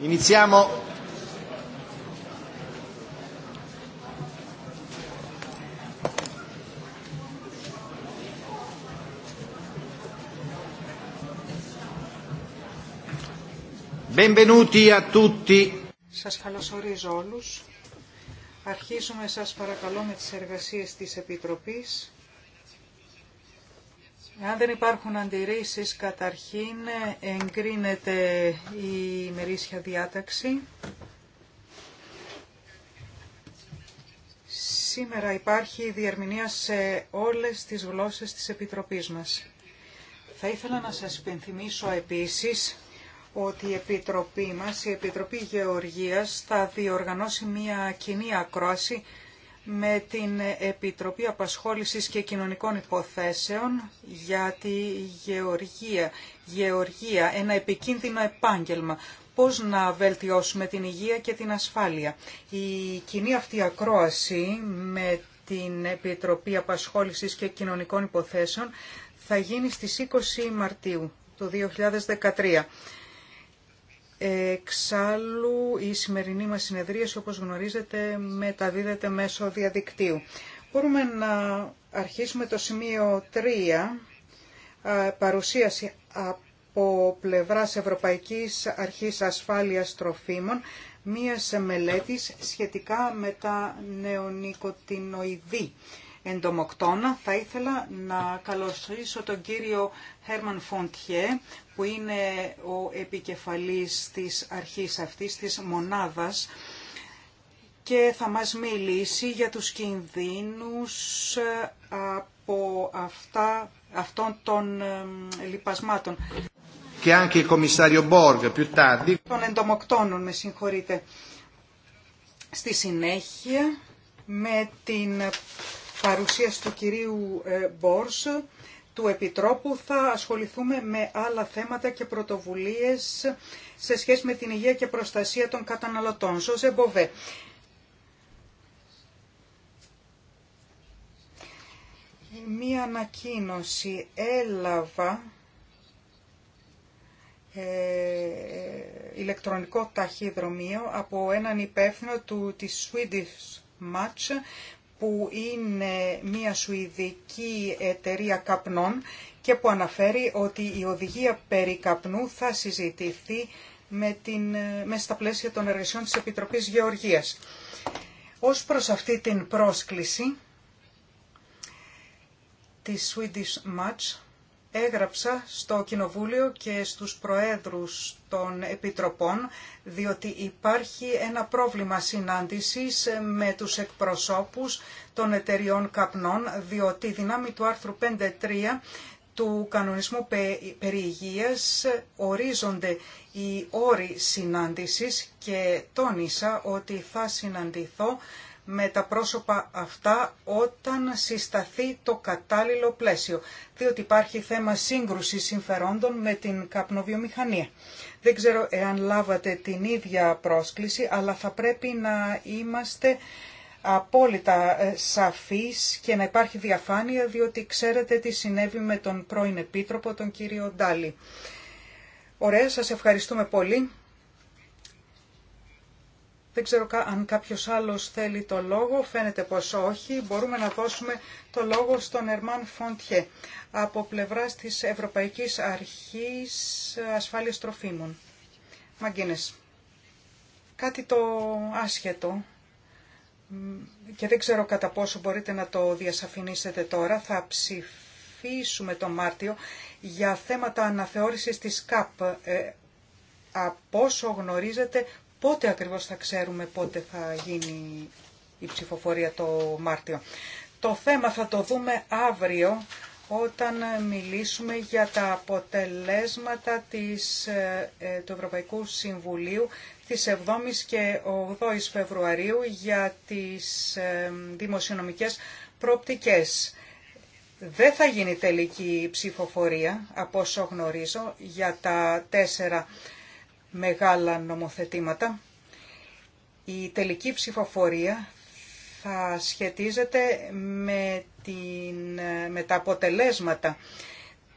Iniziamo. Benvenuti a tutti. Σας καλωσορίζω όλους. Αρχίζουμε σας παρακαλώ με τις εργασίες της Επιτροπής. Αν δεν υπάρχουν αντιρρήσεις, καταρχήν ε, εγκρίνεται η ημερήσια διάταξη. Σήμερα υπάρχει διερμηνία σε όλες τις γλώσσες της Επιτροπής μας. Θα ήθελα να σας υπενθυμίσω επίσης ότι η Επιτροπή μας, η Επιτροπή Γεωργίας, θα διοργανώσει μια κοινή ακρόαση με την Επιτροπή Απασχόλησης και Κοινωνικών Υποθέσεων για τη γεωργία. Γεωργία, ένα επικίνδυνο επάγγελμα. Πώς να βελτιώσουμε την υγεία και την ασφάλεια. Η κοινή αυτή ακρόαση με την Επιτροπή Απασχόλησης και Κοινωνικών Υποθέσεων θα γίνει στις 20 Μαρτίου του 2013. Εξάλλου η σημερινή μας συνεδρίαση όπως γνωρίζετε μεταδίδεται μέσω διαδικτύου. Μπορούμε να αρχίσουμε το σημείο 3, παρουσίαση από πλευράς Ευρωπαϊκής Αρχής Ασφάλειας Τροφίμων, μίας μελέτης σχετικά με τα νεονικοτινοειδή εντομοκτόνα θα ήθελα να καλωσορίσω τον κύριο Χέρμαν Φοντιέ, που είναι ο επικεφαλής της αρχής αυτής, της μονάδας, και θα μας μιλήσει για τους κινδύνους ε, από αυτά, αυτών των λοιπασμάτων Και αν και Των εντομοκτώνων, με συγχωρείτε. Στη συνέχεια, με την παρουσίαση του κυρίου ε, Μπορς, του Επιτρόπου, θα ασχοληθούμε με άλλα θέματα και πρωτοβουλίες σε σχέση με την υγεία και προστασία των καταναλωτών. Ζωζε Μποβέ. Μία ανακοίνωση έλαβα ε, ηλεκτρονικό ταχυδρομείο από έναν υπεύθυνο του, της Swedish Match που είναι μια σουηδική εταιρεία καπνών και που αναφέρει ότι η οδηγία περί καπνού θα συζητηθεί με την, μέσα στα πλαίσια των εργασιών της Επιτροπής Γεωργίας. Ως προς αυτή την πρόσκληση της Swedish Match, έγραψα στο Κοινοβούλιο και στους Προέδρους των Επιτροπών, διότι υπάρχει ένα πρόβλημα συνάντησης με τους εκπροσώπους των εταιριών καπνών, διότι η δυνάμη του άρθρου 5.3 του κανονισμού περί υγείας ορίζονται οι όροι συνάντησης και τόνισα ότι θα συναντηθώ με τα πρόσωπα αυτά όταν συσταθεί το κατάλληλο πλαίσιο, διότι υπάρχει θέμα σύγκρουσης συμφερόντων με την καπνοβιομηχανία. Δεν ξέρω εάν λάβατε την ίδια πρόσκληση, αλλά θα πρέπει να είμαστε απόλυτα ε, σαφείς και να υπάρχει διαφάνεια, διότι ξέρετε τι συνέβη με τον πρώην Επίτροπο, τον κύριο Ντάλι. Ωραία, σας ευχαριστούμε πολύ. Δεν ξέρω αν κάποιος άλλος θέλει το λόγο, φαίνεται πως όχι. Μπορούμε να δώσουμε το λόγο στον Ερμάν Φοντιέ από πλευράς της Ευρωπαϊκής Αρχής Ασφάλειας Τροφίμων. Μαγκίνες, κάτι το άσχετο και δεν ξέρω κατά πόσο μπορείτε να το διασαφηνίσετε τώρα, θα ψηφίσουμε το Μάρτιο για θέματα αναθεώρησης της ΚΑΠ. Ε, από όσο γνωρίζετε Πότε ακριβώς θα ξέρουμε πότε θα γίνει η ψηφοφορία το Μάρτιο. Το θέμα θα το δούμε αύριο όταν μιλήσουμε για τα αποτελέσματα της, ε, του Ευρωπαϊκού Συμβουλίου της 7ης και 8ης Φεβρουαρίου για τις ε, δημοσιονομικές προοπτικές. Δεν θα γίνει τελική ψηφοφορία, από όσο γνωρίζω, για τα τέσσερα μεγάλα νομοθετήματα, η τελική ψηφοφορία θα σχετίζεται με, την, με τα αποτελέσματα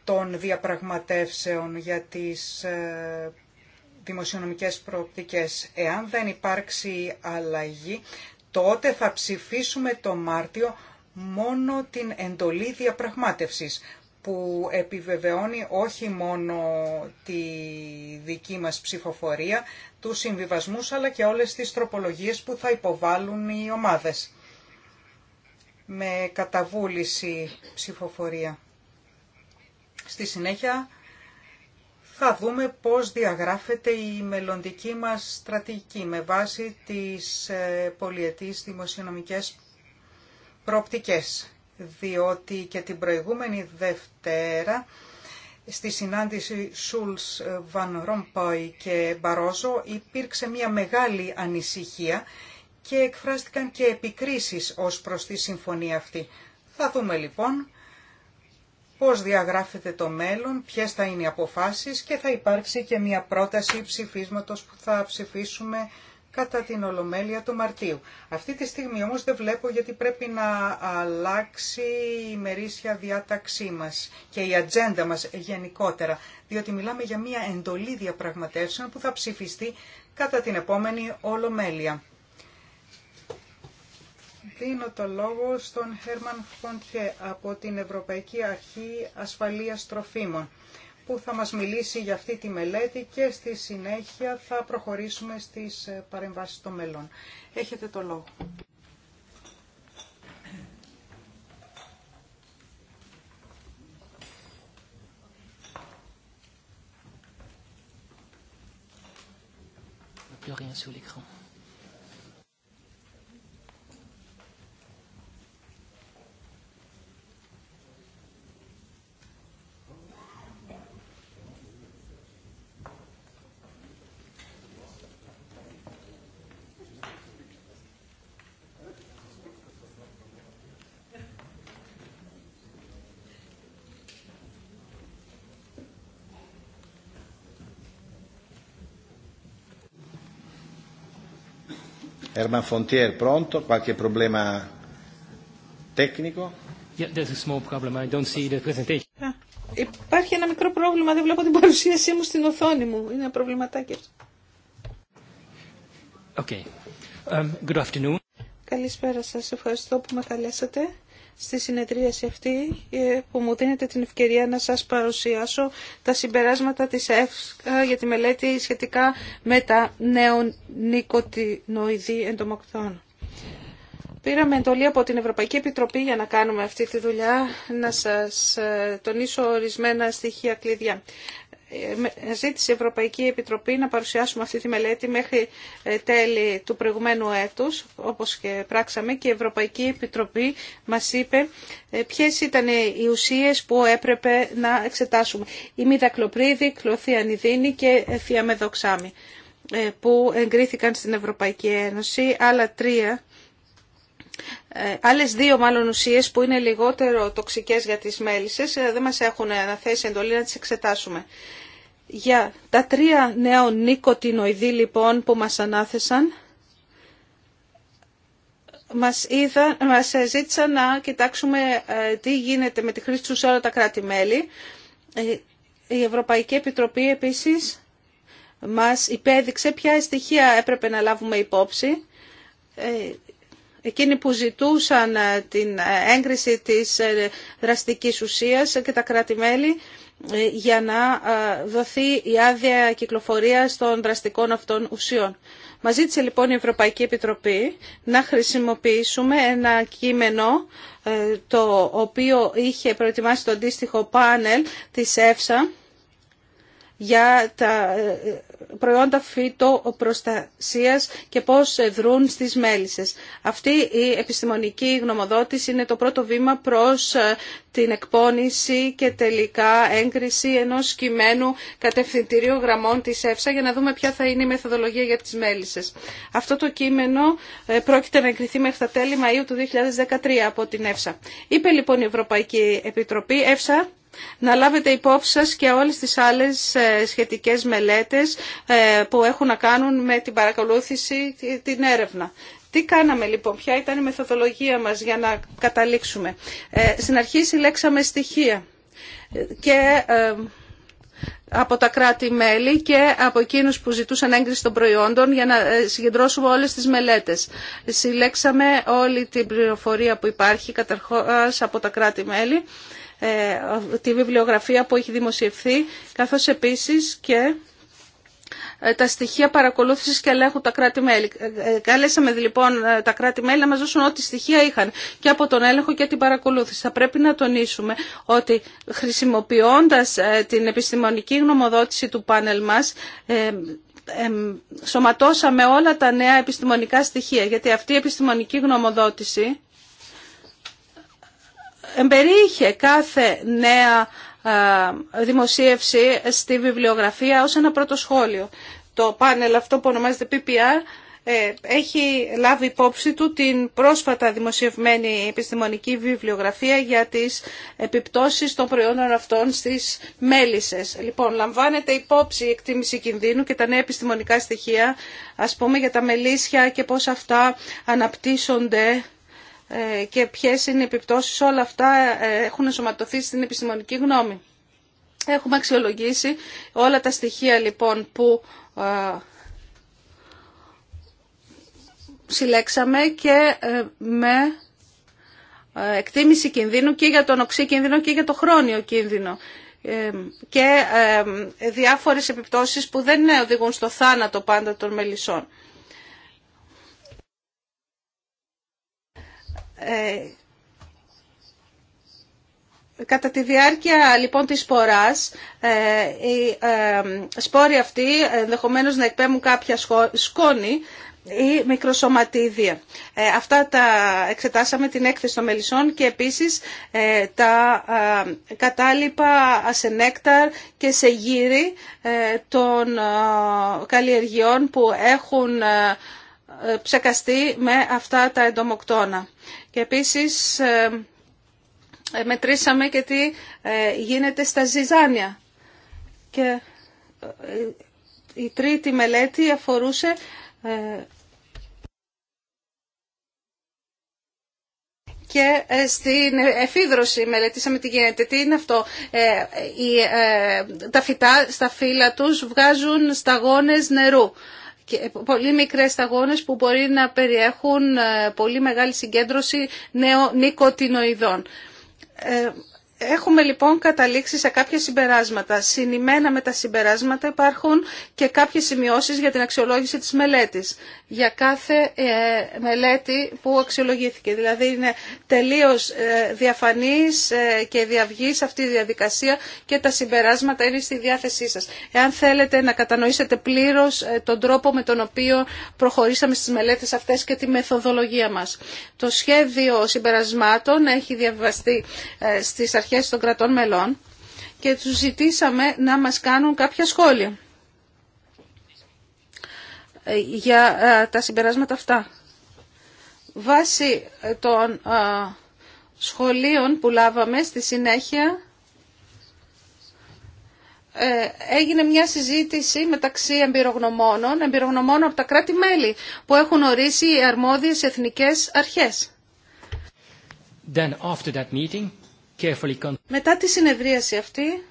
των διαπραγματεύσεων για τις ε, δημοσιονομικές προοπτικές. Εάν δεν υπάρξει αλλαγή, τότε θα ψηφίσουμε το Μάρτιο μόνο την εντολή διαπραγμάτευσης που επιβεβαιώνει όχι μόνο τη δική μας ψηφοφορία, του συμβιβασμούς αλλά και όλες τις τροπολογίες που θα υποβάλουν οι ομάδες με καταβούληση ψηφοφορία. Στη συνέχεια θα δούμε πώς διαγράφεται η μελλοντική μας στρατηγική με βάση τις ε, πολιετής δημοσιονομικές προοπτικές διότι και την προηγούμενη Δευτέρα στη συνάντηση Σούλς Βαν Ρομπόι και Μπαρόζο υπήρξε μια μεγάλη ανησυχία και εκφράστηκαν και επικρίσεις ως προς τη συμφωνία αυτή. Θα δούμε λοιπόν πώς διαγράφεται το μέλλον, ποιες θα είναι οι αποφάσεις και θα υπάρξει και μια πρόταση ψηφίσματος που θα ψηφίσουμε κατά την Ολομέλεια του Μαρτίου. Αυτή τη στιγμή όμως δεν βλέπω γιατί πρέπει να αλλάξει η μερίσια διάταξή μας και η ατζέντα μας γενικότερα, διότι μιλάμε για μια εντολή διαπραγματεύσεων που θα ψηφιστεί κατά την επόμενη Ολομέλεια. Δίνω το λόγο στον Χέρμαν Φοντιέ από την Ευρωπαϊκή Αρχή Ασφαλείας Τροφίμων που θα μας μιλήσει για αυτή τη μελέτη και στη συνέχεια θα προχωρήσουμε στις ε, παρεμβάσεις των μέλων. Έχετε το λόγο. Herman Fontier, pronto? Qualche problema tecnico? Yeah, there's a small problem. I don't see the presentation. Ah, υπάρχει ένα μικρό πρόβλημα, δεν βλέπω την παρουσίασή μου στην οθόνη μου. Είναι ένα προβληματάκι αυτό. Okay. Um, good afternoon. Καλησπέρα σας, ευχαριστώ που με καλέσατε στη συνεδρίαση αυτή ε, που μου δίνετε την ευκαιρία να σας παρουσιάσω τα συμπεράσματα της ΕΦΣΚΑ για τη μελέτη σχετικά με τα νεονικοτινοειδή εντομοκτών. Πήραμε εντολή από την Ευρωπαϊκή Επιτροπή για να κάνουμε αυτή τη δουλειά, να σας ε, τονίσω ορισμένα στοιχεία κλειδιά. Ε, ζήτησε η Ευρωπαϊκή Επιτροπή να παρουσιάσουμε αυτή τη μελέτη μέχρι ε, τέλη του προηγουμένου έτους, όπως και πράξαμε, και η Ευρωπαϊκή Επιτροπή μας είπε ε, ποιες ήταν οι ουσίες που έπρεπε να εξετάσουμε. Η μηδακλοπρίδη, κλωθιανιδίνη και θιαμεδοξάμι που εγκρίθηκαν στην Ευρωπαϊκή Ένωση, άλλα τρία άλλες δύο μάλλον ουσίες που είναι λιγότερο τοξικές για τις μέλισσες δεν μας έχουν αναθέσει εντολή να τις εξετάσουμε. Για τα τρία νέα νοικοτινοειδή λοιπόν που μας ανάθεσαν, μας, είδα, μας ζήτησαν να κοιτάξουμε ε, τι γίνεται με τη χρήση του σε όλα τα κράτη-μέλη. Ε, η Ευρωπαϊκή Επιτροπή επίσης μας υπέδειξε ποια στοιχεία έπρεπε να λάβουμε υπόψη. Ε, εκείνοι που ζητούσαν την έγκριση της δραστικής ουσίας και τα κράτη-μέλη για να δοθεί η άδεια κυκλοφορίας των δραστικών αυτών ουσιών. Μας ζήτησε λοιπόν η Ευρωπαϊκή Επιτροπή να χρησιμοποιήσουμε ένα κείμενο ε, το οποίο είχε προετοιμάσει το αντίστοιχο πάνελ της ΕΦΣΑ για τα ε, προϊόντα φυτοπροστασίας και πώς δρούν στις μέλισσες. Αυτή η επιστημονική γνωμοδότηση είναι το πρώτο βήμα προς ε, την εκπόνηση και τελικά έγκριση ενός κειμένου κατευθυντηρίου γραμμών της ΕΦΣΑ για να δούμε ποια θα είναι η μεθοδολογία για τις μέλισσες. Αυτό το κείμενο ε, πρόκειται να εγκριθεί μέχρι τα τέλη Μαΐου του 2013 από την ΕΦΣΑ. Είπε λοιπόν η Ευρωπαϊκή Επιτροπή, ΕΦΣΑ, να λάβετε υπόψη σας και όλες τις άλλες ε, σχετικές μελέτες ε, που έχουν να κάνουν με την παρακολούθηση, την έρευνα. Τι κάναμε λοιπόν, ποια ήταν η μεθοδολογία μας για να καταλήξουμε. Ε, στην αρχή συλλέξαμε στοιχεία και από τα κράτη-μέλη και από εκείνους που ζητούσαν έγκριση των προϊόντων για να συγκεντρώσουμε όλες τις μελέτες. Συλλέξαμε όλη την πληροφορία που υπάρχει καταρχώς από τα κράτη-μέλη ε, τη βιβλιογραφία που έχει δημοσιευθεί, καθώς επίσης και ε, τα στοιχεία παρακολούθησης και ελέγχου τα κράτη-μέλη. Ε, καλέσαμε λοιπόν τα κράτη-μέλη να μας δώσουν ό,τι στοιχεία είχαν και από τον έλεγχο και την παρακολούθηση. Θα πρέπει να τονίσουμε ότι χρησιμοποιώντας την επιστημονική γνωμοδότηση του πάνελ μας, σωματώσαμε όλα τα νέα επιστημονικά στοιχεία, γιατί αυτή η επιστημονική γνωμοδότηση εμπερίχε κάθε νέα δημοσίευση στη βιβλιογραφία ως ένα πρώτο σχόλιο. Το πάνελ αυτό που ονομάζεται PPR ε, έχει λάβει υπόψη του την πρόσφατα δημοσιευμένη επιστημονική βιβλιογραφία για τις επιπτώσεις των προϊόντων αυτών στις μέλισσες. Λοιπόν, λαμβάνεται υπόψη η εκτίμηση κινδύνου και τα νέα επιστημονικά στοιχεία, ας πούμε για τα μελίσια και πώς αυτά αναπτύσσονται ε, και ποιες είναι οι επιπτώσεις. Όλα αυτά ε, έχουν ενσωματωθεί στην επιστημονική γνώμη. Έχουμε αξιολογήσει όλα τα στοιχεία λοιπόν που ε, συλλέξαμε και με εκτίμηση κινδύνου και για τον οξύ κίνδυνο και για το χρόνιο κίνδυνο και διάφορες επιπτώσεις που δεν οδηγούν στο θάνατο πάντα των μελισσών. Ε, κατά τη διάρκεια λοιπόν της σποράς, ε, οι ε, σπόροι αυτοί ενδεχομένως να εκπέμουν κάποια σκόνη ή μικροσωματίδια. αυτά τα εξετάσαμε την έκθεση των μελισσών και επίσης τα κατάλοιπα σε νέκταρ και σε γύρι των καλλιεργειών που έχουν ψεκαστεί με αυτά τα εντομοκτώνα. Και επίσης ε, ε, μετρήσαμε και τι ε, γίνεται στα ζυζάνια. Και η τρίτη μελέτη αφορούσε και στην εφίδρωση μελετήσαμε τι γίνεται. Τι είναι αυτό. η, τα φυτά στα φύλλα τους βγάζουν σταγόνες νερού και πολύ μικρές σταγόνες που μπορεί να περιέχουν ε, πολύ μεγάλη συγκέντρωση νοικοτινοειδών. Ε, Έχουμε λοιπόν καταλήξει σε κάποια συμπεράσματα. Συνημένα με τα συμπεράσματα υπάρχουν και κάποιες σημειώσεις για την αξιολόγηση της μελέτης. Για κάθε ε, μελέτη που αξιολογήθηκε. Δηλαδή είναι τελείως ε, διαφανής ε, και διαυγής αυτή η διαδικασία και τα συμπεράσματα είναι στη διάθεσή σας. Εάν θέλετε να κατανοήσετε πλήρως ε, τον τρόπο με τον οποίο προχωρήσαμε στις μελέτες αυτές και τη μεθοδολογία μας. Το σχέδιο συμπερασμάτων έχει διαβαστεί ε, στις αρχές αρχές των κρατών μελών και τους ζητήσαμε να μας κάνουν κάποια σχόλια ε, για ε, τα συμπεράσματα αυτά. Βάσει ε, των σχολείων που λάβαμε στη συνέχεια έγινε μια συζήτηση μεταξύ εμπειρογνωμόνων, εμπειρογνωμόνων από τα κράτη-μέλη που έχουν ορίσει οι αρμόδιες εθνικές αρχές. Then after that meeting... Μετά τη συνεδρίαση αυτή,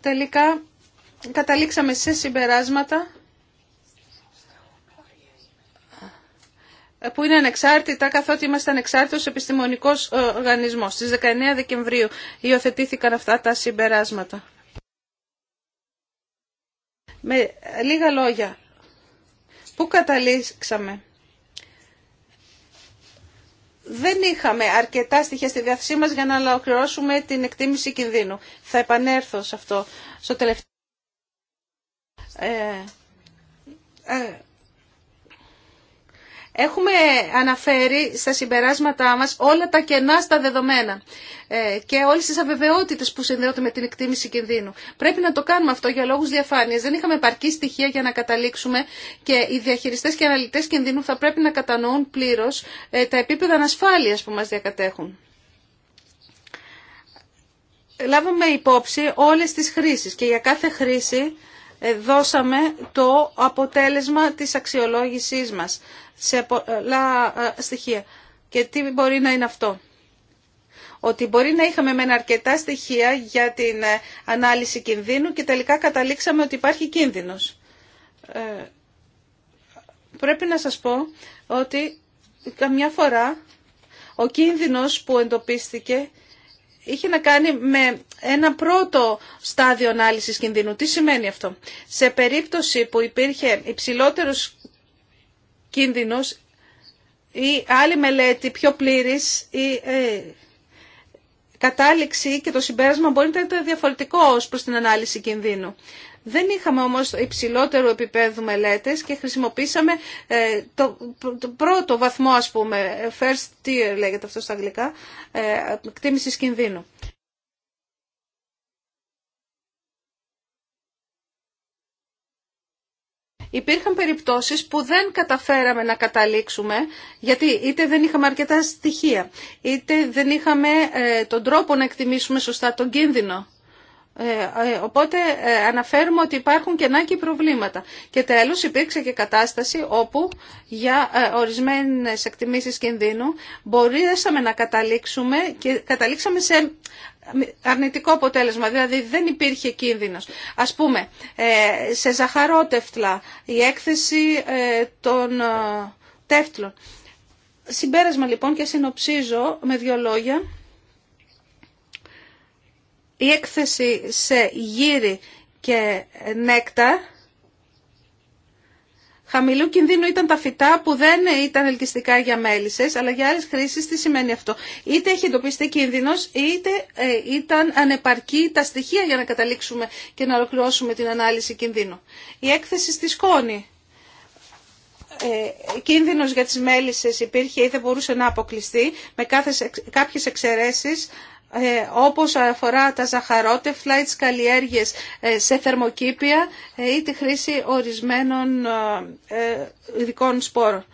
τελικά καταλήξαμε σε συμπεράσματα που είναι ανεξάρτητα, καθότι είμαστε ανεξάρτητος επιστημονικός ε, οργανισμός. Στις 19 Δεκεμβρίου υιοθετήθηκαν αυτά τα συμπεράσματα. Με λίγα λόγια, πού καταλήξαμε δεν είχαμε αρκετά στοιχεία στη διάθεσή μας για να ολοκληρώσουμε την εκτίμηση κινδύνου. Θα επανέλθω σε αυτό στο τελευταίο. Ε, ε Έχουμε αναφέρει στα συμπεράσματά μας όλα τα κενά στα δεδομένα ε, και όλες τις αβεβαιότητες που συνδέονται με την εκτίμηση κινδύνου. Πρέπει να το κάνουμε αυτό για λόγους διαφάνειας. Δεν είχαμε επαρκή στοιχεία για να καταλήξουμε και οι διαχειριστές και αναλυτές κινδύνου θα πρέπει να κατανοούν πλήρως ε, τα επίπεδα ανασφάλειας που μας διακατέχουν λάβαμε υπόψη όλες τις χρήσεις και για κάθε χρήση ε, δώσαμε το αποτέλεσμα της αξιολόγησής μας σε πολλά ε, στοιχεία. Και τι μπορεί να είναι αυτό. Ότι μπορεί να είχαμε μεν αρκετά στοιχεία για την ε, ανάλυση κινδύνου και τελικά καταλήξαμε ότι υπάρχει κίνδυνος. Πρέπει να σας πω ότι καμιά φορά ο κίνδυνος που εντοπίστηκε είχε να κάνει με ένα πρώτο στάδιο ανάλυσης κινδύνου. Τι σημαίνει αυτό. Σε περίπτωση που υπήρχε υψηλότερος κίνδυνος ή άλλη μελέτη πιο πλήρης ή ε, κατάληξη και το συμπέρασμα μπορεί να ήταν διαφορετικό ως προς την ανάλυση κινδύνου. Δεν είχαμε όμως υψηλότερου επίπεδου μελέτες και χρησιμοποίησαμε ε, το, πρώτο βαθμό, ας πούμε, first tier λέγεται αυτό στα αγγλικά, ε, εκτίμησης κινδύνου. Υπήρχαν περιπτώσεις που δεν καταφέραμε να καταλήξουμε, γιατί είτε δεν είχαμε αρκετά στοιχεία, είτε δεν είχαμε ε, τον τρόπο να εκτιμήσουμε σωστά τον κίνδυνο. Ε, ε, οπότε ε, αναφέρουμε ότι υπάρχουν κενά και προβλήματα. Και τέλος υπήρξε και κατάσταση όπου για ορισμένες εκτιμήσεις κινδύνου μπορέσαμε να καταλήξουμε και καταλήξαμε σε αρνητικό αποτέλεσμα, δηλαδή δεν υπήρχε κίνδυνος. Ας πούμε, σε ζαχαρότευτλα η έκθεση των τεύτλων. Συμπέρασμα λοιπόν και συνοψίζω με δύο λόγια η έκθεση σε γύρι και νέκτα Χαμηλού κινδύνου ήταν τα φυτά που δεν ήταν ελκυστικά για μέλισσες αλλά για άλλες χρήσεις τι σημαίνει αυτό. Είτε έχει εντοπιστεί κίνδυνος είτε ε, ήταν ανεπαρκή τα στοιχεία για να καταλήξουμε και να ολοκληρώσουμε την ανάλυση κινδύνου. Η έκθεση στη σκόνη. Ε, κίνδυνος για τις μέλισσες υπήρχε ή δεν μπορούσε να αποκλειστεί με κάποιε κάποιες εξαιρέσεις ε, όπως αφορά τα ζαχαρότεφλα ή τις καλλιέργειες ε, σε θερμοκήπια ε, ή τη χρήση ορισμένων ειδικών σπόρων.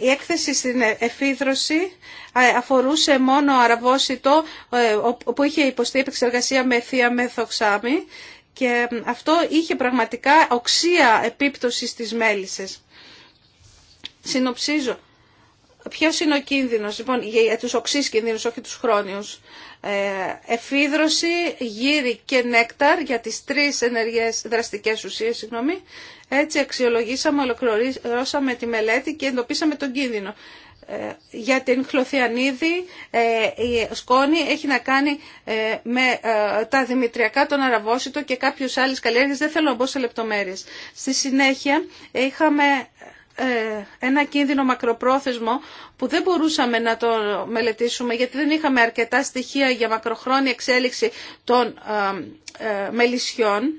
Η έκθεση στην εφίδρωση αφορούσε μόνο αραβόσιτο που είχε υποστεί επεξεργασία με θεία μεθοξάμι και αυτό είχε πραγματικά οξία επίπτωση στις μέλισσες. Συνοψίζω. Ποιο είναι ο κίνδυνο, λοιπόν, για τους οξείς κίνδυνους, όχι τους χρόνιους. Ε, εφίδρωση, γύρι και νέκταρ για τις τρεις ενεργές δραστικές ουσίες. Συγγνώμη. Έτσι αξιολογήσαμε, ολοκληρώσαμε τη μελέτη και εντοπίσαμε τον κίνδυνο. Ε, για την χλωθιανίδη ε, η σκόνη έχει να κάνει με τα δημητριακά, τον αραβόσιτο και κάποιους άλλες καλλιέργειες. Δεν θέλω να μπω σε λεπτομέρειες. Στη συνέχεια είχαμε ε, ένα κίνδυνο μακροπρόθεσμο που δεν μπορούσαμε να το μελετήσουμε γιατί δεν είχαμε αρκετά στοιχεία για μακροχρόνια εξέλιξη των ε, ε, μελισσιών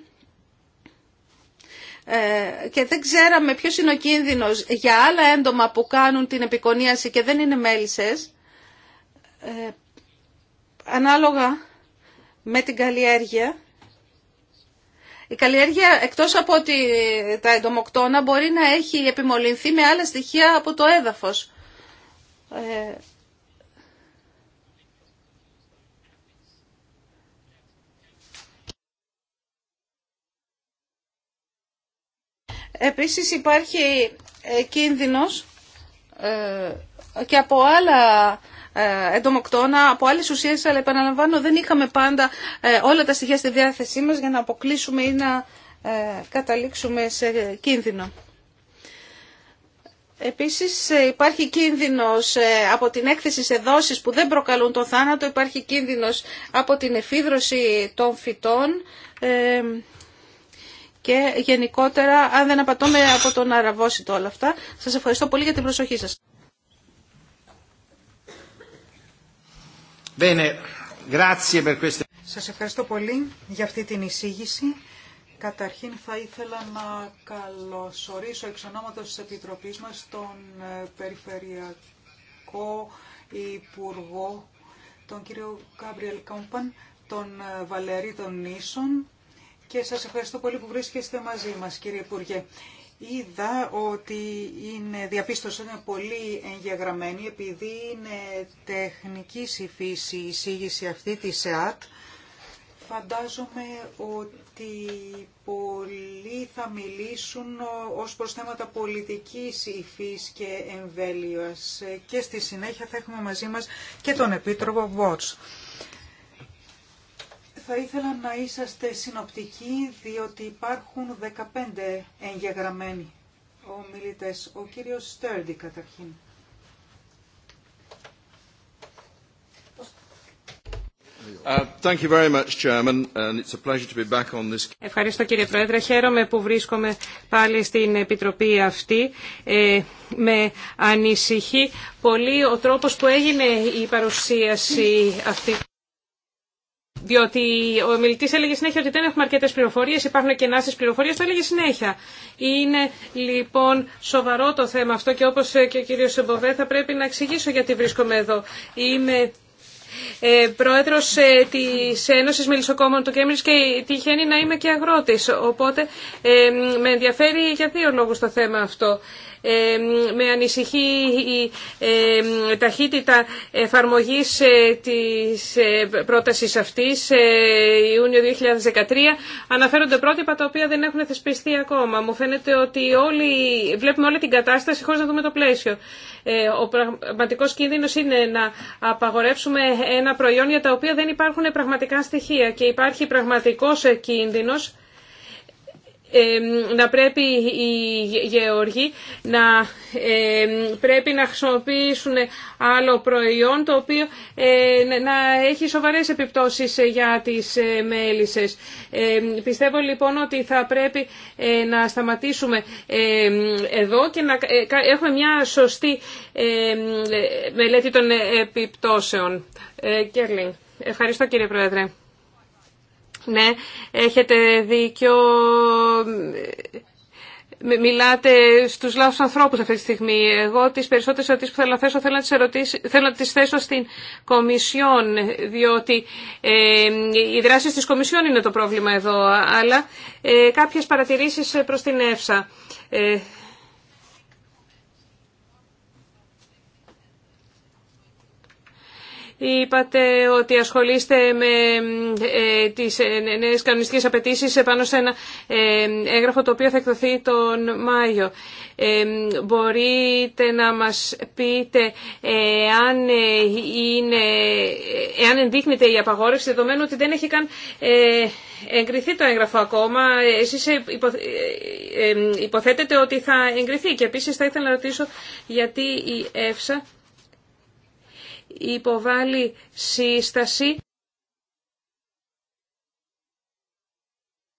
και δεν ξέραμε ποιος είναι ο κίνδυνος για άλλα έντομα που κάνουν την επικονίαση και δεν είναι μέλισσες ανάλογα με την καλλιέργεια η καλλιέργεια εκτός από ότι τα εντομοκτώνα μπορεί να έχει επιμολυνθεί με άλλα στοιχεία από το έδαφος. Ε, Επίσης υπάρχει ε, κίνδυνος ε, και από άλλα ε, εντομοκτώνα από άλλες ουσίες, αλλά επαναλαμβάνω δεν είχαμε πάντα ε, όλα τα στοιχεία στη διάθεσή μας για να αποκλείσουμε ή να ε, καταλήξουμε σε κίνδυνο. Επίσης υπάρχει κίνδυνος από την έκθεση σε δόσεις που δεν προκαλούν το θάνατο, υπάρχει κίνδυνος από την εφίδρωση των φυτών και γενικότερα αν δεν απατώμε από τον αραβόσιτο όλα αυτά. Σας ευχαριστώ πολύ για την προσοχή σας. Σας ευχαριστώ πολύ για αυτή την εισήγηση. Καταρχήν θα ήθελα να καλωσορίσω εξ ονόματος της Επιτροπής μας τον ε, Περιφερειακό Υπουργό, τον κύριο Κάμπριελ Κόμπαν, τον ε, Βαλερή των Νήσων και σας ευχαριστώ πολύ που βρίσκεστε μαζί μας κύριε Υπουργέ είδα ότι είναι, διαπίστωσα είναι πολύ εγγεγραμμένη επειδή είναι τεχνική η η εισήγηση αυτή της ΕΑΤ. Φαντάζομαι ότι πολλοί θα μιλήσουν ως προς θέματα πολιτικής υφής και εμβέλειας και στη συνέχεια θα έχουμε μαζί μας και τον Επίτροπο Βότς. Θα ήθελα να είσαστε συνοπτικοί, διότι υπάρχουν 15 εγγεγραμμένοι ομιλητές. Ο κύριος Στέρντι καταρχήν. Ευχαριστώ κύριε Πρόεδρε. Χαίρομαι που βρίσκομαι πάλι στην Επιτροπή αυτή. Ε, με ανησυχεί πολύ ο τρόπος που έγινε η παρουσίαση αυτή. Διότι ο μιλητή έλεγε συνέχεια ότι δεν έχουμε αρκετέ πληροφορίε, υπάρχουν κενά στι πληροφορίε, το έλεγε συνέχεια. Είναι λοιπόν σοβαρό το θέμα αυτό και όπω και ο κύριο Σεμποβέ θα πρέπει να εξηγήσω γιατί βρίσκομαι εδώ. Είμαι ε, Πρόεδρο ε, τη Ένωση Μελισσοκόμων του Κέμπριτ και τυχαίνει να είμαι και αγρότη. Οπότε ε, με ενδιαφέρει για δύο λόγου το θέμα αυτό με ανησυχεί η ταχύτητα εφαρμογής ε, της ε, πρότασης αυτής. Ε, Ιούνιο 2013 αναφέρονται πρότυπα τα οποία δεν έχουν θεσπιστεί ακόμα. Μου φαίνεται ότι όλοι βλέπουμε όλη την κατάσταση χωρίς να δούμε το πλαίσιο. Ο πραγματικός κίνδυνος είναι να απαγορεύσουμε ένα προϊόν για τα οποία δεν υπάρχουν πραγματικά στοιχεία και υπάρχει πραγματικός κίνδυνος να πρέπει οι γεωργοί να πρέπει να χρησιμοποιήσουν άλλο προϊόν το οποίο ε, να έχει σοβαρές επιπτώσεις για τις ε, μέλισσες. Πιστεύω λοιπόν ότι θα πρέπει ε, να σταματήσουμε εδώ και να έχουμε μια σωστή μελέτη των επιπτώσεων. Κέρλινγκ. Ευχαριστώ κύριε Πρόεδρε. Ναι, έχετε δίκιο. Μιλάτε στους λάθος ανθρώπους αυτή τη στιγμή. Εγώ τις περισσότερες ερωτήσεις που θέλω να θέσω θέλω να τις, ερωτήσω, θέλω να τις θέσω στην Κομισιόν, διότι ε, οι δράσεις της Κομισιόν είναι το πρόβλημα εδώ, αλλά ε, κάποιες παρατηρήσεις προς την ΕΦΣΑ. Ε, Είπατε ότι ασχολείστε με ε, τις ε, νέες κανονιστικές απαιτήσεις επάνω σε ένα ε, έγγραφο το οποίο θα εκδοθεί τον Μάιο. Μπορείτε να μας πείτε εάν, είναι, εάν ενδείκνεται η απαγόρευση δεδομένου ότι δεν έχει καν εγκριθεί το έγγραφο ακόμα. Εσείς υποθέτετε ότι θα εγκριθεί και επίσης θα ήθελα να ρωτήσω γιατί η ΕΦΣΑ υποβάλει σύσταση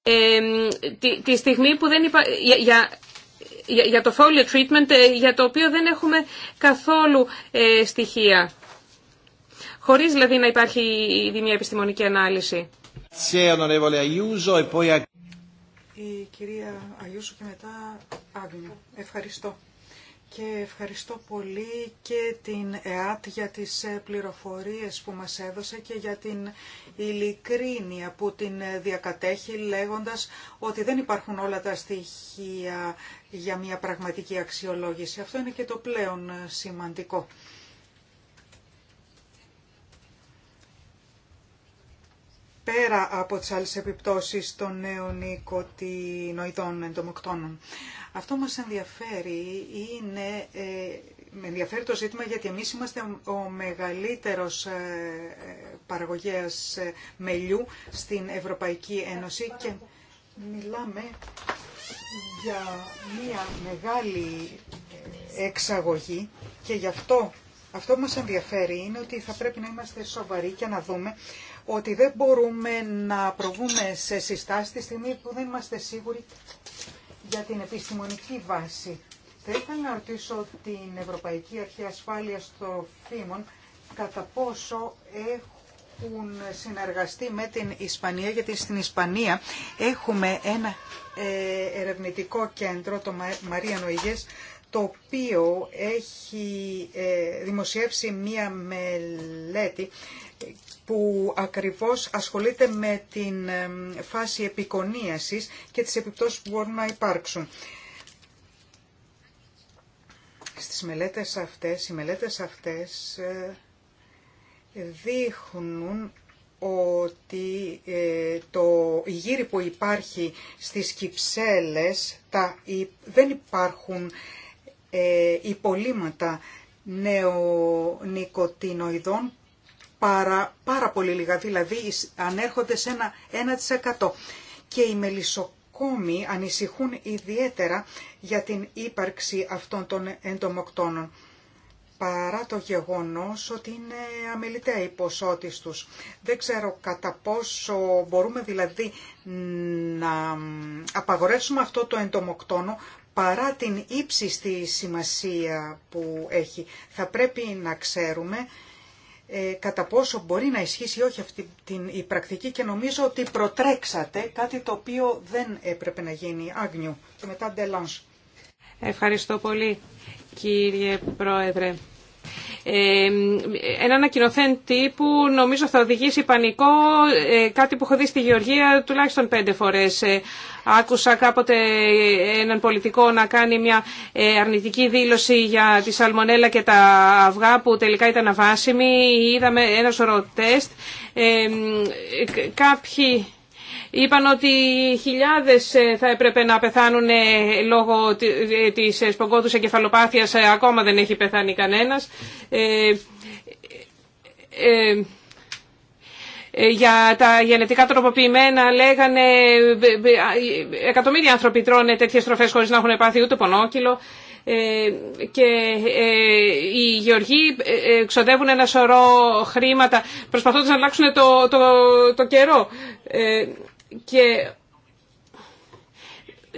ε, τη, τη, στιγμή που δεν υπά... για, για, το folio treatment ε, για το οποίο δεν έχουμε καθόλου ε, στοιχεία. Χωρίς δηλαδή να υπάρχει ήδη μια επιστημονική ανάλυση. Η κυρία Αγιούσου και μετά Άγνιο. Ευχαριστώ και ευχαριστώ πολύ και την ΕΑΤ για τις ε, πληροφορίες που μας έδωσε και για την ειλικρίνεια που την ε, διακατέχει λέγοντας ότι δεν υπάρχουν όλα τα στοιχεία για μια πραγματική αξιολόγηση. Αυτό είναι και το πλέον ε, σημαντικό. πέρα από τις άλλες επιπτώσεις των νέων οικοτινοειδών εντομοκτώνων. Αυτό μας ενδιαφέρει είναι, ε, με ενδιαφέρει το ζήτημα γιατί εμείς είμαστε ο μεγαλύτερος ε, παραγωγέας ε, μελιού στην Ευρωπαϊκή Ένωση και μιλάμε για μια μεγάλη εξαγωγή και γι' αυτό αυτό που μας ενδιαφέρει είναι ότι θα πρέπει να είμαστε σοβαροί και να δούμε ότι δεν μπορούμε να προβούμε σε συστάσεις τη στιγμή που δεν είμαστε σίγουροι για την επιστημονική βάση. Θα ήθελα να ρωτήσω την Ευρωπαϊκή Αρχή Ασφάλειας Φήμων κατά πόσο έχουν συνεργαστεί με την Ισπανία, γιατί στην Ισπανία έχουμε ένα ε, ερευνητικό κέντρο, το Μαρία Νοηγές, το οποίο έχει ε, δημοσιεύσει μία μελέτη που ακριβώς ασχολείται με την φάση επικονίασης και τις επιπτώσεις που μπορούν να υπάρξουν. Στις μελέτες αυτές, οι μελέτες αυτές ε, δείχνουν ότι ε, το γύρι που υπάρχει στις κυψέλες τα, δεν υπάρχουν ε, υπολείμματα νεονικοτινοειδών πάρα, πάρα πολύ λίγα, δηλαδή ανέρχονται σε ένα 1%. Και οι μελισσοκόμοι ανησυχούν ιδιαίτερα για την ύπαρξη αυτών των εντομοκτώνων παρά το γεγονός ότι είναι αμεληταία η ποσότης τους. Δεν ξέρω κατά πόσο μπορούμε δηλαδή να απαγορεύσουμε αυτό το εντομοκτόνο παρά την ύψιστη σημασία που έχει. Θα πρέπει να ξέρουμε ε, κατά πόσο μπορεί να ισχύσει όχι αυτή την, η πρακτική και νομίζω ότι προτρέξατε κάτι το οποίο δεν έπρεπε να γίνει. άγνιο. μετά Ευχαριστώ πολύ κύριε Πρόεδρε. Ένα ανακοινωθέν τύπου νομίζω θα οδηγήσει πανικό, ε, κάτι που έχω δει στη Γεωργία τουλάχιστον πέντε φορές. Ε, άκουσα κάποτε έναν πολιτικό να κάνει μια ε, αρνητική δήλωση για τη σαλμονέλα και τα αυγά που τελικά ήταν αβάσιμη. Είδαμε ένα σωρό τεστ. Κάποιοι Είπαν ότι χιλιάδες ε, θα έπρεπε να πεθάνουν λόγω ε, της σε εγκεφαλοπάθειας. Ε, ακόμα δεν έχει πεθάνει κανένας. Για τα γενετικά τροποποιημένα λέγανε εκατομμύρια άνθρωποι τρώνε τέτοιες τροφές χωρίς να έχουν πάθει ούτε πονόκυλο και οι γεωργοί ξοδεύουν ένα σωρό χρήματα προσπαθώντας να αλλάξουν το, το, το καιρό και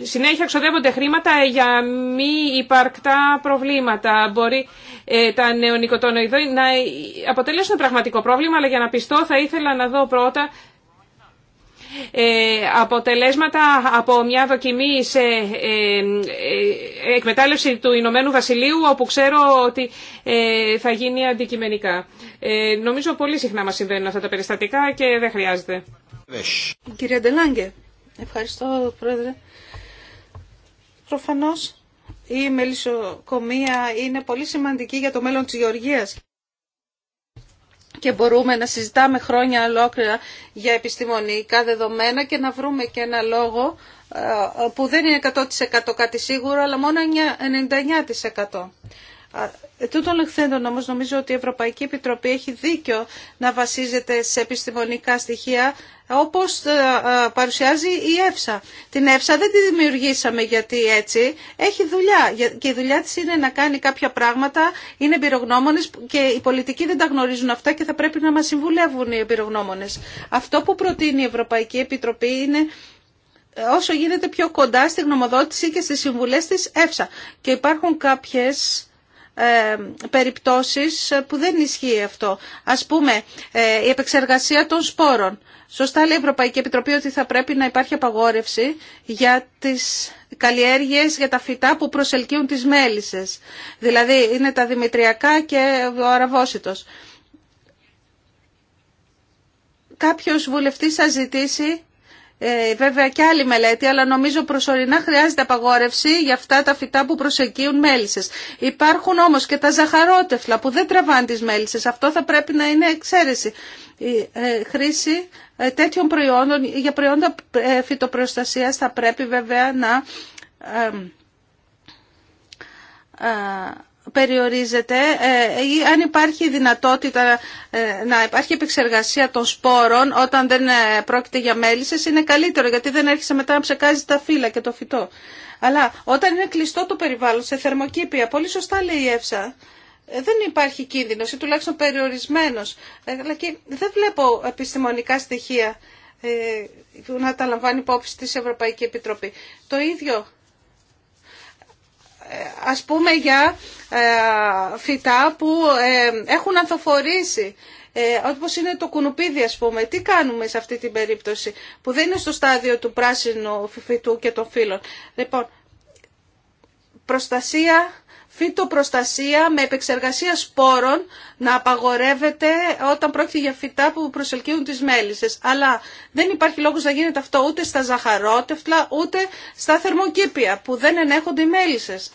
συνέχεια ξοδεύονται χρήματα για μη υπαρκτά προβλήματα. Μπορεί ε, τα νεονικοτονοειδό να αποτελέσουν πραγματικό πρόβλημα, αλλά για να πιστώ θα ήθελα να δω πρώτα ε, αποτελέσματα από μια δοκιμή σε ε, ε εκμετάλλευση του Ηνωμένου Βασιλείου, όπου ξέρω ότι ε, θα γίνει αντικειμενικά. Ε, νομίζω πολύ συχνά μας συμβαίνουν αυτά τα περιστατικά και δεν χρειάζεται. Κύριε κυρία Ντελάγκε. Ευχαριστώ, Πρόεδρε. Προφανώς η μελισσοκομεία είναι πολύ σημαντική για το μέλλον της γεωργίας και μπορούμε να συζητάμε χρόνια ολόκληρα για επιστημονικά δεδομένα και να βρούμε και ένα λόγο ε, που δεν είναι 100% κάτι σίγουρο, αλλά μόνο 99%. Τούτων λεχθέντων όμως νομίζω ότι η Ευρωπαϊκή Επιτροπή έχει δίκιο να βασίζεται σε επιστημονικά στοιχεία όπως ε, ε, παρουσιάζει η ΕΦΣΑ. Την ΕΦΣΑ δεν τη δημιουργήσαμε γιατί έτσι έχει δουλειά και η δουλειά της είναι να κάνει κάποια πράγματα, είναι εμπειρογνώμονες και οι πολιτικοί δεν τα γνωρίζουν αυτά και θα πρέπει να μας συμβουλεύουν οι εμπειρογνώμονες. Αυτό που προτείνει η Ευρωπαϊκή Επιτροπή είναι ε, όσο γίνεται πιο κοντά στη γνωμοδότηση και στι συμβουλέ τη ΕΦΣΑ. Και υπάρχουν κάποιε. Ε, περιπτώσεις ε, που δεν ισχύει αυτό. Ας πούμε, ε, η επεξεργασία των σπόρων. Σωστά λέει η Ευρωπαϊκή Επιτροπή ότι θα πρέπει να υπάρχει απαγόρευση για τις καλλιέργειες για τα φυτά που προσελκύουν τις μέλισσες. Δηλαδή είναι τα δημητριακά και ο αραβόσιτος. Κάποιος βουλευτής θα ζητήσει ε, βέβαια και άλλη μελέτη, αλλά νομίζω προσωρινά χρειάζεται απαγόρευση για αυτά τα φυτά που προσεκύουν μέλισσες. Υπάρχουν όμως και τα ζαχαρότεφλα που δεν τραβάνε τι μέλισσες. Αυτό θα πρέπει να είναι εξαίρεση. Η ε, χρήση ε, τέτοιων προϊόντων για προϊόντα φυτοπροστασίας θα πρέπει βέβαια να περιορίζεται ε, ή αν υπάρχει δυνατότητα ε, να υπάρχει επεξεργασία των σπόρων όταν δεν ε, πρόκειται για μέλισσες είναι καλύτερο γιατί δεν έρχεσαι μετά να ψεκάζει τα φύλλα και το φυτό. Αλλά όταν είναι κλειστό το περιβάλλον σε θερμοκήπια, πολύ σωστά λέει η Εύσα, δεν υπάρχει κίνδυνος ή τουλάχιστον περιορισμένος. Αλλά δεν βλέπω επιστημονικά στοιχεία να τα λαμβάνει υπόψη της Ευρωπαϊκή Επιτροπή. Το ίδιο ε, ας πούμε για ε, φυτά που ε, έχουν ανθοφορήσει ε, όπως είναι το κουνουπίδι ας πούμε. Τι κάνουμε σε αυτή την περίπτωση που δεν είναι στο στάδιο του πράσινου φυτού και των φύλων. Λοιπόν, προστασία φυτοπροστασία με επεξεργασία σπόρων να απαγορεύεται όταν πρόκειται για φυτά που προσελκύουν τις μέλισσες. Αλλά δεν υπάρχει λόγος να γίνεται αυτό ούτε στα ζαχαρότευτλα ούτε στα θερμοκήπια που δεν ενέχονται οι μέλισσες.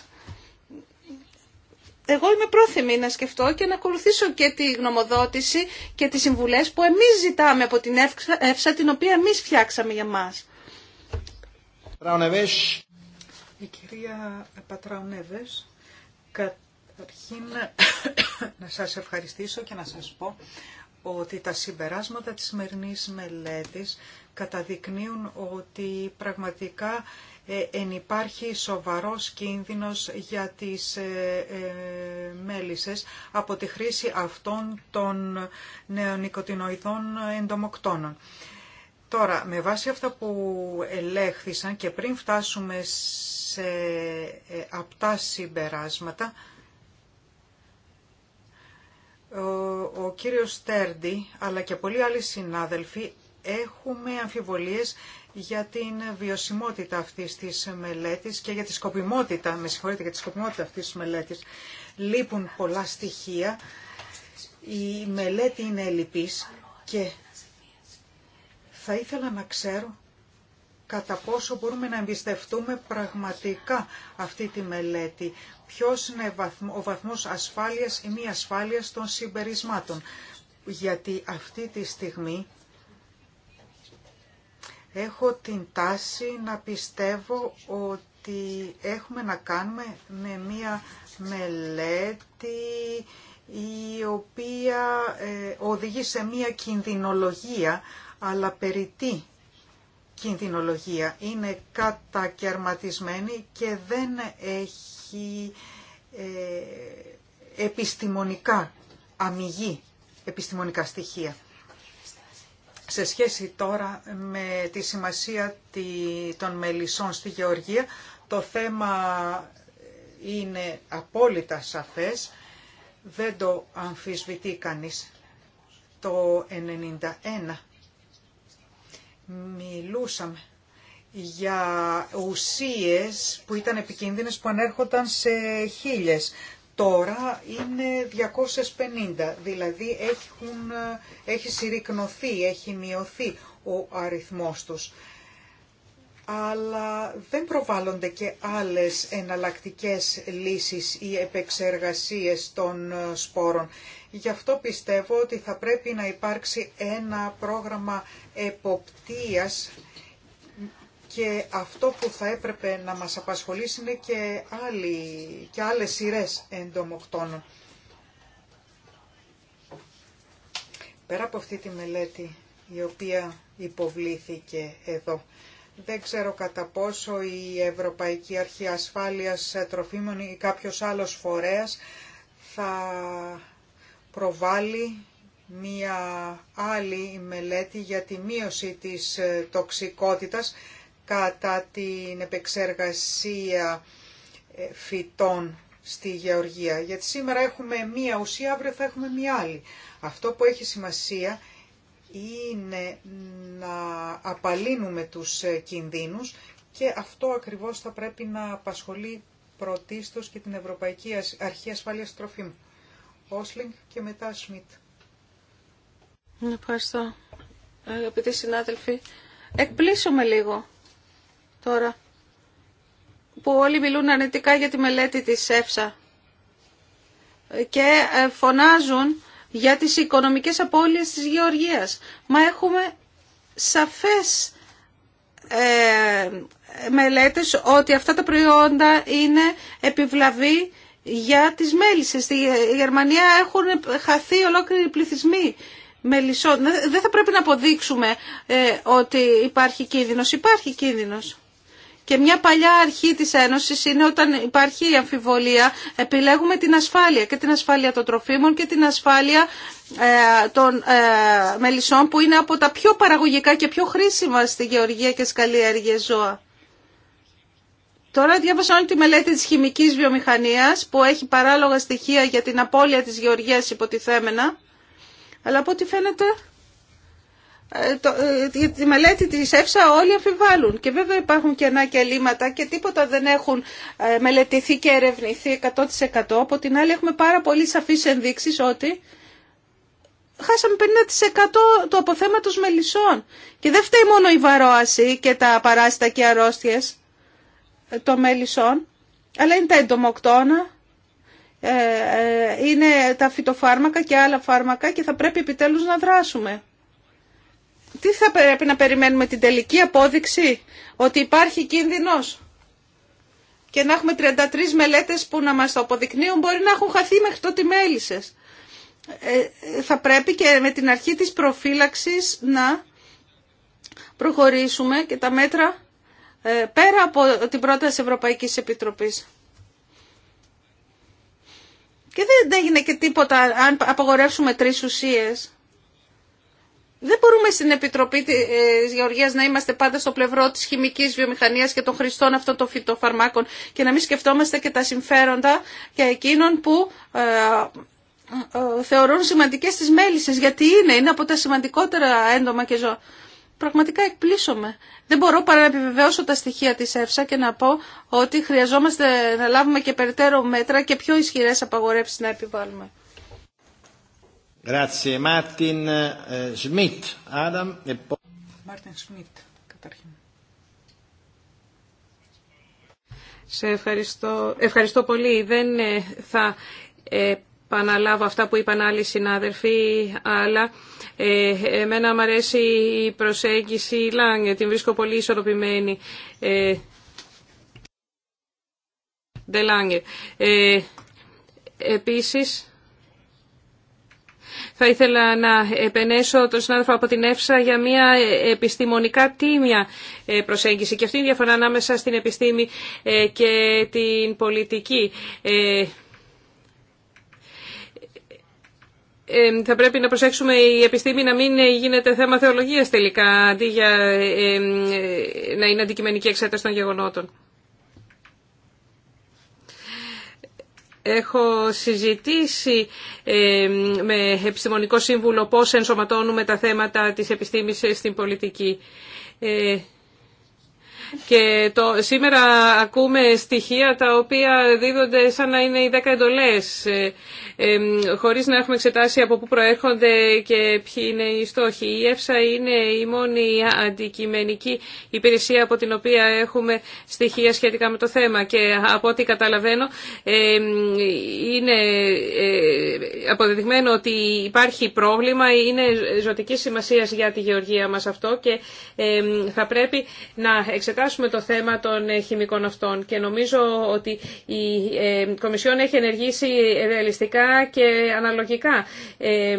Εγώ είμαι πρόθυμη να σκεφτώ και να ακολουθήσω και τη γνωμοδότηση και τις συμβουλές που εμείς ζητάμε από την ΕΦΣΑ την οποία εμείς φτιάξαμε για μας. Η κυρία Καταρχήν να σας ευχαριστήσω και να σας πω ότι τα συμπεράσματα της σημερινής μελέτης καταδεικνύουν ότι πραγματικά ε, ενυπάρχει σοβαρός κίνδυνος για τις ε, ε, μέλισσες από τη χρήση αυτών των νεονικοτινοειδών εντομοκτώνων. Τώρα, με βάση αυτά που ελέγχθησαν και πριν φτάσουμε σε ε, απτά συμπεράσματα, ο, ο κύριος Στέρντι αλλά και πολλοί άλλοι συνάδελφοι έχουμε αμφιβολίες για την βιωσιμότητα αυτής της μελέτης και για τη σκοπιμότητα, με συγχωρείτε, για τη σκοπιμότητα αυτής της μελέτης. Λείπουν πολλά στοιχεία. Η μελέτη είναι ελλειπής και θα ήθελα να ξέρω κατά πόσο μπορούμε να εμπιστευτούμε πραγματικά αυτή τη μελέτη. Ποιος είναι ο βαθμός ασφάλειας ή μη ασφάλειας των συμπερισμάτων. Γιατί αυτή τη στιγμή έχω την τάση να πιστεύω ότι έχουμε να κάνουμε με μία μελέτη η οποία ε, οδηγεί σε μία κινδυνολογία αλλά τι κινδυνολογία. Είναι κατακαιρματισμένη και δεν έχει ε, επιστημονικά αμυγή, επιστημονικά στοιχεία. Σε σχέση τώρα με τη σημασία των μελισσών στη Γεωργία, το θέμα είναι απόλυτα σαφές, δεν το αμφισβητεί κανείς. Το 91 μιλούσαμε για ουσίες που ήταν επικίνδυνες που ανέρχονταν σε χίλιες. Τώρα είναι 250, δηλαδή έχει συρρυκνωθεί, έχει μειωθεί ο αριθμός τους. Αλλά δεν προβάλλονται και άλλες εναλλακτικές λύσεις ή επεξεργασίες των ε, σπόρων Γι' αυτό πιστεύω ότι θα πρέπει να υπάρξει ένα πρόγραμμα εποπτείας και αυτό που θα έπρεπε να μας απασχολήσει είναι και, άλλοι, και άλλες σειρές Πέρα από αυτή τη μελέτη η οποία υποβλήθηκε εδώ. Δεν ξέρω κατά πόσο η Ευρωπαϊκή Αρχή Ασφάλειας Τροφίμων ή κάποιος άλλος φορέας θα προβάλλει μία άλλη μελέτη για τη μείωση της ε, τοξικότητας κατά την επεξεργασία ε, φυτών στη γεωργία. Γιατί σήμερα έχουμε μία ουσία, αύριο θα έχουμε μία άλλη. Αυτό που έχει σημασία είναι να απαλύνουμε τους ε, κινδύνους και αυτό ακριβώς θα πρέπει να απασχολεί πρωτίστως και την Ευρωπαϊκή Αρχή Ασφάλειας Τροφίμου. Όσλινγκ και μετά Σμιτ. Ευχαριστώ. Αγαπητοί συνάδελφοι, Εκπλήσουμε λίγο τώρα που όλοι μιλούν αρνητικά για τη μελέτη της ΕΦΣΑ και ε, φωνάζουν για τις οικονομικές απώλειες της γεωργίας. Μα έχουμε σαφές ε, μελέτες ότι αυτά τα προϊόντα είναι επιβλαβή για τις μέλισσες. Στη Γερμανία έχουν χαθεί ολόκληροι πληθυσμοί μελισσών. Δεν θα πρέπει να αποδείξουμε ε, ότι υπάρχει κίνδυνος. Υπάρχει κίνδυνος. Και μια παλιά αρχή της Ένωσης είναι όταν υπάρχει αμφιβολία επιλέγουμε την ασφάλεια και την ασφάλεια των τροφίμων και την ασφάλεια ε, των ε, μελισσών που είναι από τα πιο παραγωγικά και πιο χρήσιμα στη γεωργία και στις ζώα. Τώρα διάβασα όλη τη μελέτη της χημικής βιομηχανίας που έχει παράλογα στοιχεία για την απώλεια της γεωργίας υποτιθέμενα. Αλλά από ό,τι φαίνεται ε, ε, για τη μελέτη της ΕΦΣΑ όλοι αμφιβάλλουν και βέβαια υπάρχουν κενά και ελλείμματα και τίποτα δεν έχουν ε, μελετηθεί και ερευνηθεί 100%. Από την άλλη έχουμε πάρα πολύ σαφείς ενδείξεις ότι χάσαμε 50% του αποθέματος μελισσών. Και δεν φταίει μόνο η βαρόαση και τα παράστα και αρρώστιες το μέλισσον, αλλά είναι τα εντομοκτώνα, ε, ε, είναι τα φυτοφάρμακα και άλλα φάρμακα και θα πρέπει επιτέλους να δράσουμε. Τι θα πρέπει να περιμένουμε την τελική απόδειξη ότι υπάρχει κίνδυνος και να έχουμε 33 μελέτες που να μας το αποδεικνύουν μπορεί να έχουν χαθεί μέχρι τότε μέλισσες. Ε, θα πρέπει και με την αρχή της προφύλαξης να προχωρήσουμε και τα μέτρα ε, πέρα από την πρόταση Ευρωπαϊκής Επιτροπής. Και δεν έγινε και τίποτα αν απαγορεύσουμε τρεις ουσίες. Δεν μπορούμε στην Επιτροπή ε, της Γεωργίας να είμαστε πάντα στο πλευρό της χημικής βιομηχανίας και των χρηστών αυτών των φυτοφαρμάκων και να μην σκεφτόμαστε και τα συμφέροντα για εκείνων που ε, θεωρούν σημαντικές τις μέλισσες, γιατί είναι, είναι από τα σημαντικότερα έντομα και ζώα πραγματικά εκπλήσωμαι. Δεν μπορώ παρά να επιβεβαιώσω τα στοιχεία της ΕΦΣΑ και να πω ότι χρειαζόμαστε να λάβουμε και περαιτέρω μέτρα και πιο ισχυρές απαγορεύσεις να επιβάλλουμε. Grazie Martin ε, Schmidt. Adam e Martin Schmidt, Σε ευχαριστώ, ευχαριστώ πολύ. Δεν ε, θα ε, παναλάβω αυτά που είπαν άλλοι συνάδελφοι, αλλά ε, εμένα μου αρέσει η προσέγγιση Λάγκ, την βρίσκω πολύ ισορροπημένη. Ε, ε, επίσης, θα ήθελα να επενέσω τον συνάδελφο από την ΕΦΣΑ για μια ε, επιστημονικά τίμια ε, προσέγγιση και αυτή η διαφορά ανάμεσα στην επιστήμη και την πολιτική. θα πρέπει να προσέξουμε η επιστήμη να μην γίνεται θέμα θεολογίας τελικά, αντί για να είναι αντικειμενική εξέταση των γεγονότων. Έχω συζητήσει με επιστημονικό σύμβουλο πώς ενσωματώνουμε τα θέματα της επιστήμης στην πολιτική. Ε, και το, σήμερα ακούμε στοιχεία τα οποία δίδονται σαν να είναι οι δέκα εντολές. Ε, χωρίς να έχουμε εξετάσει από πού προέρχονται και ποιοι είναι οι στόχοι. Η ΕΦΣΑ είναι η μόνη αντικειμενική υπηρεσία από την οποία έχουμε στοιχεία σχετικά με το θέμα και από ό,τι καταλαβαίνω είναι ε, αποδεδειγμένο ότι υπάρχει πρόβλημα, είναι ζωτική σημασία για τη γεωργία μας αυτό και θα πρέπει να εξετάσουμε το θέμα των ε, χημικών αυτών και νομίζω ότι η ε, Κομισιόν έχει ενεργήσει ρεαλιστικά και αναλογικά. Ε,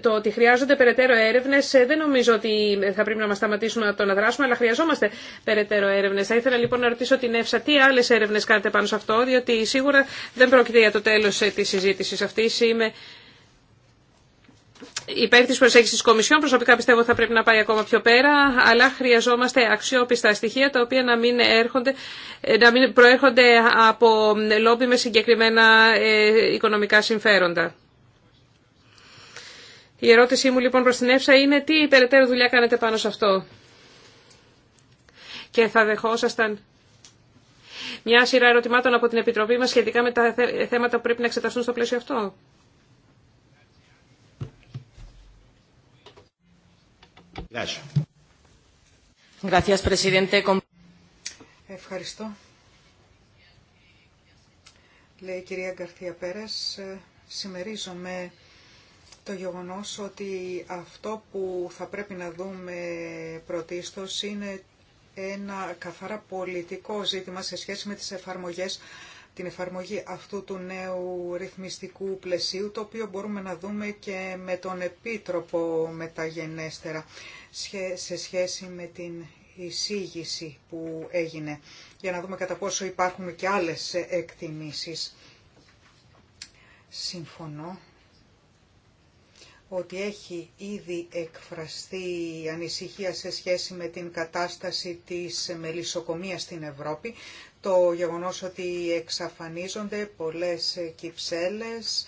το ότι χρειάζονται περαιτέρω έρευνε ε, δεν νομίζω ότι θα πρέπει να μα σταματήσουν να το να δράσουμε, αλλά χρειαζόμαστε περαιτέρω έρευνε. Θα ήθελα λοιπόν να ρωτήσω την Εύσα τι άλλε έρευνε κάνετε πάνω σε αυτό, διότι σίγουρα δεν πρόκειται για το τέλο ε, τη συζήτηση αυτή. Είμαι υπέρ τη προσέγγιση τη Κομισιόν. Προσωπικά πιστεύω θα πρέπει να πάει ακόμα πιο πέρα, αλλά χρειαζόμαστε αξιόπιστα στοιχεία τα οποία να μην, έρχονται, να προέρχονται από λόμπι με συγκεκριμένα ε, οικονομικά συμφέροντα. Η ερώτησή μου λοιπόν προς την Εύσα είναι τι υπεραιτέρω δουλειά κάνετε πάνω σε αυτό. Και θα δεχόσασταν μια σειρά ερωτημάτων από την Επιτροπή μας σχετικά με τα θέματα που πρέπει να εξεταστούν στο πλαίσιο αυτό. Ευχαριστώ. Λέει η κυρία Γκαρθία Πέρες, συμμερίζομαι το γεγονός ότι αυτό που θα πρέπει να δούμε πρωτίστως είναι ένα καθαρά πολιτικό ζήτημα σε σχέση με τις εφαρμογές, την εφαρμογή αυτού του νέου ρυθμιστικού πλαισίου, το οποίο μπορούμε να δούμε και με τον Επίτροπο μεταγενέστερα σε σχέση με την εισήγηση που έγινε, για να δούμε κατά πόσο υπάρχουν και άλλες εκτιμήσεις. Συμφωνώ ότι έχει ήδη εκφραστεί ανησυχία σε σχέση με την κατάσταση της μελισσοκομείας στην Ευρώπη, το γεγονός ότι εξαφανίζονται πολλές κυψέλες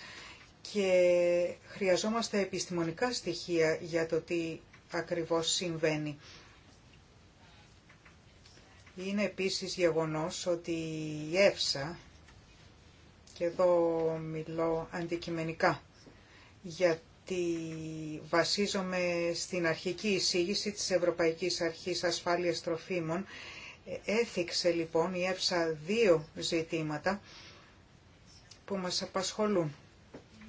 και χρειαζόμαστε επιστημονικά στοιχεία για το τι ακριβώς συμβαίνει. Είναι επίσης γεγονός ότι η ΕΦΣΑ, και εδώ μιλώ αντικειμενικά, γιατί βασίζομαι στην αρχική εισήγηση της Ευρωπαϊκής Αρχής Ασφάλειας Τροφίμων, έθιξε λοιπόν η ΕΦΣΑ δύο ζητήματα που μας απασχολούν.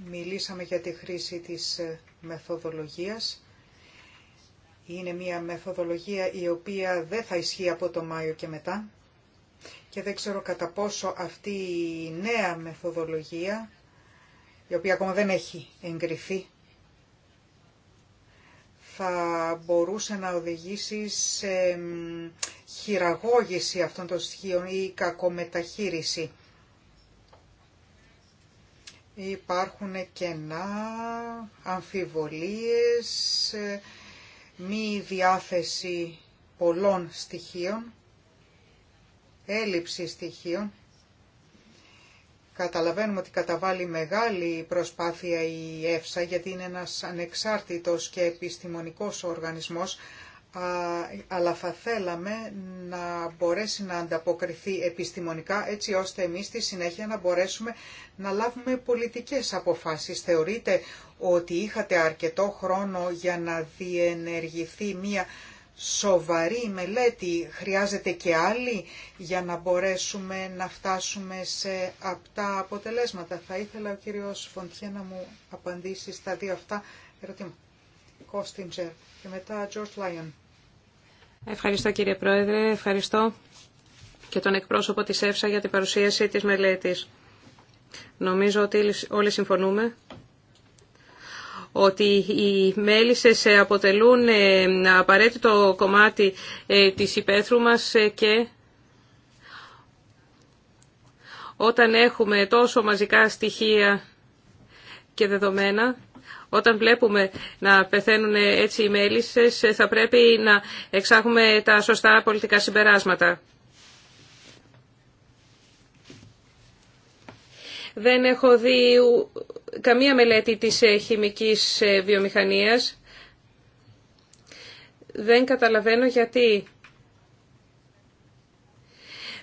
Μιλήσαμε για τη χρήση της μεθοδολογίας είναι μια μεθοδολογία η οποία δεν θα ισχύει από το Μάιο και μετά και δεν ξέρω κατά πόσο αυτή η νέα μεθοδολογία, η οποία ακόμα δεν έχει εγκριθεί, θα μπορούσε να οδηγήσει σε χειραγώγηση αυτών των στοιχείων ή κακομεταχείριση. Υπάρχουν κενά, αμφιβολίες, μη διάθεση πολλών στοιχείων, έλλειψη στοιχείων. Καταλαβαίνουμε ότι καταβάλει μεγάλη προσπάθεια η ΕΦΣΑ γιατί είναι ένας ανεξάρτητος και επιστημονικός οργανισμός, αλλά θα θέλαμε να μπορέσει να ανταποκριθεί επιστημονικά έτσι ώστε εμείς στη συνέχεια να μπορέσουμε να λάβουμε πολιτικές αποφάσεις. Θεωρείτε ότι είχατε αρκετό χρόνο για να διενεργηθεί μία σοβαρή μελέτη, χρειάζεται και άλλη για να μπορέσουμε να φτάσουμε σε αυτά αποτελέσματα. Θα ήθελα ο κύριος Φοντιέ να μου απαντήσει στα δύο αυτά ερωτήματα. Κώστιντζερ και μετά George Lyon. Ευχαριστώ κύριε Πρόεδρε, ευχαριστώ και τον εκπρόσωπο της ΕΦΣΑ για την παρουσίαση της μελέτης. Νομίζω ότι όλοι συμφωνούμε ότι οι μέλισσες αποτελούν ε, απαραίτητο κομμάτι ε, της υπαίθρου μας ε, και όταν έχουμε τόσο μαζικά στοιχεία και δεδομένα όταν βλέπουμε να πεθαίνουν έτσι οι θα πρέπει να εξάγουμε τα σωστά πολιτικά συμπεράσματα. Δεν έχω δει καμία μελέτη της χημικής βιομηχανίας. Δεν καταλαβαίνω γιατί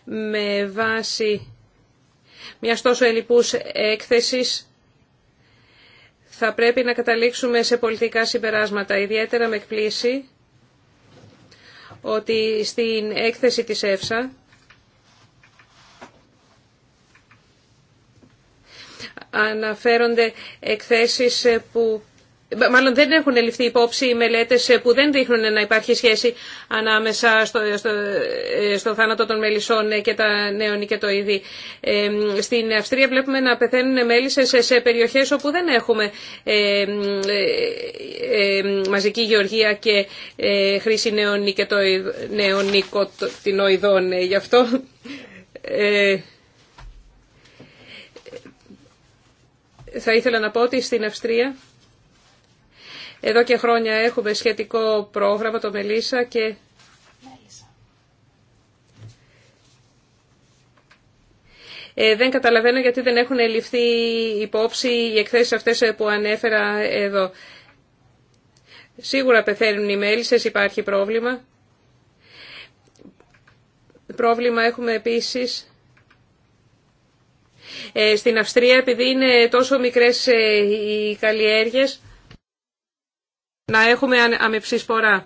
με βάση μια τόσο ελλειπούς έκθεσης θα πρέπει να καταλήξουμε σε πολιτικά συμπεράσματα. Ιδιαίτερα με εκπλήσει ότι στην έκθεση της ΕΦΣΑ αναφέρονται εκθέσεις που μάλλον δεν έχουν ληφθεί υπόψη οι μελέτες ε, που δεν δείχνουν να υπάρχει σχέση ανάμεσα στο, στο, ε, στο θάνατο των μελισσών ε, και τα νέων και το είδη. στην Αυστρία βλέπουμε να πεθαίνουν μέλισσες σε, σε περιοχές όπου δεν έχουμε ε, ε, μαζική γεωργία και χρήση νεονικοτινοειδών. Γι' αυτό... θα ήθελα να πω ότι στην Αυστρία εδώ και χρόνια έχουμε σχετικό πρόγραμμα, το Μελίσσα και... Ε, δεν καταλαβαίνω γιατί δεν έχουν ληφθεί υπόψη οι εκθέσεις αυτές που ανέφερα εδώ. Σίγουρα πεθαίνουν οι μέλισσες, υπάρχει πρόβλημα. Πρόβλημα έχουμε επίσης ε, στην Αυστρία επειδή είναι τόσο μικρές ε, οι καλλιέργειες να έχουμε αμεψή σπορά.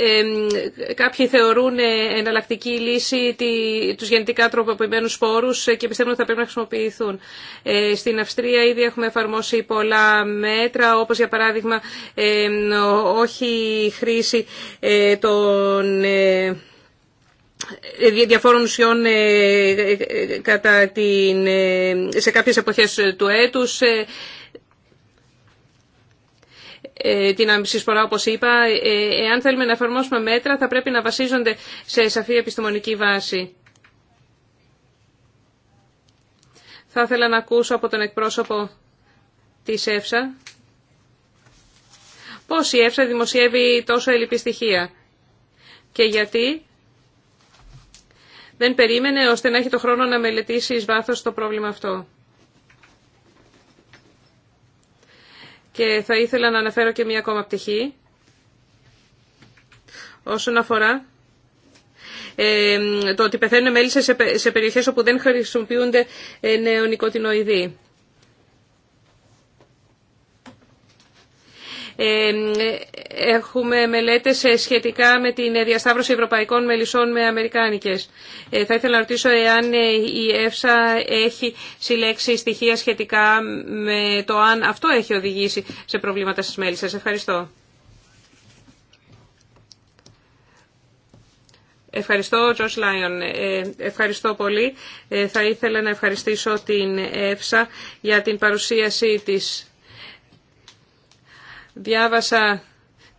Ε, κάποιοι θεωρούν ε, εναλλακτική λύση τη, τους γενετικά τροποποιημένους σπόρους ε, και πιστεύουν ότι θα πρέπει να χρησιμοποιηθούν. Ε, στην Αυστρία ήδη έχουμε εφαρμόσει πολλά μέτρα, όπως για παράδειγμα ε, όχι χρήση των ε, διαφόρων ουσιών ε, ε, ε, κατά την, σε κάποιες εποχές του έτους, την αμυσισφορά όπως είπα. Εάν θέλουμε να εφαρμόσουμε μέτρα θα πρέπει να βασίζονται σε σαφή επιστημονική βάση. Θα ήθελα να ακούσω από τον εκπρόσωπο της ΕΦΣΑ πώς η ΕΦΣΑ δημοσιεύει τόσο ελλειπή και γιατί δεν περίμενε ώστε να έχει το χρόνο να μελετήσει εις βάθος το πρόβλημα αυτό. Και θα ήθελα να αναφέρω και μία ακόμα πτυχή όσον αφορά το ότι πεθαίνουν μέλη σε περιοχές όπου δεν χρησιμοποιούνται ε, νεονικοτινοειδή. Έχουμε μελέτες ε, σχετικά με την ε, διασταύρωση ευρωπαϊκών μελισσών με αμερικάνικες. Ε, θα ήθελα να ρωτήσω εάν η ΕΦΣΑ έχει συλλέξει στοιχεία σχετικά με το αν αυτό έχει οδηγήσει σε προβλήματα στις μέλισσες. Ευχαριστώ. Ευχαριστώ, Τζος Λάιον. Ευχαριστώ πολύ. Θα ήθελα να ευχαριστήσω την ΕΦΣΑ για την παρουσίαση της Διάβασα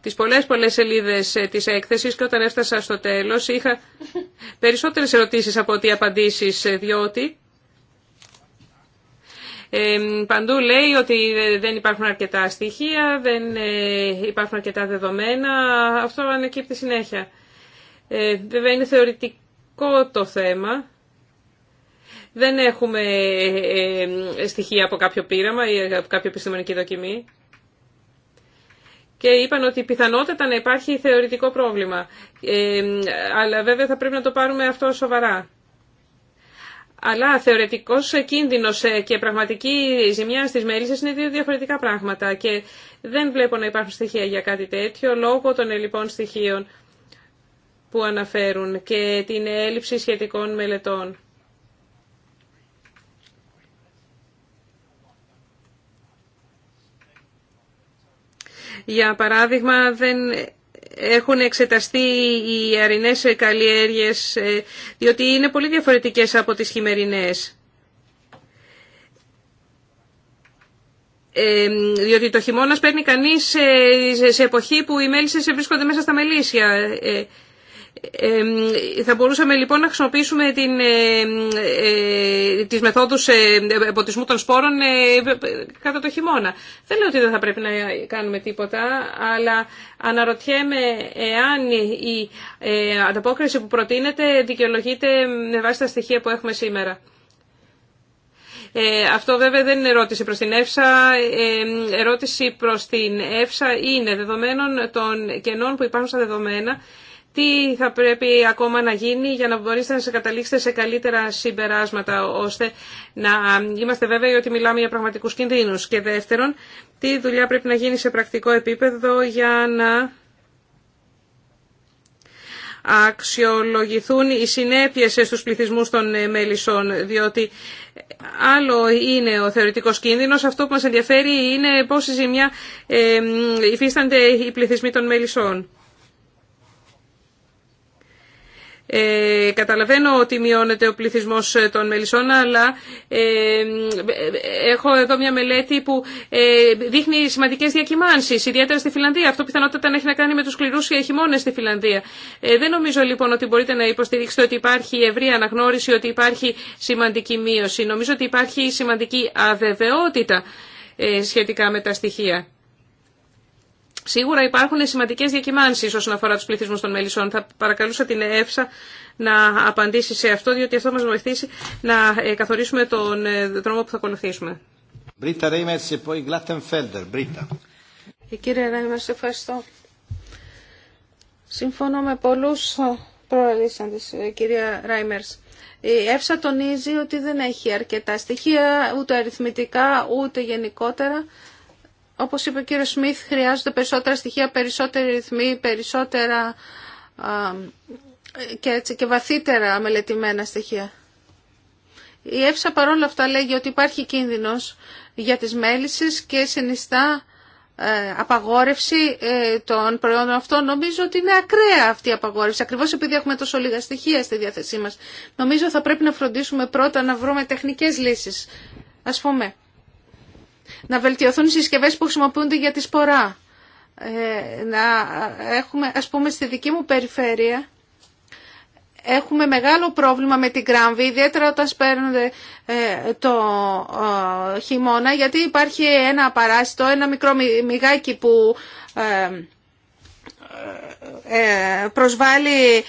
τις πολλές πολλές σελίδες ε, της έκθεσης και όταν έφτασα στο τέλος είχα περισσότερες ερωτήσεις από ό,τι απαντήσεις, ε, διότι παντού λέει ότι ε, δεν υπάρχουν αρκετά στοιχεία, δεν υπάρχουν αρκετά δεδομένα. Αυτό ανακύπτει συνέχεια. Βέβαια είναι θεωρητικό το θέμα. Δεν έχουμε στοιχεία από κάποιο πείραμα ή από κάποια επιστημονική δοκιμή και είπαν ότι πιθανότατα να υπάρχει θεωρητικό πρόβλημα. Ε, αλλά βέβαια θα πρέπει να το πάρουμε αυτό σοβαρά. Αλλά θεωρητικός κίνδυνος ε, και πραγματική ζημιά στις μέλισσες είναι δύο διαφορετικά πράγματα και δεν βλέπω να υπάρχουν στοιχεία για κάτι τέτοιο λόγω των λοιπόν στοιχείων που αναφέρουν και την έλλειψη σχετικών μελετών. Για παράδειγμα, δεν έχουν εξεταστεί οι αρινές καλλιέργειες, ε, διότι είναι πολύ διαφορετικές από τις χειμερινές. Ε, διότι το χειμώνα παίρνει κανείς ε, σε, εποχή που οι μέλισσες βρίσκονται μέσα στα μελίσια θα μπορούσαμε λοιπόν να χρησιμοποιήσουμε την, ε, ε τις μεθόδους ε, ποτισμού των σπόρων ε, κατά το χειμώνα. Δεν λέω ότι δεν θα πρέπει να κάνουμε τίποτα, αλλά αναρωτιέμαι εάν η ανταπόκριση που προτείνεται δικαιολογείται με βάση τα στοιχεία που έχουμε σήμερα. αυτό βέβαια δεν είναι ερώτηση προς την ΕΦΣΑ. ερώτηση προς την ΕΦΣΑ είναι δεδομένων των κενών που υπάρχουν στα δεδομένα τι θα πρέπει ακόμα να γίνει για να μπορείτε να σε καταλήξετε σε καλύτερα συμπεράσματα, ώστε να είμαστε βέβαιοι ότι μιλάμε για πραγματικούς κινδύνους. Και δεύτερον, τι δουλειά πρέπει να γίνει σε πρακτικό επίπεδο για να αξιολογηθούν οι συνέπειες στους πληθυσμούς των μέλισσών, διότι άλλο είναι ο θεωρητικός κίνδυνος. Αυτό που μας ενδιαφέρει είναι πόση ζημιά υφίστανται οι πληθυσμοί των μέλισσών. Ε, καταλαβαίνω ότι μειώνεται ο πληθυσμός ε, των μελισσών, αλλά ε, έχω εδώ μια μελέτη που ε, δείχνει σημαντικές διακυμάνσεις, ιδιαίτερα στη Φιλανδία. Αυτό πιθανότατα έχει να κάνει με τους σκληρούς χειμώνες στη Φιλανδία. Ε, δεν νομίζω λοιπόν ότι μπορείτε να υποστηρίξετε ότι υπάρχει ευρή αναγνώριση, ότι υπάρχει σημαντική μείωση. Νομίζω ότι υπάρχει σημαντική αβεβαιότητα σχετικά με τα στοιχεία. Σίγουρα υπάρχουν σημαντικέ διακυμάνσει όσον αφορά του πληθυσμού των μελισσών. Θα παρακαλούσα την ΕΕΦΣΑ να απαντήσει σε αυτό, διότι αυτό μα βοηθήσει να ε, καθορίσουμε τον ε, δρόμο που θα ακολουθήσουμε. Ε, κύριε Ρέιμερ, σε ευχαριστώ. Συμφωνώ με πολλού κυρία Η τονίζει ότι δεν έχει αρκετά στοιχεία, ούτε αριθμητικά, ούτε γενικότερα όπως είπε ο κύριο Σμιθ, χρειάζονται περισσότερα στοιχεία, περισσότεροι ρυθμοί, περισσότερα και, έτσι, βαθύτερα μελετημένα στοιχεία. Η ΕΦΣΑ παρόλα αυτά λέγει ότι υπάρχει κίνδυνος για τις μέλησεις και συνιστά ε, απαγόρευση ε, των προϊόντων αυτών. Νομίζω ότι είναι ακραία αυτή η απαγόρευση, ακριβώς επειδή έχουμε τόσο λίγα στοιχεία στη διάθεσή μας. Νομίζω θα πρέπει να φροντίσουμε πρώτα να βρούμε τεχνικές λύσεις. Ας πούμε, να βελτιωθούν οι συσκευές που χρησιμοποιούνται για τη σπορά. Ε, να έχουμε, ας πούμε, στη δική μου περιφέρεια έχουμε μεγάλο πρόβλημα με την κράμβη, ιδιαίτερα όταν σπέρνονται ε, το ε, χειμώνα, γιατί υπάρχει ένα παράσιτο, ένα μικρό μυγάκι που προσβάλλει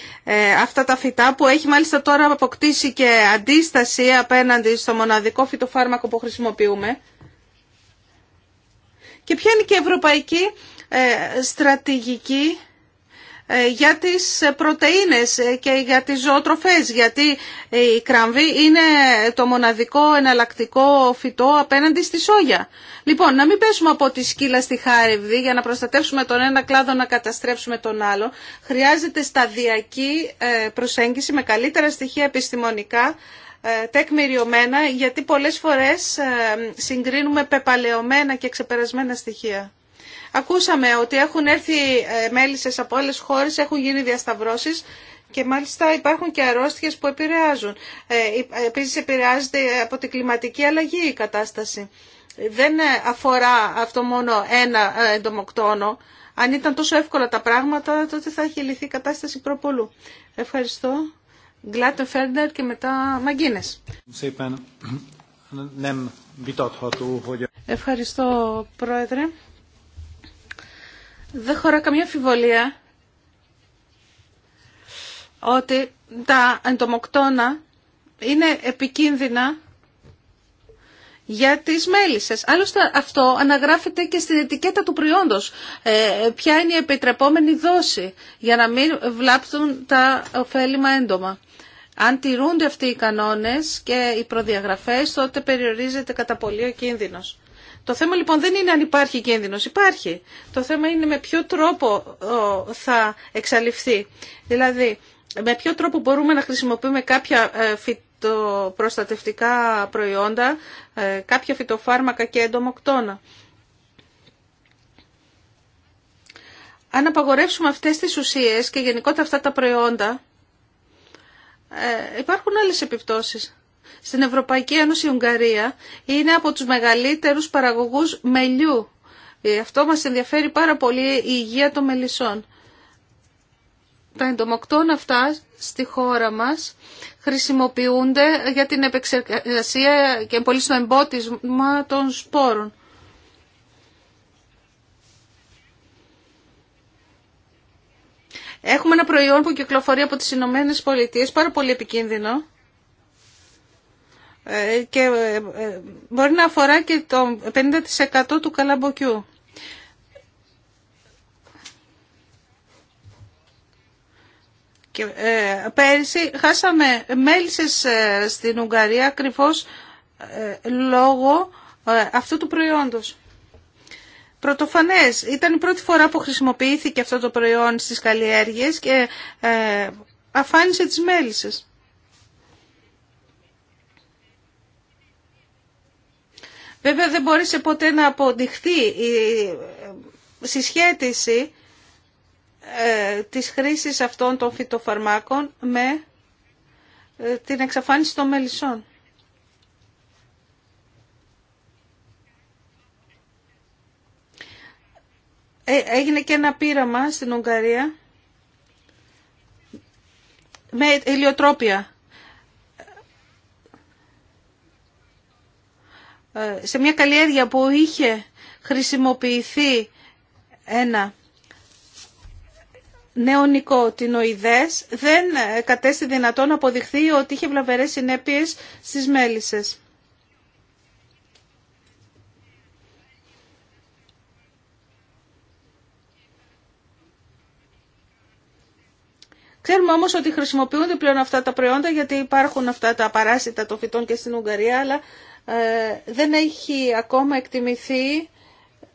αυτά τα φυτά που έχει μάλιστα τώρα αποκτήσει και αντίσταση απέναντι στο μοναδικό φυτοφάρμακο που χρησιμοποιούμε. Και ποια είναι και η ευρωπαϊκή ε, στρατηγική ε, για τις πρωτεΐνες ε, και για τις ζωοτροφές, γιατί η κραμβή είναι το μοναδικό εναλλακτικό φυτό απέναντι στη σόγια. Λοιπόν, να μην πέσουμε από τη σκύλα στη χάρευδη για να προστατεύσουμε τον ένα κλάδο να καταστρέψουμε τον άλλο. Χρειάζεται σταδιακή προσέγγιση με καλύτερα στοιχεία επιστημονικά ε, τεκμηριωμένα γιατί πολλές φορές ε, συγκρίνουμε πεπαλαιωμένα και ξεπερασμένα στοιχεία. Ακούσαμε ότι έχουν έρθει ε, μέλισσες από άλλες χώρες, έχουν γίνει διασταυρώσεις και μάλιστα υπάρχουν και αρρώστιες που επηρεάζουν. Επίσης επηρεάζεται από την κλιματική αλλαγή η κατάσταση. Δεν αφορά αυτό μόνο ένα εντομοκτόνο. Αν ήταν τόσο εύκολα τα πράγματα, τότε θα έχει λυθεί η κατάσταση προπολού. Ευχαριστώ. Γλάτο Φέρντερ και μετά Μαγκίνες. Ευχαριστώ Πρόεδρε. Δεν χωρά καμία αμφιβολία ότι τα εντομοκτώνα είναι επικίνδυνα για τις μέλισσες. Άλλωστε αυτό αναγράφεται και στην ετικέτα του προϊόντος. Ε, ποια είναι η επιτρεπόμενη δόση για να μην βλάπτουν τα ωφέλιμα έντομα. Αν τηρούνται αυτοί οι κανόνες και οι προδιαγραφές, τότε περιορίζεται κατά πολύ ο κίνδυνος. Το θέμα λοιπόν δεν είναι αν υπάρχει κίνδυνος. Υπάρχει. Το θέμα είναι με ποιο τρόπο θα εξαλειφθεί. Δηλαδή, με ποιο τρόπο μπορούμε να χρησιμοποιούμε κάποια ε, φυτοπροστατευτικά προϊόντα, ε, κάποια φυτοφάρμακα και εντομοκτώνα. Αν απαγορεύσουμε αυτές τις ουσίες και γενικότερα αυτά τα προϊόντα, ε, υπάρχουν άλλες επιπτώσεις. Στην Ευρωπαϊκή Ένωση η Ουγγαρία είναι από τους μεγαλύτερους παραγωγούς μελιού. Ε, αυτό μας ενδιαφέρει πάρα πολύ η υγεία των μελισσών. Τα εντομοκτώνα αυτά στη χώρα μας χρησιμοποιούνται για την επεξεργασία και πολύ στο εμπότισμα των σπόρων. Έχουμε ένα προϊόν που κυκλοφορεί από τις Ηνωμένε Πολιτείε, πάρα πολύ επικίνδυνο ε, και ε, ε, μπορεί να αφορά και το 50% του καλαμποκιού. Και, πέρυσι χάσαμε μέλισσες στην Ουγγαρία ακριβώς λόγω αυτού του προϊόντος πρωτοφανές. Ήταν η πρώτη φορά που χρησιμοποιήθηκε αυτό το προϊόν στις καλλιέργειες και ε, αφάνισε τις μέλισσες. Βέβαια δεν σε ποτέ να αποδειχθεί η ε, συσχέτιση ε, της χρήσης αυτών των φυτοφαρμάκων με ε, την εξαφάνιση των μελισσών. Ε, έγινε και ένα πείραμα στην Ουγγαρία με ηλιοτρόπια. Ε, σε μια καλλιέργεια που είχε χρησιμοποιηθεί ένα νεονικό τινοειδές, δεν κατέστη δυνατόν να αποδειχθεί ότι είχε βλαβερές συνέπειες στις μέλισσες. Ξέρουμε όμως ότι χρησιμοποιούνται πλέον αυτά τα προϊόντα γιατί υπάρχουν αυτά τα παράσιτα των φυτών και στην Ουγγαρία, αλλά ε, δεν έχει ακόμα εκτιμηθεί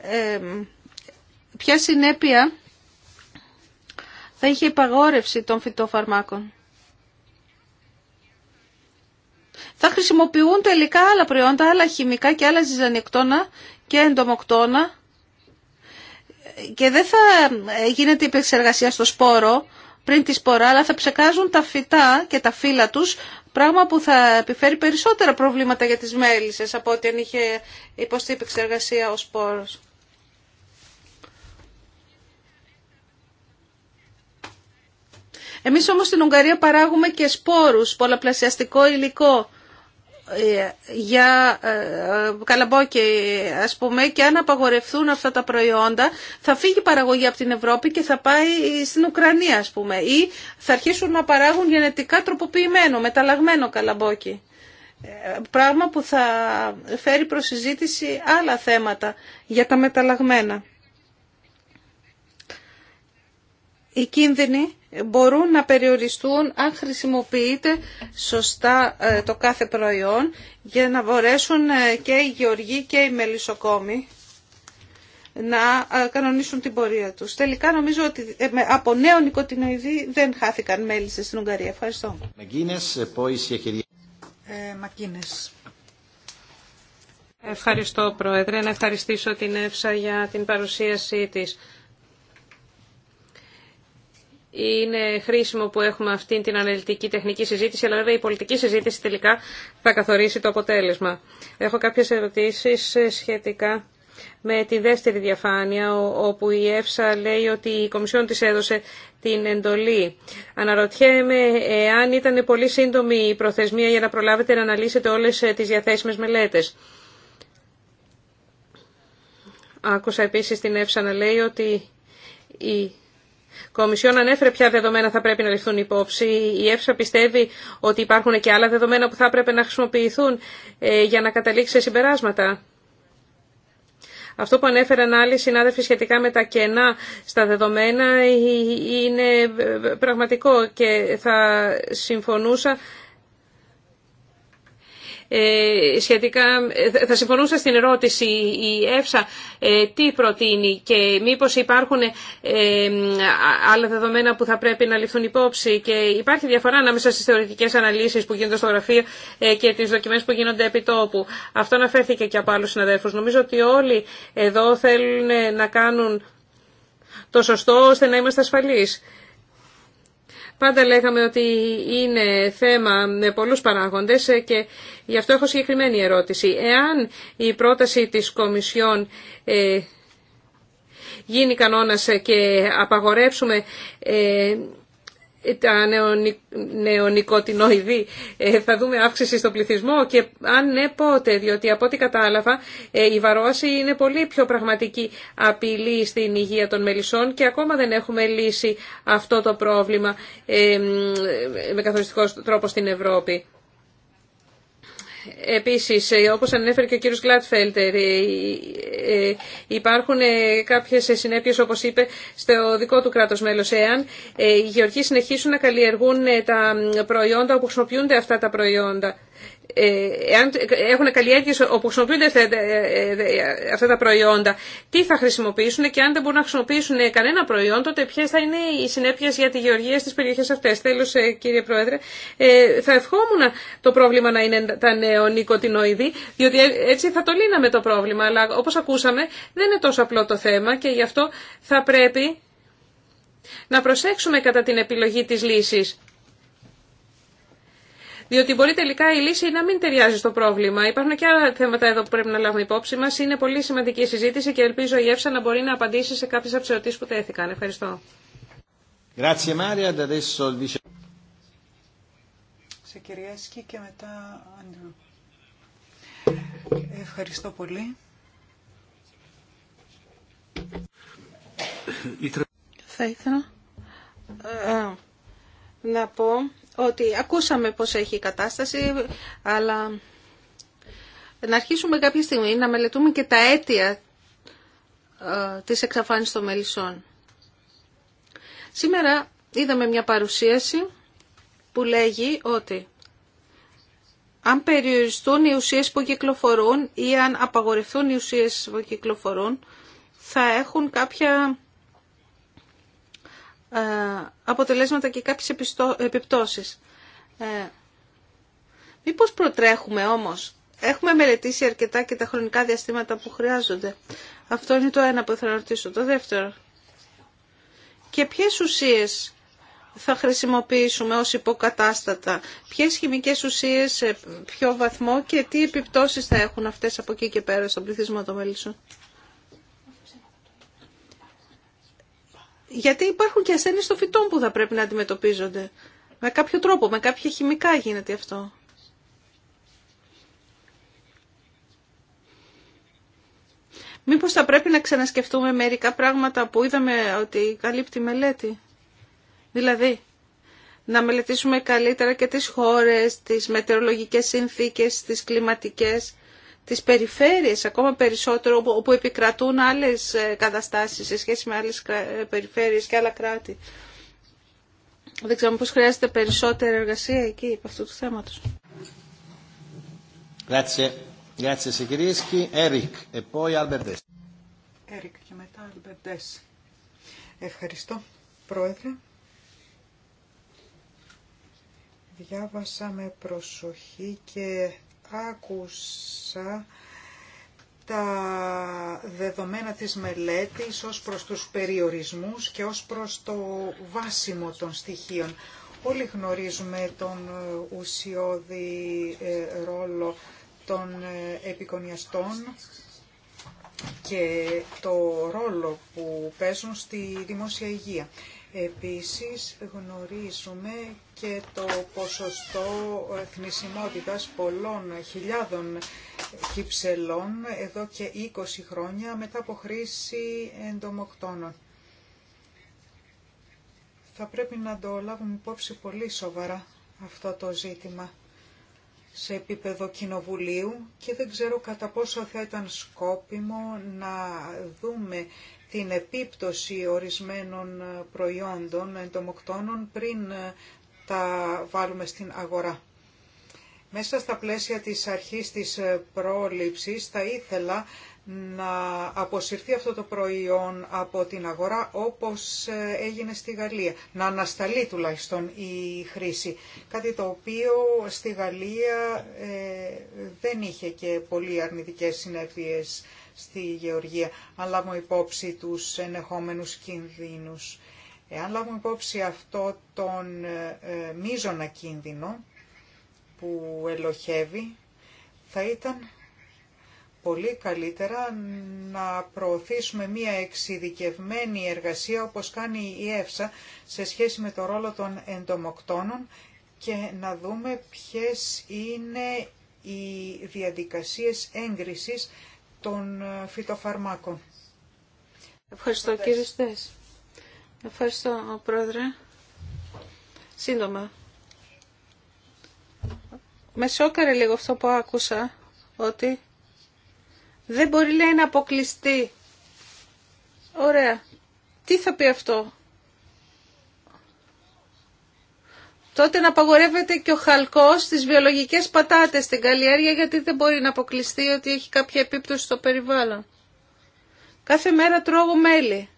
ε, ποια συνέπεια θα είχε υπαγόρευση των φυτοφαρμάκων. Θα χρησιμοποιούν τελικά άλλα προϊόντα, άλλα χημικά και άλλα ζυζανικτόνα και εντομοκτόνα... και δεν θα ε, γίνεται υπεξεργασία στο σπόρο πριν τη σπορά, αλλά θα ψεκάζουν τα φυτά και τα φύλλα τους, πράγμα που θα επιφέρει περισσότερα προβλήματα για τις μέλισσες από ό,τι αν είχε υποστεί επεξεργασία ο σπόρος. Εμείς όμως στην Ουγγαρία παράγουμε και σπόρους, πολλαπλασιαστικό υλικό για ε, καλαμπόκι ας πούμε και αν απαγορευτούν αυτά τα προϊόντα θα φύγει η παραγωγή από την Ευρώπη και θα πάει στην Ουκρανία ας πούμε ή θα αρχίσουν να παράγουν γενετικά τροποποιημένο, μεταλλαγμένο καλαμπόκι ε, πράγμα που θα φέρει προς συζήτηση άλλα θέματα για τα μεταλλαγμένα. οι κίνδυνοι μπορούν να περιοριστούν αν χρησιμοποιείται σωστά ε, το κάθε προϊόν για να μπορέσουν ε, και οι γεωργοί και οι μελισσοκόμοι να ε, κανονίσουν την πορεία τους. Τελικά νομίζω ότι από νέο νοικοτινοειδή δεν χάθηκαν μέλισσες στην Ουγγαρία. Ευχαριστώ. Ε, Μακίνες. Ευχαριστώ Πρόεδρε. Να ευχαριστήσω την Εύσα για την παρουσίασή της. Είναι χρήσιμο που έχουμε αυτή την αναλυτική τεχνική συζήτηση, αλλά βέβαια η πολιτική συζήτηση τελικά θα καθορίσει το αποτέλεσμα. Έχω κάποιες ερωτήσεις ε, σχετικά με τη δεύτερη διαφάνεια, όπου η ΕΦΣΑ λέει ότι η Κομισιόν της έδωσε την εντολή. Αναρωτιέμαι εάν ήταν πολύ σύντομη η προθεσμία για να προλάβετε να αναλύσετε όλες ε, τις διαθέσιμες μελέτες. Άκουσα επίσης την ΕΦΣΑ να λέει ότι η Κομισιόν ανέφερε ποια δεδομένα θα πρέπει να ληφθούν υπόψη. Η ΕΦΣΑ πιστεύει ότι υπάρχουν και άλλα δεδομένα που θα έπρεπε να χρησιμοποιηθούν ε, για να καταλήξει σε συμπεράσματα. Αυτό που ανέφεραν άλλοι συνάδελφοι σχετικά με τα κενά στα δεδομένα ε, ε, είναι πραγματικό και θα συμφωνούσα ε, σχετικά, ε, θα συμφωνούσα στην ερώτηση η ΕΦΣΑ ε, τι προτείνει και μήπως υπάρχουν άλλα δεδομένα που θα πρέπει να ληφθούν υπόψη και υπάρχει διαφορά ανάμεσα στις θεωρητικές αναλύσεις που γίνονται στο γραφείο και τις δοκιμές που γίνονται επί τόπου. Αυτό αναφέρθηκε και από άλλους συναδέλφους. Νομίζω ότι όλοι εδώ θέλουν να κάνουν το σωστό ώστε να είμαστε ασφαλείς. Πάντα λέγαμε ότι είναι θέμα με πολλούς παράγοντες και γι' αυτό έχω συγκεκριμένη ερώτηση. Εάν η πρόταση της Κομισιόν ε, γίνει κανόνας και απαγορέψουμε... Ε, τα νεονικοτινοειδή ε, θα δούμε αύξηση στο πληθυσμό και αν ναι πότε, διότι από ό,τι κατάλαβα ε, η βαρόση είναι πολύ πιο πραγματική απειλή στην υγεία των μελισσών και ακόμα δεν έχουμε λύσει αυτό το πρόβλημα ε, με καθοριστικό τρόπο στην Ευρώπη. Επίσης, ε, όπως ανέφερε και ο κύριος Γκλάτφελτερ, ε, υπάρχουν ε, κάποιες συνέπειες, όπως είπε, στο δικό του κράτος μέλος. Εάν οι γεωργοί συνεχίσουν να καλλιεργούν τα προϊόντα όπου χρησιμοποιούνται αυτά τα προϊόντα, ε, εάν έχουν καλλιέργειες όπου χρησιμοποιούνται ε, ε, αυτά τα προϊόντα, τι θα χρησιμοποιήσουν και αν δεν μπορούν να χρησιμοποιήσουν κανένα προϊόν, τότε ποιε θα είναι οι συνέπειε για τη γεωργία στι περιοχέ αυτέ. Τέλο, κύριε Πρόεδρε, θα ευχόμουν το πρόβλημα να είναι τα νεονικοτινοειδή, διότι έτσι θα το λύναμε το πρόβλημα. Αλλά όπω ακούσαμε, δεν είναι τόσο απλό το θέμα και γι' αυτό θα πρέπει να προσέξουμε κατά την επιλογή της λύσης. Διότι μπορεί τελικά η λύση να μην ταιριάζει στο πρόβλημα. Υπάρχουν και άλλα θέματα εδώ που πρέπει να λάβουμε υπόψη μα. Είναι πολύ σημαντική η συζήτηση και ελπίζω η Εύσα να μπορεί να απαντήσει σε κάποιε από που τέθηκαν. Ευχαριστώ. Ευχαριστώ πολύ. Θα ήθελα ε, να πω ότι ακούσαμε πώς έχει η κατάσταση, αλλά να αρχίσουμε κάποια στιγμή να μελετούμε και τα αίτια ε, της εξαφάνισης των μελισσών. Σήμερα είδαμε μια παρουσίαση που λέγει ότι αν περιοριστούν οι ουσίες που κυκλοφορούν ή αν απαγορευτούν οι ουσίες που κυκλοφορούν, θα έχουν κάποια ε, αποτελέσματα και κάποιες επιπτώσεις. Ε, μήπως προτρέχουμε όμως. Έχουμε μελετήσει αρκετά και τα χρονικά διαστήματα που χρειάζονται. Αυτό είναι το ένα που θα ρωτήσω. Το δεύτερο. Και ποιες ουσίες θα χρησιμοποιήσουμε ως υποκατάστατα, ποιες χημικές ουσίες, σε ποιο βαθμό και τι επιπτώσεις θα έχουν αυτές από εκεί και πέρα στον πληθυσμό των μελισσών. γιατί υπάρχουν και ασθένειε των φυτών που θα πρέπει να αντιμετωπίζονται. Με κάποιο τρόπο, με κάποια χημικά γίνεται αυτό. Μήπως θα πρέπει να ξανασκεφτούμε μερικά πράγματα που είδαμε ότι καλύπτει η μελέτη. Δηλαδή, να μελετήσουμε καλύτερα και τις χώρες, τις μετεωρολογικές συνθήκες, τις κλιματικές τις περιφέρειες ακόμα περισσότερο όπου επικρατούν άλλες ε, καταστάσεις σε σχέση με άλλες ε, περιφέρειες και άλλα κράτη. Δεν ξέρω πώς χρειάζεται περισσότερη εργασία εκεί από αυτού του θέματος. Ευχαριστώ, Πρόεδρε. Διάβασα με προσοχή και άκουσα τα δεδομένα της μελέτης ως προς τους περιορισμούς και ως προς το βάσιμο των στοιχείων. Όλοι γνωρίζουμε τον ε, ουσιώδη ε, ρόλο των ε, επικονιαστών και το ρόλο που παίζουν στη δημόσια υγεία. Επίσης γνωρίζουμε και το ποσοστό θνησιμότητας πολλών χιλιάδων κυψελών εδώ και 20 χρόνια μετά από χρήση εντομοκτώνων. Θα πρέπει να το λάβουμε υπόψη πολύ σοβαρά αυτό το ζήτημα σε επίπεδο κοινοβουλίου και δεν ξέρω κατά πόσο θα ήταν σκόπιμο να δούμε την επίπτωση ορισμένων προϊόντων εντομοκτώνων πριν ε, τα βάλουμε στην αγορά. Μέσα στα πλαίσια της αρχής της ε, πρόληψης θα ήθελα να αποσυρθεί αυτό το προϊόν από την αγορά όπως ε, έγινε στη Γαλλία. Να ανασταλεί τουλάχιστον η χρήση. Κάτι το οποίο στη Γαλλία ε, δεν είχε και πολύ αρνητικές συνέπειες στη Γεωργία. Αν λάβουμε υπόψη τους ενεχόμενους κινδύνους. Αν λάβουμε υπόψη αυτό τον ε, ε κίνδυνο που ελοχεύει, θα ήταν πολύ καλύτερα να προωθήσουμε μία εξειδικευμένη εργασία όπως κάνει η ΕΦΣΑ σε σχέση με το ρόλο των εντομοκτώνων και να δούμε ποιες είναι οι διαδικασίες έγκρισης των ε, φυτοφαρμάκων. Ευχαριστώ κύριε Στές. Ευχαριστώ πρόεδρε. Σύντομα. Με σόκαρε λίγο αυτό που άκουσα ότι δεν μπορεί λέει να αποκλειστεί. Ωραία. Τι θα πει αυτό. Τότε να απαγορεύεται και ο χαλκός στις βιολογικές πατάτες στην καλλιέργεια γιατί δεν μπορεί να αποκλειστεί ότι έχει κάποια επίπτωση στο περιβάλλον. Κάθε μέρα τρώω μέλι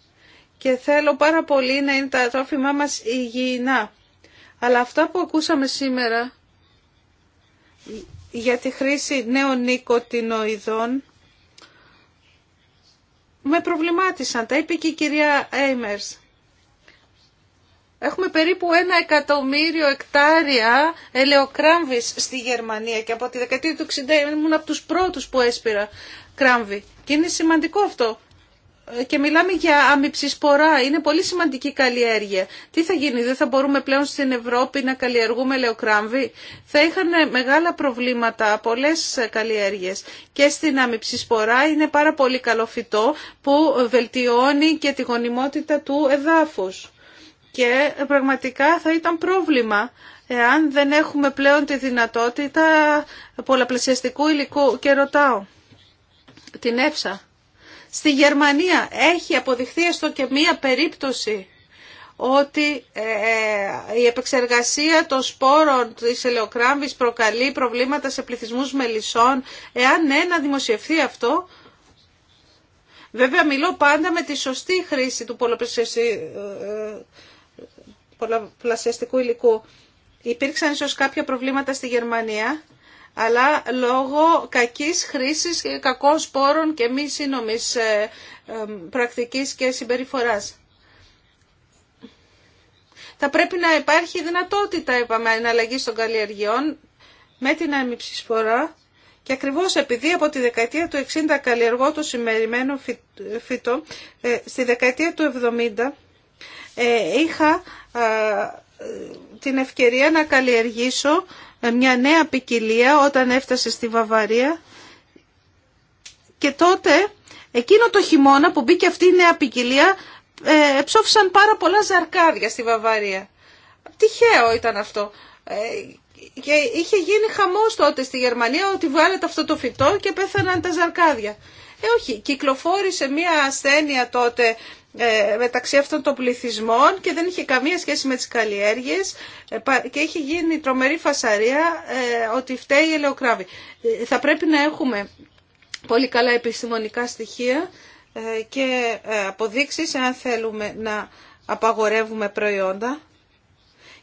και θέλω πάρα πολύ να είναι τα τρόφιμά μας υγιεινά. Αλλά αυτά που ακούσαμε σήμερα για τη χρήση νέων νοικοτινοειδών με προβλημάτισαν. Τα είπε και η κυρία Έιμερς. Έχουμε περίπου ένα εκατομμύριο εκτάρια ελαιοκράμβης στη Γερμανία και από τη δεκαετία του 60 ήμουν από τους πρώτους που έσπηρα κράμβη. Και είναι σημαντικό αυτό και μιλάμε για αμυψισπορά. Είναι πολύ σημαντική καλλιέργεια. Τι θα γίνει, δεν θα μπορούμε πλέον στην Ευρώπη να καλλιεργούμε λεοκράμβη. Θα είχαν μεγάλα προβλήματα πολλέ καλλιέργειες. Και στην αμυψισπορά είναι πάρα πολύ καλό φυτό που βελτιώνει και τη γονιμότητα του εδάφους. Και πραγματικά θα ήταν πρόβλημα εάν δεν έχουμε πλέον τη δυνατότητα πολλαπλασιαστικού υλικού. Και ρωτάω την Εύσα. Στη Γερμανία έχει αποδειχθεί έστω και μία περίπτωση ότι ε, ε, η επεξεργασία των σπόρων της ελαιοκράμβης προκαλεί προβλήματα σε πληθυσμούς μελισσών. Εάν ναι, να δημοσιευθεί αυτό. Βέβαια, μιλώ πάντα με τη σωστή χρήση του ε, πολλαπλασιαστικού υλικού. Υπήρξαν ίσως κάποια προβλήματα στη Γερμανία αλλά λόγω κακής χρήσης και κακών σπόρων και μη σύνομης ε, πρακτικής και συμπεριφοράς. Θα πρέπει να υπάρχει δυνατότητα, είπαμε, εναλλαγή των καλλιεργειών με την άμυψη σπορά και ακριβώς επειδή από τη δεκαετία του 60 καλλιεργώ το σημεριμένο φυτό, ε, στη δεκαετία του 70 ε, είχα την ευκαιρία να καλλιεργήσω ε, μια νέα ποικιλία όταν έφτασε στη Βαβαρία και τότε εκείνο το χειμώνα που μπήκε αυτή η νέα ποικιλία ε, πάρα πολλά ζαρκάδια στη Βαβαρία. Τυχαίο ήταν αυτό. Ε, και είχε γίνει χαμός τότε στη Γερμανία ότι βγάλετε αυτό το φυτό και πέθαναν τα ζαρκάδια. Ε, όχι, κυκλοφόρησε μια ασθένεια τότε ε, μεταξύ αυτών των πληθυσμών και δεν είχε καμία σχέση με τις καλλιέργειες ε, και έχει γίνει τρομερή φασαρία ε, ότι φταίει η ελαιοκράβη. Θα πρέπει να έχουμε πολύ καλά επιστημονικά στοιχεία και αποδείξεις αν θέλουμε να απαγορεύουμε προϊόντα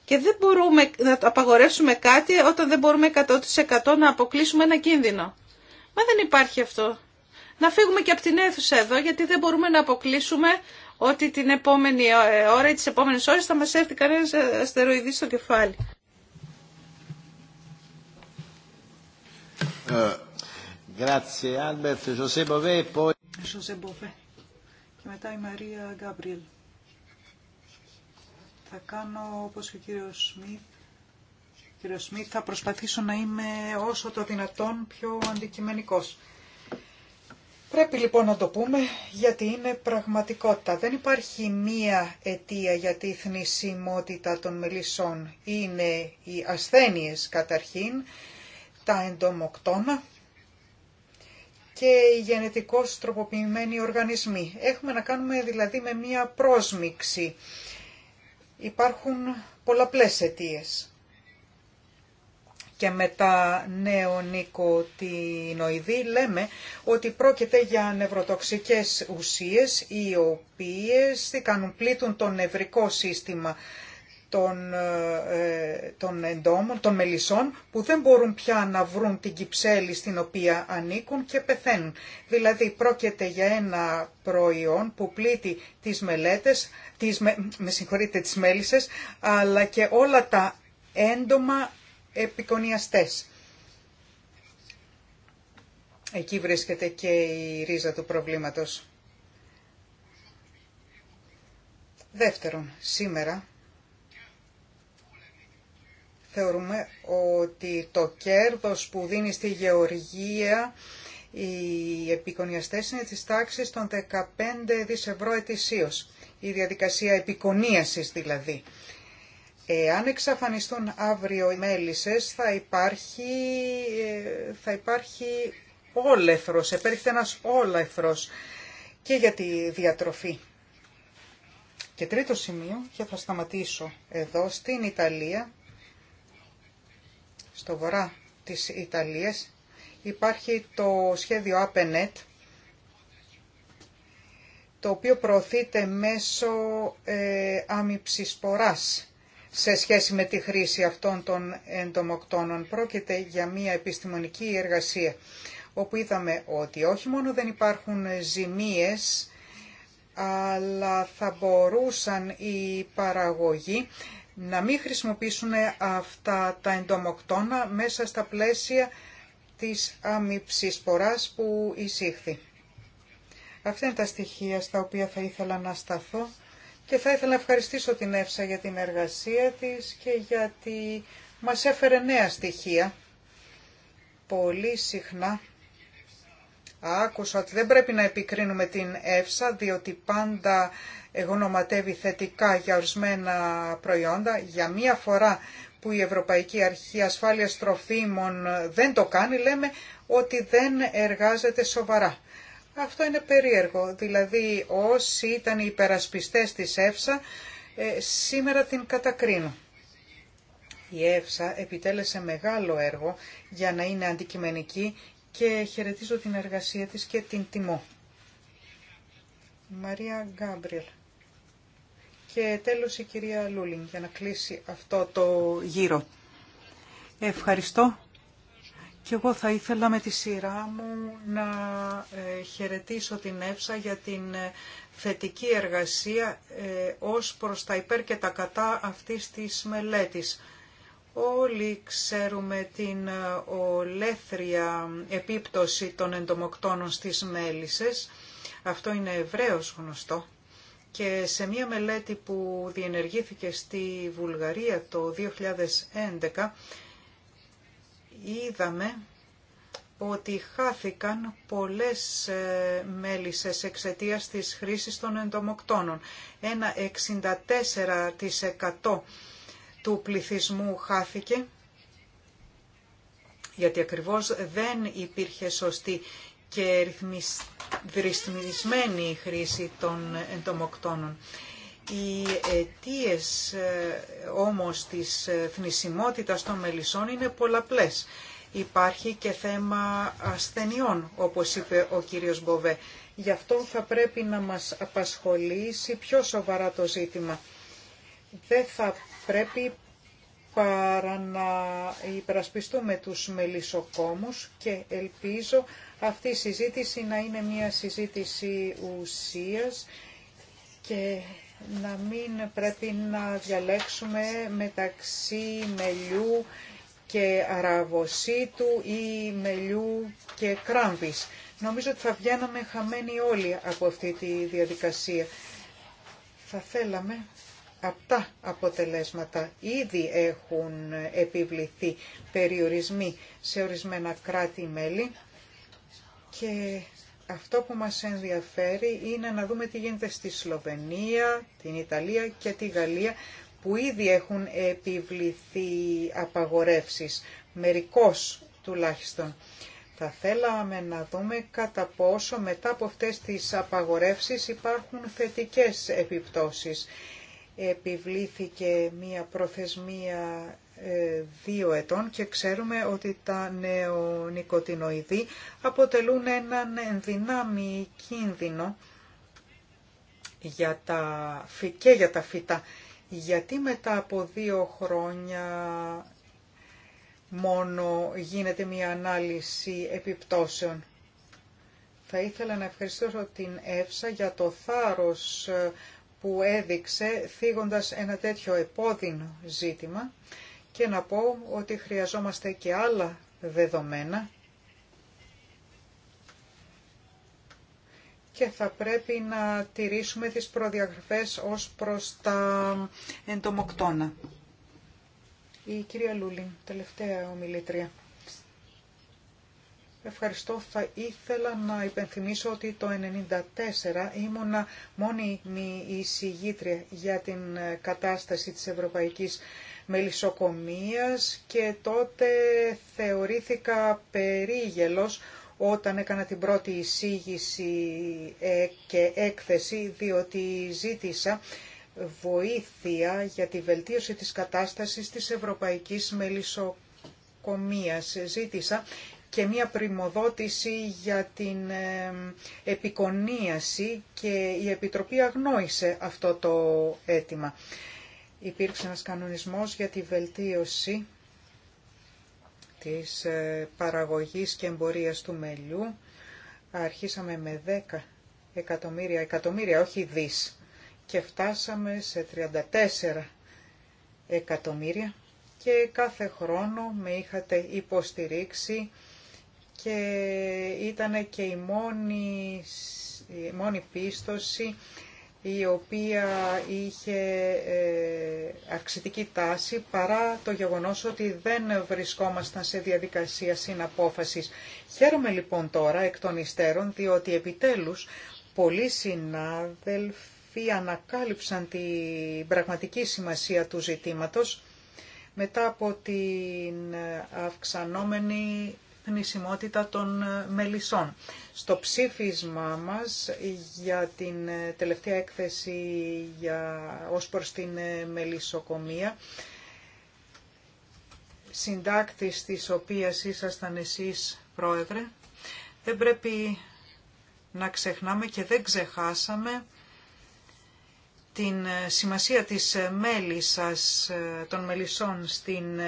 και δεν μπορούμε να απαγορεύσουμε κάτι όταν δεν μπορούμε 100% να αποκλείσουμε ένα κίνδυνο. Μα δεν υπάρχει αυτό. Να φύγουμε και από την αίθουσα εδώ γιατί δεν μπορούμε να αποκλείσουμε ότι την επόμενη ε, ώρα ή τις επόμενες ώρες θα μας έρθει κανένας αστεροειδή στο κεφάλι. Ε, και μετά η Μαρία Γκάμπριελ. Θα κάνω όπως και ο κύριος Σμιθ. Κύριο Σμιθ, θα προσπαθήσω να είμαι όσο το δυνατόν πιο αντικειμενικός. Πρέπει λοιπόν να το πούμε γιατί είναι πραγματικότητα. Δεν υπάρχει μία αιτία για τη θνησιμότητα των μελισσών. Είναι οι ασθένειες καταρχήν, τα εντομοκτώνα και οι γενετικώς τροποποιημένοι οργανισμοί. Έχουμε να κάνουμε δηλαδή με μία πρόσμιξη. Υπάρχουν πολλαπλές αιτίες και με τα νεονικοτινοειδή λέμε ότι πρόκειται για νευροτοξικές ουσίες οι οποίες κάνουν πλήττουν το νευρικό σύστημα των, ε, των εντόμων, των μελισσών που δεν μπορούν πια να βρουν την κυψέλη στην οποία ανήκουν και πεθαίνουν. Δηλαδή πρόκειται για ένα προϊόν που πλήττει τις μελέτες, τις, με, με συγχωρείτε, τις μέλισσες, αλλά και όλα τα έντομα επικονιαστές. Εκεί βρίσκεται και η ρίζα του προβλήματος. Δεύτερον, σήμερα θεωρούμε ότι το κέρδος που δίνει στη γεωργία οι επικονιαστές είναι της τάξης των 15 δισευρώ ετησίως. Η διαδικασία επικονίασης δηλαδή. Εάν εξαφανιστούν αύριο οι μέλισσες θα υπάρχει, ε, θα υπάρχει όλεθρος, επέρχεται ένας όλεθρος και για τη διατροφή. Και τρίτο σημείο, και θα σταματήσω εδώ, στην Ιταλία, στο βορρά της Ιταλίας, υπάρχει το σχέδιο APENET, το οποίο προωθείται μέσω ε, ποράς σε σχέση με τη χρήση αυτών των εντομοκτώνων. Πρόκειται για μια επιστημονική εργασία, όπου είδαμε ότι όχι μόνο δεν υπάρχουν ζημίες, αλλά θα μπορούσαν οι παραγωγοί να μην χρησιμοποιήσουν αυτά τα εντομοκτώνα μέσα στα πλαίσια της αμυψισποράς που εισήχθη. Αυτά είναι τα στοιχεία στα οποία θα ήθελα να σταθώ και θα ήθελα να ευχαριστήσω την Εύσα για την εργασία της και γιατί μας έφερε νέα στοιχεία. Πολύ συχνά άκουσα ότι δεν πρέπει να επικρίνουμε την Εύσα διότι πάντα γνωματεύει θετικά για ορισμένα προϊόντα. Για μία φορά που η Ευρωπαϊκή Αρχή Ασφάλειας Τροφίμων δεν το κάνει, λέμε ότι δεν εργάζεται σοβαρά. Αυτό είναι περίεργο. Δηλαδή όσοι ήταν οι υπερασπιστές της ΕΦΣΑ ε, σήμερα την κατακρίνουν. Η ΕΦΣΑ επιτέλεσε μεγάλο έργο για να είναι αντικειμενική και χαιρετίζω την εργασία της και την τιμώ. Μαρία Γκάμπριελ. Και τέλος η κυρία Λούλιν για να κλείσει αυτό το γύρο. Ευχαριστώ. Και εγώ θα ήθελα με τη σειρά μου να ε, χαιρετήσω την ΕΦΣΑ για την ε, θετική εργασία ε, ως προς τα υπέρ και τα κατά αυτής της μελέτης. Όλοι ξέρουμε την ολέθρια επίπτωση των εντομοκτώνων στις μέλισσες. Αυτό είναι ευρέως γνωστό. Και σε μία μελέτη που διενεργήθηκε στη Βουλγαρία το 2011, είδαμε ότι χάθηκαν πολλές ε, μέλισσες εξαιτίας της χρήσης των εντομοκτώνων. Ένα 64% του πληθυσμού χάθηκε γιατί ακριβώς δεν υπήρχε σωστή και ρυθμισμένη χρήση των εντομοκτώνων. Οι αιτίε ε, όμως της ε, θνησιμότητας των μελισσών είναι πολλαπλές. Υπάρχει και θέμα ασθενειών, όπως είπε ο κύριος Μποβέ. Γι' αυτό θα πρέπει να μας απασχολήσει πιο σοβαρά το ζήτημα. Δεν θα πρέπει παρά να υπερασπιστούμε τους μελισσοκόμους και ελπίζω αυτή η συζήτηση να είναι μια συζήτηση ουσίας και να μην πρέπει να διαλέξουμε μεταξύ μελιού και αραβοσίτου ή μελιού και κράμπης. Νομίζω ότι θα βγαίναμε χαμένοι όλοι από αυτή τη διαδικασία. Θα θέλαμε αυτά αποτελέσματα. Ήδη έχουν επιβληθεί περιορισμοί σε ορισμένα κράτη-μέλη και αυτό που μας ενδιαφέρει είναι να δούμε τι γίνεται στη Σλοβενία, την Ιταλία και τη Γαλλία που ήδη έχουν επιβληθεί απαγορεύσεις, μερικώς τουλάχιστον. Θα θέλαμε να δούμε κατά πόσο μετά από αυτές τις απαγορεύσεις υπάρχουν θετικές επιπτώσεις. Επιβλήθηκε μία προθεσμία ε, δύο ετών και ξέρουμε ότι τα νεονικοτινοειδή αποτελούν έναν ενδυνάμει κίνδυνο για τα, και για τα φυτά. Γιατί μετά από δύο χρόνια μόνο γίνεται μια ανάλυση επιπτώσεων. Θα ήθελα να ευχαριστήσω την Εύσα για το θάρρος ε, που έδειξε θίγοντας ένα τέτοιο επώδυνο ζήτημα και να πω ότι χρειαζόμαστε και άλλα δεδομένα και θα πρέπει να τηρήσουμε τις προδιαγραφές ως προς τα εντομοκτώνα. Η κυρία Λούλη, τελευταία ομιλήτρια. Ευχαριστώ. Θα ήθελα να υπενθυμίσω ότι το 1994 ήμουνα μόνιμη εισηγήτρια για την κατάσταση της Ευρωπαϊκής μελισσοκομείας και τότε θεωρήθηκα περίγελος όταν έκανα την πρώτη εισήγηση ε, και έκθεση διότι ζήτησα βοήθεια για τη βελτίωση της κατάστασης της Ευρωπαϊκής Μελισσοκομείας. Ζήτησα και μία πρημοδότηση για την ε, επικονίαση και η Επιτροπή αγνόησε αυτό το αίτημα υπήρξε ένας κανονισμός για τη βελτίωση της ε, παραγωγής και εμπορίας του μελιού. Αρχίσαμε με 10 εκατομμύρια, εκατομμύρια όχι δις και φτάσαμε σε 34 εκατομμύρια και κάθε χρόνο με είχατε υποστηρίξει και ήταν και η μόνη, η πίστοση η οποία είχε ε, αυξητική τάση παρά το γεγονός ότι δεν βρισκόμασταν σε διαδικασία συναπόφασης. Χαίρομαι λοιπόν τώρα εκ των υστέρων διότι επιτέλους πολλοί συνάδελφοι ανακάλυψαν την πραγματική σημασία του ζητήματος μετά από την αυξανόμενη πνησιμότητα των ε, μελισσών. Στο ψήφισμα μας για την ε, τελευταία έκθεση για, ως προς την ε, μελισσοκομεία, συντάκτης της οποίας ήσασταν εσείς πρόεδρε, δεν πρέπει να ξεχνάμε και δεν ξεχάσαμε την σημασία της μέλισσας των μελισσών στην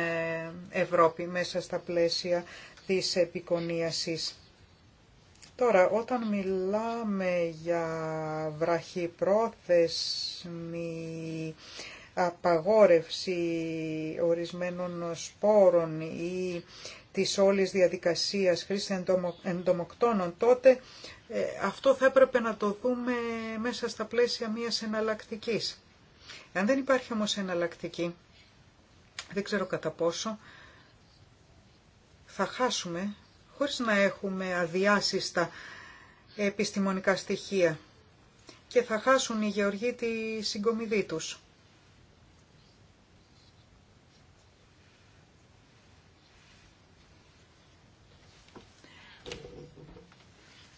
Ευρώπη μέσα στα πλαίσια της επικονίασης. Τώρα, όταν μιλάμε για βραχυπρόθεσμη απαγόρευση ορισμένων σπόρων ή της όλης διαδικασίας χρήση εντομοκτώνων, τότε ε, αυτό θα έπρεπε να το δούμε μέσα στα πλαίσια μιας εναλλακτικής. Αν δεν υπάρχει όμως εναλλακτική, δεν ξέρω κατά πόσο, θα χάσουμε χωρίς να έχουμε αδιάσυστα επιστημονικά στοιχεία και θα χάσουν οι γεωργοί τη συγκομιδή τους.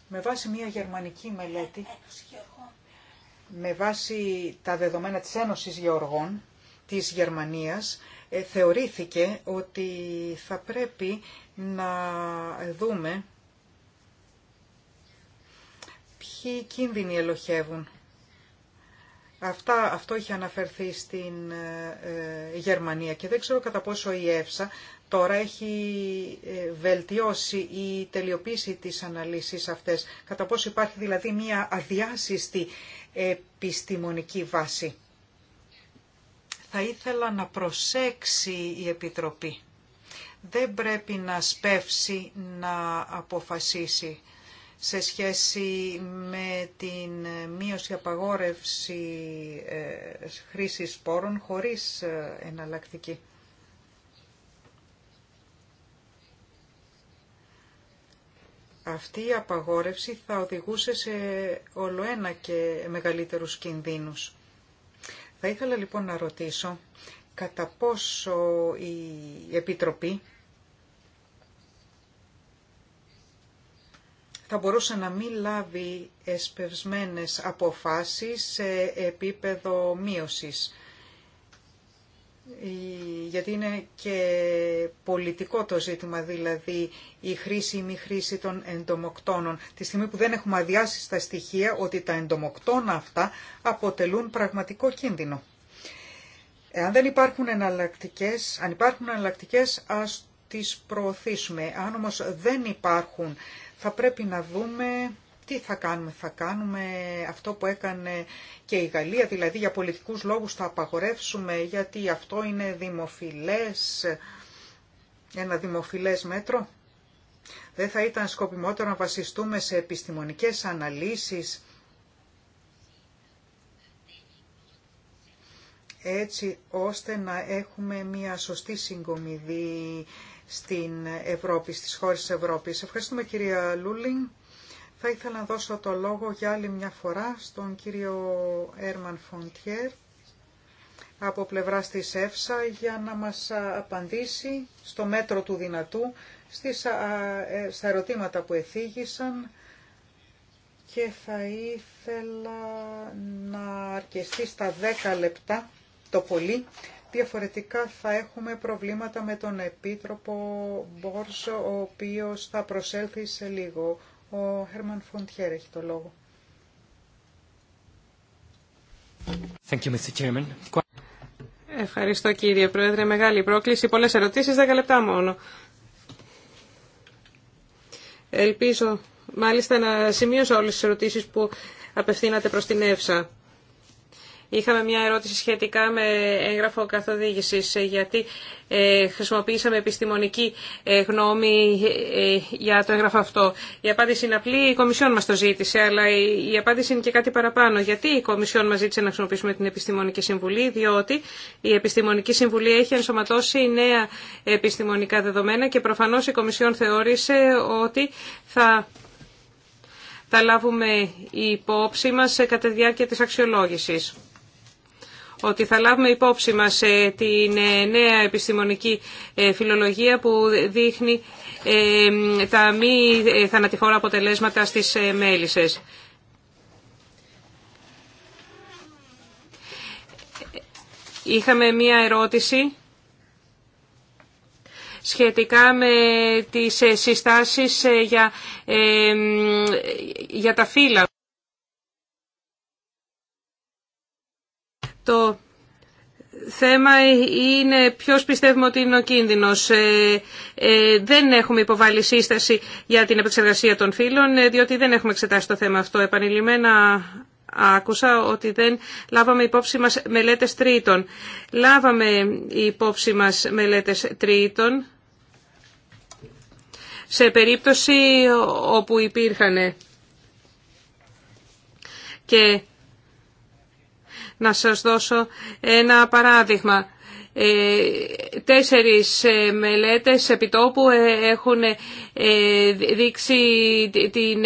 Με βάση μια γερμανική μελέτη, με βάση τα δεδομένα της Ένωσης Γεωργών, της Γερμανίας ε, θεωρήθηκε ότι θα πρέπει να δούμε ποιοι κίνδυνοι ελοχεύουν. Αυτά, αυτό είχε αναφερθεί στην ε, ε, Γερμανία και δεν ξέρω κατά πόσο η ΕΦΣΑ τώρα έχει βελτιώσει ή τελειοποίησει τις αναλύσεις αυτές. Κατά πόσο υπάρχει δηλαδή μια αδιάσυστη επιστημονική βάση θα ήθελα να προσέξει η Επιτροπή. Δεν πρέπει να σπεύσει να αποφασίσει σε σχέση με την μείωση απαγόρευση ε, χρήσης σπόρων χωρίς ε, εναλλακτική. Αυτή η απαγόρευση θα οδηγούσε σε ολοένα και μεγαλύτερους κινδύνους. Θα ήθελα λοιπόν να ρωτήσω κατά πόσο η Επιτροπή θα μπορούσε να μην λάβει εσπευσμένες αποφάσεις σε επίπεδο μείωσης γιατί είναι και πολιτικό το ζήτημα, δηλαδή η χρήση ή μη χρήση των εντομοκτώνων. Τη στιγμή που δεν έχουμε αδειάσει στα στοιχεία ότι τα εντομοκτώνα αποτελούν πραγματικό κίνδυνο. Εάν δεν υπάρχουν εναλλακτικέ, αν υπάρχουν εναλλακτικές, ας τις προωθήσουμε. Αν όμως δεν υπάρχουν, θα πρέπει να δούμε τι θα κάνουμε. Θα κάνουμε αυτό που έκανε και η Γαλλία, δηλαδή για πολιτικούς λόγους θα απαγορεύσουμε γιατί αυτό είναι δημοφιλές, ένα δημοφιλές μέτρο. Δεν θα ήταν σκοπιμότερο να βασιστούμε σε επιστημονικές αναλύσεις έτσι ώστε να έχουμε μια σωστή συγκομιδή στην Ευρώπη, στις χώρες της Ευρώπης. Ευχαριστούμε κυρία Λούλινγκ. Θα ήθελα να δώσω το λόγο για άλλη μια φορά στον κύριο Έρμαν Φοντιέρ από πλευράς της ΕΦΣΑ για να μας απαντήσει στο μέτρο του δυνατού στις, ε, στα ερωτήματα που εθίγησαν και θα ήθελα να αρκεστεί στα 10 λεπτά το πολύ. Διαφορετικά θα έχουμε προβλήματα με τον Επίτροπο Μπόρσο ο οποίος θα προσέλθει σε λίγο. Ο Χέρμαν Φοντιέρ έχει το λόγο. Thank you, Mr. Chairman. Ευχαριστώ κύριε Πρόεδρε. Μεγάλη πρόκληση. Πολλές ερωτήσεις, 10 λεπτά μόνο. Ελπίζω μάλιστα να σημείωσα όλες τις ερωτήσεις που απευθύνατε προς την ΕΦΣΑ. Είχαμε μια ερώτηση σχετικά με έγγραφο καθοδήγηση, ε, γιατί ε, χρησιμοποίησαμε επιστημονική ε, γνώμη για το έγγραφο αυτό. Η απάντηση είναι απλή, η Κομισιόν μα το ζήτησε, αλλά η απάντηση είναι και κάτι παραπάνω. Γιατί η Κομισιόν μας ζήτησε να χρησιμοποιήσουμε την Επιστημονική Συμβουλή, διότι η Επιστημονική Συμβουλή έχει ενσωματώσει νέα επιστημονικά δεδομένα και προφανώ η Κομισιόν θεώρησε ότι θα τα λάβουμε υπόψη μας κατά τη διάρκεια της αξιολόγησης ότι θα λάβουμε υπόψη μας ε, την ε, νέα επιστημονική ε, φιλολογία που δείχνει τα μη θανατηφόρα αποτελέσματα στις μέλισσες. Είχαμε μία ερώτηση σχετικά με τις συστάσεις για, για τα φύλλα. Το θέμα είναι ποιος πιστεύουμε ότι είναι ο κίνδυνος. Ε, ε, δεν έχουμε υποβάλει σύσταση για την επεξεργασία των φύλων, ε, διότι δεν έχουμε εξετάσει το θέμα αυτό. Επανειλημμένα άκουσα ότι δεν λάβαμε υπόψη μας μελέτες τρίτων. Λάβαμε υπόψη μας μελέτες τρίτων σε περίπτωση όπου υπήρχαν και να σας δώσω ένα παράδειγμα. Ε, τέσσερις ε, μελέτες επιτόπου ε, έχουν δείξει την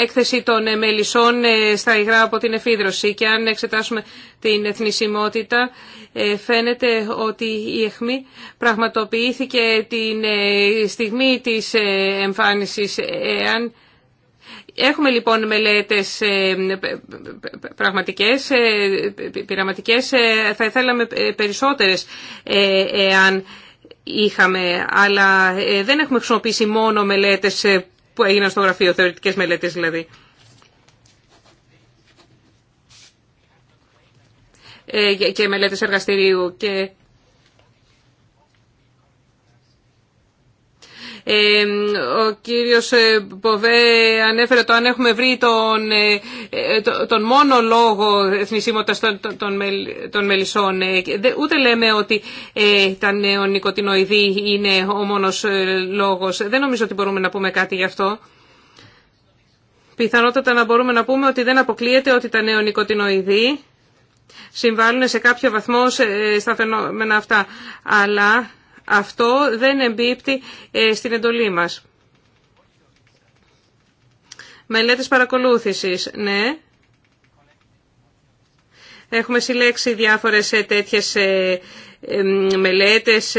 έκθεση των μελισσών στα υγρά από την εφίδρωση και αν εξετάσουμε την εθνισμότητα φαίνεται ότι η ΕΧΜΗ πραγματοποιήθηκε την στιγμή της εμφάνισης εάν Έχουμε λοιπόν μελέτες ε, πραγματικές, ε, πειραματικές, ε, θα ήθελαμε περισσότερες εάν είχαμε, αλλά δεν έχουμε χρησιμοποιήσει μόνο μελέτες που έγιναν στο γραφείο, θεωρητικές μελέτες δηλαδή. και μελέτες εργαστηρίου και ο κύριος ε, Ποβέ ανέφερε το αν έχουμε βρει τον, ε, ε, τον μόνο λόγο εθνισίμωτας των, των, των μελισσών. Ούτε λέμε ότι τα νεονικοτινοειδή είναι ο μόνος λόγος. Δεν νομίζω ότι μπορούμε να πούμε κάτι γι' αυτό. Πιθανότατα να μπορούμε να πούμε ότι δεν αποκλείεται ότι τα νεονικοτινοειδή συμβάλλουν σε κάποιο βαθμό στα φαινόμενα αυτά. Αλλά αυτό δεν εμπίπτει ε, στην εντολή μας. Μελέτες παρακολούθησης, ναι. Έχουμε συλλέξει διάφορες ε, τέτοιες ε, μελέτες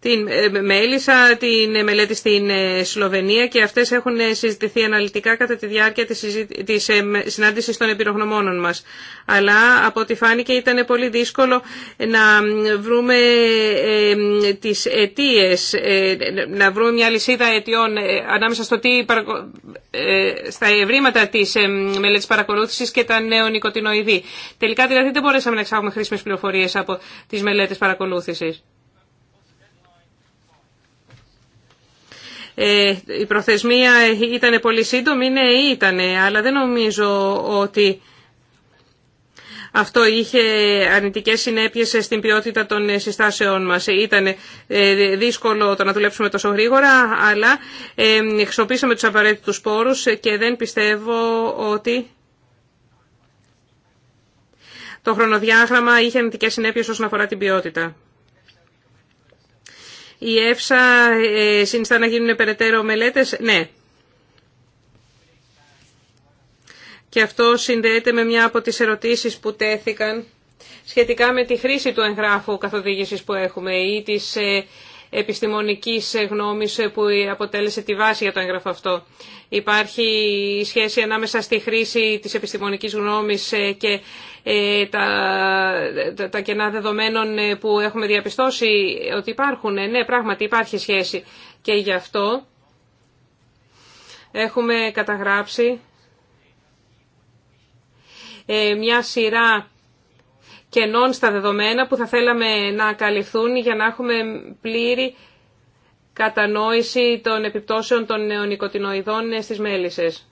την ε, Μέλισσα, την μελέτη στην ε, Σλοβενία και αυτές έχουν ε, συζητηθεί αναλυτικά κατά τη διάρκεια της συνάντησης των επιρογνωμόνων μας. Αλλά από ό,τι φάνηκε ήταν πολύ δύσκολο να βρούμε τις αιτίες, να βρούμε μια λυσίδα αιτιών ανάμεσα στο τι στα ευρήματα της μελέτης παρακολούθησης και τα νοικοτινοειδή. Τελικά δηλαδή δεν μπορέσαμε να εξάγουμε χρήσιμες πληροφορίες από τις μελέτες παρακολούθησης. Ε, η προθεσμία ήταν πολύ σύντομη, ναι ήταν, αλλά δεν νομίζω ότι αυτό είχε αρνητικές συνέπειες στην ποιότητα των συστάσεών μας. Ήταν ε, δύσκολο το να δουλέψουμε τόσο γρήγορα, αλλά ε, χρησιμοποίησαμε τους απαραίτητους πόρους και δεν πιστεύω ότι... Το χρονοδιάγραμμα είχε αρνητικές συνέπειες όσον αφορά την ποιότητα. Η ΕΦΣΑ ε, συνιστά να γίνουν περαιτέρω μελέτες. Ναι. Και αυτό συνδέεται με μια από τις ερωτήσεις που τέθηκαν σχετικά με τη χρήση του εγγράφου καθοδήγησης που έχουμε ή της ε, επιστημονικής γνώμης που αποτέλεσε τη βάση για το έγγραφο αυτό. Υπάρχει σχέση ανάμεσα στη χρήση της επιστημονικής γνώμης ε, και ε, τα, τα, τα κενά δεδομένων ε, που έχουμε διαπιστώσει ότι υπάρχουν. Ναι, πράγματι υπάρχει σχέση και γι' αυτό έχουμε καταγράψει μια σειρά κενών στα δεδομένα που θα θέλαμε να καλυφθούν για να έχουμε πλήρη κατανόηση των επιπτώσεων των νεονικοτινοειδών στις μέλισσες.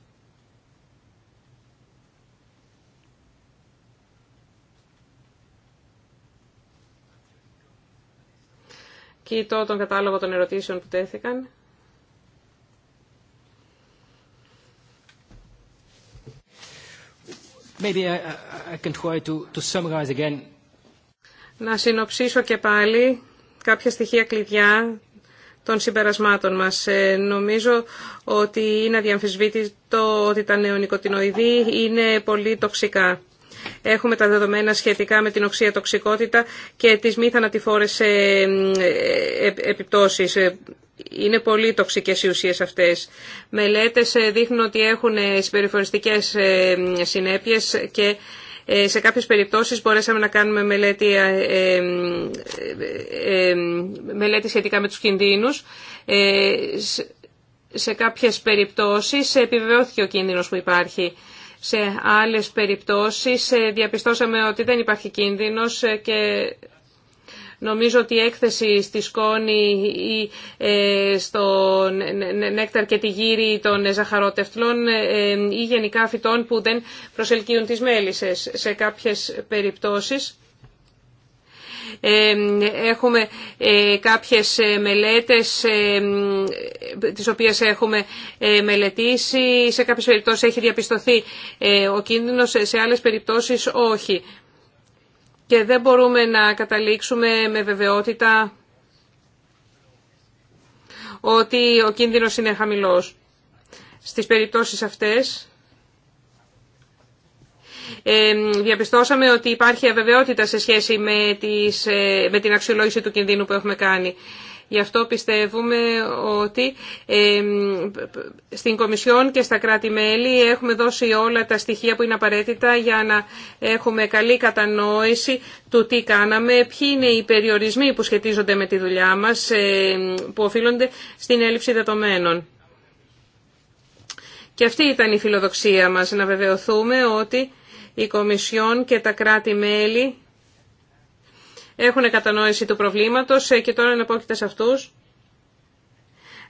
Κοιτώ τον κατάλογο των ερωτήσεων που τέθηκαν. Να συνοψίσω και πάλι κάποια στοιχεία κλειδιά των συμπερασμάτων μας. Ε, νομίζω ότι είναι αδιαμφισβήτητο ότι τα νεονικοτινοειδή είναι πολύ τοξικά. Έχουμε τα δεδομένα σχετικά με την οξία τοξικότητα και τις μη θανατηφόρες ε, ε, επιπτώσεις είναι πολύ τοξικές οι ουσίες αυτές. Μελέτες ε, δείχνουν ότι έχουν ε, συμπεριφοριστικές ε, συνέπειες και σε κάποιες περιπτώσεις μπορέσαμε να κάνουμε μελέτη, μελέτη σχετικά με τους κινδύνους. Σε κάποιες περιπτώσεις επιβεβαιώθηκε ο κίνδυνος που υπάρχει. Σε άλλες περιπτώσεις διαπιστώσαμε ότι δεν υπάρχει κίνδυνος και Νομίζω ότι η έκθεση στη Σκόνη ή ε, στο νέκταρ και τη γύρι των ζαχαρότευτλων ε, ε, ή γενικά φυτών που δεν προσελκύουν τις μέλισσες σε κάποιες περιπτώσεις. Έχουμε κάποιες μελέτες τις οποίες έχουμε μελετήσει. Σε κάποιες περιπτώσεις έχει διαπιστωθεί ο κίνδυνος, σε άλλες περιπτώσεις όχι και δεν μπορούμε να καταλήξουμε με βεβαιότητα ότι ο κίνδυνος είναι χαμηλός. Στις περιπτώσεις αυτές ε, διαπιστώσαμε ότι υπάρχει αβεβαιότητα σε σχέση με, τις, ε, με την αξιολόγηση του κινδύνου που έχουμε κάνει. Γι' αυτό πιστεύουμε ότι στην Κομισιόν και στα κράτη-μέλη έχουμε δώσει όλα τα στοιχεία που είναι απαραίτητα για να έχουμε καλή κατανόηση του τι κάναμε, ποιοι είναι οι περιορισμοί που σχετίζονται με τη δουλειά μας, που οφείλονται στην έλλειψη δεδομένων. Και αυτή ήταν η φιλοδοξία μας, να βεβαιωθούμε ότι η Κομισιόν και τα κράτη-μέλη έχουν κατανόηση του προβλήματος ε, και τώρα είναι εναπόκειται σε αυτούς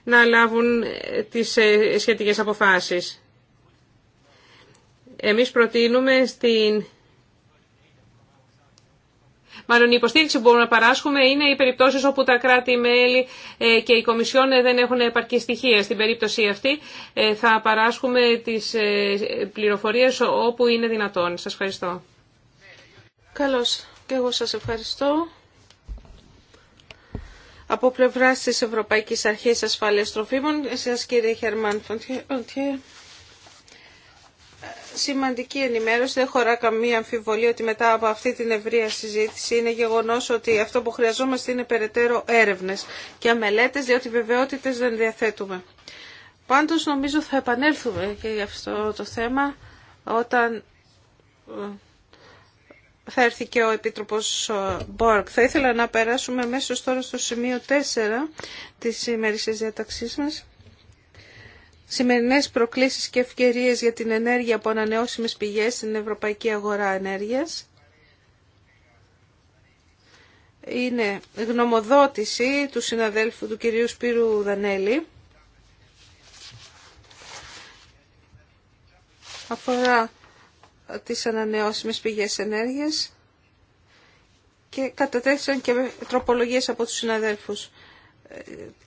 να λάβουν ε, τις ε, σχετικές αποφάσεις. Εμείς προτείνουμε στην... Μάλλον η υποστήριξη που μπορούμε να παράσχουμε είναι οι περιπτώσεις όπου τα κράτη-μέλη και οι κομισιόν δεν έχουν επαρκή στοιχεία. Στην περίπτωση αυτή θα παράσχουμε τις πληροφορίες όπου είναι δυνατόν. Σας ευχαριστώ. Καλώς. Και εγώ σας ευχαριστώ. Από πλευρά τη Ευρωπαϊκή Αρχή Ασφάλεια Τροφίμων, εσά κύριε Χερμάν Φοντιέ, σημαντική ενημέρωση. Δεν χωρά καμία αμφιβολία ότι μετά από αυτή την ευρεία συζήτηση είναι γεγονό ότι αυτό που χρειαζόμαστε είναι περαιτέρω έρευνε και μελέτε, διότι βεβαιότητε δεν διαθέτουμε. Πάντω, νομίζω θα επανέλθουμε και για αυτό το θέμα όταν ε, θα έρθει και ο Επίτροπος Μπόρκ. Θα ήθελα να περάσουμε αμέσω τώρα στο σημείο 4 της σημερινής διαταξής μας. Σημερινές προκλήσεις και ευκαιρίες για την ενέργεια από ανανεώσιμες πηγές στην Ευρωπαϊκή Αγορά Ενέργειας. Είναι γνωμοδότηση του συναδέλφου του κυρίου Σπύρου Δανέλη. Αφορά τις ανανεώσιμες πηγές ενέργειας και κατατέθησαν και τροπολογίες από τους συναδέλφους.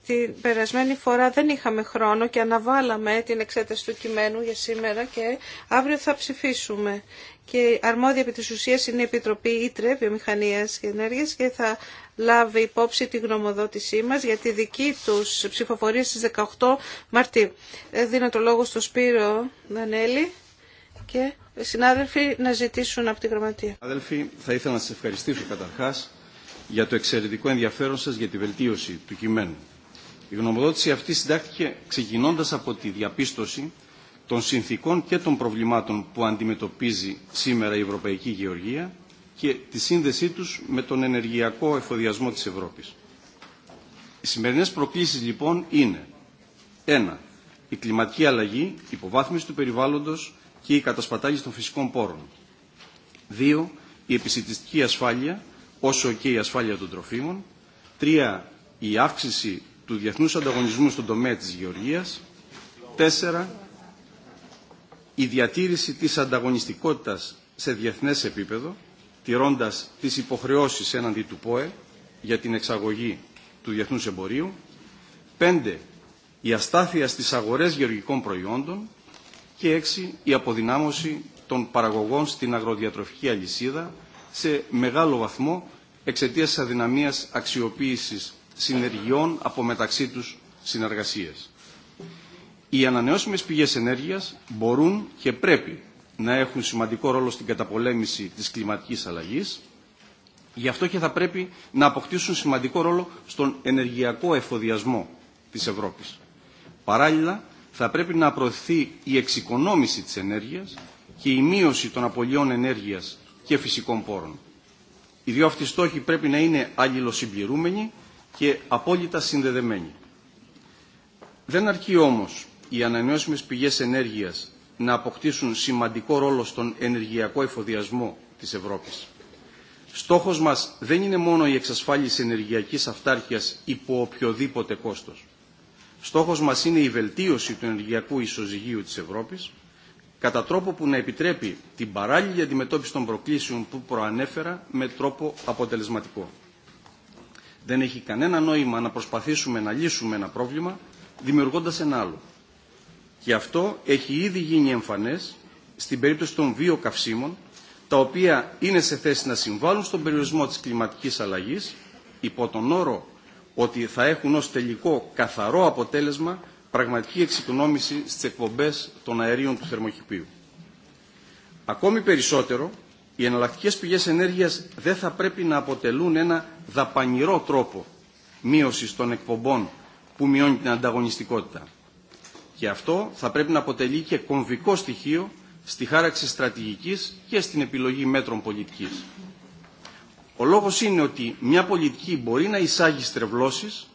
Την περασμένη φορά δεν είχαμε χρόνο και αναβάλαμε την εξέταση του κειμένου για σήμερα και αύριο θα ψηφίσουμε. Και αρμόδια επί της ουσίας είναι η Επιτροπή Ήτρε Βιομηχανίας και Ενέργειας και θα λάβει υπόψη τη γνωμοδότησή μας για τη δική τους ψηφοφορία στις 18 Μαρτίου. Ε, δίνω το λόγο στο Σπύρο Δανέλη και συνάδελφοι να ζητήσουν από τη Γραμματεία. Αδελφοί, θα ήθελα να σας ευχαριστήσω καταρχάς για το εξαιρετικό ενδιαφέρον σας για τη βελτίωση του κειμένου. Η γνωμοδότηση αυτή συντάχθηκε ξεκινώντας από τη διαπίστωση των συνθήκων και των προβλημάτων που αντιμετωπίζει σήμερα η Ευρωπαϊκή Γεωργία και τη σύνδεσή τους με τον ενεργειακό εφοδιασμό της Ευρώπης. Οι σημερινές προκλήσεις λοιπόν είναι 1. Η κλιματική αλλαγή, υποβάθμιση του περιβάλλοντος, και η κατασπατάληση των φυσικών πόρων. 2. Η επισητιστική ασφάλεια, όσο και η ασφάλεια των τροφίμων. Τρία, Η αύξηση του διεθνούς ανταγωνισμού στον τομέα της γεωργίας. Τέσσερα, Η διατήρηση της ανταγωνιστικότητας σε διεθνές επίπεδο, τηρώντας τις υποχρεώσεις έναντι του ΠΟΕ για την εξαγωγή του διεθνούς εμπορίου. 5. Η αστάθεια στις αγορές γεωργικών προϊόντων, και έξι Η αποδυνάμωση των παραγωγών στην αγροδιατροφική αλυσίδα σε μεγάλο βαθμό εξαιτίας της αδυναμίας αξιοποίησης συνεργειών από μεταξύ τους συνεργασίες. Οι ανανεώσιμες πηγές ενέργειας μπορούν και πρέπει να έχουν σημαντικό ρόλο στην καταπολέμηση της κλιματικής αλλαγής. Γι' αυτό και θα πρέπει να αποκτήσουν σημαντικό ρόλο στον ενεργειακό εφοδιασμό της Ευρώπης. Παράλληλα, θα πρέπει να προωθηθεί η εξοικονόμηση της ενέργειας και η μείωση των απολειών ενέργειας και φυσικών πόρων. Οι δύο αυτοί στόχοι πρέπει να είναι αλληλοσυμπληρούμενοι και απόλυτα συνδεδεμένοι. Δεν αρκεί όμως οι ανανεώσιμες πηγές ενέργειας να αποκτήσουν σημαντικό ρόλο στον ενεργειακό εφοδιασμό της Ευρώπης. Στόχος μας δεν είναι μόνο η εξασφάλιση ενεργειακής αυτάρκειας υπό οποιοδήποτε κόστος. Στόχος μας είναι η βελτίωση του ενεργειακού ισοζυγίου της Ευρώπης, κατά τρόπο που να επιτρέπει την παράλληλη αντιμετώπιση των προκλήσεων που προανέφερα με τρόπο αποτελεσματικό. Δεν έχει κανένα νόημα να προσπαθήσουμε να λύσουμε ένα πρόβλημα δημιουργώντας ένα άλλο. Και αυτό έχει ήδη γίνει εμφανές στην περίπτωση των βιοκαυσίμων, τα οποία είναι σε θέση να συμβάλλουν στον περιορισμό της κλιματικής αλλαγής υπό τον όρο ότι θα έχουν ως τελικό καθαρό αποτέλεσμα πραγματική εξοικονόμηση στις εκπομπές των αερίων του θερμοκηπίου. Ακόμη περισσότερο, οι εναλλακτικέ πηγές ενέργειας δεν θα πρέπει να αποτελούν ένα δαπανηρό τρόπο μείωσης των εκπομπών που μειώνει την ανταγωνιστικότητα. Και αυτό θα πρέπει να αποτελεί και κομβικό στοιχείο στη χάραξη στρατηγικής και στην επιλογή μέτρων πολιτικής. Ο λόγος είναι ότι μια πολιτική μπορεί να εισάγει στρεβλώσεις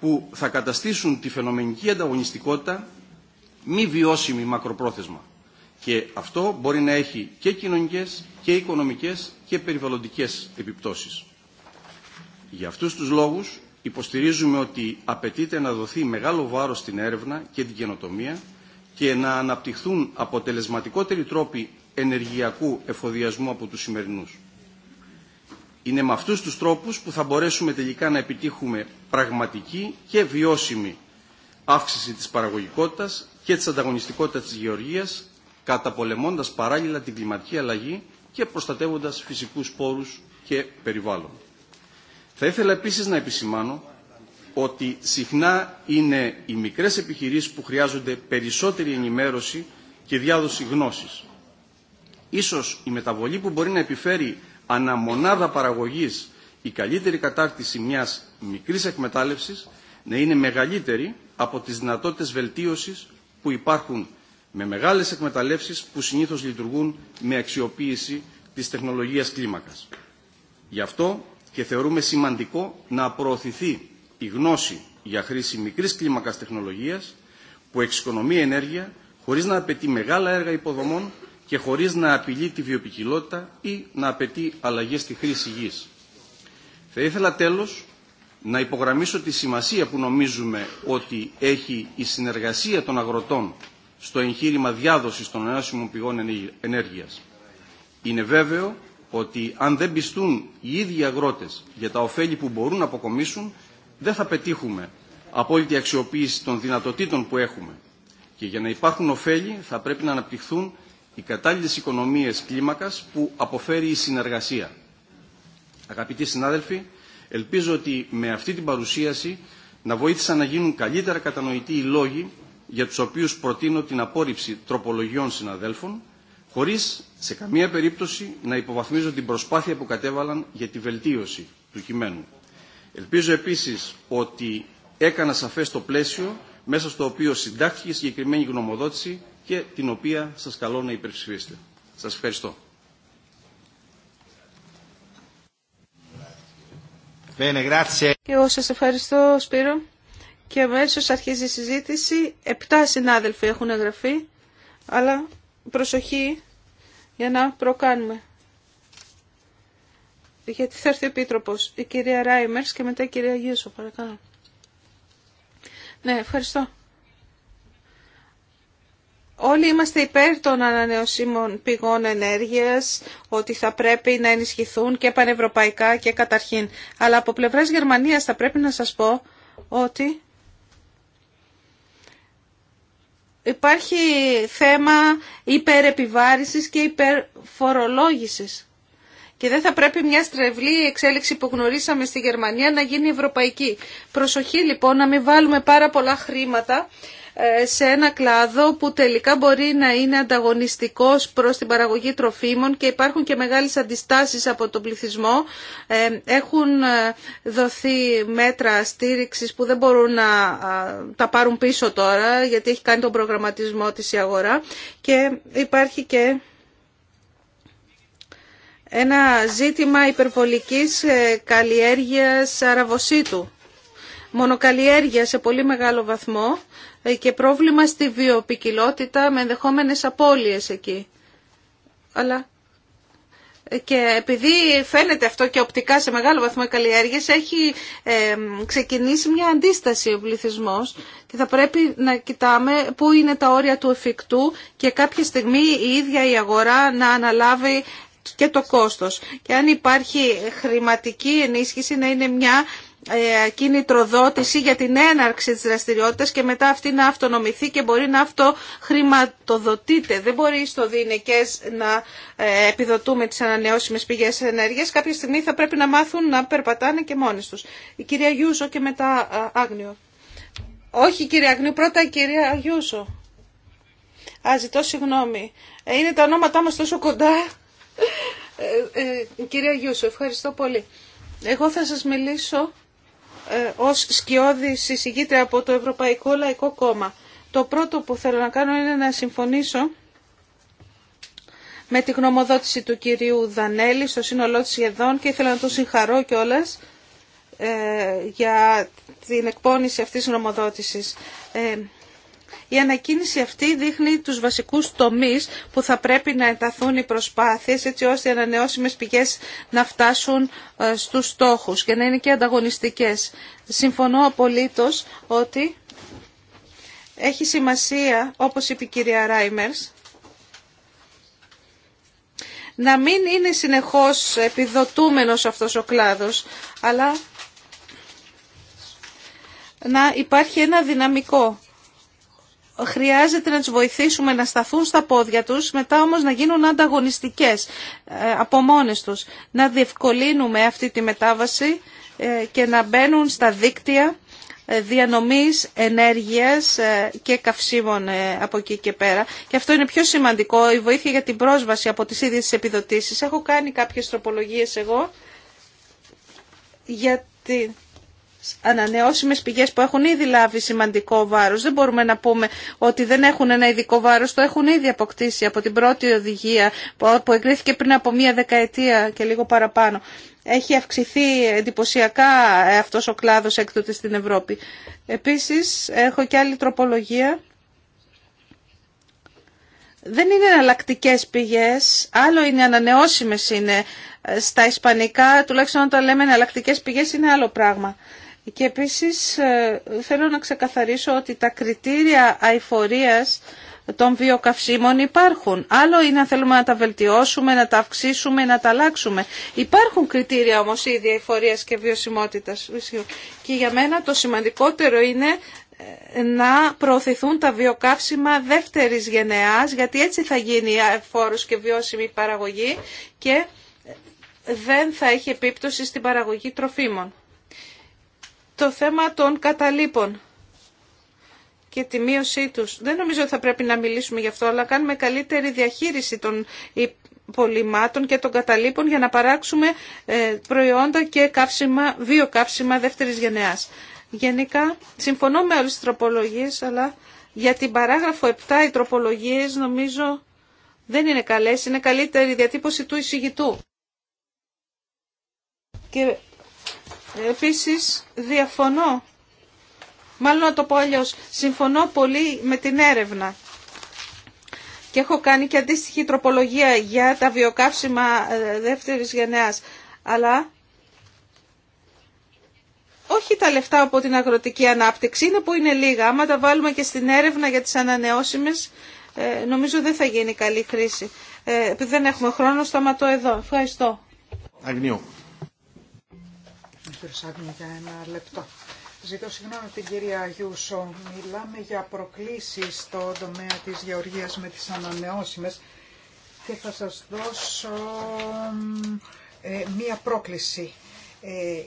που θα καταστήσουν τη φαινομενική ανταγωνιστικότητα μη βιώσιμη μακροπρόθεσμα. Και αυτό μπορεί να έχει και κοινωνικές και οικονομικές και περιβαλλοντικές επιπτώσεις. Για αυτούς τους λόγους υποστηρίζουμε ότι απαιτείται να δοθεί μεγάλο βάρος στην έρευνα και την καινοτομία και να αναπτυχθούν αποτελεσματικότεροι τρόποι ενεργειακού εφοδιασμού από τους σημερινούς. Είναι με αυτούς τους τρόπους που θα μπορέσουμε τελικά να επιτύχουμε πραγματική και βιώσιμη αύξηση της παραγωγικότητας και της ανταγωνιστικότητας της γεωργίας, καταπολεμώντας παράλληλα την κλιματική αλλαγή και προστατεύοντας φυσικούς πόρους και περιβάλλον. Θα ήθελα επίσης να επισημάνω ότι συχνά είναι οι μικρές επιχειρήσεις που χρειάζονται περισσότερη ενημέρωση και διάδοση γνώσης. Ίσως η μεταβολή που μπορεί να επιφέρει αναμονάδα παραγωγής η καλύτερη κατάρτιση μιας μικρής εκμετάλλευσης να είναι μεγαλύτερη από τις δυνατότητες βελτίωσης που υπάρχουν με μεγάλες εκμεταλλεύσεις που συνήθως λειτουργούν με αξιοποίηση της τεχνολογίας κλίμακας. Γι' αυτό και θεωρούμε σημαντικό να προωθηθεί η γνώση για χρήση μικρής κλίμακας τεχνολογίας που εξοικονομεί ενέργεια χωρίς να απαιτεί μεγάλα έργα υποδομών και χωρίς να απειλεί τη βιοπικιλότητα ή να απαιτεί αλλαγές στη χρήση γης. Θα ήθελα τέλος να υπογραμμίσω τη σημασία που νομίζουμε ότι έχει η συνεργασία των αγροτών στο εγχείρημα διάδοσης των ενώσιμων πηγών ενέργειας. Είναι βέβαιο ότι αν δεν πιστούν οι ίδιοι αγρότες για τα ωφέλη που μπορούν να αποκομίσουν, δεν θα πετύχουμε απόλυτη αξιοποίηση των δυνατοτήτων που έχουμε. Και για να υπάρχουν ωφέλη θα πρέπει να αναπτυχθούν οι κατάλληλες οικονομίες κλίμακας που αποφέρει η συνεργασία. Αγαπητοί συνάδελφοι, ελπίζω ότι με αυτή την παρουσίαση να βοήθησαν να γίνουν καλύτερα κατανοητοί οι λόγοι για τους οποίους προτείνω την απόρριψη τροπολογιών συναδέλφων, χωρίς σε καμία περίπτωση να υποβαθμίζω την προσπάθεια που κατέβαλαν για τη βελτίωση του κειμένου. Ελπίζω επίσης ότι έκανα σαφές το πλαίσιο μέσα στο οποίο συντάχθηκε η συγκεκριμένη γνωμοδότηση και την οποία σας καλώ να υπερψηφίσετε. Σας ευχαριστώ. Και εγώ σας ευχαριστώ Σπύρο. Και αμέσως αρχίζει η συζήτηση. Επτά συνάδελφοι έχουν εγγραφεί, αλλά προσοχή για να προκάνουμε. Γιατί θα έρθει ο Επίτροπος, η κυρία Ράιμερς και μετά η κυρία Γιούσο, παρακαλώ. Ναι, ευχαριστώ. Όλοι είμαστε υπέρ των ανανεωσίμων πηγών ενέργειας, ότι θα πρέπει να ενισχυθούν και πανευρωπαϊκά και καταρχήν. Αλλά από πλευράς Γερμανίας θα πρέπει να σας πω ότι υπάρχει θέμα υπερεπιβάρησης και υπερφορολόγησης. Και δεν θα πρέπει μια στρεβλή εξέλιξη που γνωρίσαμε στη Γερμανία να γίνει ευρωπαϊκή. Προσοχή λοιπόν να μην βάλουμε πάρα πολλά χρήματα σε ένα κλάδο που τελικά μπορεί να είναι ανταγωνιστικός προς την παραγωγή τροφίμων και υπάρχουν και μεγάλες αντιστάσεις από τον πληθυσμό. Ε, έχουν ε, δοθεί μέτρα στήριξης που δεν μπορούν να τα πάρουν πίσω τώρα γιατί έχει κάνει τον προγραμματισμό της η αγορά και υπάρχει και ένα ζήτημα υπερβολικής ε, καλλιέργειας αραβοσίτου. Μονοκαλλιέργεια σε πολύ μεγάλο βαθμό ε, και πρόβλημα στη βιοπικιλότητα με ενδεχόμενες απώλειες εκεί. Αλλά ε, και επειδή φαίνεται αυτό και οπτικά σε μεγάλο βαθμό οι καλλιέργειες, έχει ε, ξεκινήσει μια αντίσταση ο πληθυσμός και θα πρέπει να κοιτάμε πού είναι τα όρια του εφικτού και κάποια στιγμή η ίδια η αγορά να αναλάβει και το κόστος. Και αν υπάρχει χρηματική ενίσχυση να είναι μια ε, κινητροδότηση για την έναρξη της δραστηριότητας και μετά αυτή να αυτονομηθεί και μπορεί να αυτοχρηματοδοτείται. Δεν μπορεί στο διηνικές να ε, επιδοτούμε τις ανανεώσιμες πηγές ενέργειας. Κάποια στιγμή θα πρέπει να μάθουν να περπατάνε και μόνοι τους. Η κυρία Γιούσο και μετά ε, Άγνιο. Όχι κυρία Άγνιο, πρώτα η κυρία Γιούσο. Α, ζητώ συγγνώμη. Είναι τα ονόματά μας τόσο κοντά. Ε, κυρία Γιούσο, ευχαριστώ πολύ. Εγώ θα σας μιλήσω ε, ως σκιώδη συζητήτρια από το Ευρωπαϊκό Λαϊκό Κόμμα. Το πρώτο που θέλω να κάνω είναι να συμφωνήσω με τη γνωμοδότηση του κυρίου Δανέλη στο σύνολό της σχεδόν και ήθελα να τον συγχαρώ κιόλα ε, για την εκπόνηση αυτής της γνωμοδότησης. Ε, η ανακοίνηση αυτή δείχνει τους βασικούς τομείς που θα πρέπει να ενταθούν οι προσπάθειες έτσι ώστε οι ανανεώσιμες πηγές να φτάσουν ε, στους στόχους και να είναι και ανταγωνιστικές. Συμφωνώ απολύτως ότι έχει σημασία, όπως είπε η κυρία Ράιμερς, να μην είναι συνεχώς επιδοτούμενος αυτός ο κλάδος, αλλά να υπάρχει ένα δυναμικό χρειάζεται να τις βοηθήσουμε να σταθούν στα πόδια τους, μετά όμως να γίνουν ανταγωνιστικές ε, από μόνες τους. Να διευκολύνουμε αυτή τη μετάβαση ε, και να μπαίνουν στα δίκτυα ε, διανομής ενέργειας και καυσίμων από εκεί και πέρα. Και αυτό είναι πιο σημαντικό, η βοήθεια για την πρόσβαση από τις ίδιες τις επιδοτήσεις. Έχω κάνει κάποιες τροπολογίες εγώ για Ανανεώσιμε πηγέ που έχουν ήδη λάβει σημαντικό βάρο. Δεν μπορούμε να πούμε ότι δεν έχουν ένα ειδικό βάρο, το έχουν ήδη αποκτήσει από την πρώτη οδηγία που εγκρίθηκε πριν από μία δεκαετία και λίγο παραπάνω. Έχει αυξηθεί εντυπωσιακά ε, αυτό ο κλάδος έκτοτε στην Ευρώπη. Επίση, έχω και άλλη τροπολογία. Δεν είναι εναλλακτικέ πηγέ, άλλο είναι ανανεώσιμε είναι. Ε, στα ισπανικά, τουλάχιστον όταν λέμε εναλλακτικέ πηγέ είναι άλλο πράγμα. Και επίσης ε, θέλω να ξεκαθαρίσω ότι τα κριτήρια αηφορίας των βιοκαυσίμων υπάρχουν. Άλλο είναι αν θέλουμε να τα βελτιώσουμε, να τα αυξήσουμε, να τα αλλάξουμε. Υπάρχουν κριτήρια όμως ήδη αηφορίας και βιωσιμότητας. Και για μένα το σημαντικότερο είναι ε, να προωθηθούν τα βιοκαύσιμα δεύτερης γενεάς, γιατί έτσι θα γίνει φόρος και βιώσιμη παραγωγή και ε, δεν θα έχει επίπτωση στην παραγωγή τροφίμων το θέμα των καταλήπων και τη μείωσή τους. Δεν νομίζω ότι θα πρέπει να μιλήσουμε γι' αυτό, αλλά κάνουμε καλύτερη διαχείριση των πολυμάτων και των καταλήπων για να παράξουμε ε, προϊόντα και καύσιμα, βιοκαύσιμα δεύτερης γενεάς. Γενικά, συμφωνώ με όλες τις τροπολογίες, αλλά για την παράγραφο 7 οι τροπολογίες νομίζω δεν είναι καλές. Είναι καλύτερη διατύπωση του εισηγητού. Και Επίσης, διαφωνώ, μάλλον να το πω αλλιώς, συμφωνώ πολύ με την έρευνα. Και έχω κάνει και αντίστοιχη τροπολογία για τα βιοκαύσιμα ε, δεύτερης γενεάς. Αλλά όχι τα λεφτά από την αγροτική ανάπτυξη, είναι που είναι λίγα. Άμα τα βάλουμε και στην έρευνα για τις ανανεώσιμες, ε, νομίζω δεν θα γίνει καλή χρήση. Επειδή δεν έχουμε χρόνο, σταματώ εδώ. Ευχαριστώ. Αγνιού κύριος για ένα λεπτό. Ζητώ συγγνώμη την κυρία Αγιούσο. Μιλάμε για προκλήσεις στον τομέα της γεωργίας με τις ανανεώσιμες και θα σας δώσω ε, μία πρόκληση. Ε,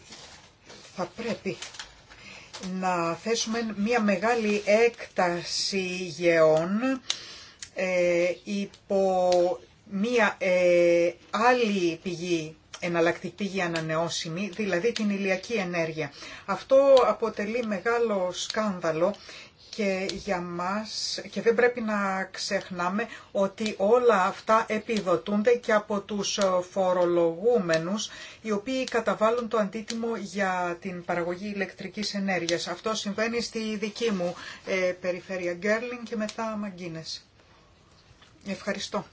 θα πρέπει να θέσουμε μία μεγάλη έκταση γεών ε, υπό μία ε, άλλη πηγή εναλλακτική για ανανεώσιμη, δηλαδή την ηλιακή ενέργεια. Αυτό αποτελεί μεγάλο σκάνδαλο και για μας και δεν πρέπει να ξεχνάμε ότι όλα αυτά επιδοτούνται και από τους φορολογούμενους οι οποίοι καταβάλουν το αντίτιμο για την παραγωγή ηλεκτρικής ενέργειας. Αυτό συμβαίνει στη δική μου ε, περιφέρεια Γκέρλινγκ και μετά Μαγκίνες. Ευχαριστώ.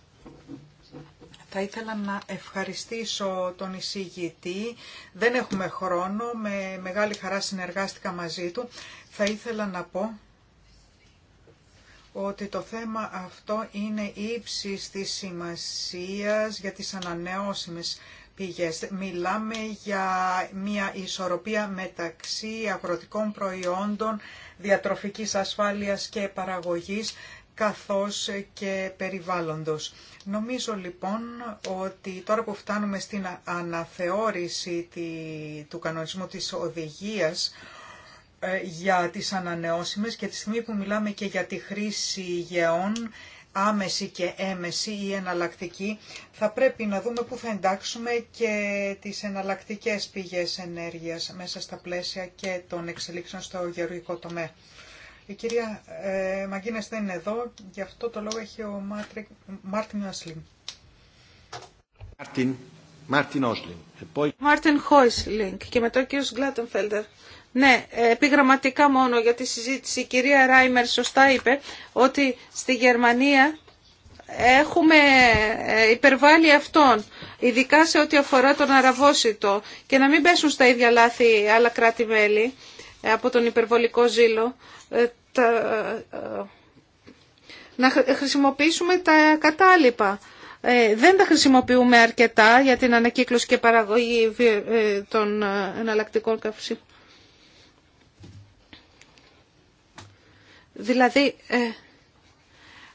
Θα ήθελα να ευχαριστήσω τον εισηγητή. Δεν έχουμε χρόνο. Με μεγάλη χαρά συνεργάστηκα μαζί του. Θα ήθελα να πω ότι το θέμα αυτό είναι ύψης της σημασίας για τις ανανεώσιμες πηγές. Μιλάμε για μια ισορροπία μεταξύ αγροτικών προϊόντων, διατροφικής ασφάλειας και παραγωγής, καθώς και περιβάλλοντος. Νομίζω λοιπόν ότι τώρα που φτάνουμε στην αναθεώρηση του κανονισμού της οδηγίας ε, για τις ανανεώσιμες και τη στιγμή που μιλάμε και για τη χρήση γεών άμεση και έμεση ή εναλλακτική, θα πρέπει να δούμε πού θα εντάξουμε και τις εναλλακτικές πηγές ενέργειας μέσα στα πλαίσια και των εξελίξεων στο γεωργικό τομέα. Η κυρία ε, Μαγκίνες δεν είναι εδώ, γι' αυτό το λόγο έχει ο Μάρτιν, Μάρτιν Μάρτιν, Μάρτιν Όσλιν. Μάρτιν και μετά ο κύριος Γκλάτενφέλτερ. Ναι, ε, επιγραμματικά μόνο για τη συζήτηση. Η κυρία Ράιμερ σωστά είπε ότι στη Γερμανία έχουμε ε, υπερβάλει αυτόν, ειδικά σε ό,τι αφορά τον αραβόσιτο και να μην πέσουν στα ίδια λάθη άλλα κράτη-μέλη. Ε, από τον υπερβολικό ζήλο ε, ε, να χρησιμοποιήσουμε τα κατάλοιπα. Δεν τα χρησιμοποιούμε αρκετά για την ανακύκλωση και παραγωγή των εναλλακτικών καυσίμων. Δηλαδή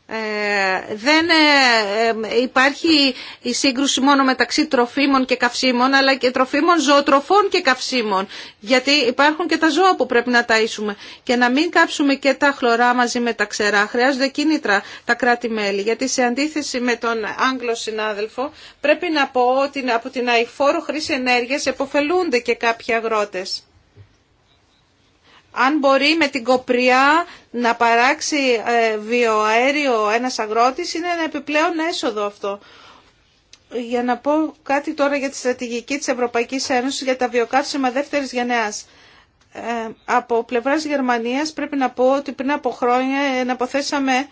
ε, δεν ε, ε, υπάρχει η σύγκρουση μόνο μεταξύ τροφίμων και καυσίμων αλλά και τροφίμων ζωοτροφών και καυσίμων γιατί υπάρχουν και τα ζώα που πρέπει να ταΐσουμε και να μην κάψουμε και τα χλωρά μαζί με τα ξερά χρειάζονται κίνητρα τα κράτη-μέλη γιατί σε αντίθεση με τον Άγγλο συνάδελφο πρέπει να πω ότι από την αηφόρο χρήση ενέργειας εποφελούνται και κάποιοι αγρότες αν μπορεί με την κοπριά να παράξει ε, βιοαέριο ένας αγρότης είναι ένα επιπλέον έσοδο αυτό. Για να πω κάτι τώρα για τη στρατηγική της Ευρωπαϊκής Ένωσης για τα βιοκαύσιμα δεύτερης γενεάς. Ε, από πλευράς Γερμανίας πρέπει να πω ότι πριν από χρόνια ε, να αποθέσαμε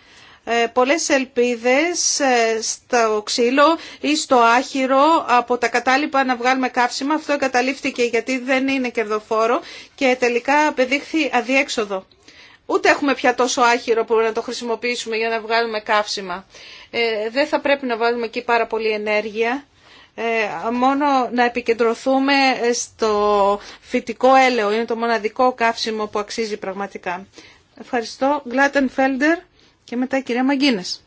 ε, πολλές ελπίδες ε, στο ξύλο ή στο άχυρο από τα κατάλοιπα να βγάλουμε καύσιμα. Αυτό εγκαταλείφθηκε γιατί δεν είναι κερδοφόρο και τελικά απεδείχθη αδιέξοδο. Ούτε έχουμε πια τόσο άχυρο που να το χρησιμοποιήσουμε για να βγάλουμε καύσιμα. Ε, δεν θα πρέπει να βάλουμε εκεί πάρα πολύ ενέργεια. μόνο να επικεντρωθούμε στο φυτικό έλαιο. Είναι το μοναδικό καύσιμο που αξίζει πραγματικά. Ευχαριστώ. Γκλάτεν και μετά η κυρία Μαγκίνες.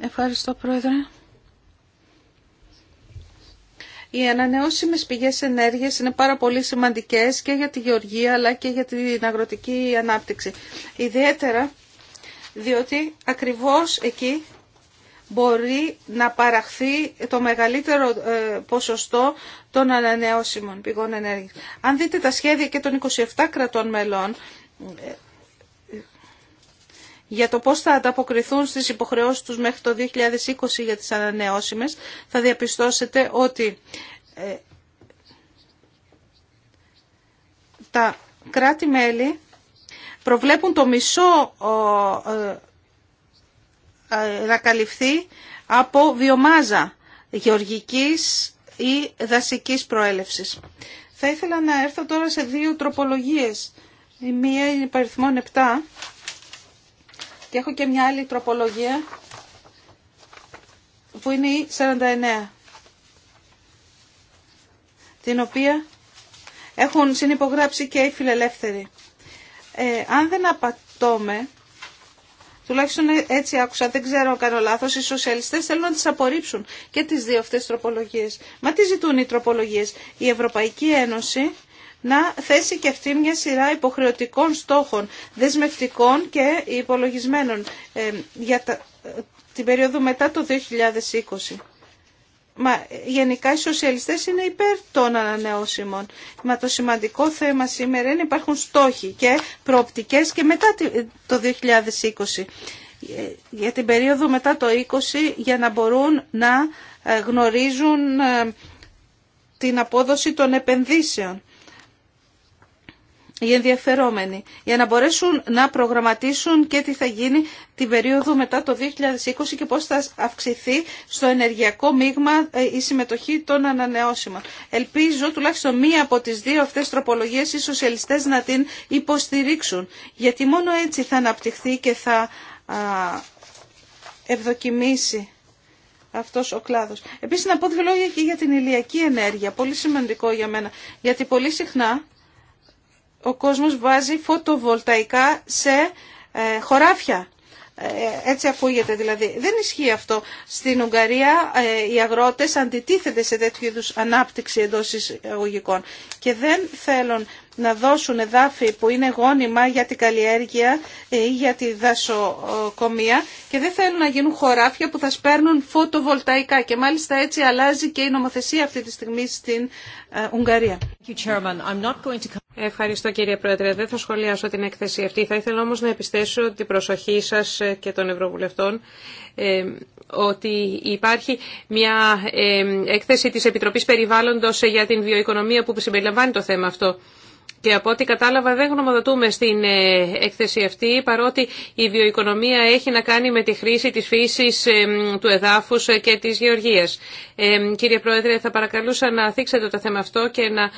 Ευχαριστώ πρόεδρε. Οι ανανεώσιμε πηγέ ενέργεια είναι πάρα πολύ σημαντικέ και για τη γεωργία αλλά και για την αγροτική ανάπτυξη. Ιδιαίτερα διότι ακριβώς εκεί μπορεί να παραχθεί το μεγαλύτερο ε, ποσοστό των ανανεώσιμων πηγών ενέργειας. Αν δείτε τα σχέδια και των 27 κρατών μελών ε, για το πώς θα ανταποκριθούν στις υποχρεώσεις τους μέχρι το 2020 για τις ανανεώσιμες, θα διαπιστώσετε ότι ε, τα κράτη-μέλη προβλέπουν το μισό ε, να καλυφθεί από βιομάζα γεωργικής ή δασικής προέλευσης. Θα ήθελα να έρθω τώρα σε δύο τροπολογίες. Η μία είναι η μια ειναι παριθμόν 7 και έχω και μια άλλη τροπολογία που είναι η 49 την οποία έχουν συνυπογράψει και οι φιλελεύθεροι. Ε, αν δεν απατώμε, Τουλάχιστον έτσι άκουσα, δεν ξέρω αν κάνω λάθο. Οι σοσιαλιστέ θέλουν να τι απορρίψουν και τι δύο αυτέ τροπολογίε. Μα τι ζητούν οι τροπολογίε. Η Ευρωπαϊκή Ένωση να θέσει και αυτή μια σειρά υποχρεωτικών στόχων, δεσμευτικών και υπολογισμένων ε, για ε, την περίοδο μετά το 2020. Μα γενικά οι σοσιαλιστές είναι υπέρ των ανανεώσιμων. Μα το σημαντικό θέμα σήμερα είναι υπάρχουν στόχοι και προοπτικές και μετά το 2020 για την περίοδο μετά το 2020 για να μπορούν να ε, γνωρίζουν ε, την απόδοση των επενδύσεων οι ενδιαφερόμενοι, για να μπορέσουν να προγραμματίσουν και τι θα γίνει την περίοδο μετά το 2020 και πώς θα αυξηθεί στο ενεργειακό μείγμα ε, η συμμετοχή των ανανεώσιμων. Ελπίζω τουλάχιστον μία από τις δύο αυτές τροπολογίες οι σοσιαλιστές να την υποστηρίξουν, γιατί μόνο έτσι θα αναπτυχθεί και θα ευδοκιμήσει αυτό ο κλάδο. Επίση να πω δύο λόγια και για την ηλιακή ενέργεια, πολύ σημαντικό για μένα, γιατί πολύ συχνά ο κόσμος βάζει φωτοβολταϊκά σε ε, χωράφια. Ε, έτσι ακούγεται δηλαδή. Δεν ισχύει αυτό. Στην Ουγγαρία ε, οι αγρότες αντιτίθεται σε τέτοιου είδους ανάπτυξη εντός εισαγωγικών και δεν θέλουν να δώσουν εδάφη που είναι γόνιμα για την καλλιέργεια ή για τη δασοκομεία και δεν θέλουν να γίνουν χωράφια που θα σπέρνουν φωτοβολταϊκά και μάλιστα έτσι αλλάζει και η νομοθεσία αυτή τη στιγμή στην ε, Ουγγαρία. Ευχαριστώ κύριε Πρόεδρε. Δεν θα σχολιάσω την έκθεση αυτή. Θα ήθελα όμως να επιστέσω την προσοχή σας ε, και των Ευρωβουλευτών ε, ότι υπάρχει μια έκθεση της Επιτροπής Περιβάλλοντος για την βιοοικονομία που συμπεριλαμβάνει το θέμα αυτό. Και από ό,τι κατάλαβα δεν γνωμοδοτούμε στην ε, έκθεση αυτή, παρότι η βιοοικονομία έχει να κάνει με τη χρήση της φύσης, ε, του εδάφους ε, και της γεωργίας. Κύριε Πρόεδρε, θα παρακαλούσα να θίξετε το θέμα αυτό και να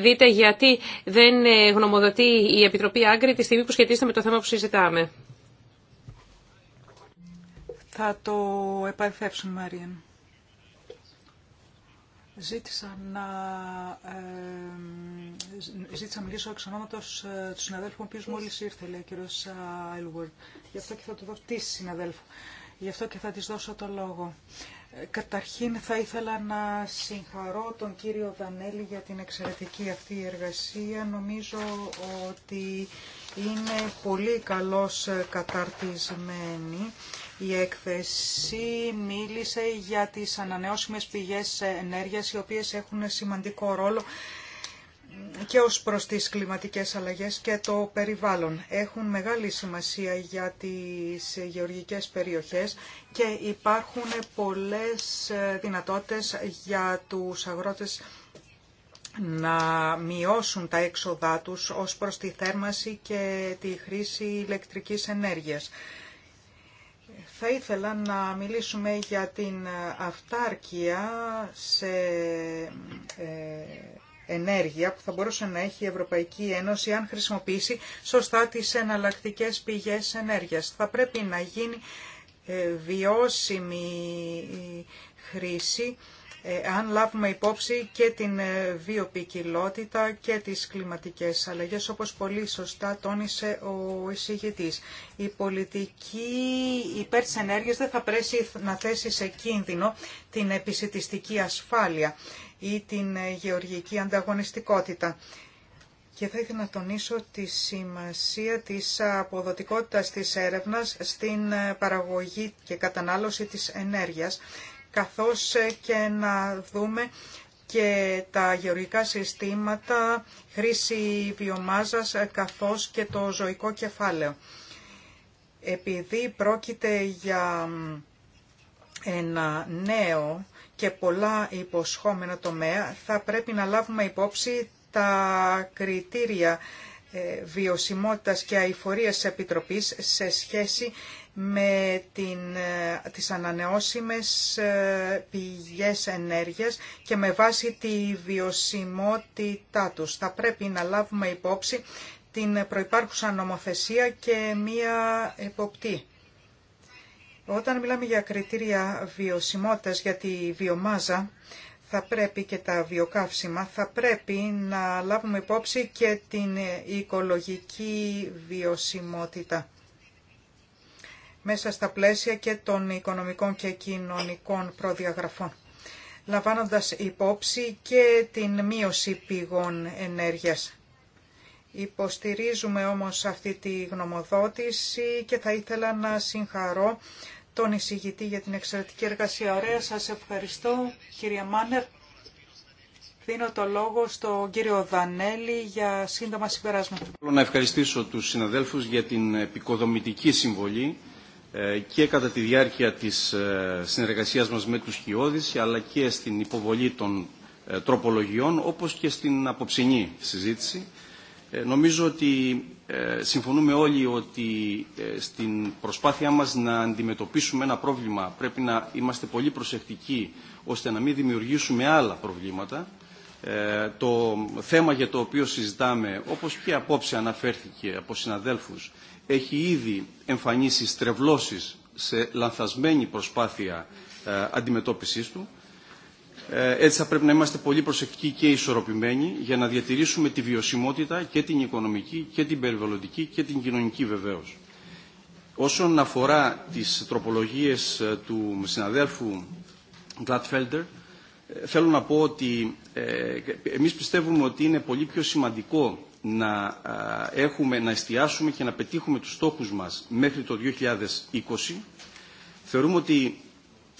δείτε γιατί δεν γνωμοδοτεί η Επιτροπή Άγκρη τη στιγμή που σχετίζεται με το θέμα που συζητάμε. Θα το Μαρία. Ζήτησα να ζήτησα να μιλήσω εξ ε, του συναδέλφου ο οποίο μόλις ήρθε, λέει ο κύριος ε, Γι' αυτό και θα του δώσω τη συναδέλφου. Γι' αυτό και θα τη δώσω το λόγο. Ε, καταρχήν θα ήθελα να συγχαρώ τον κύριο Δανέλη για την εξαιρετική αυτή εργασία. Νομίζω ότι είναι πολύ καλώς καταρτισμένη η έκθεση. Μίλησε για τις ανανεώσιμες πηγές ενέργειας οι οποίες έχουν σημαντικό ρόλο και ως προς τις κλιματικές αλλαγές και το περιβάλλον. Έχουν μεγάλη σημασία για τις γεωργικές περιοχές και υπάρχουν πολλές ε, δυνατότητες για τους αγρότες να μειώσουν τα έξοδά τους ως προς τη θέρμανση και τη χρήση ηλεκτρικής ενέργειας. Θα ήθελα να μιλήσουμε για την αυτάρκεια σε ε, ενέργεια που θα μπορούσε να έχει η Ευρωπαϊκή Ένωση αν χρησιμοποιήσει σωστά τις εναλλακτικές πηγές ενέργειας. Θα πρέπει να γίνει ε, βιώσιμη χρήση ε, αν λάβουμε υπόψη και την ε, βιοποικιλότητα και τις κλιματικές αλλαγές, όπως πολύ σωστά τόνισε ο εισηγητής. Η πολιτική υπέρ της ενέργειας δεν θα πρέπει να θέσει σε κίνδυνο την επισητιστική ασφάλεια ή την ε, γεωργική ανταγωνιστικότητα. Και θα ήθελα να τονίσω τη σημασία της αποδοτικότητας της έρευνας στην ε, παραγωγή και κατανάλωση της ενέργειας, καθώς ε, και να δούμε και τα γεωργικά συστήματα, χρήση βιομάζας, καθώς και το ζωικό κεφάλαιο. Επειδή πρόκειται για ένα νέο και πολλά υποσχόμενα τομέα, θα πρέπει να λάβουμε υπόψη τα κριτήρια ε, βιωσιμότητας και αηφορίας της Επιτροπής σε σχέση με την, ε, τις ανανεώσιμες ε, πηγές ενέργειας και με βάση τη βιωσιμότητά τους. Θα πρέπει να λάβουμε υπόψη την προϋπάρχουσα νομοθεσία και μία εποπτή όταν μιλάμε για κριτήρια βιωσιμότητας για τη βιομάζα, θα πρέπει και τα βιοκαύσιμα, θα πρέπει να λάβουμε υπόψη και την οικολογική βιωσιμότητα μέσα στα πλαίσια και των οικονομικών και κοινωνικών προδιαγραφών, λαμβάνοντας υπόψη και την μείωση πηγών ενέργειας. Υποστηρίζουμε όμως αυτή τη γνωμοδότηση και θα ήθελα να συγχαρώ τον εισηγητή για την εξαιρετική εργασία. Ωραία, σας ευχαριστώ Κύριε Μάνερ. Δίνω το λόγο στον κύριο Δανέλη για σύντομα συμπεράσματα. Θέλω να ευχαριστήσω τους συναδέλφους για την επικοδομητική συμβολή ε, και κατά τη διάρκεια της ε, συνεργασίας μας με τους Χιώδης αλλά και στην υποβολή των ε, τροπολογιών όπως και στην αποψινή συζήτηση. Νομίζω ότι ε, συμφωνούμε όλοι ότι ε, στην προσπάθειά μας να αντιμετωπίσουμε ένα πρόβλημα πρέπει να είμαστε πολύ προσεκτικοί ώστε να μην δημιουργήσουμε άλλα προβλήματα. Ε, το θέμα για το οποίο συζητάμε, όπως και απόψε αναφέρθηκε από συναδέλφους, έχει ήδη εμφανίσει στρεβλώσεις σε λανθασμένη προσπάθεια αντιμετώπισης του. Ε, έτσι θα πρέπει να είμαστε πολύ προσεκτικοί και ισορροπημένοι για να διατηρήσουμε τη βιωσιμότητα και την οικονομική και την περιβαλλοντική και την κοινωνική βεβαίως. Όσον αφορά τις τροπολογίες ε, του συναδέλφου Gladfelder, ε, θέλω να πω ότι εμείς πιστεύουμε ότι είναι πολύ πιο σημαντικό να, έχουμε, να εστιάσουμε και να πετύχουμε τους στόχους μας μέχρι το 2020. Θεωρούμε ότι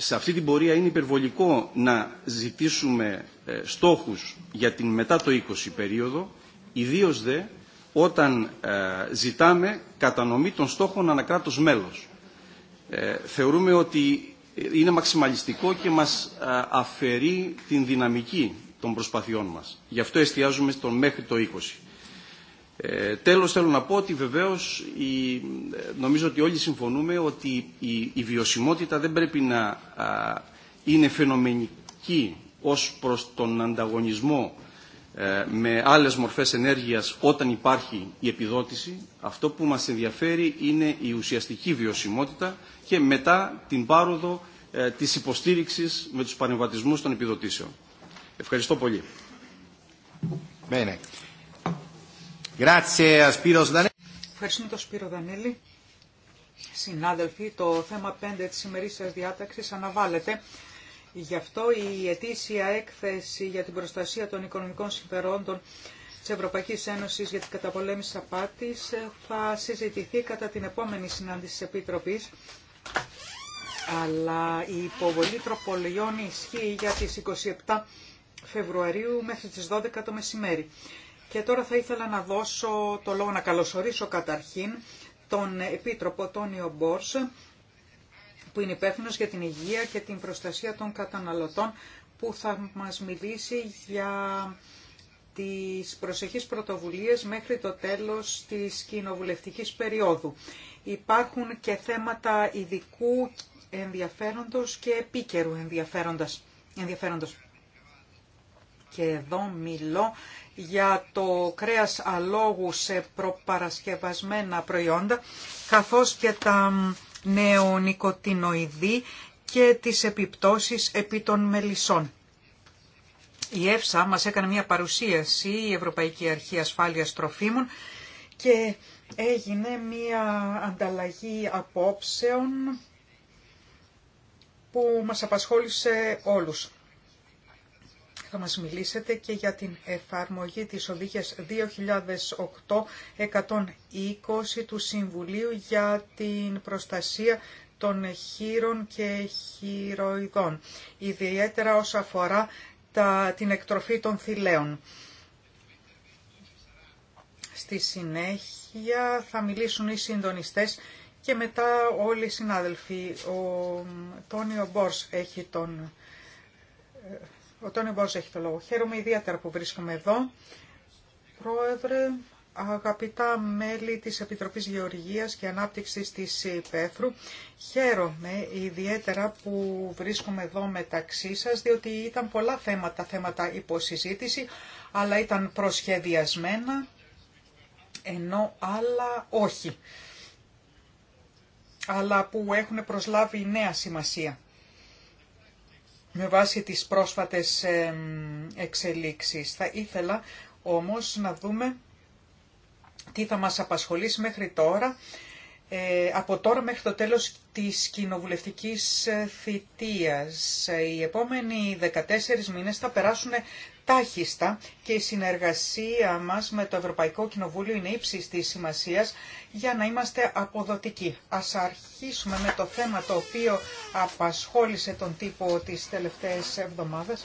σε αυτή την πορεία είναι υπερβολικό να ζητήσουμε ε, στόχους για την μετά το 20 περίοδο, ιδίως δε όταν ε, ζητάμε κατανομή των στόχων ανακράτως μέλος. Ε, θεωρούμε ότι είναι μαξιμαλιστικό και μας αφαιρεί την δυναμική των προσπαθειών μας. Γι' αυτό εστιάζουμε στον μέχρι το 20. Ε, τέλος θέλω να πω ότι βεβαίως νομίζω ότι όλοι συμφωνούμε ότι η, η βιωσιμότητα δεν πρέπει να είναι φαινομενική ως προς τον ανταγωνισμό ε, με άλλες μορφές ενέργειας όταν υπάρχει η επιδότηση. Αυτό που μας ενδιαφέρει είναι η ουσιαστική βιωσιμότητα και μετά την πάροδο ε, της υποστήριξης με τους παρεμβατισμούς των επιδοτήσεων. Ευχαριστώ πολύ. Ευχαριστούμε τον Σπύρο Δανέλη. Συνάδελφοι, το θέμα 5 της σας διάταξης αναβάλλεται. Γι' αυτό η ετήσια έκθεση για την προστασία των οικονομικών συμφερόντων της Ευρωπαϊκής Ένωσης για την καταπολέμηση απάτης θα συζητηθεί κατά την επόμενη συνάντηση της Επίτροπης αλλά η υποβολή τροπολογιών ισχύει για τις 27 Φεβρουαρίου μέχρι τις 12 το μεσημέρι. Και τώρα θα ήθελα να δώσω το λόγο να καλωσορίσω καταρχήν τον Επίτροπο Τόνιο Μπόρς, που είναι υπεύθυνο για την υγεία και την προστασία των καταναλωτών, που θα μας μιλήσει για τις προσεχείς πρωτοβουλίες μέχρι το τέλος της κοινοβουλευτικής περίοδου. Υπάρχουν και θέματα ειδικού ενδιαφέροντος και επίκαιρου ενδιαφέροντος. Και εδώ μιλώ για το κρέας αλόγου σε προπαρασκευασμένα προϊόντα, καθώς και τα νεονικοτινοειδή και τις επιπτώσεις επί των μελισσών. Η ΕΦΣΑ μας έκανε μια παρουσίαση, η Ευρωπαϊκή Αρχή Ασφάλειας Τροφίμων, και έγινε μια ανταλλαγή απόψεων που μας απασχόλησε όλους θα μας μιλήσετε και για την εφαρμογή της οδηγίας 2008-120 του Συμβουλίου για την προστασία των χείρων και χειροειδών, ιδιαίτερα όσον αφορά τα, την εκτροφή των θηλαίων. Στη συνέχεια θα μιλήσουν οι συντονιστές και μετά όλοι οι συνάδελφοι. Ο Τόνιο Μπορς έχει τον ε, ο Τόνι Μπόζ έχει το λόγο. Χαίρομαι ιδιαίτερα που βρίσκομαι εδώ. Πρόεδρε, αγαπητά μέλη της Επιτροπής Γεωργίας και Ανάπτυξης της Υπέθρου, χαίρομαι ιδιαίτερα που βρίσκομαι εδώ μεταξύ σας, διότι ήταν πολλά θέματα, θέματα υποσυζήτηση, αλλά ήταν προσχεδιασμένα, ενώ άλλα όχι αλλά που έχουν προσλάβει νέα σημασία με βάση τις πρόσφατες εξελίξεις. Θα ήθελα όμως να δούμε τι θα μας απασχολήσει μέχρι τώρα, ε, από τώρα μέχρι το τέλος της κοινοβουλευτικής ε, θητείας. Ε, οι επόμενοι 14 μήνες θα περάσουν τάχιστα και η συνεργασία μας με το Ευρωπαϊκό Κοινοβούλιο είναι ύψης της σημασίας για να είμαστε αποδοτικοί. Ας αρχίσουμε με το θέμα το οποίο απασχόλησε τον τύπο τις τελευταίες εβδομάδες,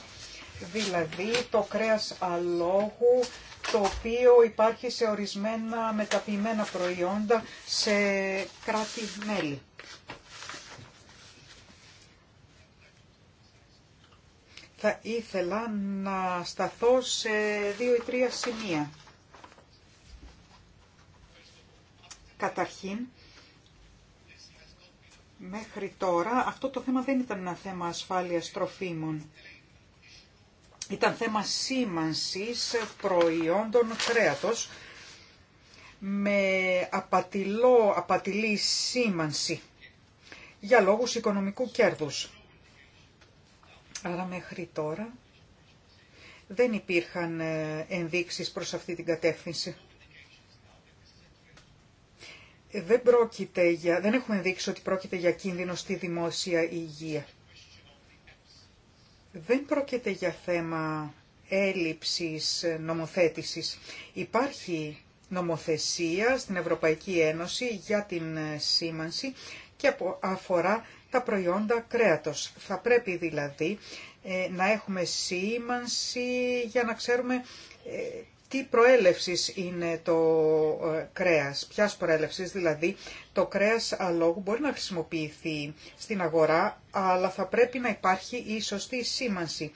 δηλαδή το κρέας αλόγου το οποίο υπάρχει σε ορισμένα μεταποιημένα προϊόντα σε κράτη-μέλη. θα ήθελα να σταθώ σε δύο ή τρία σημεία. Καταρχήν, μέχρι τώρα αυτό το θέμα δεν ήταν ένα θέμα ασφάλειας τροφίμων. Ήταν θέμα σήμανσης προϊόντων κρέατος με απατηλό, απατηλή σήμανση για λόγους οικονομικού κέρδους αλλά μέχρι τώρα δεν υπήρχαν ε, ενδείξεις προς αυτή την κατεύθυνση. Ε, δεν, πρόκειται για, δεν έχουμε ενδείξει ότι πρόκειται για κίνδυνο στη δημόσια υγεία. Δεν πρόκειται για θέμα έλλειψης ε, νομοθέτησης. Υπάρχει νομοθεσία στην Ευρωπαϊκή Ένωση για την σήμανση και αφορά τα προϊόντα κρέατος. Θα πρέπει δηλαδή ε, να έχουμε σήμανση για να ξέρουμε ε, τι προέλευσης είναι το ε, κρέας, ποιας προέλευσης δηλαδή. Το κρέας αλόγου μπορεί να χρησιμοποιηθεί στην αγορά, αλλά θα πρέπει να υπάρχει η σωστή σήμανση.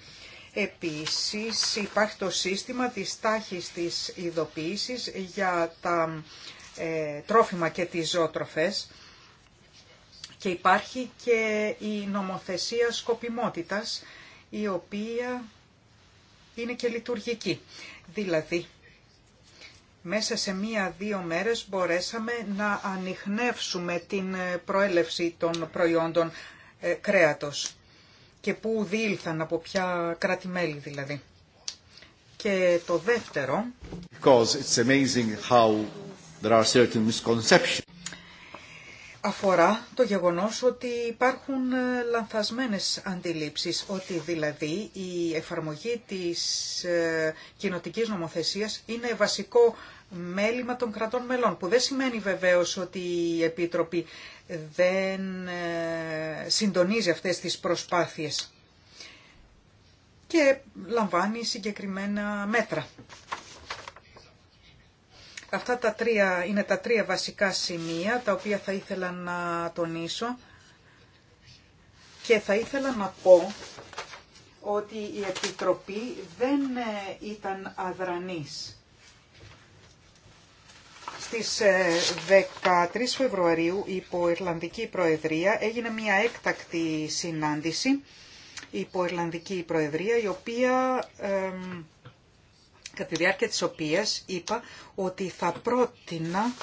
Επίσης υπάρχει το σύστημα της τάχης της ειδοποίησης για τα τρόφιμα και τις ζωοτροφές και υπάρχει και η νομοθεσία σκοπιμότητας η οποία είναι και λειτουργική. Δηλαδή, μέσα σε μία-δύο μέρες μπορέσαμε να ανοιχνεύσουμε την προέλευση των προϊόντων ε, κρέατος και πού διήλθαν, από ποια κρατη δηλαδή. Και το δεύτερο... how αφορά το γεγονός ότι υπάρχουν ε, λανθασμένες αντιλήψεις, ότι δηλαδή η εφαρμογή της ε, κοινοτικής νομοθεσίας είναι βασικό μέλημα των κρατών μελών, που δεν σημαίνει βεβαίως ότι η Επίτροπη δεν ε, συντονίζει αυτές τις προσπάθειες και λαμβάνει συγκεκριμένα μέτρα Αυτά τα τρία είναι τα τρία βασικά σημεία τα οποία θα ήθελα να τονίσω και θα ήθελα να πω ότι η Επιτροπή δεν ε, ήταν αδρανής. Στις 13 ε, Φεβρουαρίου υπό Ιρλανδική Προεδρία έγινε μια έκτακτη συνάντηση υπό Ιρλανδική Προεδρία η οποία κατά τη διάρκεια της οποίας είπα ότι θα πρότεινα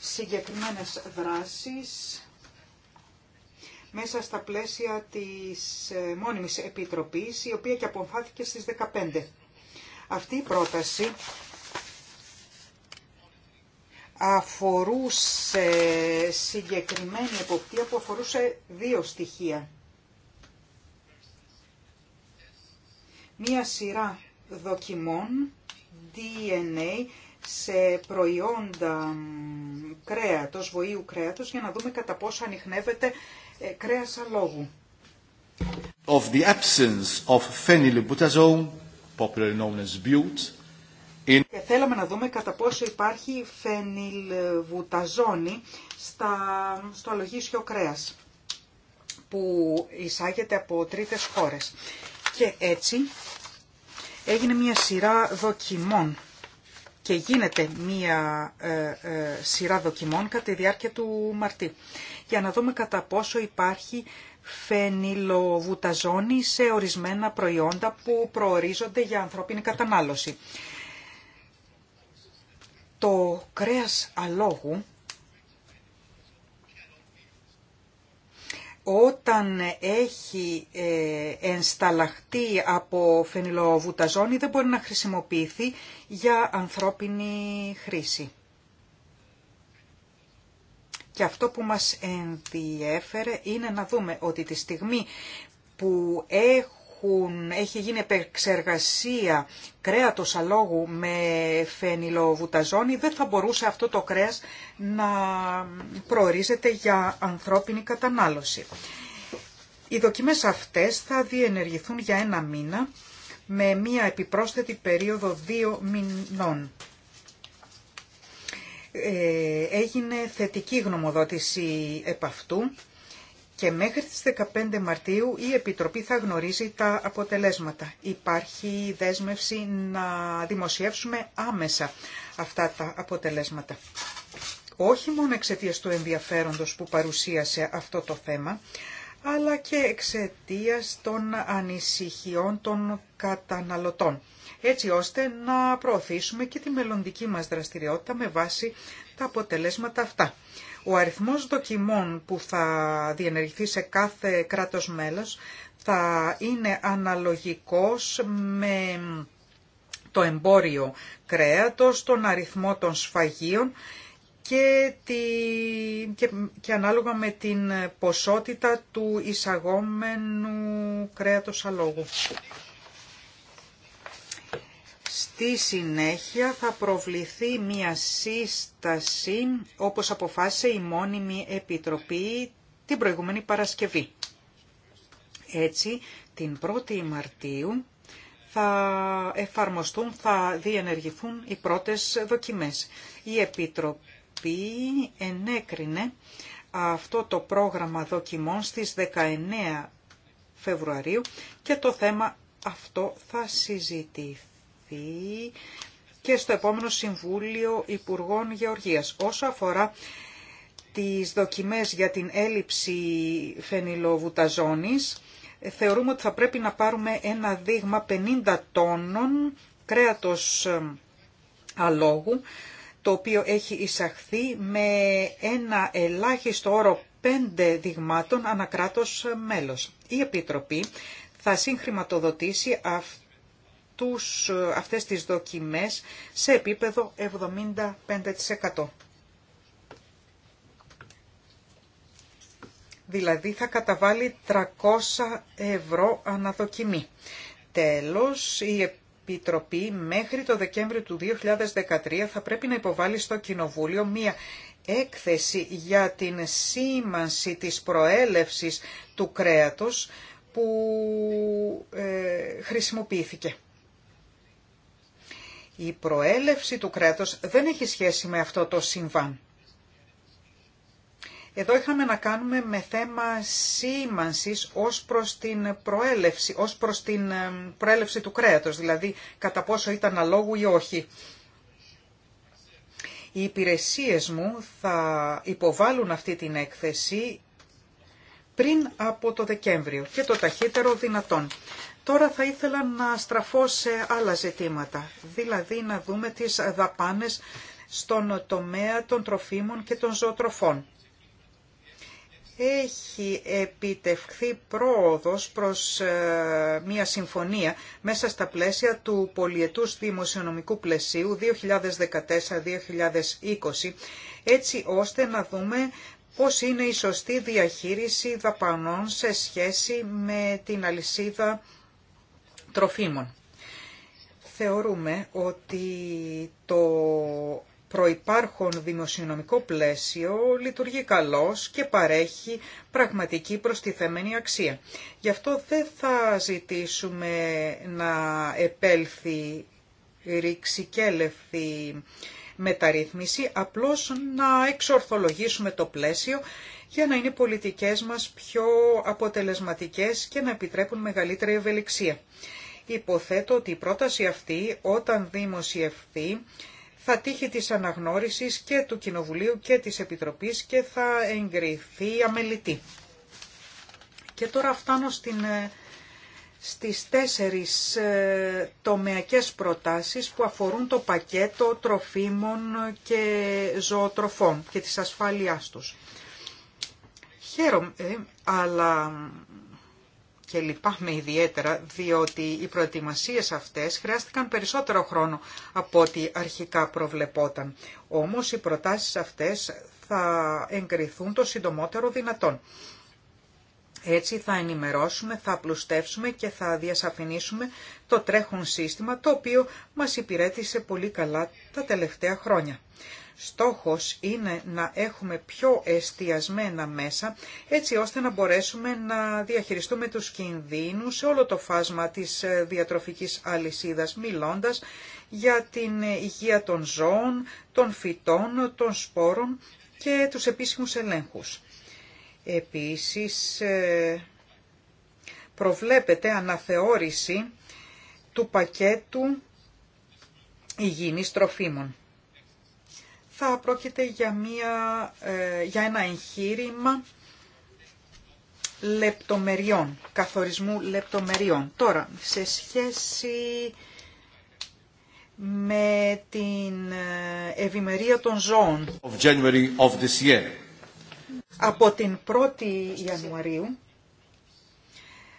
συγκεκριμένες δράσεις μέσα στα πλαίσια της ε, μόνιμης επιτροπής, η οποία και αποφάθηκε στις 15. Αυτή η πρόταση αφορούσε συγκεκριμένη εποπτεία που αφορούσε δύο στοιχεία. Μία σειρά δοκιμών DNA σε προϊόντα κρέατος, βοήου κρέατος, για να δούμε κατά πόσο ανοιχνεύεται ε, κρέας αλόγου. Of the absence of phenylbutazone, popularly known as in... Και θέλαμε να δούμε κατά πόσο υπάρχει φενιλβουταζόνη στα, στο αλογίσιο κρέας που εισάγεται από τρίτες χώρες. Και έτσι έγινε μια σειρά δοκιμών και γίνεται μία ε, ε, σειρά δοκιμών κατά τη διάρκεια του Μαρτίου για να δούμε κατά πόσο υπάρχει φενιλοβουταζόνη σε ορισμένα προϊόντα που προορίζονται για ανθρώπινη κατανάλωση. Το κρέας αλόγου όταν έχει ε, ενσταλλαχτεί από φενιλοβουταζόνη δεν μπορεί να χρησιμοποιηθεί για ανθρώπινη χρήση. Και αυτό που μας ενδιέφερε είναι να δούμε ότι τη στιγμή που έχω έχει γίνει επεξεργασία κρέατος αλόγου με φενιλοβουταζόνη, δεν θα μπορούσε αυτό το κρέας να προορίζεται για ανθρώπινη κατανάλωση. Οι δοκιμές αυτές θα διενεργηθούν για ένα μήνα με μία επιπρόσθετη περίοδο δύο μηνών. Ε, έγινε θετική γνωμοδότηση επ' αυτού και μέχρι τις 15 Μαρτίου η Επιτροπή θα γνωρίζει τα αποτελέσματα. Υπάρχει δέσμευση να δημοσιεύσουμε άμεσα αυτά τα αποτελέσματα. Όχι μόνο εξαιτία του ενδιαφέροντος που παρουσίασε αυτό το θέμα, αλλά και εξαιτία των ανησυχιών των καταναλωτών, έτσι ώστε να προωθήσουμε και τη μελλοντική μας δραστηριότητα με βάση τα αποτελέσματα αυτά. Ο αριθμός δοκιμών που θα διενεργηθεί σε κάθε κράτος μέλος θα είναι αναλογικός με το εμπόριο κρέατος, τον αριθμό των σφαγίων και, και, και ανάλογα με την ποσότητα του εισαγόμενου κρέατος αλόγου. Στη συνέχεια θα προβληθεί μια σύσταση όπως αποφάσισε η μόνιμη επιτροπή την προηγούμενη Παρασκευή. Έτσι, την 1η Μαρτίου θα εφαρμοστούν, θα διενεργηθούν οι πρώτες δοκιμές. Η Επιτροπή ενέκρινε αυτό το πρόγραμμα δοκιμών στις 19 Φεβρουαρίου και το θέμα αυτό θα συζητηθεί και στο επόμενο Συμβούλιο Υπουργών Γεωργίας. Όσο αφορά τις δοκιμές για την έλλειψη φενιλοβουταζόνης, θεωρούμε ότι θα πρέπει να πάρουμε ένα δείγμα 50 τόνων κρέατος ε, αλόγου, το οποίο έχει εισαχθεί με ένα ελάχιστο όρο 5 δειγμάτων ανακράτος μέλος. Η Επιτροπή θα συγχρηματοδοτήσει αυτό αυτούς, αυτές τις δοκιμές σε επίπεδο 75%. Δηλαδή θα καταβάλει 300 ευρώ αναδοκιμή. Τέλος, η Επιτροπή μέχρι το Δεκέμβριο του 2013 θα πρέπει να υποβάλει στο Κοινοβούλιο μία έκθεση για την σήμανση της προέλευσης του κρέατος που ε, χρησιμοποιήθηκε. Η προέλευση του κρέτος δεν έχει σχέση με αυτό το συμβάν. Εδώ είχαμε να κάνουμε με θέμα σήμανσης ως προς την προέλευση, ως προς την ε, προέλευση του κρέατος, δηλαδή κατά πόσο ήταν αλόγου ή όχι. Οι υπηρεσίες μου θα υποβάλουν αυτή την έκθεση πριν από το Δεκέμβριο και το ταχύτερο δυνατόν. Τώρα θα ήθελα να στραφώ σε άλλα ζητήματα, δηλαδή να δούμε τις δαπάνες στον τομέα των τροφίμων και των ζωοτροφών. Έχει επιτευχθεί πρόοδος προς ε, μια συμφωνία μέσα στα πλαίσια του πολιετούς δημοσιονομικού πλαισίου 2014-2020, έτσι ώστε να δούμε πώς είναι η σωστή διαχείριση δαπανών σε σχέση με την αλυσίδα τροφίμων. Θεωρούμε ότι το προϋπάρχον δημοσιονομικό πλαίσιο λειτουργεί καλώς και παρέχει πραγματική προστιθέμενη αξία. Γι' αυτό δεν θα ζητήσουμε να επέλθει ρήξη ελευθή μεταρρύθμιση, απλώς να εξορθολογήσουμε το πλαίσιο για να είναι οι πολιτικές μας πιο αποτελεσματικές και να επιτρέπουν μεγαλύτερη ευελιξία. Υποθέτω ότι η πρόταση αυτή όταν δημοσιευθεί θα τύχει της αναγνώρισης και του Κοινοβουλίου και της Επιτροπής και θα εγκριθεί αμελητή. Και τώρα φτάνω στην, ε, στις τέσσερις ε, τομεακές προτάσεις που αφορούν το πακέτο τροφίμων και ζωοτροφών και της ασφάλειάς τους. Χαίρομαι, ε, αλλά και λυπάμαι ιδιαίτερα διότι οι προετοιμασίες αυτές χρειάστηκαν περισσότερο χρόνο από ό,τι αρχικά προβλεπόταν. Όμως οι προτάσεις αυτές θα εγκριθούν το συντομότερο δυνατόν. Έτσι θα ενημερώσουμε, θα απλουστεύσουμε και θα διασαφηνίσουμε το τρέχον σύστημα το οποίο μας υπηρέτησε πολύ καλά τα τελευταία χρόνια. Στόχος είναι να έχουμε πιο εστιασμένα μέσα έτσι ώστε να μπορέσουμε να διαχειριστούμε τους κινδύνους σε όλο το φάσμα της ε, διατροφικής αλυσίδας μιλώντας για την ε, υγεία των ζώων, των φυτών, των σπόρων και τους επίσημους ελέγχους. Επίσης ε, προβλέπεται αναθεώρηση του πακέτου υγιεινής τροφίμων. Θα πρόκειται για, μια, ε, για ένα εγχείρημα λεπτομεριών, καθορισμού λεπτομεριών. Τώρα, σε σχέση με την ε, ευημερία των ζώων. Of January of this year. Από την 1η Ιανουαρίου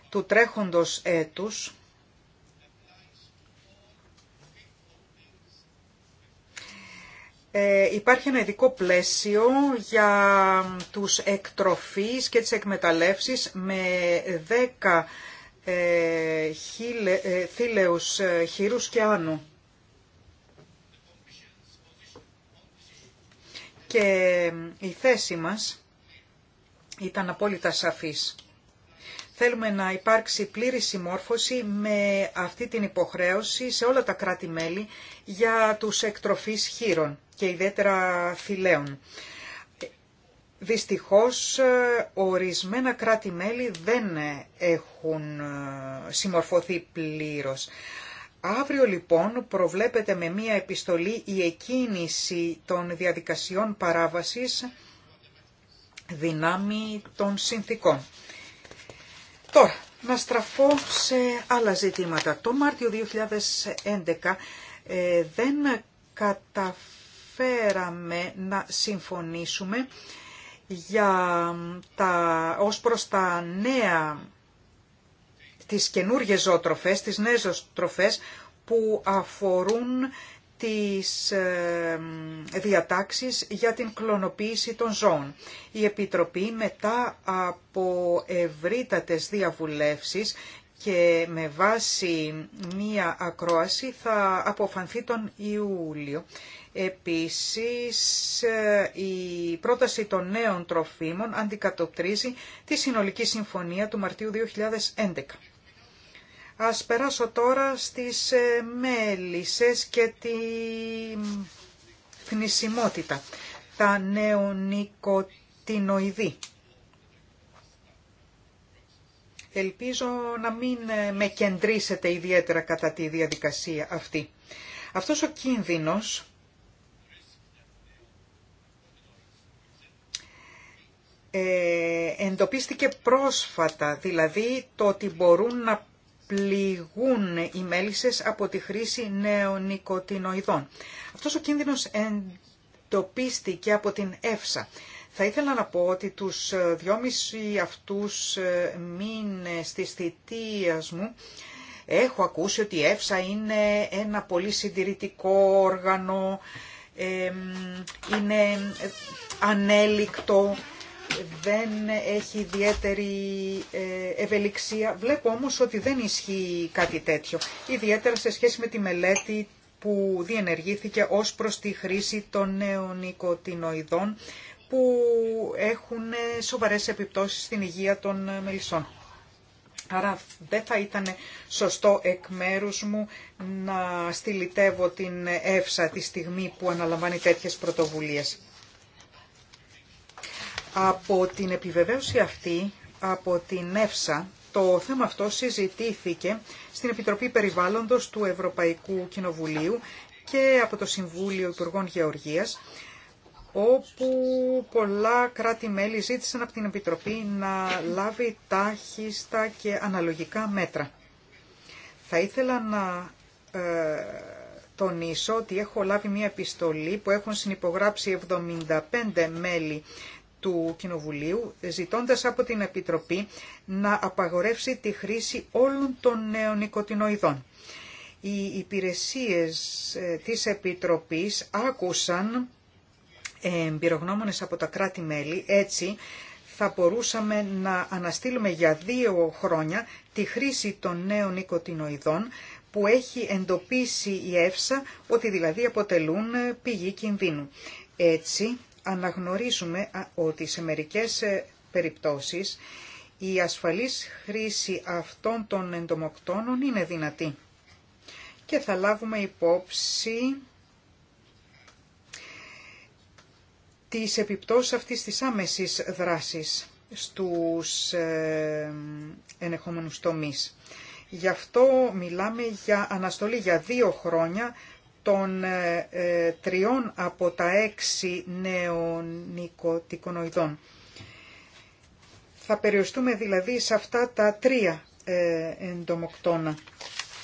του τρέχοντος έτους ε, υπάρχει ένα ειδικό πλαίσιο για τους εκτροφείς και τις εκμεταλλεύσεις με 10 ε, ε, ε, χείρους και άνου. Και η θέση μας ήταν απόλυτα σαφής. Θέλουμε να υπάρξει πλήρη συμμόρφωση με αυτή την υποχρέωση σε όλα τα κράτη-μέλη για τους εκτροφείς χείρων και ιδιαιτερα φιλέων. φυλαίων. Δυστυχώς, ορισμένα κράτη-μέλη δεν έχουν ε, συμμορφωθεί πλήρως. Αύριο λοιπόν προβλέπεται με μία επιστολή η εκκίνηση των διαδικασιών παράβασης δυνάμει των συνθήκων. Τώρα, να στραφώ σε άλλα ζητήματα. Το Μάρτιο 2011 ε, δεν καταφέραμε να συμφωνήσουμε για τα, ως προς τα νέα, τις καινούργιες ζωοτροφές, τις νέες ζωοτροφές που αφορούν τις διατάξεις για την κλωνοποίηση των ζώων. Η Επιτροπή μετά από ευρύτατες διαβουλεύσεις και με βάση μία ακρόαση θα αποφανθεί τον Ιούλιο. Επίσης, ε, η πρόταση των νέων τροφίμων αντικατοπτρίζει τη Συνολική Συμφωνία του Μαρτίου 2011. Ας περάσω τώρα στις ε, μέλισσες και τη θνησιμότητα, τα νεονικοτινοειδή. Ελπίζω να μην ε, με κεντρήσετε ιδιαίτερα κατά τη διαδικασία αυτή. Αυτός ο κίνδυνος ε, εντοπίστηκε πρόσφατα, δηλαδή το ότι μπορούν να πληγούν οι μέλισσες από τη χρήση νεονικοτινοειδών. Αυτός ο κίνδυνος εντοπίστηκε από την ΕΦΣΑ. Θα ήθελα να πω ότι τους δυόμισι αυτούς μήνες της θητείας μου έχω ακούσει ότι η ΕΦΣΑ είναι ένα πολύ συντηρητικό όργανο, είναι ανέλικτο δεν έχει ιδιαίτερη ε, ευελιξία. Βλέπω όμως ότι δεν ισχύει κάτι τέτοιο, ιδιαίτερα σε σχέση με τη μελέτη που διενεργήθηκε ως προς τη χρήση των νέων που έχουν ε, σοβαρές επιπτώσεις στην υγεία των ε, μελισσών. Άρα δεν θα ήταν σωστό εκ μέρους μου να στυλιτεύω την ΕΦΣΑ τη στιγμή που αναλαμβάνει τέτοιες πρωτοβουλίες. Από την επιβεβαίωση αυτή, από την ΕΦΣΑ, το θέμα αυτό συζητήθηκε στην Επιτροπή Περιβάλλοντος του Ευρωπαϊκού Κοινοβουλίου και από το Συμβούλιο Υπουργών Γεωργίας, όπου πολλά κράτη-μέλη ζήτησαν από την Επιτροπή να λάβει τάχιστα και αναλογικά μέτρα. Θα ήθελα να ε, τονίσω ότι έχω λάβει μία επιστολή που έχουν συνυπογράψει 75 μέλη του Κοινοβουλίου ζητώντας από την Επιτροπή να απαγορεύσει τη χρήση όλων των νεονικοτινοειδών. Οι υπηρεσίες ε, της Επιτροπής άκουσαν εμπειρογνώμονες από τα κράτη-μέλη, έτσι θα μπορούσαμε να αναστείλουμε για δύο χρόνια τη χρήση των νέων οικοτινοειδών που έχει εντοπίσει η ΕΦΣΑ ότι δηλαδή αποτελούν πηγή κινδύνου. Έτσι αναγνωρίζουμε ότι σε μερικές ε, περιπτώσεις η ασφαλής χρήση αυτών των εντομοκτώνων είναι δυνατή. Και θα λάβουμε υπόψη τις επιπτώσεις αυτής της άμεσης δράσης στους ε, ενεχόμενους τομείς. Γι' αυτό μιλάμε για αναστολή για δύο χρόνια των ε, ε, τριών από τα έξι νεονικοτικονοειδών. Θα περιοριστούμε δηλαδή σε αυτά τα τρία ε, εντομοκτώνα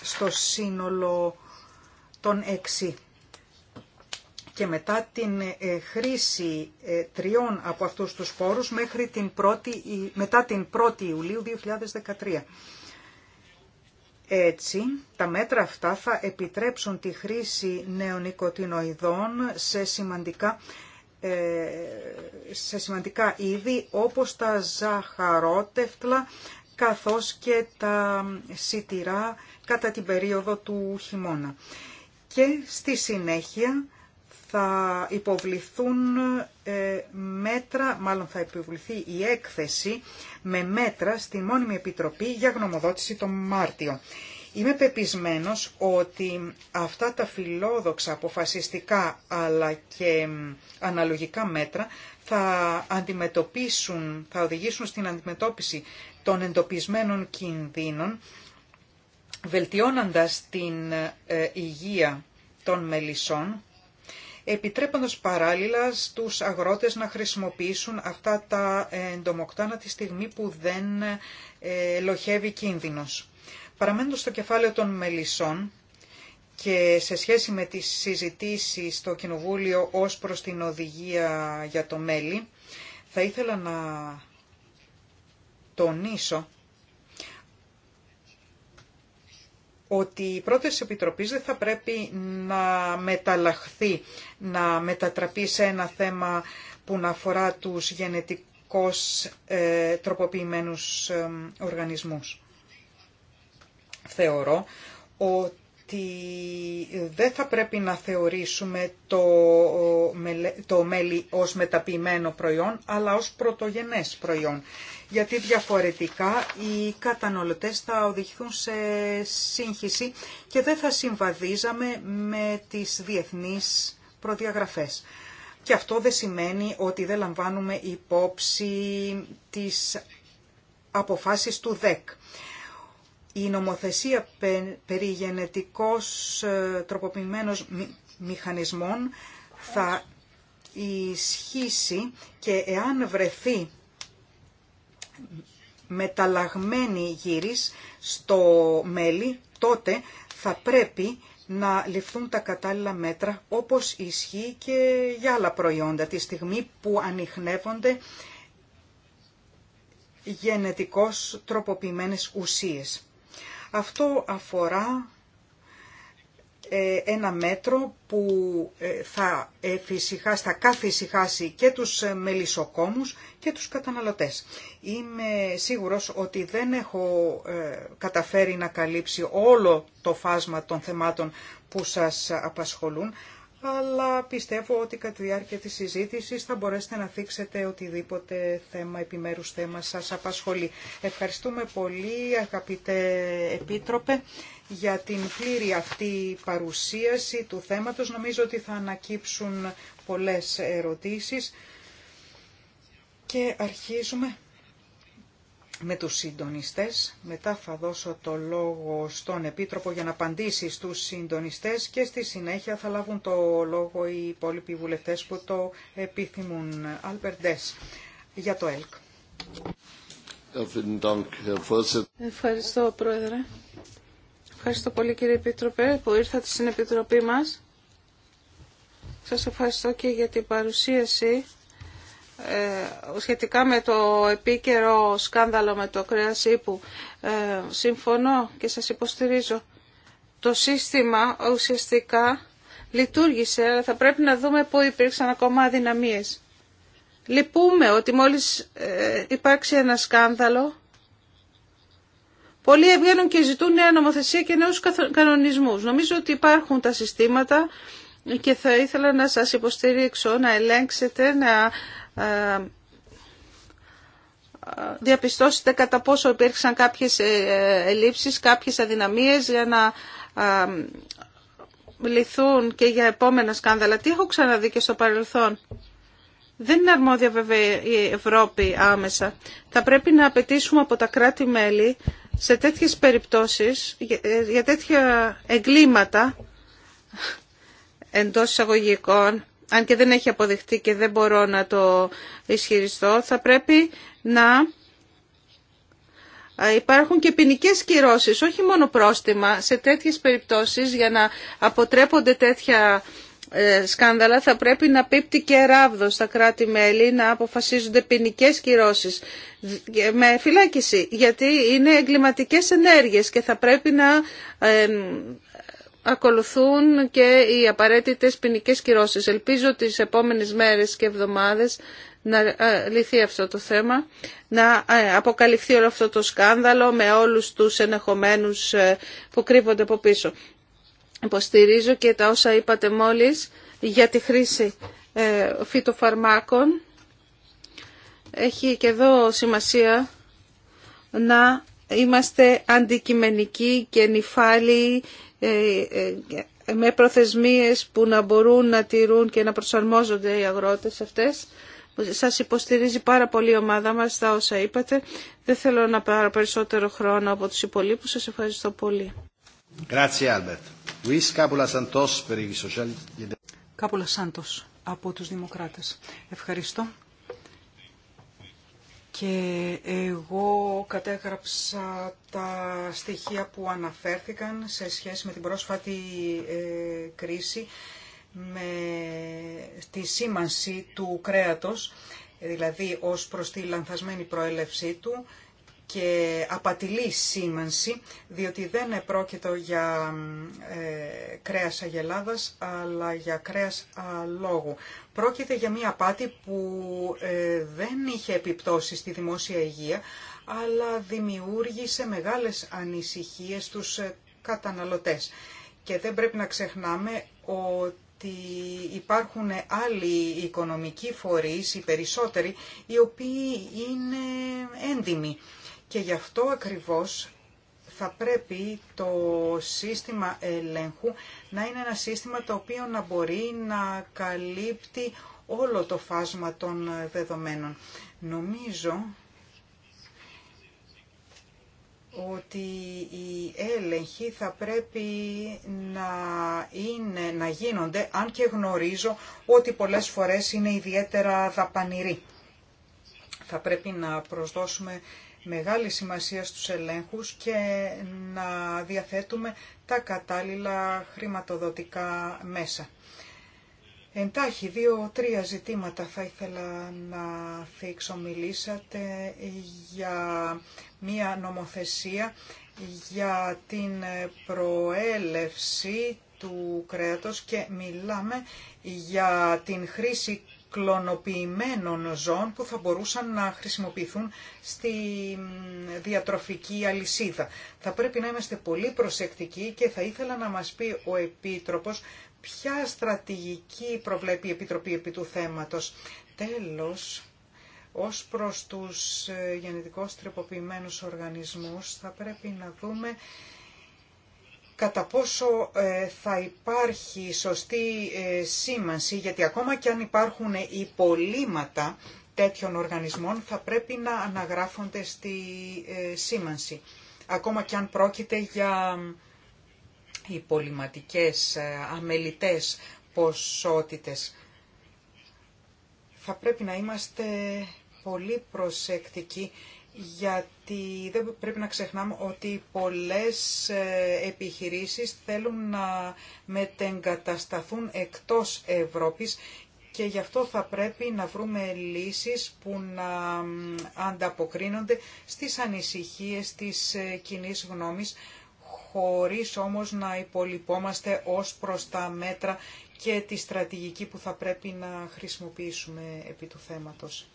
στο σύνολο των έξι. Και μετά την ε, χρήση ε, τριών από αυτούς τους σπόρους μέχρι την πρώτη, μετά την 1η Ιουλίου 2013. Έτσι, τα μέτρα αυτά θα επιτρέψουν τη χρήση νεονικοτινοειδών σε σημαντικά, ε, σε σημαντικά είδη όπως τα ζαχαρότευτλα καθώς και τα σιτηρά κατά την περίοδο του χειμώνα. Και στη συνέχεια θα υποβληθούν ε, μέτρα, μάλλον θα υποβληθεί η έκθεση με μέτρα στη Μόνιμη Επιτροπή για γνωμοδότηση τον Μάρτιο. Είμαι πεπισμένος ότι αυτά τα φιλόδοξα αποφασιστικά αλλά και αναλογικά μέτρα θα αντιμετωπίσουν, θα οδηγήσουν στην αντιμετώπιση των εντοπισμένων κινδύνων, βελτιώνοντας την ε, υγεία των μελισσών επιτρέποντας παράλληλα στους αγρότες να χρησιμοποιήσουν αυτά τα εντομοκτάνα τη στιγμή που δεν ε, λοχεύει κίνδυνος. Παραμένοντας στο κεφάλαιο των μελισσών, και σε σχέση με τις συζητήσεις στο Κοινοβούλιο ως προς την οδηγία για το μέλι, θα ήθελα να τονίσω ότι η πρόταση Επιτροπής δεν θα πρέπει να μεταλλαχθεί, να μετατραπεί σε ένα θέμα που να αφορά τους γενετικώς ε, τροποποιημένους ε, οργανισμούς. Θεωρώ ότι ότι ε, δεν θα πρέπει να θεωρήσουμε το, το μέλι ως μεταποιημένο προϊόν, αλλά ως πρωτογενές προϊόν. Γιατί διαφορετικά οι καταναλωτές θα οδηγηθούν σε σύγχυση και δεν θα συμβαδίζαμε με τις διεθνείς προδιαγραφές. Και αυτό δεν σημαίνει ότι δεν λαμβάνουμε υπόψη τις αποφάσεις του ΔΕΚ η νομοθεσία περί γενετικώς ε, τροποποιημένων μηχανισμών θα ισχύσει και εάν βρεθεί μεταλλαγμένη γύρις στο μέλι, τότε θα πρέπει να ληφθούν τα κατάλληλα μέτρα, όπως ισχύει και για άλλα προϊόντα, τη στιγμή που ανοιχνεύονται γενετικώς τροποποιημένες ουσίες. Αυτό αφορά ε, ένα μέτρο που ε, θα, εφησυχάσει, θα και τους ε, μελισσοκόμους και τους καταναλωτές. Είμαι σίγουρος ότι δεν έχω καταφέρει να καλύψει όλο το φάσμα των θεμάτων που σας απασχολούν, αλλά πιστεύω ότι κατά τη διάρκεια της συζήτησης θα μπορέσετε να θίξετε οτιδήποτε θέμα, επιμέρους θέμα σας απασχολεί. Ευχαριστούμε πολύ αγαπητέ Επίτροπε για την πλήρη αυτή παρουσίαση του θέματος. Νομίζω ότι θα ανακύψουν πολλές ερωτήσεις και αρχίζουμε με τους συντονιστές. Μετά θα δώσω το λόγο στον Επίτροπο για να απαντήσει στους συντονιστές και στη συνέχεια θα λάβουν το λόγο οι υπόλοιποι βουλευτές που το επιθυμούν. Αλπερντές για το ΕΛΚ. Ευχαριστώ Πρόεδρε. Ευχαριστώ πολύ κύριε Επίτροπε που ήρθατε στην Επιτροπή μας. Σας ευχαριστώ και για την παρουσίαση ε, σχετικά με το επίκαιρο σκάνδαλο με το κρέας ύπου. Ε, συμφωνώ και σας υποστηρίζω. Το σύστημα ουσιαστικά λειτουργήσε, αλλά θα πρέπει να δούμε πού υπήρξαν ακόμα αδυναμίες. Λυπούμε ότι μόλις ε, υπάρξει ένα σκάνδαλο, πολλοί βγαίνουν και ζητούν νέα νομοθεσία και νέους κανονισμούς. Νομίζω ότι υπάρχουν τα συστήματα και θα ήθελα να σας υποστηρίξω, να ελέγξετε, να ε, διαπιστώσετε κατά πόσο υπήρξαν κάποιες ε, ελλείψεις, κάποιες αδυναμίες για να ε, λυθούν και για επόμενα σκάνδαλα. Τι έχω ξαναδεί και στο παρελθόν. Δεν είναι αρμόδια βέβαια η Ευρώπη άμεσα. Θα πρέπει να απαιτήσουμε από τα κράτη-μέλη σε τέτοιες περιπτώσεις, για τέτοια εγκλήματα εντός εισαγωγικών, αν και δεν έχει αποδεχτεί και δεν μπορώ να το ισχυριστώ, θα πρέπει να υπάρχουν και ποινικέ κυρώσεις, όχι μόνο πρόστιμα, σε τέτοιες περιπτώσεις για να αποτρέπονται τέτοια ε, σκάνδαλα θα πρέπει να πίπτει και ράβδο στα κράτη-μέλη να αποφασίζονται ποινικέ κυρώσει ε, με φυλάκιση γιατί είναι εγκληματικέ ενέργειε και θα πρέπει να ε, ακολουθούν και οι απαραίτητες ποινικέ κυρώσεις. Ελπίζω τις επόμενες μέρες και εβδομάδες να ε, λυθεί αυτό το θέμα, να ε, αποκαλυφθεί όλο αυτό το σκάνδαλο με όλους τους ενεχομένους ε, που κρύβονται από πίσω. Υποστηρίζω και τα όσα είπατε μόλις για τη χρήση φυτοφαρμάκων. Έχει και εδώ σημασία να είμαστε αντικειμενικοί και νυφάλιοι ε, ε, με προθεσμίες που να μπορούν να τηρούν και να προσαρμόζονται οι αγρότες αυτές. Σας υποστηρίζει πάρα πολύ η ομάδα μας τα όσα είπατε. Δεν θέλω να πάρω περισσότερο χρόνο από τους υπολείπους. Σας ευχαριστώ πολύ. Κάπουλα Σάντος από τους Δημοκράτες. Ευχαριστώ και εγώ κατέγραψα τα στοιχεία που αναφέρθηκαν σε σχέση με την πρόσφατη ε, κρίση με τη σήμανση του κρέατος, δηλαδή ως προς τη λανθασμένη προέλευσή του και απατηλή σήμανση, διότι δεν πρόκειται για ε, κρέας αγελάδας, αλλά για κρέας λόγου. Πρόκειται για μία απάτη που ε, δεν είχε επιπτώσει στη δημόσια υγεία, αλλά δημιούργησε μεγάλες ανησυχίες στους ε, καταναλωτές. Και δεν πρέπει να ξεχνάμε ότι υπάρχουν άλλοι οικονομικοί φορείς, οι περισσότεροι, οι οποίοι είναι έντιμοι και γι' αυτό ακριβώς θα πρέπει το σύστημα ελέγχου να είναι ένα σύστημα το οποίο να μπορεί να καλύπτει όλο το φάσμα των δεδομένων. Νομίζω ότι οι έλεγχοι θα πρέπει να, είναι, να γίνονται, αν και γνωρίζω ότι πολλές φορές είναι ιδιαίτερα δαπανηροί. Θα πρέπει να προσδώσουμε μεγάλη σημασία στους ελέγχους και να διαθέτουμε τα κατάλληλα χρηματοδοτικά μέσα. Εντάχει, δύο-τρία ζητήματα θα ήθελα να θίξω. Μιλήσατε για μία νομοθεσία για την προέλευση του κρέατος και μιλάμε για την χρήση κλωνοποιημένων ζώων που θα μπορούσαν να χρησιμοποιηθούν στη διατροφική αλυσίδα. Θα πρέπει να είμαστε πολύ προσεκτικοί και θα ήθελα να μας πει ο Επίτροπος ποια στρατηγική προβλέπει η Επιτροπή επί του θέματος. Τέλος, ως προς τους ε, γενετικώς τρεποποιημένους οργανισμούς θα πρέπει να δούμε κατά πόσο ε, θα υπάρχει σωστή ε, σήμανση, γιατί ακόμα και αν υπάρχουν υπολείμματα τέτοιων οργανισμών θα πρέπει να αναγράφονται στη ε, σήμανση. Ακόμα και αν πρόκειται για ε, αμελητές ποσότητες. Θα πρέπει να είμαστε πολύ προσεκτικοί γιατί δεν πρέπει να ξεχνάμε ότι πολλές ε, επιχειρήσεις θέλουν να μετεγκατασταθούν εκτός Ευρώπης και γι' αυτό θα πρέπει να βρούμε λύσεις που να ανταποκρίνονται στις ανησυχίες της ε, κοινή γνώμης χωρίς όμως να υπολοιπόμαστε ως προς τα μέτρα και τη στρατηγική που θα πρέπει να χρησιμοποιήσουμε επί του θέματος.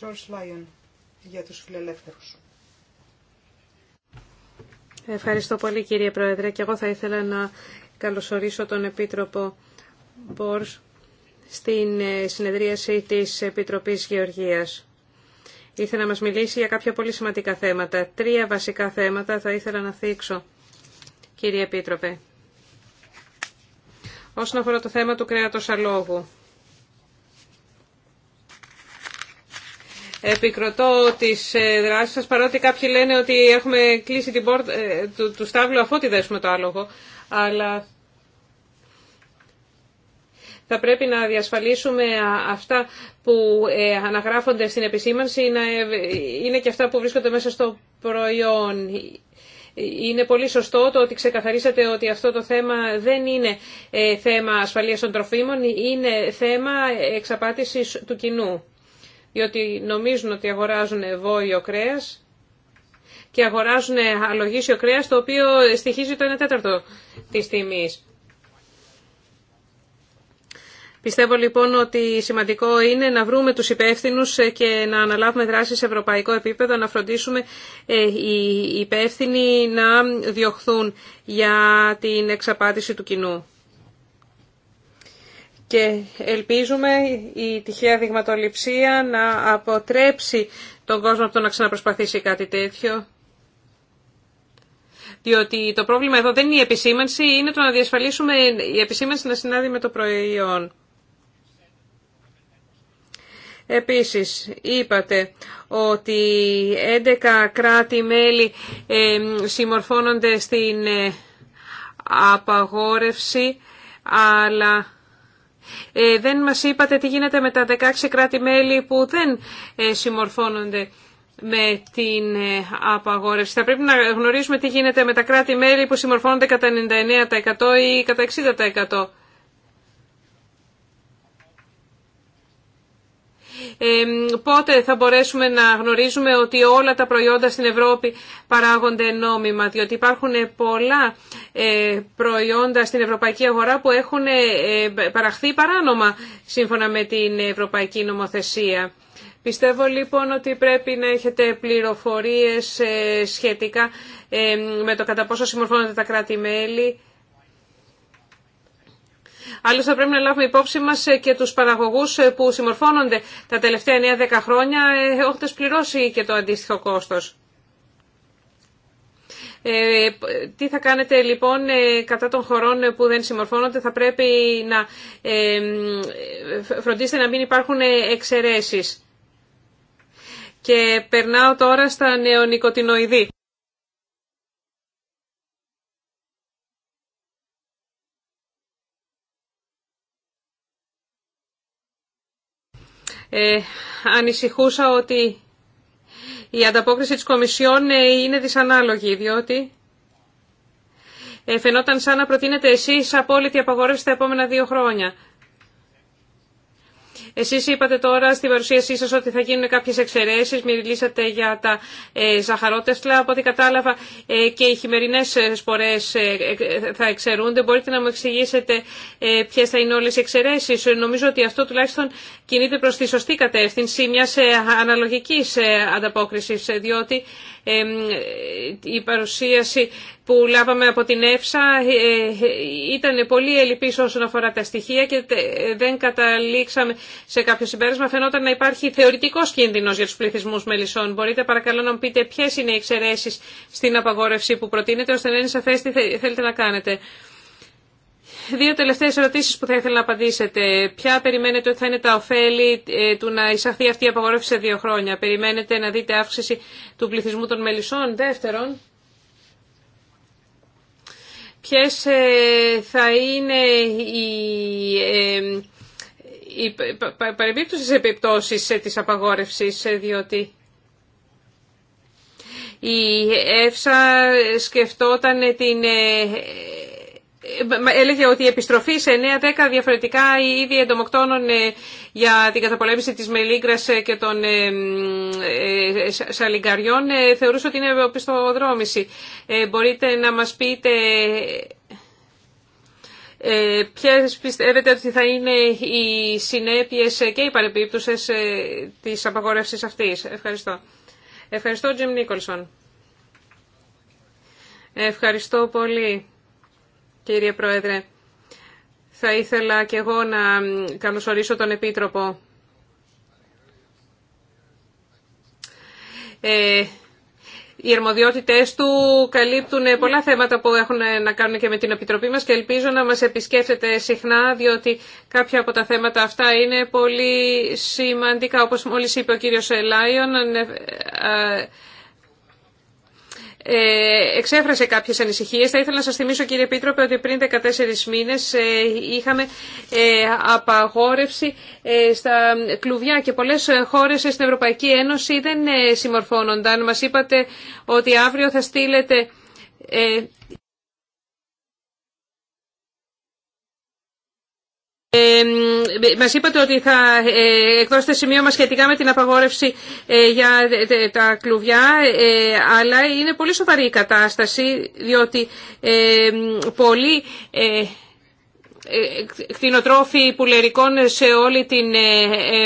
George Lyon για τους φιλελεύθερους. Ευχαριστώ πολύ κύριε Πρόεδρε και εγώ θα ήθελα να καλωσορίσω τον Επίτροπο Μπορς στην ε, συνεδρίαση της Επιτροπής Γεωργίας. Ήθελα να μας μιλήσει για κάποια πολύ σημαντικά θέματα. Τρία βασικά θέματα θα ήθελα να θίξω, κύριε Επίτροπε. Όσον αφορά το θέμα του κρέατος αλόγου. επικροτώ τις ε, δράσεις σας, παρότι κάποιοι λένε ότι έχουμε κλείσει την πόρτα ε, του, του στάβλου αφού τη δέσουμε το άλογο, αλλά θα πρέπει να διασφαλίσουμε αυτά που ε, αναγράφονται στην επισήμανση να είναι και αυτά που βρίσκονται μέσα στο προϊόν. Είναι πολύ σωστό το ότι ξεκαθαρίσατε ότι αυτό το θέμα δεν είναι θέμα ασφαλείας των τροφίμων, είναι θέμα εξαπάτησης του κοινού διότι νομίζουν ότι αγοράζουν ο κρέα και αγοράζουν αλογίσιο κρέας, το οποίο στοιχίζει το 1 τέταρτο της τιμή. Πιστεύω λοιπόν ότι σημαντικό είναι να βρούμε τους υπεύθυνους και να αναλάβουμε δράση σε ευρωπαϊκό επίπεδο, να φροντίσουμε ε, οι υπεύθυνοι να διωχθούν για την εξαπάτηση του κοινού και ελπίζουμε η τυχαία δειγματοληψία να αποτρέψει τον κόσμο από το να ξαναπροσπαθήσει κάτι τέτοιο. Διότι το πρόβλημα εδώ δεν είναι η επισήμανση, είναι το να διασφαλίσουμε η επισήμανση να συνάδει με το προϊόν. Επίσης, είπατε ότι 11 κράτη-μέλη συμμορφώνονται στην ε, απαγόρευση, αλλά ε, δεν μας είπατε τι γίνεται με τα 16 κράτη-μέλη που δεν ε, συμμορφώνονται με την ε, απαγόρευση. Θα πρέπει να γνωρίζουμε τι γίνεται με τα κράτη-μέλη που συμμορφώνονται κατά 99% ή κατά 60%. πότε θα μπορέσουμε να γνωρίζουμε ότι όλα τα προϊόντα στην Ευρώπη παράγονται νόμιμα, διότι υπάρχουν πολλά ε, προϊόντα στην ευρωπαϊκή αγορά που έχουν ε, ε, παραχθεί παράνομα σύμφωνα με την ευρωπαϊκή νομοθεσία. Πιστεύω λοιπόν ότι πρέπει να έχετε πληροφορίες σχετικά με το κατά πόσο συμμορφώνονται τα κράτη-μέλη Άλλωστε θα πρέπει να λάβουμε υπόψη μας ε, και τους παραγωγούς ε, που συμμορφώνονται τα τελευταία 9-10 χρόνια ε, έχοντας πληρώσει και το αντίστοιχο κόστος. Ε, τι θα κάνετε λοιπόν κατά των χωρών που δεν συμμορφώνονται, θα πρέπει να φροντίσετε να μην υπάρχουν εξαιρέσεις. Και περνάω τώρα στα νεονικοτινοειδή. Ε, ανησυχούσα ότι η ανταπόκριση της Κομισιόν ε, είναι δυσανάλογη, διότι ε, φαινόταν σαν να προτείνετε εσείς απόλυτη απαγόρευση τα επόμενα δύο χρόνια. Εσείς είπατε τώρα στην παρουσίασή σας ότι θα γίνουν κάποιες εξαιρέσεις, μιλήσατε για τα ε, ζαχαρότεσλα, από ό,τι κατάλαβα ε, και οι χειμερινές ε, σπορές ε, θα εξαιρούνται. Μπορείτε να μου εξηγήσετε ε, ποιε θα είναι όλες οι εξαιρέσεις. Νομίζω ότι αυτό τουλάχιστον κινείται προς τη σωστή κατεύθυνση μιας ε, αναλογικής ανταπόκρισης, διότι η παρουσίαση που λάβαμε από την ΕΦΣΑ ε, ήταν πολύ ελλειπής όσον αφορά τα στοιχεία και δεν καταλήξαμε σε κάποιο συμπέρασμα. Φαινόταν να υπάρχει θεωρητικός κίνδυνος για τους πληθυσμούς μελισσών. Μπορείτε παρακαλώ να μου πείτε ποιες είναι οι εξαιρέσεις στην απαγόρευση που προτείνετε ώστε να είναι σαφές τι θέλετε να κάνετε δύο τελευταίες ερωτήσεις που θα ήθελα να απαντήσετε. Ποια περιμένετε ότι θα είναι τα ωφέλη ε, του να εισαχθεί αυτή η απαγορεύση σε δύο χρόνια. Περιμένετε να δείτε αύξηση του πληθυσμού των μελισσών. Δεύτερον, ποιες ε, θα είναι οι ε, οι παρεμπίπτωσες επιπτώσεις της απαγόρευσης, διότι η ΕΦΣΑ σκεφτόταν την ε, έλεγε ότι η επιστροφή σε 9-10 διαφορετικά είδη εντομοκτώνων ε, για την καταπολέμηση της μελίγκρας ε, και των σαλιγκαριών θεωρούσε ότι είναι οπισθοδρόμηση. Μπορείτε να μας πείτε ε, ποιες πιστεύετε ότι θα είναι οι συνέπειες και οι παρεπίπτουσες της απαγόρευσης αυτής. Ευχαριστώ. Ευχαριστώ, Τζιμ Νίκολσον. Ευχαριστώ πολύ. Κύριε Πρόεδρε, θα ήθελα και εγώ να καλωσορίσω τον Επίτροπο. Ε, οι ερμοδιότητές του καλύπτουν πολλά θέματα που έχουν να κάνουν και με την Επιτροπή μας και ελπίζω να μας επισκέφτεται συχνά διότι κάποια από τα θέματα αυτά είναι πολύ σημαντικά. Όπως μόλις είπε ο κύριος Λάιον, ε, ε, ε, εξέφρασε κάποιες ανησυχίε. Θα ήθελα να σα θυμίσω κύριε Επίτροπε ότι πριν 14 μήνες ε, είχαμε ε, απαγόρευση στα κλουβιά και πολλές χώρες στην Ευρωπαϊκή Ένωση δεν συμμορφώνονταν. Μα είπατε ότι αύριο θα στείλετε Ε, μας είπατε ότι θα ε, εκδώσετε σημείο μας σχετικά με την απαγόρευση ε, για ε, τα κλουβιά, αλλά είναι πολύ σοβαρή η κατάσταση, διότι πολλοί κτηνοτρόφοι πουλερικών σε όλη την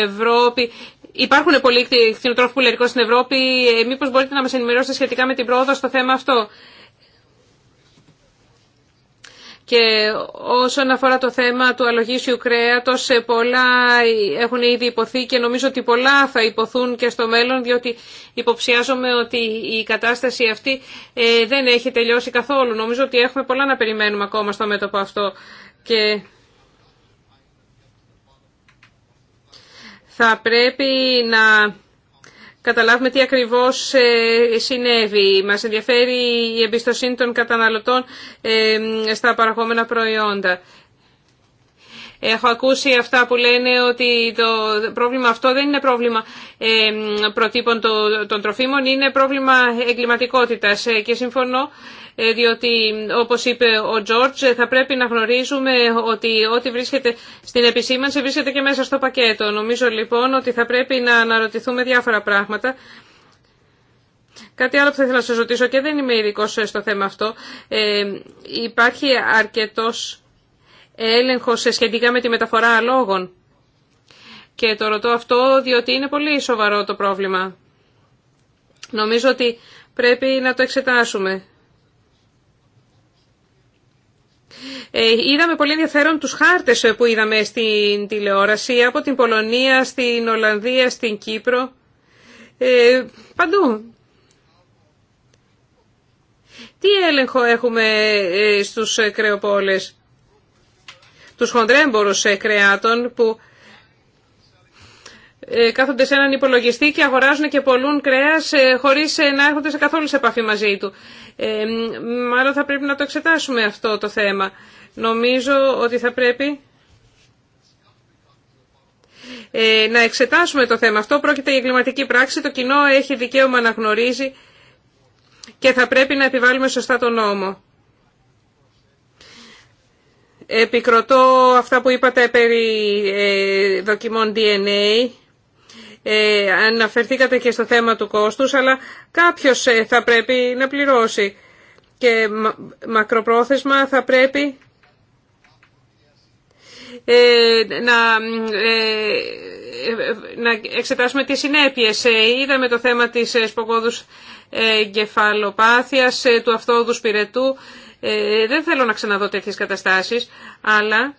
Ευρώπη Υπάρχουν πολλοί κτηνοτρόφοι πουλερικών στην Ευρώπη. Μήπως μπορείτε να μας ενημερώσετε σχετικά με την πρόοδο στο θέμα αυτό. Και όσον αφορά το θέμα του αλογίσιου κρέατος, ε, πολλά έχουν ήδη υποθεί και νομίζω ότι πολλά θα υποθούν και στο μέλλον, διότι υποψιάζομαι ότι η κατάσταση αυτή ε, δεν έχει τελειώσει καθόλου. Νομίζω ότι έχουμε πολλά να περιμένουμε ακόμα στο μέτωπο αυτό. Και θα πρέπει να καταλάβουμε τι ακριβώς ε, συνέβη. Μας ενδιαφέρει η εμπιστοσύνη των καταναλωτών ε, στα παραγόμενα προϊόντα. Έχω ακούσει αυτά που λένε ότι το πρόβλημα αυτό δεν είναι πρόβλημα ε, προτύπων των τροφίμων, είναι πρόβλημα εγκληματικότητας και συμφωνώ ε, διότι όπως είπε ο Τζόρτζ θα πρέπει να γνωρίζουμε ότι ό,τι βρίσκεται στην επισήμανση βρίσκεται και μέσα στο πακέτο. Νομίζω λοιπόν ότι θα πρέπει να αναρωτηθούμε διάφορα πράγματα. Κάτι άλλο που θα ήθελα να σας ρωτήσω και δεν είμαι ειδικό στο θέμα αυτό. Ε, υπάρχει αρκετός έλεγχος σχετικά με τη μεταφορά αλόγων. Και το ρωτώ αυτό διότι είναι πολύ σοβαρό το πρόβλημα. Νομίζω ότι πρέπει να το εξετάσουμε. Ε, είδαμε πολύ ενδιαφέρον τους χάρτες που είδαμε στην τηλεόραση από την Πολωνία, στην Ολλανδία, στην Κύπρο, ε, παντού. Τι έλεγχο έχουμε ε, στους κρεοπόλες, τους χοντρέμπορους κρεάτων που κάθονται σε έναν υπολογιστή και αγοράζουν και πολλούν κρέας χωρίς να έρχονται σε καθόλου σε επαφή μαζί του. μάλλον θα πρέπει να το εξετάσουμε αυτό το θέμα νομίζω ότι θα πρέπει ε, να εξετάσουμε το θέμα αυτό. Πρόκειται για εγκληματική πράξη. Το κοινό έχει δικαίωμα να γνωρίζει και θα πρέπει να επιβάλλουμε σωστά τον νόμο. Επικροτώ αυτά που είπατε περί ε, δοκιμών DNA. Ε, αναφερθήκατε και στο θέμα του κόστους, αλλά κάποιος ε, θα πρέπει να πληρώσει. Και μακροπρόθεσμα θα πρέπει ε, ε, να εξετάσουμε τις συνέπειες. Ε, είδαμε το θέμα της σποκόδους κεφαλοπάθειας, του αυτόδους πυρετού. Δεν θέλω να ξαναδώ τέτοιες καταστάσεις, αλλά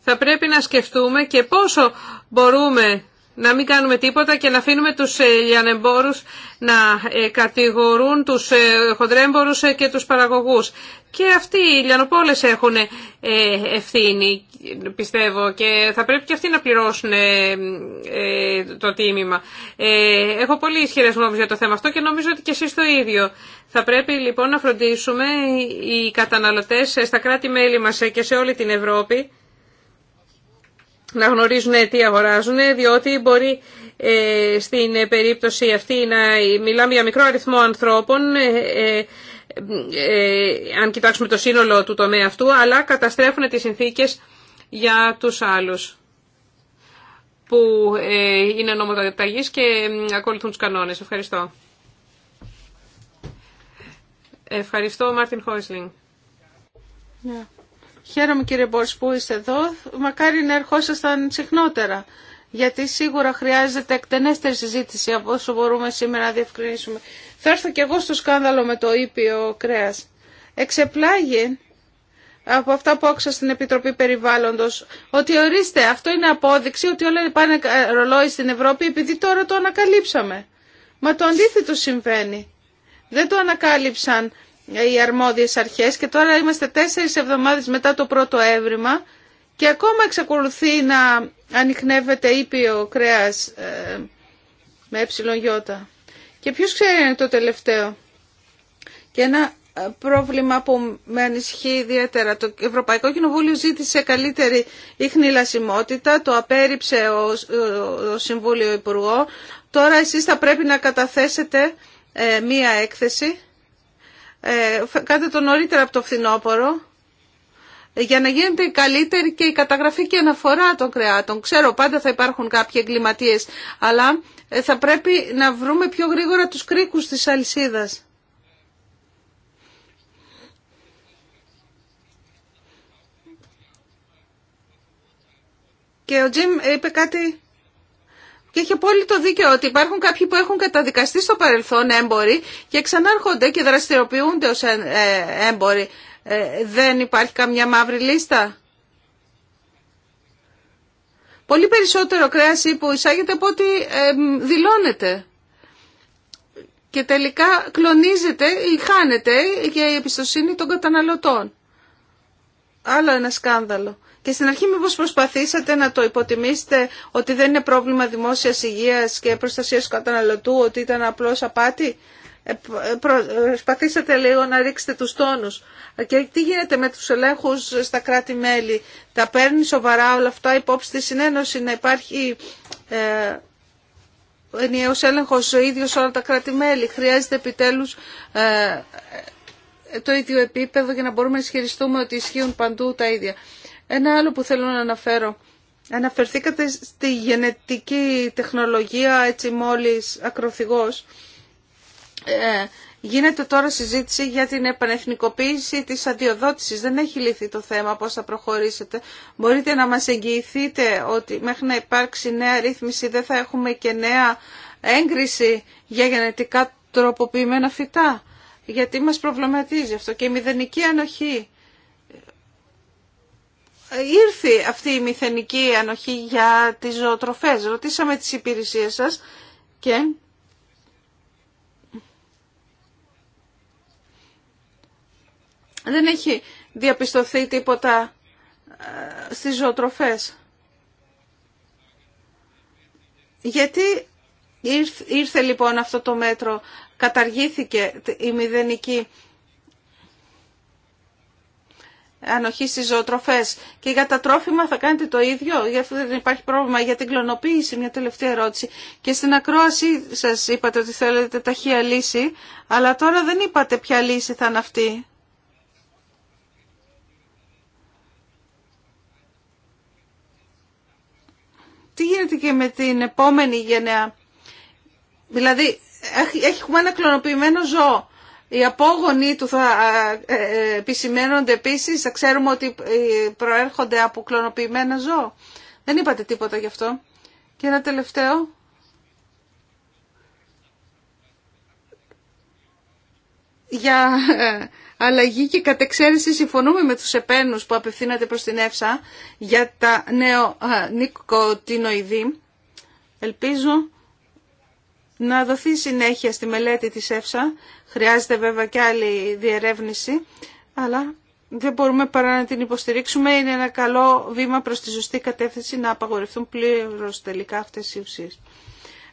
θα πρέπει να σκεφτούμε και πόσο μπορούμε να μην κάνουμε τίποτα και να αφήνουμε τους ε, λιανεμπόρους να ε, κατηγορούν τους ε, χοντρέμπορους και τους παραγωγούς. Και αυτοί οι λιανοπόλες έχουν ευθύνη, πιστεύω, και θα πρέπει και αυτοί να πληρώσουν το τίμημα. Έχω πολύ ισχυρές γνώμες για το θέμα αυτό και νομίζω ότι και εσείς το ίδιο. Θα πρέπει λοιπόν να φροντίσουμε οι καταναλωτές στα κράτη-μέλη μας και σε όλη την Ευρώπη να γνωρίζουν τι αγοράζουν, διότι μπορεί ε, στην περίπτωση αυτή να μιλάμε για μικρό αριθμό ανθρώπων, ε, ε, αν κοιτάξουμε το σύνολο του τομέα αυτού, αλλά καταστρέφουν τις συνθήκες για τους άλλους που είναι νομοταγής και ακολουθούν τους κανόνες. Ευχαριστώ. Ευχαριστώ, Μάρτιν Χόισλινγκ. Ναι. Χαίρομαι κύριε Μπορς που είστε εδώ. Μακάρι να ερχόσασταν συχνότερα. Γιατί σίγουρα χρειάζεται εκτενέστερη συζήτηση από όσο μπορούμε σήμερα να διευκρινίσουμε. Θα έρθω και εγώ στο σκάνδαλο με το ήπιο κρέας. Εξεπλάγει από αυτά που άκουσα στην Επιτροπή Περιβάλλοντος ότι ορίστε αυτό είναι απόδειξη ότι όλα πάνε ρολόι στην Ευρώπη επειδή τώρα το ανακαλύψαμε. Μα το αντίθετο συμβαίνει. Δεν το ανακάλυψαν οι αρμόδιες αρχές και τώρα είμαστε τέσσερις εβδομάδες μετά το πρώτο έβριμα και ακόμα εξακολουθεί να ανοιχνεύεται ήπιο κρέας ε, με ε. Και ποιος ξέρει είναι το τελευταίο. Και ένα ε, πρόβλημα που με ανησυχεί ιδιαίτερα. Το Ευρωπαϊκό Κοινοβούλιο ζήτησε καλύτερη ίχνη λασιμότητα, το απέρριψε ο, Συμβούλιο Υπουργό. Τώρα εσείς θα πρέπει να καταθέσετε ε, μία έκθεση ε, κάντε το νωρίτερα από το φθινόπωρο για να γίνεται καλύτερη και η καταγραφή και η αναφορά των κρεάτων. Ξέρω πάντα θα υπάρχουν κάποιοι εγκληματίε, αλλά ε, θα πρέπει να βρούμε πιο γρήγορα τους κρίκους της αλυσίδας. Και ο Τζιμ είπε κάτι και έχει απόλυτο δίκαιο ότι υπάρχουν κάποιοι που έχουν καταδικαστεί στο παρελθόν έμποροι και ξανάρχονται και δραστηριοποιούνται ως ε, έμποροι. Ε, δεν υπάρχει καμιά μαύρη λίστα. Πολύ περισσότερο κρέας που εισάγεται από ό,τι δηλώνεται. Και τελικά κλονίζεται ή χάνεται για η εμπιστοσύνη των καταναλωτών. Άλλο ένα σκάνδαλο. Και στην αρχή μήπως προσπαθήσατε να το υποτιμήσετε ότι δεν είναι πρόβλημα δημόσιας υγείας και προστασίας του καταναλωτού, ότι ήταν απλώς απάτη. Ε, ε, ε προσπαθήσατε λίγο να ρίξετε τους τόνους. Και τι γίνεται με τους ελέγχους στα κράτη-μέλη. Τα παίρνει σοβαρά όλα αυτά υπόψη τη συνένωση να υπάρχει ε, ενιαίος έλεγχος ο ίδιος όλα τα κράτη-μέλη. Χρειάζεται επιτέλους ε, το ίδιο επίπεδο για να μπορούμε να ισχυριστούμε ότι ισχύουν παντού τα ίδια. Ένα άλλο που θέλω να αναφέρω. Αναφερθήκατε στη γενετική τεχνολογία έτσι μόλις ακροθυγός. Ε, γίνεται τώρα συζήτηση για την επανεθνικοποίηση της αδειοδότησης. Δεν έχει λυθεί το θέμα πώς θα προχωρήσετε. Μπορείτε να μας εγγυηθείτε ότι μέχρι να υπάρξει νέα ρύθμιση δεν θα έχουμε και νέα έγκριση για γενετικά τροποποιημένα φυτά. Γιατί μας προβληματίζει αυτό και η μηδενική ανοχή ήρθε αυτή η μηθενική ανοχή για τις ζωοτροφές. Ρωτήσαμε τις υπηρεσίες σας και... Δεν έχει διαπιστωθεί τίποτα ε, στις ζωοτροφές. Γιατί ήρθε λοιπόν αυτό το μέτρο, καταργήθηκε η μηδενική ανοχή στις ζωοτροφέ. και για τα τρόφιμα θα κάνετε το ίδιο, γιατί αυτό δεν υπάρχει πρόβλημα, για την κλωνοποίηση, μια τελευταία ερώτηση. Και στην ακρόαση σα είπατε ότι θέλετε ταχεία λύση, αλλά τώρα δεν είπατε ποια λύση θα είναι αυτή. Τι γίνεται και με την επόμενη γενεά. Δηλαδή, έχουμε ένα κλωνοποιημένο ζώο οι απόγονοι του θα ε, επισημαίνονται επίση. θα ξέρουμε ότι ε, προέρχονται από κλωνοποιημένα ζώα. Δεν είπατε τίποτα γι' αυτό. Και ένα τελευταίο. Για ε, αλλαγή και κατεξαίρεση συμφωνούμε με τους επένους που απευθύνατε προς την ΕΦΣΑ για τα νέο νοικοτινοειδή. Ελπίζω να δοθεί συνέχεια στη μελέτη της ΕΦΣΑ. Χρειάζεται βέβαια και άλλη διερεύνηση, αλλά δεν μπορούμε παρά να την υποστηρίξουμε. Είναι ένα καλό βήμα προς τη σωστή κατεύθυνση να απαγορευτούν πλήρως τελικά αυτές οι ουσίες.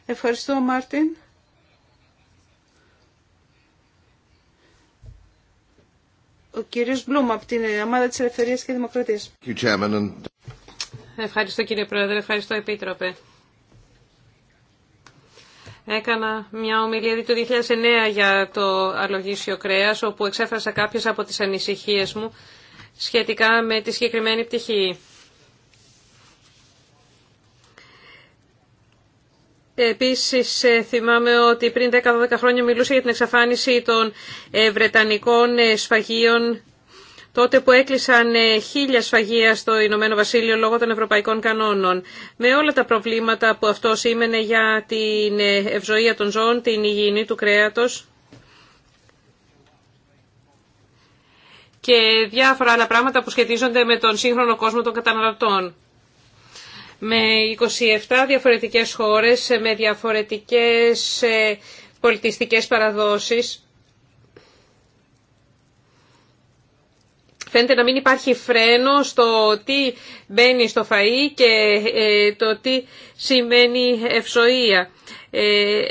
Ευχαριστώ Μάρτιν. Ο κύριος Μπλουμ από την Ομάδα της Ελευθερίας και Δημοκρατίας. Ευχαριστώ κύριε Πρόεδρε, ευχαριστώ Επίτροπε. Έκανα μια ομιλία του 2009 για το αλογίσιο κρέας, όπου εξέφρασα κάποιες από τις ανησυχίες μου σχετικά με τη συγκεκριμένη πτυχή. Επίσης ε, θυμάμαι ότι πριν 10-12 χρόνια μιλούσα για την εξαφάνιση των ε, Βρετανικών ε, σφαγίων τότε που έκλεισαν ε, χίλια σφαγεία στο Ηνωμένο Βασίλειο λόγω των ευρωπαϊκών κανόνων. Με όλα τα προβλήματα που αυτό σήμαινε για την ε, ευζοία των ζώων, την υγιεινή του κρέατος και διάφορα άλλα πράγματα που σχετίζονται με τον σύγχρονο κόσμο των καταναλωτών. Με 27 διαφορετικές χώρες, ε, με διαφορετικές πολιτιστικές παραδόσεις, Φαίνεται να μην υπάρχει φρένο στο τι μπαίνει στο φαΐ και ε, το τι σημαίνει ευσοία. Ε,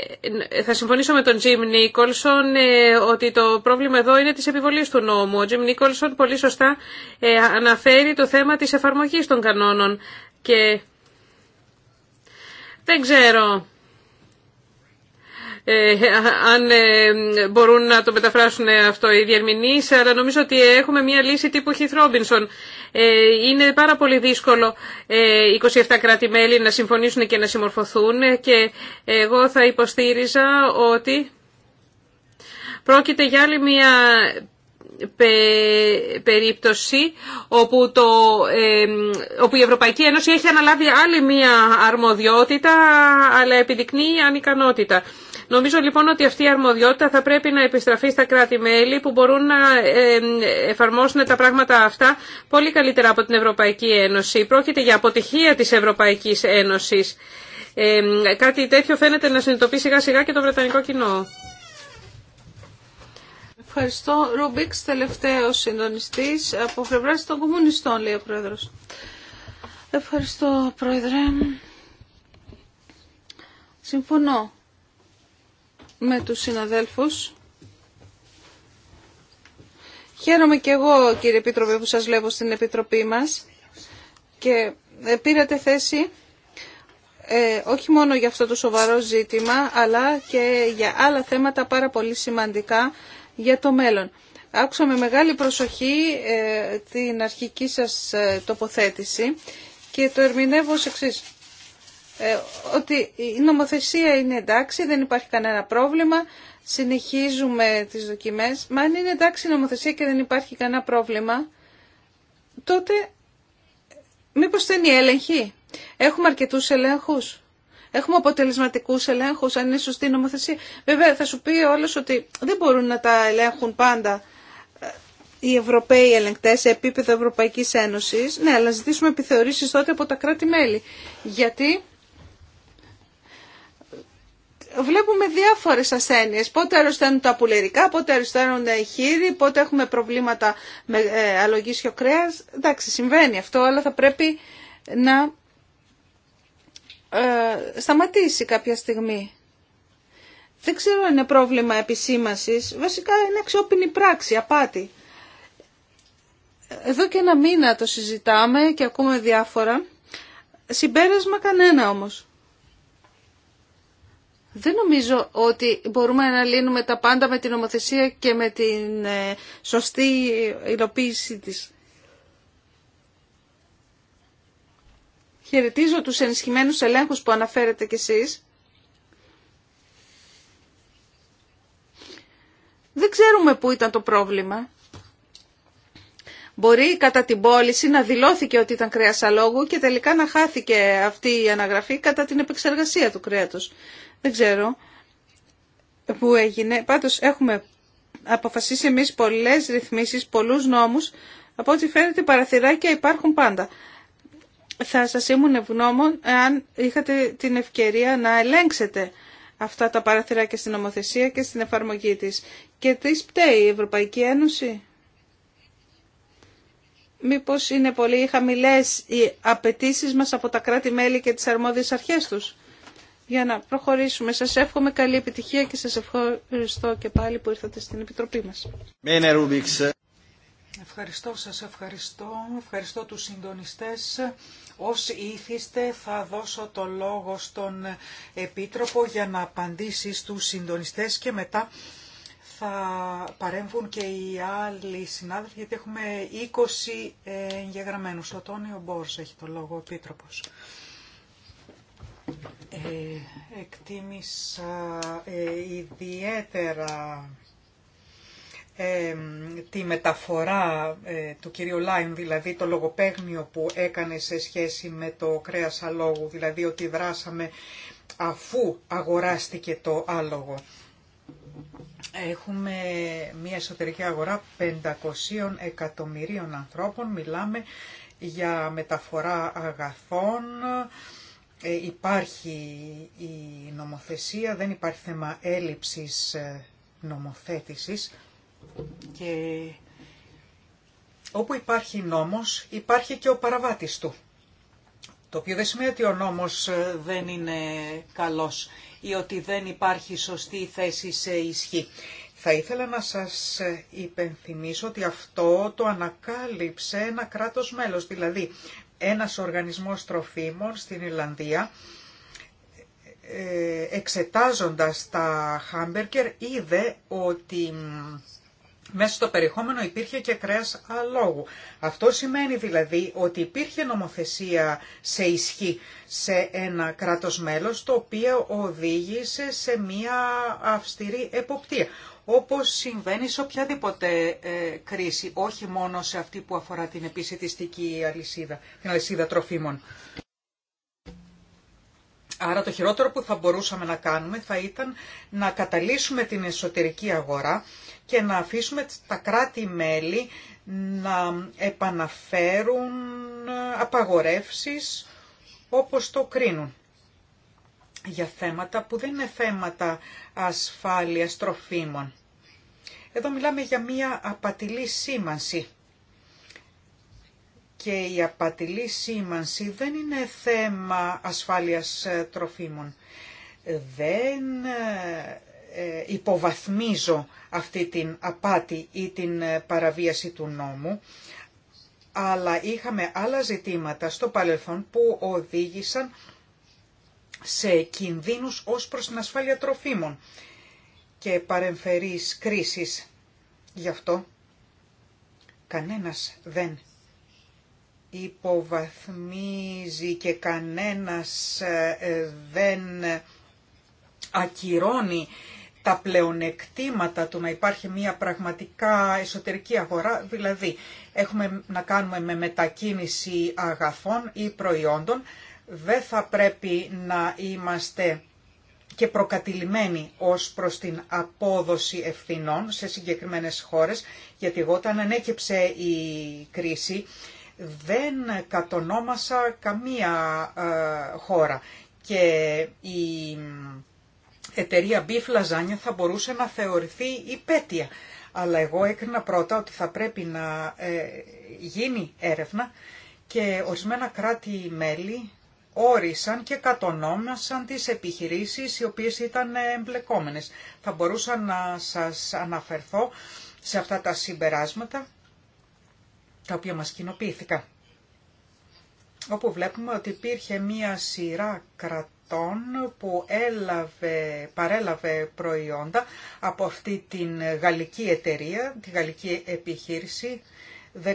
θα συμφωνήσω με τον Τζιμ Νίκολσον ε, ότι το πρόβλημα εδώ είναι της επιβολής του νόμου. Ο Τζιμ Νίκολσον πολύ σωστά αναφέρει το θέμα της εφαρμογής των κανόνων και δεν ξέρω ε, αν ε, μπορούν να το μεταφράσουν αυτό οι διερμηνείς, αλλά νομίζω ότι έχουμε μια λύση τύπου Χιθ ε, Είναι πάρα πολύ δύσκολο 27 κράτη-μέλη να συμφωνήσουν και να συμμορφωθούν και εγώ θα υποστήριζα ότι πρόκειται για άλλη μια περίπτωση όπου, το, ε, όπου η Ευρωπαϊκή Ένωση έχει αναλάβει άλλη μία αρμοδιότητα αλλά επιδεικνύει ανικανότητα. Νομίζω λοιπόν ότι αυτή η αρμοδιότητα θα πρέπει να επιστραφεί στα κράτη-μέλη που μπορούν να ε, εφαρμόσουν τα πράγματα αυτά πολύ καλύτερα από την Ευρωπαϊκή Ένωση. Πρόκειται για αποτυχία της Ευρωπαϊκής Ένωσης. Ε, κάτι τέτοιο φαίνεται να συνειδητοποιεί σιγά σιγά και το Βρετανικό κοινό. Ευχαριστώ. Ρουμπίξ, τελευταίο συντονιστή από πλευρά των κομμουνιστών, λέει ο πρόεδρο. Ευχαριστώ, πρόεδρε. Συμφωνώ με τους συναδέλφους. Χαίρομαι και εγώ κύριε Επίτροπε που σας λέω στην Επιτροπή μας και ε, πήρατε θέση ε, όχι μόνο για αυτό το σοβαρό ζήτημα αλλά και για άλλα θέματα πάρα πολύ σημαντικά για το μέλλον. Άκουσα με μεγάλη προσοχή ε, την αρχική σας τοποθέτηση και το ερμηνεύω ως εξής. Ε, ότι η νομοθεσία είναι εντάξει, δεν υπάρχει κανένα πρόβλημα, συνεχίζουμε τις δοκιμές. Μα αν είναι εντάξει η νομοθεσία και δεν υπάρχει κανένα πρόβλημα, τότε μήπως δεν είναι έλεγχη. Έχουμε αρκετούς ελέγχους. Έχουμε αποτελεσματικούς ελέγχους, αν είναι σωστή η νομοθεσία. Βέβαια θα σου πει όλος ότι δεν μπορούν να τα ελέγχουν πάντα ε, οι Ευρωπαίοι ελεγκτέ σε επίπεδο Ευρωπαϊκή Ένωση, ναι, αλλά ζητήσουμε επιθεωρήσει τότε από τα κράτη-μέλη. Γιατί βλέπουμε διάφορες ασθένειε. Πότε αρρωσταίνουν τα πουλερικά, πότε αρρωσταίνουν οι χείροι, πότε έχουμε προβλήματα με ε, αλογίσιο κρέας. Εντάξει, συμβαίνει αυτό, αλλά θα πρέπει να ε, σταματήσει κάποια στιγμή. Δεν ξέρω αν είναι πρόβλημα επισήμαση. Βασικά είναι αξιόπινη πράξη, απάτη. Εδώ και ένα μήνα το συζητάμε και ακούμε διάφορα. Συμπέρασμα κανένα όμως. Δεν νομίζω ότι μπορούμε να λύνουμε τα πάντα με την νομοθεσία και με την ε, σωστή υλοποίησή της. Χαιρετίζω τους ενισχυμένους ελέγχους που αναφέρετε κι εσείς. Δεν ξέρουμε πού ήταν το πρόβλημα. Μπορεί κατά την πώληση να δηλώθηκε ότι ήταν κρέας αλόγου και τελικά να χάθηκε αυτή η αναγραφή κατά την επεξεργασία του κρέατος δεν ξέρω που έγινε. Πάντως έχουμε αποφασίσει εμείς πολλές ρυθμίσεις, πολλούς νόμους. Από ό,τι φαίνεται παραθυράκια υπάρχουν πάντα. Θα σας ήμουν ευγνώμων αν είχατε την ευκαιρία να ελέγξετε αυτά τα παραθυράκια στην νομοθεσία και στην εφαρμογή της. Και τι πταίει η Ευρωπαϊκή Ένωση. Μήπως είναι πολύ χαμηλές οι απαιτήσει μας από τα κράτη-μέλη και τις αρμόδιες αρχές τους για να προχωρήσουμε. Σας εύχομαι καλή επιτυχία και σας ευχαριστώ και πάλι που ήρθατε στην Επιτροπή μας. Ευχαριστώ, σας ευχαριστώ. Ευχαριστώ τους συντονιστές. Ως ήθιστε θα δώσω το λόγο στον Επίτροπο για να απαντήσει στους συντονιστές και μετά θα παρέμβουν και οι άλλοι συνάδελφοι γιατί έχουμε 20 εγγεγραμμένους. Ο Τόνιο Μπόρς έχει το λόγο, ο Επίτροπος. Ε, εκτίμησα ε, ιδιαίτερα τη μεταφορά ε, του κυρίου λάιν δηλαδή το λογοπαίγνιο που έκανε σε σχέση με το κρέας αλόγου, δηλαδή ότι δράσαμε αφού αγοράστηκε το άλογο. Έχουμε μια εσωτερική αγορά 500 εκατομμυρίων ανθρώπων, μιλάμε για μεταφορά αγαθών, ε, υπάρχει η νομοθεσία, δεν υπάρχει θέμα έλλειψης ε, νομοθέτησης και όπου υπάρχει νόμος υπάρχει και ο παραβάτης του. Το οποίο δεν σημαίνει ότι ο νόμος ε, δεν είναι καλός ή ότι δεν υπάρχει σωστή θέση σε ισχύ. Θα ήθελα να σας υπενθυμίσω ότι αυτό το ανακάλυψε ένα κράτος μέλος, δηλαδή ένας οργανισμός τροφίμων στην Ιρλανδία ε, εξετάζοντας τα χάμπερκερ είδε ότι μέσα στο περιεχόμενο υπήρχε και κρέας αλόγου. Αυτό σημαίνει δηλαδή ότι υπήρχε νομοθεσία σε ισχύ σε ένα κράτος μέλος το οποίο οδήγησε σε μια αυστηρή εποπτεία όπως συμβαίνει σε οποιαδήποτε ε, κρίση, όχι μόνο σε αυτή που αφορά την επισητιστική αλυσίδα, την αλυσίδα τροφίμων. Άρα το χειρότερο που θα μπορούσαμε να κάνουμε θα ήταν να καταλύσουμε την εσωτερική αγορά και να αφήσουμε τα κράτη-μέλη να επαναφέρουν απαγορεύσεις όπως το κρίνουν για θέματα που δεν είναι θέματα ασφάλειας τροφίμων. Εδώ μιλάμε για μία απατηλή σήμανση. Και η απατηλή σήμανση δεν είναι θέμα ασφάλειας ε, τροφίμων. Δεν ε, ε, υποβαθμίζω αυτή την απάτη ή την παραβίαση του νόμου, αλλά είχαμε άλλα ζητήματα στο παρελθόν που οδήγησαν σε κινδύνους ως προς την ασφάλεια τροφίμων και παρεμφερείς κρίσης. Γι' αυτό κανένας δεν υποβαθμίζει και κανένας ε, δεν ακυρώνει τα πλεονεκτήματα του να υπάρχει μια πραγματικά εσωτερική αγορά, δηλαδή έχουμε να κάνουμε με μετακίνηση αγαθών ή προϊόντων, δεν θα πρέπει να είμαστε και προκατηλημένοι ως προς την απόδοση ευθυνών σε συγκεκριμένες χώρες, γιατί εγώ όταν ανέκυψε η κρίση δεν κατονόμασα καμία ε, χώρα και η εταιρεία Beef Lasagna θα μπορούσε να θεωρηθεί υπέτεια. Αλλά εγώ έκρινα πρώτα ότι θα πρέπει να ε, γίνει έρευνα και ορισμένα κράτη-μέλη όρισαν και κατονόμασαν τις επιχειρήσεις οι οποίες ήταν εμπλεκόμενες. Θα μπορούσα να σας αναφερθώ σε αυτά τα συμπεράσματα τα οποία μας κοινοποιήθηκαν. Όπου βλέπουμε ότι υπήρχε μία σειρά κρατών που έλαβε, παρέλαβε προϊόντα από αυτή την γαλλική εταιρεία, τη γαλλική επιχείρηση, 19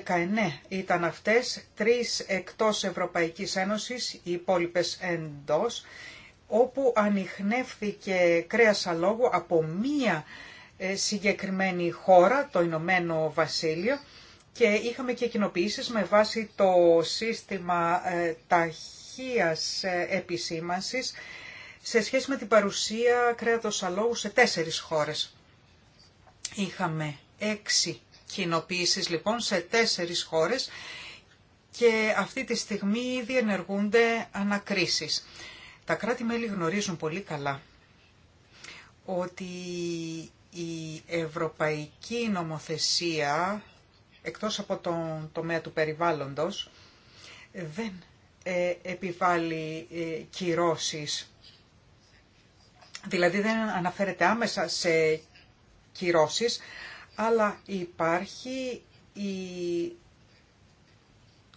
ήταν αυτές, τρεις εκτός Ευρωπαϊκής Ένωσης, οι υπόλοιπες εντός, όπου ανιχνεύθηκε κρέας αλόγου από μία ε, συγκεκριμένη χώρα, το Ηνωμένο Βασίλειο, και είχαμε και κοινοποιήσεις με βάση το σύστημα ε, ταχείας ε, επισήμανσης σε σχέση με την παρουσία κρέατος αλόγου σε τέσσερις χώρες. Είχαμε έξι κοινοποίησης λοιπόν σε τέσσερις χώρες και αυτή τη στιγμή διενεργούνται ανακρίσεις. Τα κράτη-μέλη γνωρίζουν πολύ καλά ότι η ευρωπαϊκή νομοθεσία, εκτός από τον τομέα του περιβάλλοντος, δεν ε, επιβάλλει ε, κυρώσεις. Δηλαδή δεν αναφέρεται άμεσα σε κυρώσεις, αλλά υπάρχει η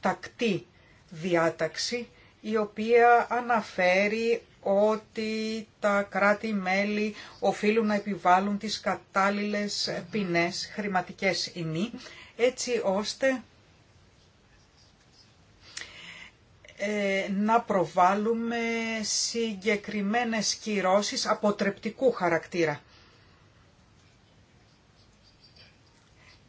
τακτή διάταξη η οποία αναφέρει ότι τα κράτη-μέλη οφείλουν να επιβάλλουν τις κατάλληλες ποινές χρηματικές ινή, έτσι ώστε ε, να προβάλλουμε συγκεκριμένες κυρώσεις αποτρεπτικού χαρακτήρα.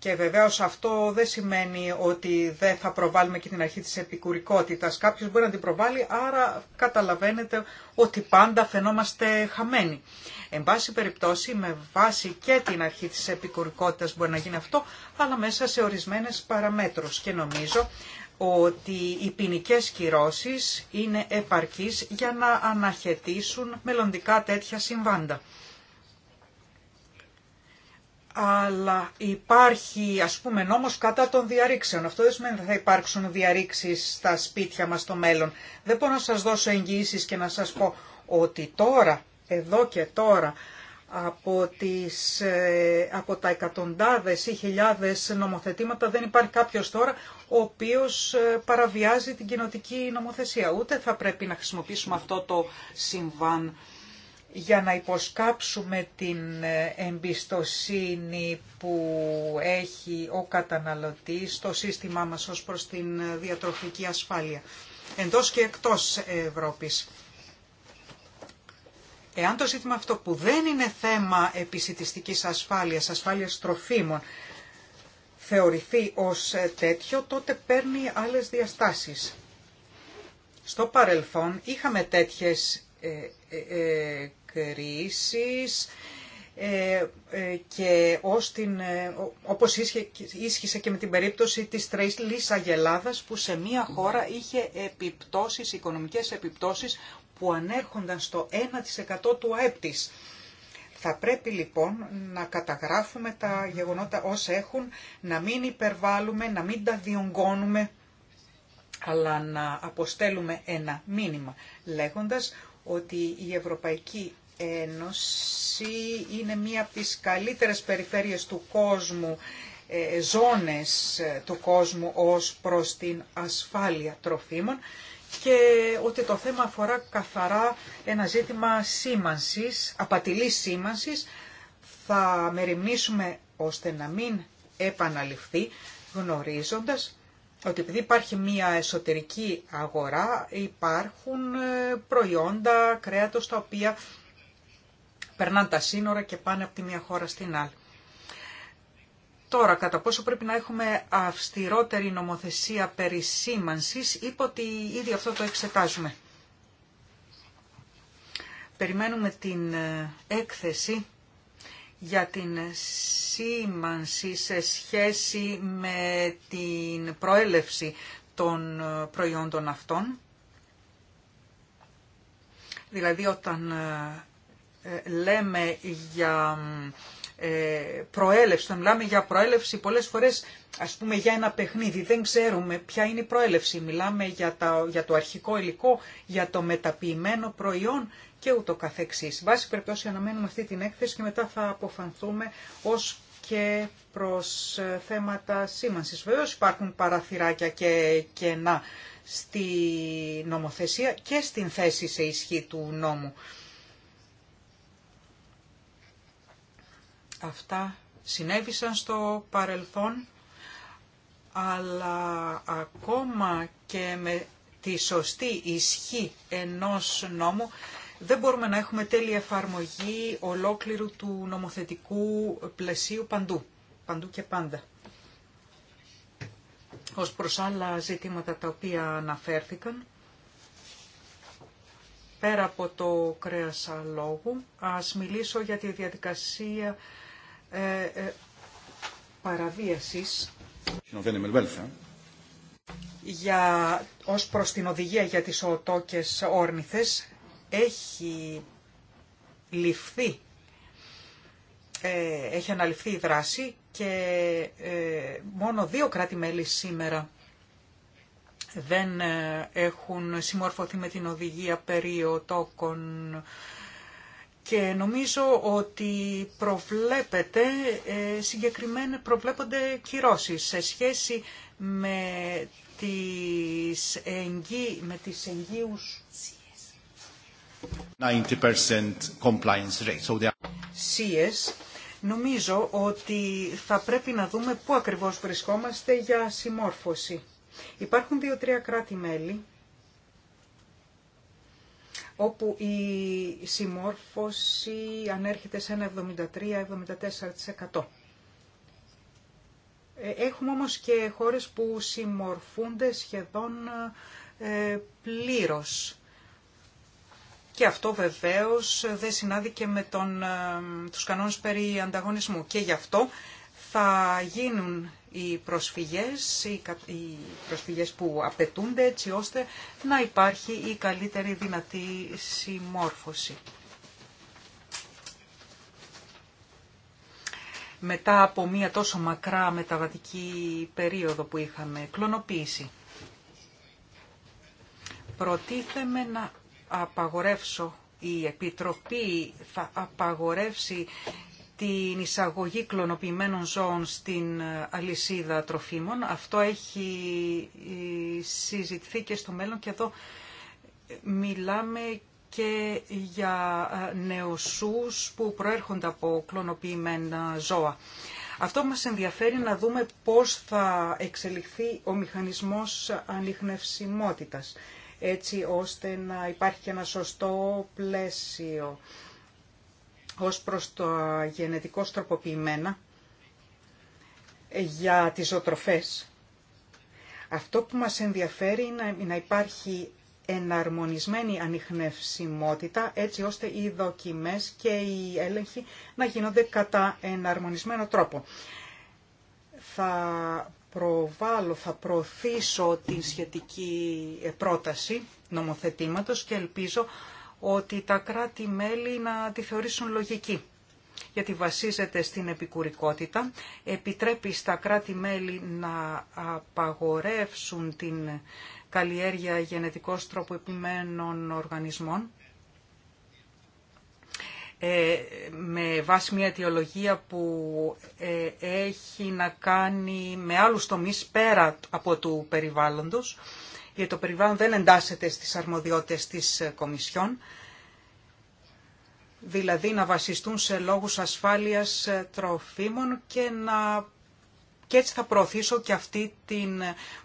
Και βεβαίω αυτό δεν σημαίνει ότι δεν θα προβάλλουμε και την αρχή της επικουρικότητας. Κάποιο μπορεί να την προβάλλει, άρα καταλαβαίνετε ότι πάντα φαινόμαστε χαμένοι. Εν πάση περιπτώσει, με βάση και την αρχή της επικουρικότητας μπορεί να γίνει αυτό, αλλά μέσα σε ορισμένες παραμέτρους. Και νομίζω ότι οι ποινικέ κυρώσει είναι επαρκείς για να αναχαιτήσουν μελλοντικά τέτοια συμβάντα αλλά υπάρχει ας πούμε νόμος κατά των διαρρήξεων. Αυτό δεν σημαίνει ότι θα υπάρξουν διαρρήξεις στα σπίτια μας στο μέλλον. Δεν μπορώ να σας δώσω εγγυήσεις και να σας πω ότι τώρα, εδώ και τώρα, από, τις, ε, από τα εκατοντάδες ή χιλιάδες νομοθετήματα δεν υπάρχει κάποιος τώρα ο οποίος ε, παραβιάζει την κοινοτική νομοθεσία. Ούτε θα πρέπει να χρησιμοποιήσουμε αυτό το συμβάν για να υποσκάψουμε την ε, εμπιστοσύνη που έχει ο καταναλωτής στο σύστημά μας ως προς την ε, διατροφική ασφάλεια, εντός και εκτός Ευρώπης. Εάν το ζήτημα αυτό που δεν είναι θέμα επισητιστικής ασφάλειας, ασφάλειας τροφίμων, θεωρηθεί ως ε, τέτοιο, τότε παίρνει άλλες διαστάσεις. Στο παρελθόν είχαμε τέτοιες κρίσης ε, ε, και ως την, ε, όπως ίσχυσε και με την περίπτωση της τρελής αγελάδας που σε μία χώρα είχε επιπτώσεις, οικονομικές επιπτώσεις που ανέρχονταν στο 1% του ΑΕΠ Θα πρέπει λοιπόν να καταγράφουμε τα γεγονότα όσα έχουν, να μην υπερβάλλουμε, να μην τα διονγκώνουμε, αλλά να αποστέλουμε ένα μήνυμα λέγοντας ότι η Ευρωπαϊκή Ένωση είναι μία από τις καλύτερες περιφέρειες του κόσμου, ε, ζώνες ε, του κόσμου ως προς την ασφάλεια τροφίμων και ότι το θέμα αφορά καθαρά ένα ζήτημα σήμανσης, απατηλής σήμανσης. Θα μεριμνήσουμε ώστε να μην επαναληφθεί γνωρίζοντας ότι επειδή υπάρχει μία εσωτερική αγορά υπάρχουν ε, προϊόντα κρέατος τα οποία περνάνε τα σύνορα και πάνε από τη μία χώρα στην άλλη. Τώρα, κατά πόσο πρέπει να έχουμε αυστηρότερη νομοθεσία περί σήμανσης, είπα ότι ήδη αυτό το εξετάζουμε. Περιμένουμε την ε, έκθεση για την σήμανση σε σχέση με την προέλευση των προϊόντων αυτών. Δηλαδή όταν ε, λέμε για ε, προέλευση, όταν μιλάμε για προέλευση πολλές φορές ας πούμε για ένα παιχνίδι δεν ξέρουμε ποια είναι η προέλευση. Μιλάμε για, για το αρχικό υλικό, για το μεταποιημένο προϊόν και ούτω καθεξής. Βάση περιπτώσει αναμένουμε αυτή την έκθεση και μετά θα αποφανθούμε ως και προς ε, θέματα σήμανσης. Βεβαίως υπάρχουν παραθυράκια και κενά στη νομοθεσία και στην θέση σε ισχύ του νόμου. Αυτά συνέβησαν στο παρελθόν, αλλά ακόμα και με τη σωστή ισχύ ενός νόμου δεν μπορούμε να έχουμε τέλεια εφαρμογή ολόκληρου του νομοθετικού πλαισίου παντού, παντού και πάντα. Ως προς άλλα ζητήματα τα οποία αναφέρθηκαν, πέρα από το κρέας λόγου, ας μιλήσω για τη διαδικασία ε, ε, παραβίασης για, ως προς την οδηγία για τις οτόκες όρνηθες έχει ληφθεί, ε, έχει αναλυφθεί η δράση και ε, μόνο δύο κράτη-μέλη σήμερα δεν ε, έχουν συμμορφωθεί με την οδηγία περί οτόκων και νομίζω ότι προβλέπεται, συγκεκριμένα προβλέπονται κυρώσεις σε σχέση με τις, εγγύ, με τις 90% νομίζω ότι θα πρέπει να δούμε πού ακριβώς βρισκόμαστε για συμμόρφωση. Υπάρχουν δύο-τρία κράτη-μέλη όπου η συμμόρφωση ανέρχεται σε ένα 73-74%. Ε, έχουμε όμως και χώρες που συμμορφούνται σχεδόν ε, πλήρως. Και αυτό βεβαίως δεν συνάδει και με τον, ε, τους κανόνες περί ανταγωνισμού. Και γι' αυτό θα γίνουν οι προσφυγές, οι προσφυγές που απαιτούνται έτσι ώστε να υπάρχει η καλύτερη δυνατή συμμόρφωση. Μετά από μία τόσο μακρά μεταβατική περίοδο που είχαμε, κλωνοποίηση. Προτίθεμε να απαγορεύσω, η Επιτροπή θα απαγορεύσει την εισαγωγή κλωνοποιημένων ζώων στην ε, αλυσίδα τροφίμων. Αυτό έχει ε, συζητηθεί και στο μέλλον και εδώ ε, μιλάμε και για νεοσούς που προέρχονται από κλωνοποιημένα ζώα. Αυτό μας ενδιαφέρει να δούμε πώς θα εξελιχθεί ο μηχανισμός ανιχνευσιμότητας έτσι ώστε να υπάρχει ένα σωστό πλαίσιο ως προς το γενετικό τροποποιημένα για τις ζωοτροφές. Αυτό που μας ενδιαφέρει είναι να υπάρχει εναρμονισμένη ανιχνευσιμότητα έτσι ώστε οι δοκιμές και οι έλεγχοι να γίνονται κατά εναρμονισμένο τρόπο. Θα προβάλλω, θα προωθήσω την σχετική ε, πρόταση νομοθετήματος και ελπίζω ότι τα κράτη-μέλη να τη θεωρήσουν λογική. Γιατί βασίζεται στην επικουρικότητα, επιτρέπει στα κράτη-μέλη να απαγορεύσουν την καλλιέργεια γενετικώς τροποποιημένων οργανισμών ε, με βάση μια αιτιολογία που ε, έχει να κάνει με άλλους τομείς πέρα από του περιβάλλοντος, γιατί το περιβάλλον δεν εντάσσεται στις αρμοδιότητες της Κομισιόν, δηλαδή να βασιστούν σε λόγους ασφάλειας ε, τροφίμων και να και έτσι θα προωθήσω και αυτή την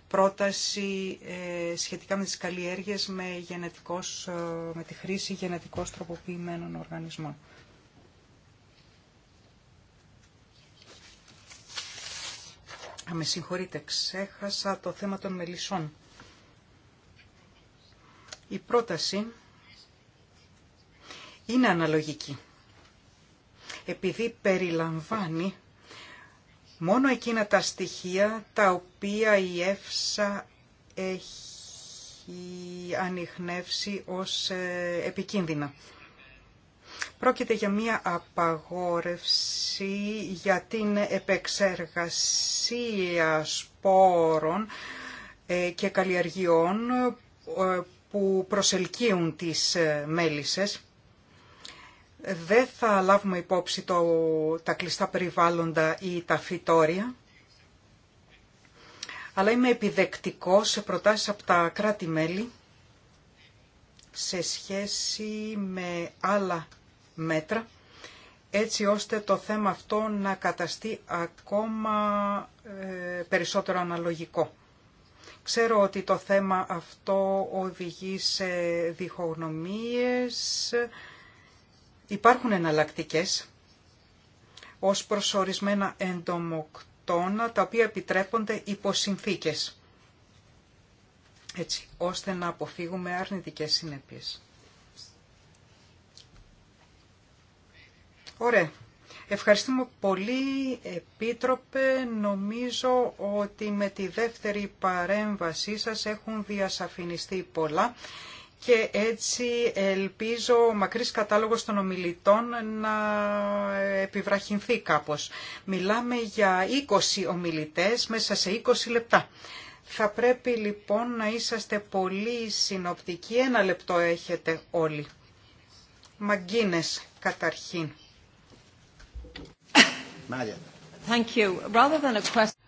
πρόταση ε, σχετικά με τις καλλιέργειες με, γενετικός, ε, με τη χρήση γενετικώς τροποποιημένων οργανισμών. Α, με συγχωρείτε, ξέχασα το θέμα των μελισσών. Η πρόταση είναι αναλογική, επειδή περιλαμβάνει μόνο εκείνα τα στοιχεία τα οποία η ΕΦΣΑ έχει ανοιχνεύσει ως ε, επικίνδυνα. Πρόκειται για μία απαγόρευση για την επεξεργασία σπόρων ε, και καλλιεργιών ε, που προσελκύουν τις μέλισσες δεν θα λάβουμε υπόψη το, τα κλειστά περιβάλλοντα ή τα φυτόρια, αλλά είμαι επιδεκτικό σε προτάσεις από τα κράτη-μέλη σε σχέση με άλλα μέτρα, έτσι ώστε το θέμα αυτό να καταστεί ακόμα ε, περισσότερο αναλογικό. Ξέρω ότι το θέμα αυτό οδηγεί σε διχογνωμίες, Υπάρχουν εναλλακτικές ως προσορισμένα εντομοκτώνα τα οποία επιτρέπονται υπό συνθήκες, έτσι ώστε να αποφύγουμε αρνητικές συνέπειες. Ωραία. Ευχαριστούμε πολύ, Επίτροπε. Νομίζω ότι με τη δεύτερη παρέμβασή σας έχουν διασαφινιστεί πολλά και έτσι ελπίζω ο μακρύς κατάλογος των ομιλητών να επιβραχυνθεί κάπως. Μιλάμε για 20 ομιλητές μέσα σε 20 λεπτά. Θα πρέπει λοιπόν να είσαστε πολύ συνοπτικοί. Ένα λεπτό έχετε όλοι. Μαγκίνες καταρχήν. Thank you. Rather than a question...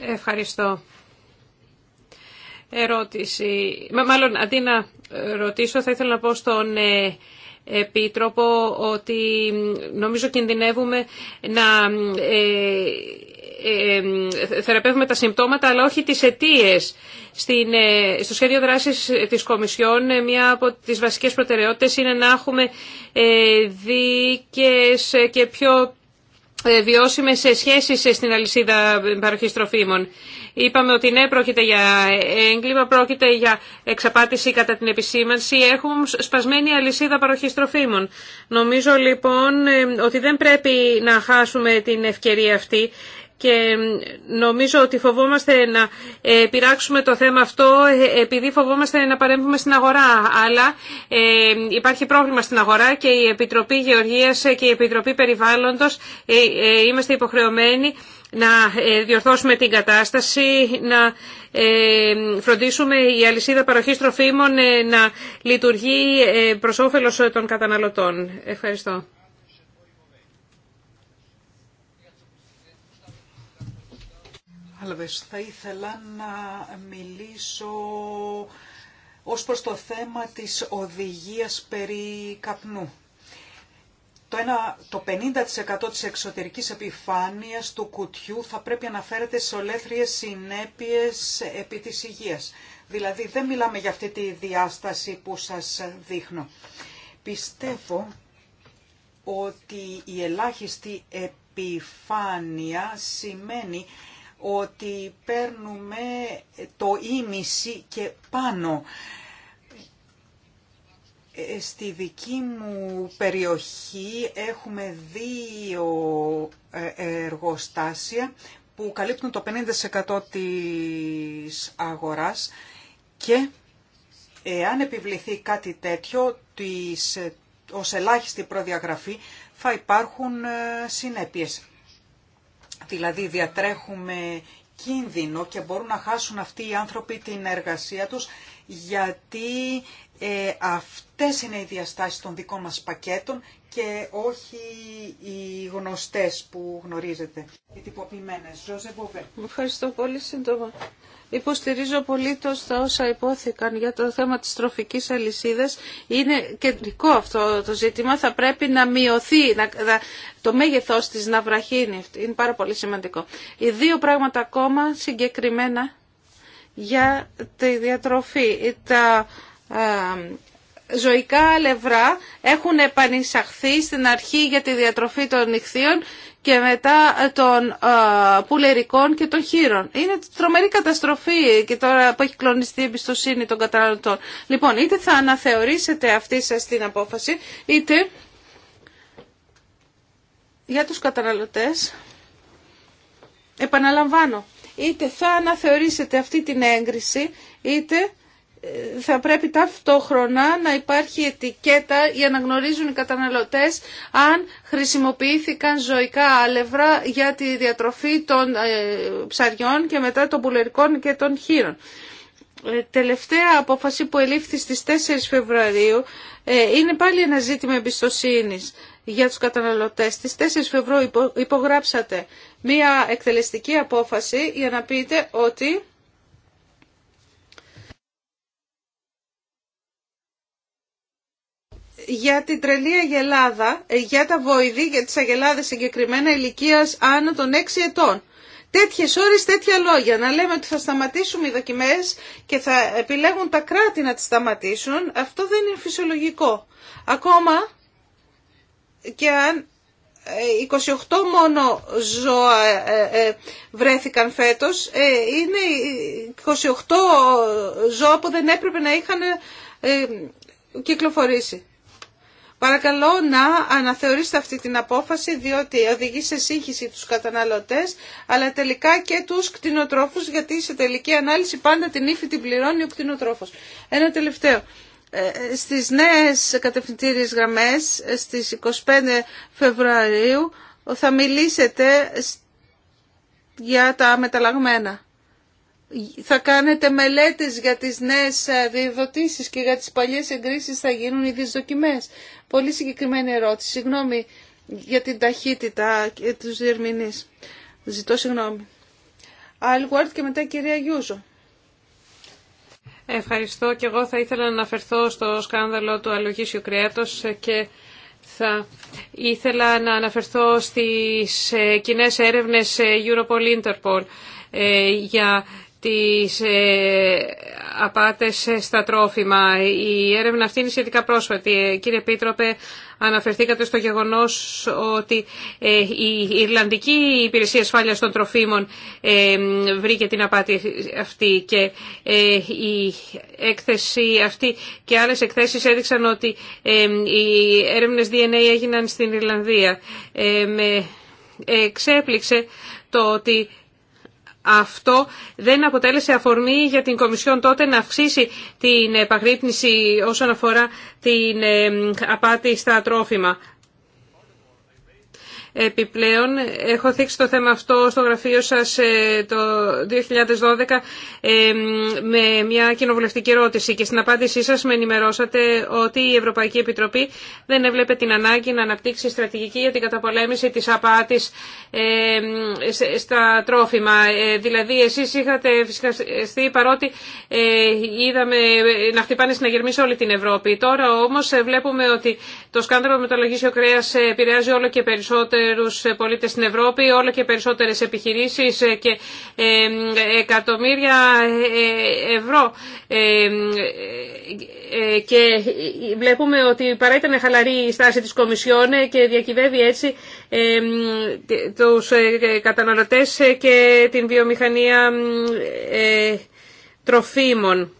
Ευχαριστώ. Ερώτηση. Μάλλον αντί να ρωτήσω, θα ήθελα να πω στον ε, Επίτροπο ότι νομίζω κινδυνεύουμε να ε, ε, θεραπεύουμε τα συμπτώματα αλλά όχι τις αιτίε. στο σχέδιο δράσης της Κομισιόν μία από τις βασικές προτεραιότητες είναι να έχουμε δίκες και πιο ε, βιώσιμες σχέσεις στην αλυσίδα ε, παροχής τροφίμων. Είπαμε ότι ναι, πρόκειται για έγκλημα, πρόκειται για εξαπάτηση κατά την επισήμανση. Έχουμε σπασμένη αλυσίδα παροχής τροφίμων. Νομίζω λοιπόν ε, ότι δεν πρέπει να χάσουμε την ευκαιρία αυτή και νομίζω ότι φοβόμαστε να ε, πειράξουμε το θέμα αυτό ε, επειδή φοβόμαστε να παρέμβουμε στην αγορά. Αλλά ε, υπάρχει πρόβλημα στην αγορά και η Επιτροπή Γεωργίας και η Επιτροπή Περιβάλλοντος είμαστε υποχρεωμένοι να διορθώσουμε την κατάσταση, να φροντίσουμε η αλυσίδα παροχής τροφίμων να λειτουργεί προς όφελος των καταναλωτών. Ευχαριστώ. Άλβες, θα ήθελα να μιλήσω ως προς το θέμα της οδηγίας περί καπνού. Το, ένα, το 50% της εξωτερικής επιφάνειας του κουτιού θα πρέπει να φέρεται σε ολέθριες συνέπειες επί της υγείας. Δηλαδή δεν μιλάμε για αυτή τη διάσταση που σας δείχνω. Πιστεύω ότι η ελάχιστη επιφάνεια σημαίνει ότι παίρνουμε το ίμιση και πάνω. Ε, στη δική μου περιοχή έχουμε δύο ε, εργοστάσια που καλύπτουν το 50% της αγοράς και εάν επιβληθεί κάτι τέτοιο της, ε, ως ελάχιστη προδιαγραφή θα υπάρχουν συνέπειες δηλαδή διατρέχουμε κίνδυνο και μπορούν να χάσουν αυτοί οι άνθρωποι την εργασία τους γιατί ε, αυτές είναι οι διαστάσεις των δικών μας πακέτων και όχι οι γνωστές που γνωρίζετε, οι τυποποιημένες. Ευχαριστώ πολύ σύντομα. Υποστηρίζω πολύ το όσα υπόθηκαν για το θέμα της τροφικής αλυσίδας. Είναι κεντρικό αυτό το ζήτημα. Θα πρέπει να μειωθεί να, το μέγεθος της να βραχύνει. Είναι πάρα πολύ σημαντικό. Οι δύο πράγματα ακόμα συγκεκριμένα για τη διατροφή. Τα ε, ζωικά αλευρά έχουν επανεισαχθεί στην αρχή για τη διατροφή των νυχθείων και μετά ε, των ε, πουλερικών και των χείρων. Είναι τρομερή καταστροφή και τώρα που έχει κλονιστεί η εμπιστοσύνη των καταναλωτών. Λοιπόν, είτε θα αναθεωρήσετε αυτή σας την απόφαση, είτε για τους καταναλωτές, επαναλαμβάνω, είτε θα αναθεωρήσετε αυτή την έγκριση, είτε θα πρέπει ταυτόχρονα να υπάρχει ετικέτα για να γνωρίζουν οι καταναλωτές αν χρησιμοποιήθηκαν ζωικά άλευρα για τη διατροφή των ε, ψαριών και μετά των πουλερικών και των χείρων. Ε, τελευταία απόφαση που ελήφθη στις 4 Φεβρουαρίου ε, είναι πάλι ένα ζήτημα εμπιστοσύνης για τους καταναλωτές. Στις 4 Φεβρουαρίου υπογράψατε μία εκτελεστική απόφαση για να πείτε ότι για την τρελή αγελάδα, ε, για τα βοηδή, για τις αγελάδες συγκεκριμένα ηλικία άνω των 6 ετών. Τέτοιε ώρες, τέτοια λόγια. Να λέμε ότι θα σταματήσουμε οι δοκιμές και θα επιλέγουν τα κράτη να τις σταματήσουν. Αυτό δεν είναι φυσιολογικό. Ακόμα και αν 28 ε, μόνο ζώα ε, βρέθηκαν φέτος, είναι 28 ζώα που δεν έπρεπε να είχαν κυκλοφορήσει. Παρακαλώ να αναθεωρήσετε αυτή την απόφαση διότι οδηγεί σε σύγχυση τους καταναλωτές αλλά τελικά και τους κτηνοτρόφους γιατί σε τελική ανάλυση πάντα την ύφη την πληρώνει ο κτηνοτρόφος. Ένα τελευταίο. Ε, ε, στις νέες κατευθυντήριες γραμμές ε, στις 25 Φεβρουαρίου θα μιλήσετε για τα μεταλλαγμένα θα κάνετε μελέτες για τις νέες ε, διεδοτήσεις και για τις παλιές εγκρίσεις θα γίνουν οι δοκιμές. Πολύ συγκεκριμένη ερώτηση. Συγγνώμη για την ταχύτητα και τους διερμηνείς. Ζητώ συγγνώμη. Αλγουάρτ και μετά η κυρία Γιούζο. Ευχαριστώ και εγώ θα ήθελα να αναφερθώ στο σκάνδαλο του αλογίσιου κρέατος και θα ήθελα να αναφερθώ στις ε, κοινέ έρευνες ε, Europol Interpol για τις ε, απάτες στα τρόφιμα. Η έρευνα αυτή είναι σχετικά πρόσφατη. Ε, κύριε Πίτροπε, αναφερθήκατε στο γεγονός ότι ε, η Ιρλανδική Υπηρεσία Ασφάλειας των Τροφίμων βρήκε την απάτη αυτή και η έκθεση αυτή και άλλες εκθέσεις έδειξαν ότι οι έρευνες DNA έγιναν στην Ιρλανδία. Με εξέπληξε το ότι αυτό δεν αποτέλεσε αφορμή για την Κομισιόν τότε να αυξήσει την επαγρύπνηση όσον αφορά την απάτη στα τρόφιμα. Επιπλέον, έχω θίξει το θέμα αυτό στο γραφείο σας ε, το 2012 ε, με μια κοινοβουλευτική ερώτηση και στην απάντησή σας με ενημερώσατε ότι η Ευρωπαϊκή Επιτροπή δεν έβλεπε την ανάγκη να αναπτύξει στρατηγική για την καταπολέμηση της απάτης ε, στα τρόφιμα. Δηλαδή, εσείς είχατε φυσικαστεί παρότι είδαμε να χτυπάνε αγερμή σε όλη την Ευρώπη. Τώρα όμως βλέπουμε ότι το σκάνδαλο με το κρέας επηρεάζει όλο και περισσότερο περισσότερους πολίτες στην Ευρώπη, όλο και περισσότερες επιχειρήσεις και ε, εκατομμύρια ε, ευρώ. Ε, και βλέπουμε ότι παρά ήταν χαλαρή η στάση της Κομισιόν και διακυβεύει έτσι τους καταναλωτές και την βιομηχανία τροφίμων.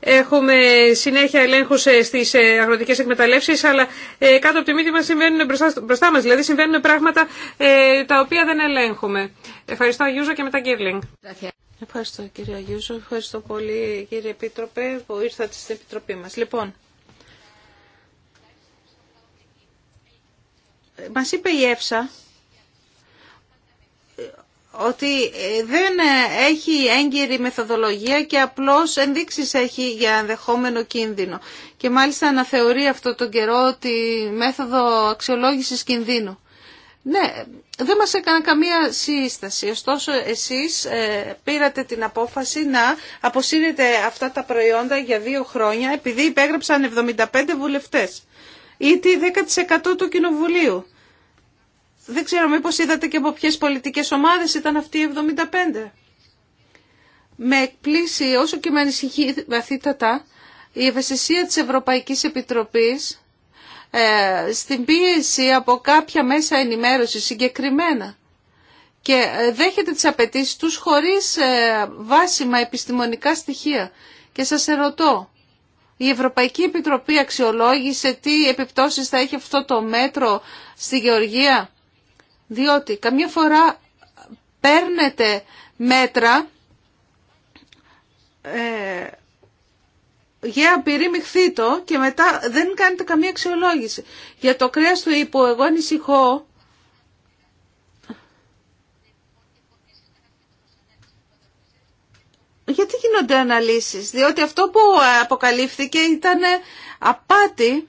Έχουμε συνέχεια ελέγχου ε, στι ε, αγροτικέ εκμεταλλεύσει, αλλά ε, κάτω από τη μύτη μα συμβαίνουν μπροστά, μα. Δηλαδή συμβαίνουν πράγματα τα οποία δεν ελέγχουμε. Ευχαριστώ, Αγιούζο, και μετά, Γκίρλινγκ. Ευχαριστώ, κύριε Αγιούζο. Ευχαριστώ πολύ, κύριε Επίτροπε, που ήρθατε στην Επιτροπή μα. Λοιπόν, μα είπε η ΕΦΣΑ ότι ε, δεν ε, έχει έγκυρη μεθοδολογία και απλώς ενδείξεις έχει για ενδεχόμενο κίνδυνο. Και μάλιστα αναθεωρεί αυτό τον καιρό τη μέθοδο αξιολόγησης κινδύνου. Ναι, δεν μας έκανα καμία σύσταση, ωστόσο εσείς ε, πήρατε την απόφαση να αποσύρετε αυτά τα προϊόντα για δύο χρόνια επειδή υπέγραψαν 75 βουλευτές ή τη 10% του κοινοβουλίου. Δεν ξέρω μήπως είδατε και από ποιες πολιτικές ομάδες ήταν αυτοί οι 75. Με εκπλήσει όσο και με ανησυχεί βαθύτατα η ευαισθησία της Ευρωπαϊκής Επιτροπής ε, στην πίεση από κάποια μέσα ενημέρωση συγκεκριμένα και ε, δέχεται τις απαιτήσει τους χωρίς ε, βάσιμα επιστημονικά στοιχεία. Και σας ερωτώ, η Ευρωπαϊκή Επιτροπή αξιολόγησε τι επιπτώσεις θα έχει αυτό το μέτρο στη Γεωργία διότι καμιά φορά παίρνετε μέτρα ε, για απειρή και μετά δεν κάνετε καμία αξιολόγηση. Για το κρέας του ύπου εγώ ανησυχώ Γιατί γίνονται αναλύσεις, διότι αυτό που αποκαλύφθηκε ήταν απάτη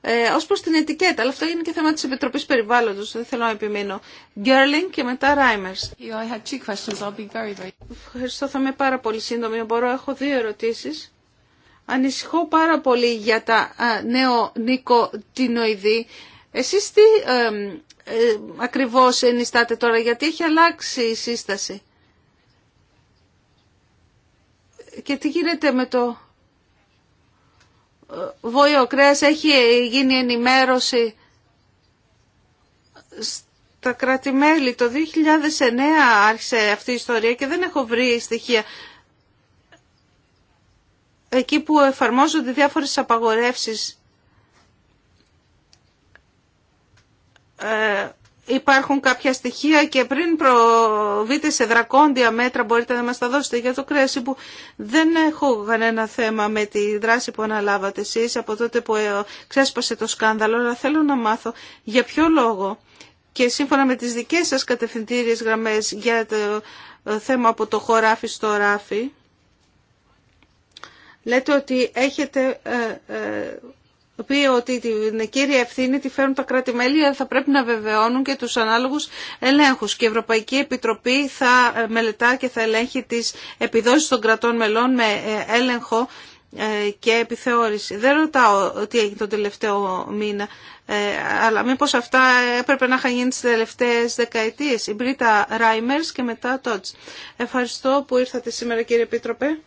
ε, ως προς την ετικέτα, αλλά αυτό είναι και θέμα τη Επιτροπή Περιβάλλοντος, δεν θέλω να επιμείνω. Γκέρλινγκ και μετά Ράιμερς. Ευχαριστώ, θα είμαι πάρα πολύ σύντομη, μπορώ, έχω δύο ερωτήσεις. Ανησυχώ πάρα πολύ για τα νοικοτινοειδή Εσείς τι ε, ακριβώς ενιστάτε τώρα, γιατί έχει αλλάξει η σύσταση. Και τι γίνεται με το Βόλιο Κρέας έχει γίνει ενημέρωση στα κράτη-μέλη. Το 2009 άρχισε αυτή η ιστορία και δεν έχω βρει στοιχεία. Εκεί που εφαρμόζονται διάφορες απαγορεύσεις ε, υπάρχουν κάποια στοιχεία και πριν προβείτε σε δρακόντια μέτρα μπορείτε να μας τα δώσετε για το κρέας που δεν έχω κανένα θέμα με τη δράση που αναλάβατε εσείς από τότε που ε, ξέσπασε το σκάνδαλο αλλά θέλω να μάθω για ποιο λόγο και σύμφωνα με τις δικές σας κατευθυντήριες γραμμές για το ε, θέμα από το χωράφι στο ράφι λέτε ότι έχετε ε, πει ότι την κύρια ευθύνη τη φέρουν τα κράτη-μέλη, αλλά θα πρέπει να βεβαιώνουν και τους ανάλογους ελέγχους. Και η Ευρωπαϊκή Επιτροπή θα μελετά και θα ελέγχει τις επιδόσεις των κρατών μελών με ε, έλεγχο ε, και επιθεώρηση. Δεν ρωτάω τι έγινε τον τελευταίο μήνα, ε, αλλά μήπως αυτά έπρεπε να είχαν γίνει τις τελευταίες δεκαετίες. Η Μπρίτα Ράιμερς και μετά Τότς. Ευχαριστώ που ήρθατε σήμερα κύριε Επίτροπε.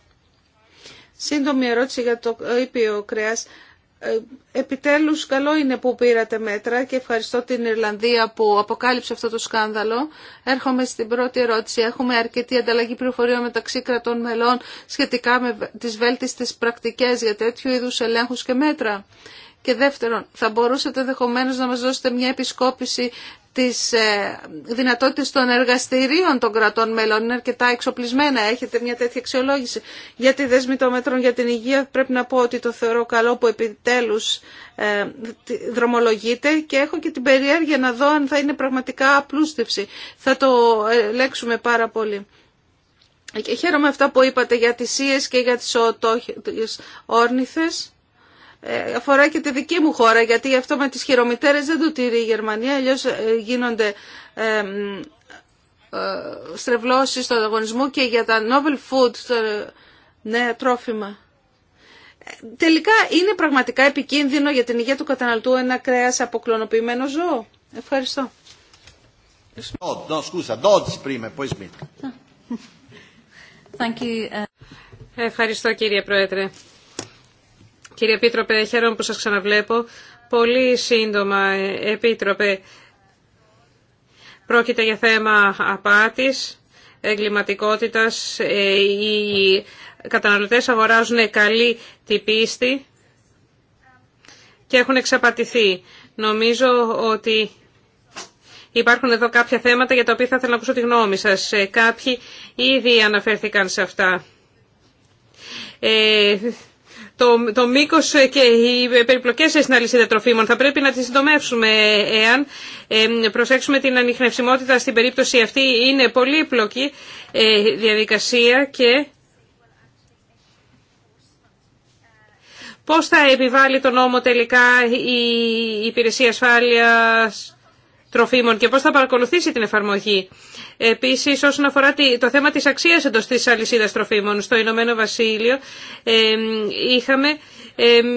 Σύντομη ερώτηση για το ήπιο κρέας. Ε, επιτέλους καλό είναι που πήρατε μέτρα και ευχαριστώ την Ιρλανδία που αποκάλυψε αυτό το σκάνδαλο. Έρχομαι στην πρώτη ερώτηση. Έχουμε αρκετή ανταλλαγή πληροφοριών μεταξύ κρατών μελών σχετικά με τις βέλτιστες πρακτικές για τέτοιου είδους ελέγχους και μέτρα. Και δεύτερον, θα μπορούσατε ενδεχομένω να μας δώσετε μια επισκόπηση τις ε, δυνατότητες των εργαστηρίων των κρατών μέλων. Είναι αρκετά εξοπλισμένα, έχετε μια τέτοια αξιολόγηση. Για τη δέσμη των μέτρων για την υγεία πρέπει να πω ότι το θεωρώ καλό που επιτέλους ε, δρομολογείται και έχω και την περιέργεια να δω αν θα είναι πραγματικά απλούστευση. Θα το ε, λέξουμε πάρα πολύ. Και χαίρομαι αυτά που είπατε για τις ίες και για τις οτόχες όρνηθες. Ε, αφορά και τη δική μου χώρα, γιατί αυτό με τις χειρομητέρες δεν το τηρεί η Γερμανία, αλλιώς ε, γίνονται ε, στρεβλώσεις στον αγωνισμό και για τα novel food, το νέα τρόφιμα. Τελικά είναι πραγματικά επικίνδυνο για την υγεία του καταναλτού ένα κρέας αποκλωνοποιημένο ζώο. Ευχαριστώ. Uh, Ευχαριστώ κύριε Πρόεδρε. Κύριε Επίτροπε, χαίρομαι που σας ξαναβλέπω. Πολύ σύντομα, Επίτροπε, πρόκειται για θέμα απάτης, εγκληματικότητας. Ε, οι καταναλωτές αγοράζουν καλή την πίστη και έχουν εξαπατηθεί. Νομίζω ότι υπάρχουν εδώ κάποια θέματα για τα οποία θα ήθελα να ακούσω τη γνώμη σας. Ε, κάποιοι ήδη αναφέρθηκαν σε αυτά. Ε, το, το μήκος και οι περιπλοκές στην αλυσίδα τροφίμων. Θα πρέπει να τις συντομεύσουμε εάν προσέξουμε την ανιχνευσιμότητα στην περίπτωση αυτή. Είναι πολύπλοκη ε, διαδικασία και πώς θα επιβάλλει το νόμο τελικά η Υπηρεσία Ασφάλειας τροφίμων και πώς θα παρακολουθήσει την εφαρμογή. Επίσης, όσον αφορά το θέμα της αξίας εντός της αλυσίδας τροφίμων στο Ηνωμένο Βασίλειο, είχαμε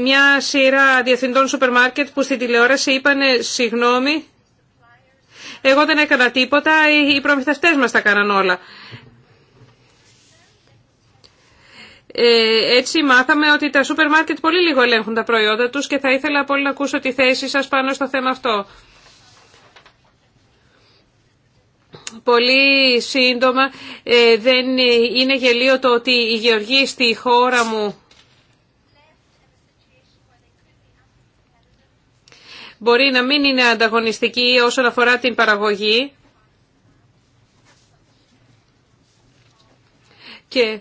μια σειρά διευθυντών σούπερ μάρκετ που στην τηλεόραση είπαν «Συγγνώμη, εγώ δεν έκανα τίποτα, οι προμηθευτές μας τα κάναν όλα». Ε, έτσι μάθαμε ότι τα σούπερ μάρκετ πολύ λίγο ελέγχουν τα προϊόντα τους και θα ήθελα πολύ να ακούσω τη θέση σας πάνω στο θέμα αυτό. πολύ σύντομα ε, δεν είναι γελίο το ότι η γεωργία στη χώρα μου μπορεί να μην είναι ανταγωνιστική όσον αφορά την παραγωγή και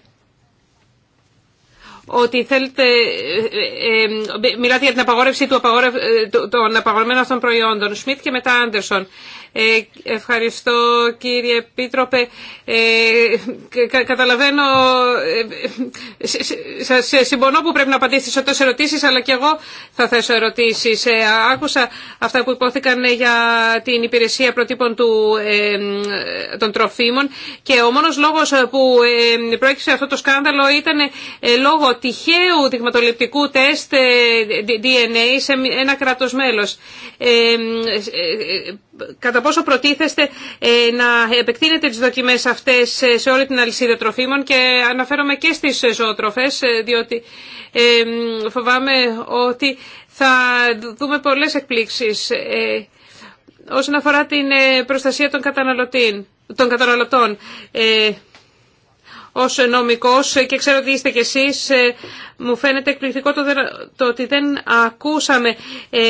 ότι θέλετε, ε, ε, ε, μιλάτε για την απαγόρευση του των απαγορευμένων αυτών προϊόντων. Σμιτ και μετά Άντερσον. Ευχαριστώ κύριε Επίτροπε. καταλαβαίνω, σε συμπονώ που πρέπει να απαντήσετε σε τόσες ερωτήσεις, αλλά και εγώ θα θέσω ερωτήσεις. Άκουσα αυτά που υπόθηκαν για την υπηρεσία προτύπων του, των τροφίμων και ο μόνος λόγος που προέκυψε αυτό το σκάνδαλο ήταν λόγω τυχαίου δειγματοληπτικού τεστ DNA ε, σε ένα κράτος μέλος. Ε, ε, κατά πόσο προτίθεστε να επεκτείνετε τις δοκιμές αυτές σε όλη την αλυσίδα τροφίμων και αναφέρομαι και στις ζωοτροφές, διότι φοβάμαι ότι θα δούμε πολλές εκπλήξεις όσον αφορά την προστασία των καταναλωτών. Ω νομικό και ξέρω ότι είστε κι εσείς, ε, μου φαίνεται εκπληκτικό το, το ότι δεν ακούσαμε ε,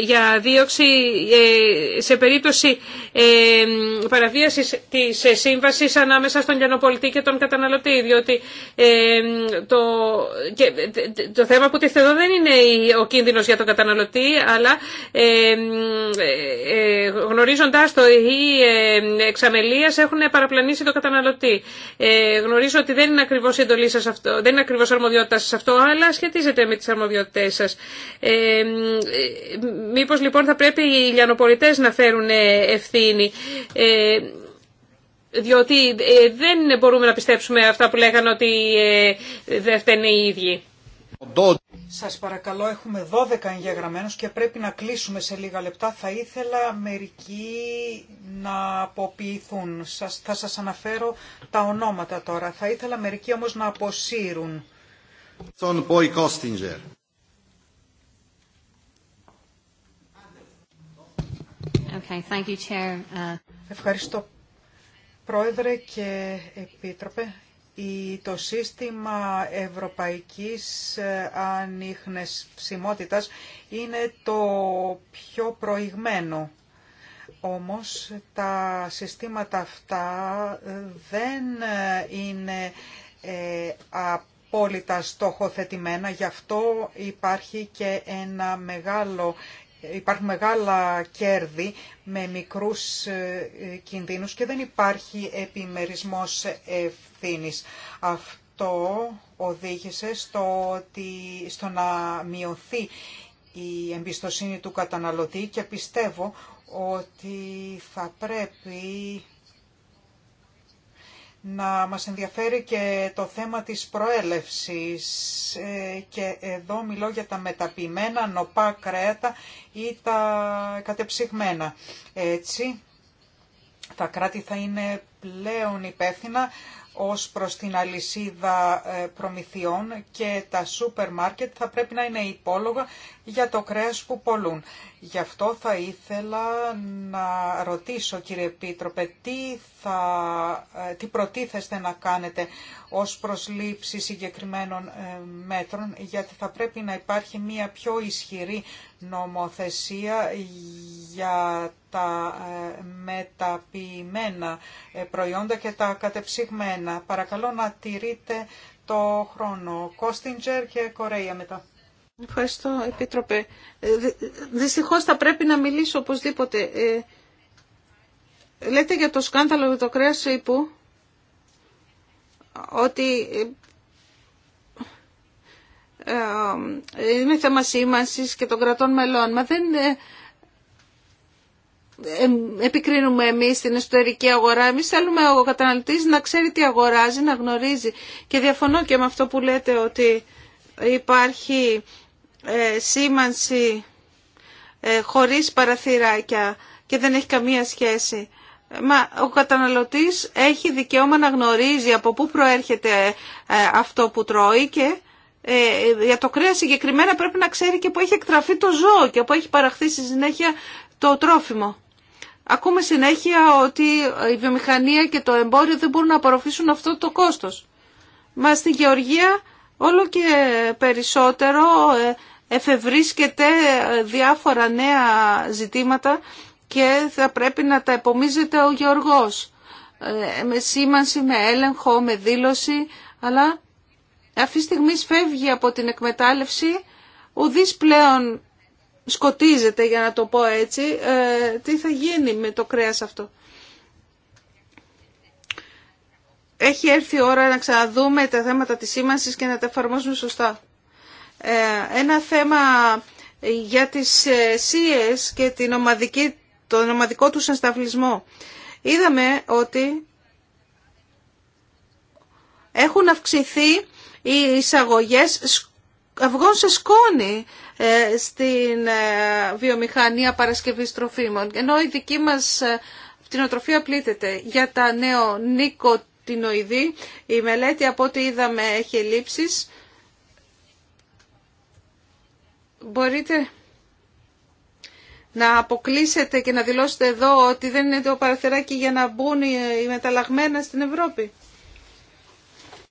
για δίωξη ε, σε περίπτωση παραβίασης της σύμβαση ανάμεσα στον λιανοπολιτή και τον καταναλωτή, διότι το, και, το θέμα που τίθεται εδώ δεν είναι ο κίνδυνο για τον καταναλωτή, αλλά γνωρίζοντα το οι εξαμελίε έχουν παραπλανήσει τον καταναλωτή. Γνωρίζω ότι δεν είναι ακριβώ εντολή σα αυτό, δεν είναι ακριβώ αρμοδιότητά σα αυτό, αλλά σχετίζεται με τι αρμοδιότητέ σα. Ε, Μήπω λοιπόν θα πρέπει οι λιανοπολιτέ να φέρουν ε, ευθύνη. Ε, διότι ε, δεν μπορούμε να πιστέψουμε αυτά που λέγανε ότι δεν φταίνε οι ίδιοι. Σας παρακαλώ, έχουμε 12 εγγεγραμμένους και πρέπει να κλείσουμε σε λίγα λεπτά. Θα ήθελα μερικοί να αποποιηθούν. Σας, θα σας αναφέρω τα ονόματα τώρα. Θα ήθελα μερικοί όμως να αποσύρουν. Ευχαριστώ Πρόεδρε και Επίτροπε το σύστημα ευρωπαϊκής ε, ανιχνευσιμότητας είναι το πιο προηγμένο. Όμως τα συστήματα αυτά δεν ε, είναι ε, απόλυτα στοχοθετημένα, γι' αυτό υπάρχει και ένα μεγάλο υπάρχουν μεγάλα κέρδη με μικρούς ε, κινδύνους και δεν υπάρχει επιμερισμός ευθύνης. Αυτό οδήγησε στο, ότι, στο να μειωθεί η εμπιστοσύνη του καταναλωτή και πιστεύω ότι θα πρέπει να μας ενδιαφέρει και το θέμα της προέλευσης ε, και εδώ μιλώ για τα μεταποιημένα νοπά κρέατα ή τα κατεψυγμένα. Έτσι, τα κράτη θα είναι πλέον υπεύθυνα ως προς την αλυσίδα ε, προμηθειών και τα σούπερ μάρκετ θα πρέπει να είναι υπόλογα για το κρέας που πολλούν. Γι' αυτό θα ήθελα να ρωτήσω κύριε Επίτροπε τι, θα, ε, τι προτίθεστε να κάνετε ως προσλήψη συγκεκριμένων ε, μέτρων γιατί θα πρέπει να υπάρχει μια πιο ισχυρή νομοθεσία για τα ε, μεταποιημένα προϊόντα και τα κατεψυγμένα. Παρακαλώ να τηρείτε το χρόνο. Κόστιντζερ και Κορέια μετά. Ευχαριστώ, Επίτροπε. Ε, δυστυχώς θα πρέπει να μιλήσω οπωσδήποτε. Ε, λέτε για το σκάνδαλο με το κρέας ύπου ότι ε, είναι θέμα σήμανσης και των κρατών μελών. Μα δεν επικρίνουμε εμείς την εσωτερική αγορά. Εμείς θέλουμε ο καταναλωτής να ξέρει τι αγοράζει, να γνωρίζει. Και διαφωνώ και με αυτό που λέτε ότι υπάρχει ε, σήμανση ε, χωρίς παραθυράκια και δεν έχει καμία σχέση. Μα ο καταναλωτής έχει δικαίωμα να γνωρίζει από πού προέρχεται ε, αυτό που τρώει και για το κρέας συγκεκριμένα πρέπει να ξέρει και που έχει εκτραφεί το ζώο και που έχει παραχθεί στη συνέχεια το τρόφιμο. Ακούμε συνέχεια ότι η βιομηχανία και το εμπόριο δεν μπορούν να απορροφήσουν αυτό το κόστος. Μα στην Γεωργία όλο και περισσότερο εφευρίσκεται ε, διάφορα νέα ζητήματα και θα πρέπει να τα επομίζεται ο Γεωργός. Ε, με σήμανση, με έλεγχο, με δήλωση, αλλά αυτή τη στιγμή φεύγει από την εκμετάλλευση, ουδής πλέον σκοτίζεται για να το πω έτσι, ε, τι θα γίνει με το κρέας αυτό. Έχει έρθει η ώρα να ξαναδούμε τα θέματα της σήμανσης και να τα εφαρμόσουμε σωστά. Ε, ένα θέμα για τις ε, ΣΥΕΣ και την ομαδική, τον ομαδικό τους ενσταυλισμό. Είδαμε ότι έχουν αυξηθεί οι εισαγωγές αυγών σε σκόνη ε, στην βιομηχανία παρασκευής τροφίμων, ενώ η δική μας πτυνοτροφία πλήττεται. Για τα νέο νοικοτινοειδή η μελέτη από ό,τι είδαμε έχει λήψεις μπορείτε να αποκλείσετε και να δηλώσετε εδώ ότι δεν είναι το παραθεράκι για να μπουν οι μεταλλαγμένα στην Ευρώπη.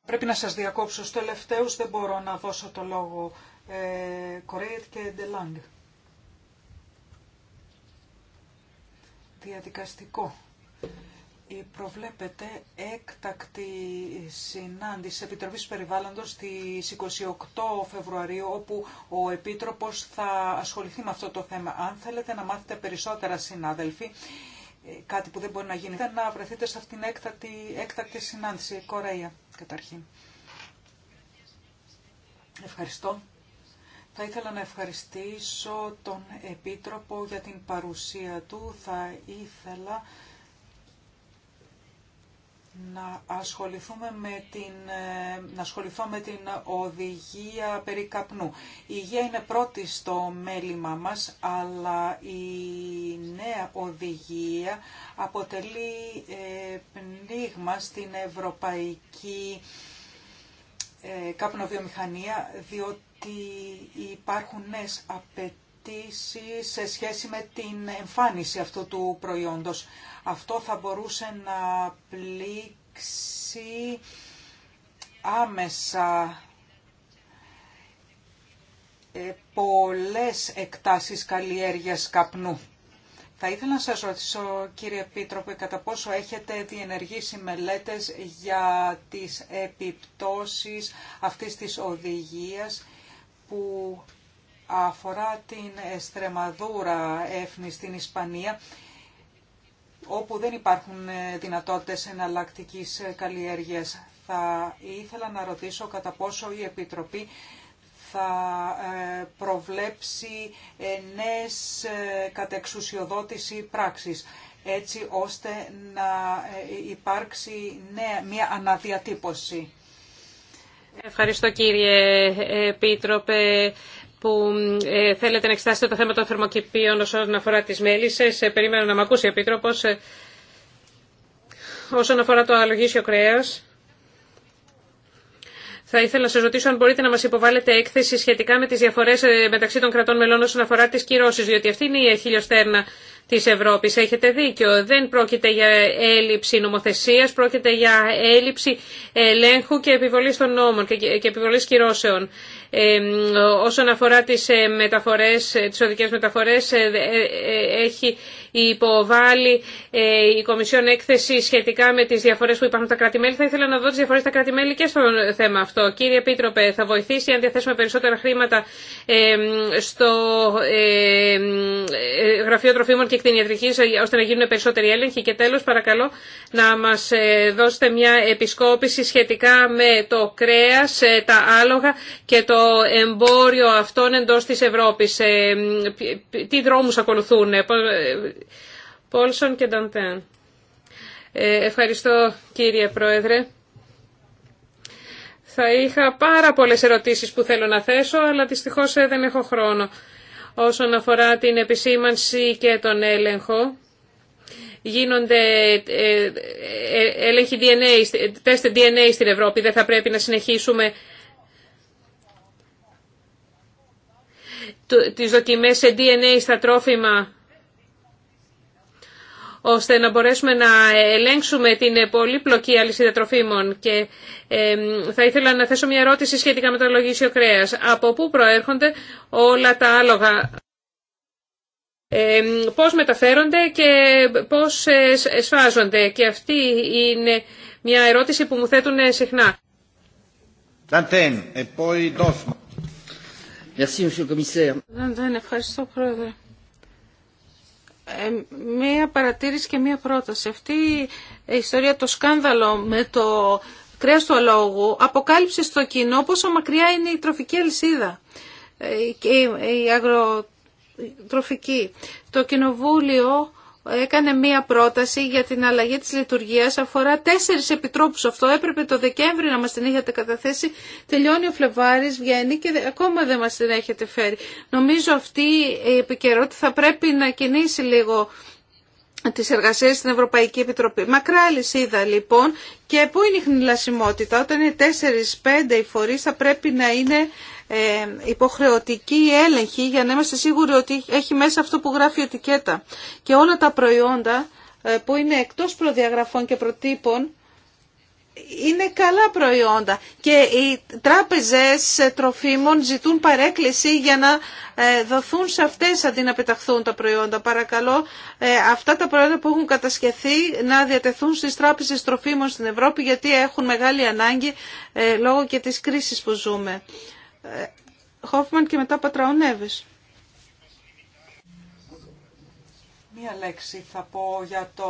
Πρέπει να σας διακόψω. Στο τελευταίους δεν μπορώ να δώσω το λόγο ε, Κορέιτ και Ντελάνγκ. Διαδικαστικό. Ε, προβλέπεται έκτακτη συνάντηση Επιτροπής Περιβάλλοντος στις 28 Φεβρουαρίου όπου ο Επίτροπος θα ασχοληθεί με αυτό το θέμα. Αν θέλετε να μάθετε περισσότερα συνάδελφοι, ε, κάτι που δεν μπορεί να γίνει, να βρεθείτε σε αυτήν την έκτακτη, έκτακτη συνάντηση. Κορέα, καταρχήν. Ευχαριστώ. Θα ήθελα να ευχαριστήσω τον Επίτροπο για την παρουσία του. Θα ήθελα να ασχοληθούμε με την, ε, να ασχοληθώ με την οδηγία περί καπνού. Η υγεία είναι πρώτη στο μέλημά μας, αλλά η νέα οδηγία αποτελεί ε, πνίγμα στην ευρωπαϊκή ε, καπνοβιομηχανία, διότι υπάρχουν νέες απαιτήσεις σε σχέση με την εμφάνιση αυτού του προϊόντος. Αυτό θα μπορούσε να πλήξει άμεσα ε, πολλές εκτάσεις καλλιέργειας καπνού. Θα ήθελα να σας ρωτήσω, κύριε Επίτροπε, κατά πόσο έχετε διενεργήσει μελέτες για τις επιπτώσεις αυτής της οδηγίας που αφορά την Εστρεμαδούρα εύνη στην Ισπανία, όπου δεν υπάρχουν ε, δυνατότητες εναλλακτικής ε, καλλιέργειας. Θα ήθελα να ρωτήσω κατά πόσο η Επιτροπή θα ε, προβλέψει νέες κατεξουσιοδότηση πράξης, έτσι ώστε να υπάρξει νέα, μια αναδιατύπωση. Ευχαριστώ κύριε Επίτροπε που ε, θέλετε να εξετάσετε το θέμα των θερμοκηπίων όσον αφορά τις μέλισσες. Ε, περίμενα να μ' ακούσει ο Επίτροπος. Ε, όσον αφορά το αλογίσιο κρέας, θα ήθελα να σα ρωτήσω αν μπορείτε να μα υποβάλλετε έκθεση σχετικά με τι διαφορέ μεταξύ των κρατών μελών όσον αφορά τι κυρώσει, διότι αυτή είναι η χιλιοστέρνα της Ευρώπης. Έχετε δίκιο. Δεν πρόκειται για έλλειψη νομοθεσίας, πρόκειται για έλλειψη ελέγχου και επιβολής των νόμων και επιβολής κυρώσεων. όσον αφορά τις, ε, μεταφορές, ε, τις οδικές μεταφορές, ε, έχει υποβάλει η Κομισιόν έκθεση σχετικά με τις διαφορές που υπάρχουν στα κράτη-μέλη. Θα ήθελα να δω τις διαφορές στα κράτη-μέλη και στο θέμα αυτό. Κύριε Επίτροπε, θα βοηθήσει αν διαθέσουμε περισσότερα χρήματα στο Γραφείο Τροφίμων και κτηνιατρικής ε, ώστε να γίνουν περισσότεροι έλεγχοι. Και τέλος παρακαλώ να μας ε, δώσετε μια επισκόπηση σχετικά με το κρέας, ε, τα άλογα και το εμπόριο αυτών εντός της Ευρώπης. Τι δρόμους ακολουθούν. Πόλσον και Νταντέν. Ευχαριστώ κύριε Πρόεδρε. Θα είχα πάρα πολλές ερωτήσεις που θέλω να θέσω, αλλά δυστυχώς δεν έχω χρόνο όσον αφορά την επισήμανση και τον έλεγχο. Γίνονται ε, ε, ε, έλεγχοι DNA, τεστ DNA στην Ευρώπη. Δεν θα πρέπει να συνεχίσουμε τις δοκιμές σε DNA στα τρόφιμα ώστε να μπορέσουμε να ελέγξουμε την πολύπλοκη αλυσίδα τροφίμων. Και ε, θα ήθελα να θέσω μια ερώτηση σχετικά με το λογίσιο κρέας. Από πού προέρχονται όλα τα άλογα, ε, πώς μεταφέρονται και πώς ε, σφάζονται. Και αυτή είναι μια ερώτηση που μου θέτουν συχνά. Ευχαριστώ, Πρόεδρε. Ε, μία παρατήρηση και μία πρόταση. Αυτή η ιστορία, το σκάνδαλο με το κρέας του αλόγου αποκάλυψε στο κοινό πόσο μακριά είναι η τροφική αλυσίδα ε, και η αγροτροφική. Το κοινοβούλιο έκανε μία πρόταση για την αλλαγή της λειτουργίας. Αφορά τέσσερις επιτρόπους αυτό. Έπρεπε το Δεκέμβρη να μας την είχατε καταθέσει. Τελειώνει ο Φλεβάρης, βγαίνει και ακόμα δεν μας την έχετε φέρει. Νομίζω αυτή η επικαιρότητα θα πρέπει να κινήσει λίγο τις εργασίες στην Ευρωπαϊκή Επιτροπή. Μακρά λυσίδα λοιπόν και πού είναι η χνηλασιμότητα. Όταν είναι 4-5 οι φορείς θα πρέπει να είναι ε, υποχρεωτική έλεγχη για να είμαστε σίγουροι ότι έχει μέσα αυτό που γράφει η ετικέτα. Και όλα τα προϊόντα ε, που είναι εκτός προδιαγραφών και προτύπων είναι καλά προϊόντα και οι τράπεζες ε, τροφίμων ζητούν παρέκκληση για να δοθούν σε αυτές αντί να πεταχθούν τα προϊόντα. Παρακαλώ αυτά τα προϊόντα που έχουν κατασκευθεί να διατεθούν στις τράπεζες τροφίμων στην Ευρώπη γιατί έχουν μεγάλη ανάγκη λόγω και της κρίσης που ζούμε. Ε, Χόφμαν και μετά πατραωνέβεις; Μία λέξη θα πω για το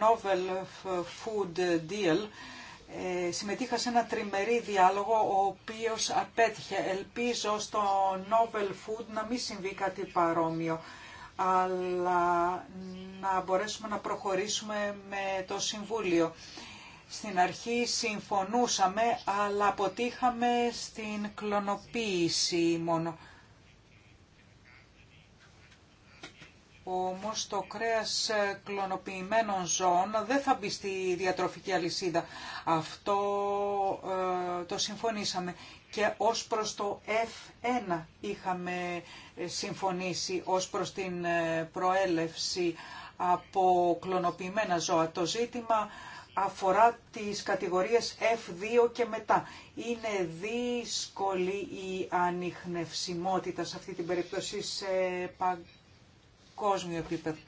Novel Food Deal. Ε, συμμετείχα σε ένα τριμερή διάλογο ο οποίος απέτυχε. Ελπίζω στο Novel Food να μην συμβεί κάτι παρόμοιο αλλά να μπορέσουμε να προχωρήσουμε με το Συμβούλιο. Στην αρχή συμφωνούσαμε, αλλά αποτύχαμε στην κλωνοποίηση μόνο. Όμως το κρέας ε, κλωνοποιημένων ζώων δεν θα μπει στη διατροφική αλυσίδα. Αυτό ε, το συμφωνήσαμε και ως προς το F1 είχαμε ε, συμφωνήσει ως προς την προέλευση από κλωνοποιημένα ζώα. Το ζήτημα αφορά τις κατηγορίες F2 και μετά. Είναι δύσκολη η ανιχνευσιμότητα σε αυτή την περίπτωση σε παγκόσμιο επίπεδο.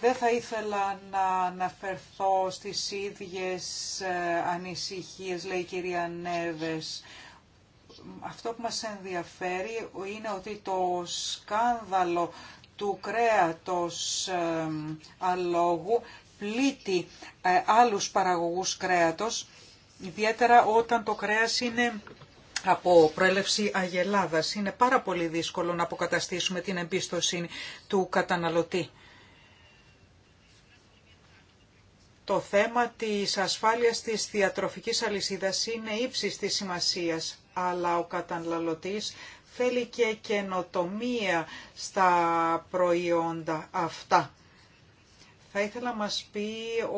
Δεν θα ήθελα να αναφερθώ στις ίδιες ε, ανησυχίες, λέει η κυρία Νέβες. Αυτό που μας ενδιαφέρει είναι ότι το σκάνδαλο του κρέατος ε, αλόγου πλήττει ε, άλλους παραγωγούς κρέατος, ιδιαίτερα όταν το κρέας είναι από προέλευση αγελάδας. Είναι πάρα πολύ δύσκολο να αποκαταστήσουμε την εμπίστοσύνη του καταναλωτή. Το θέμα της ασφάλειας της διατροφικής αλυσίδας είναι ύψης της σημασίας, αλλά ο καταναλωτής θέλει και καινοτομία στα προϊόντα αυτά. Θα ήθελα να μας πει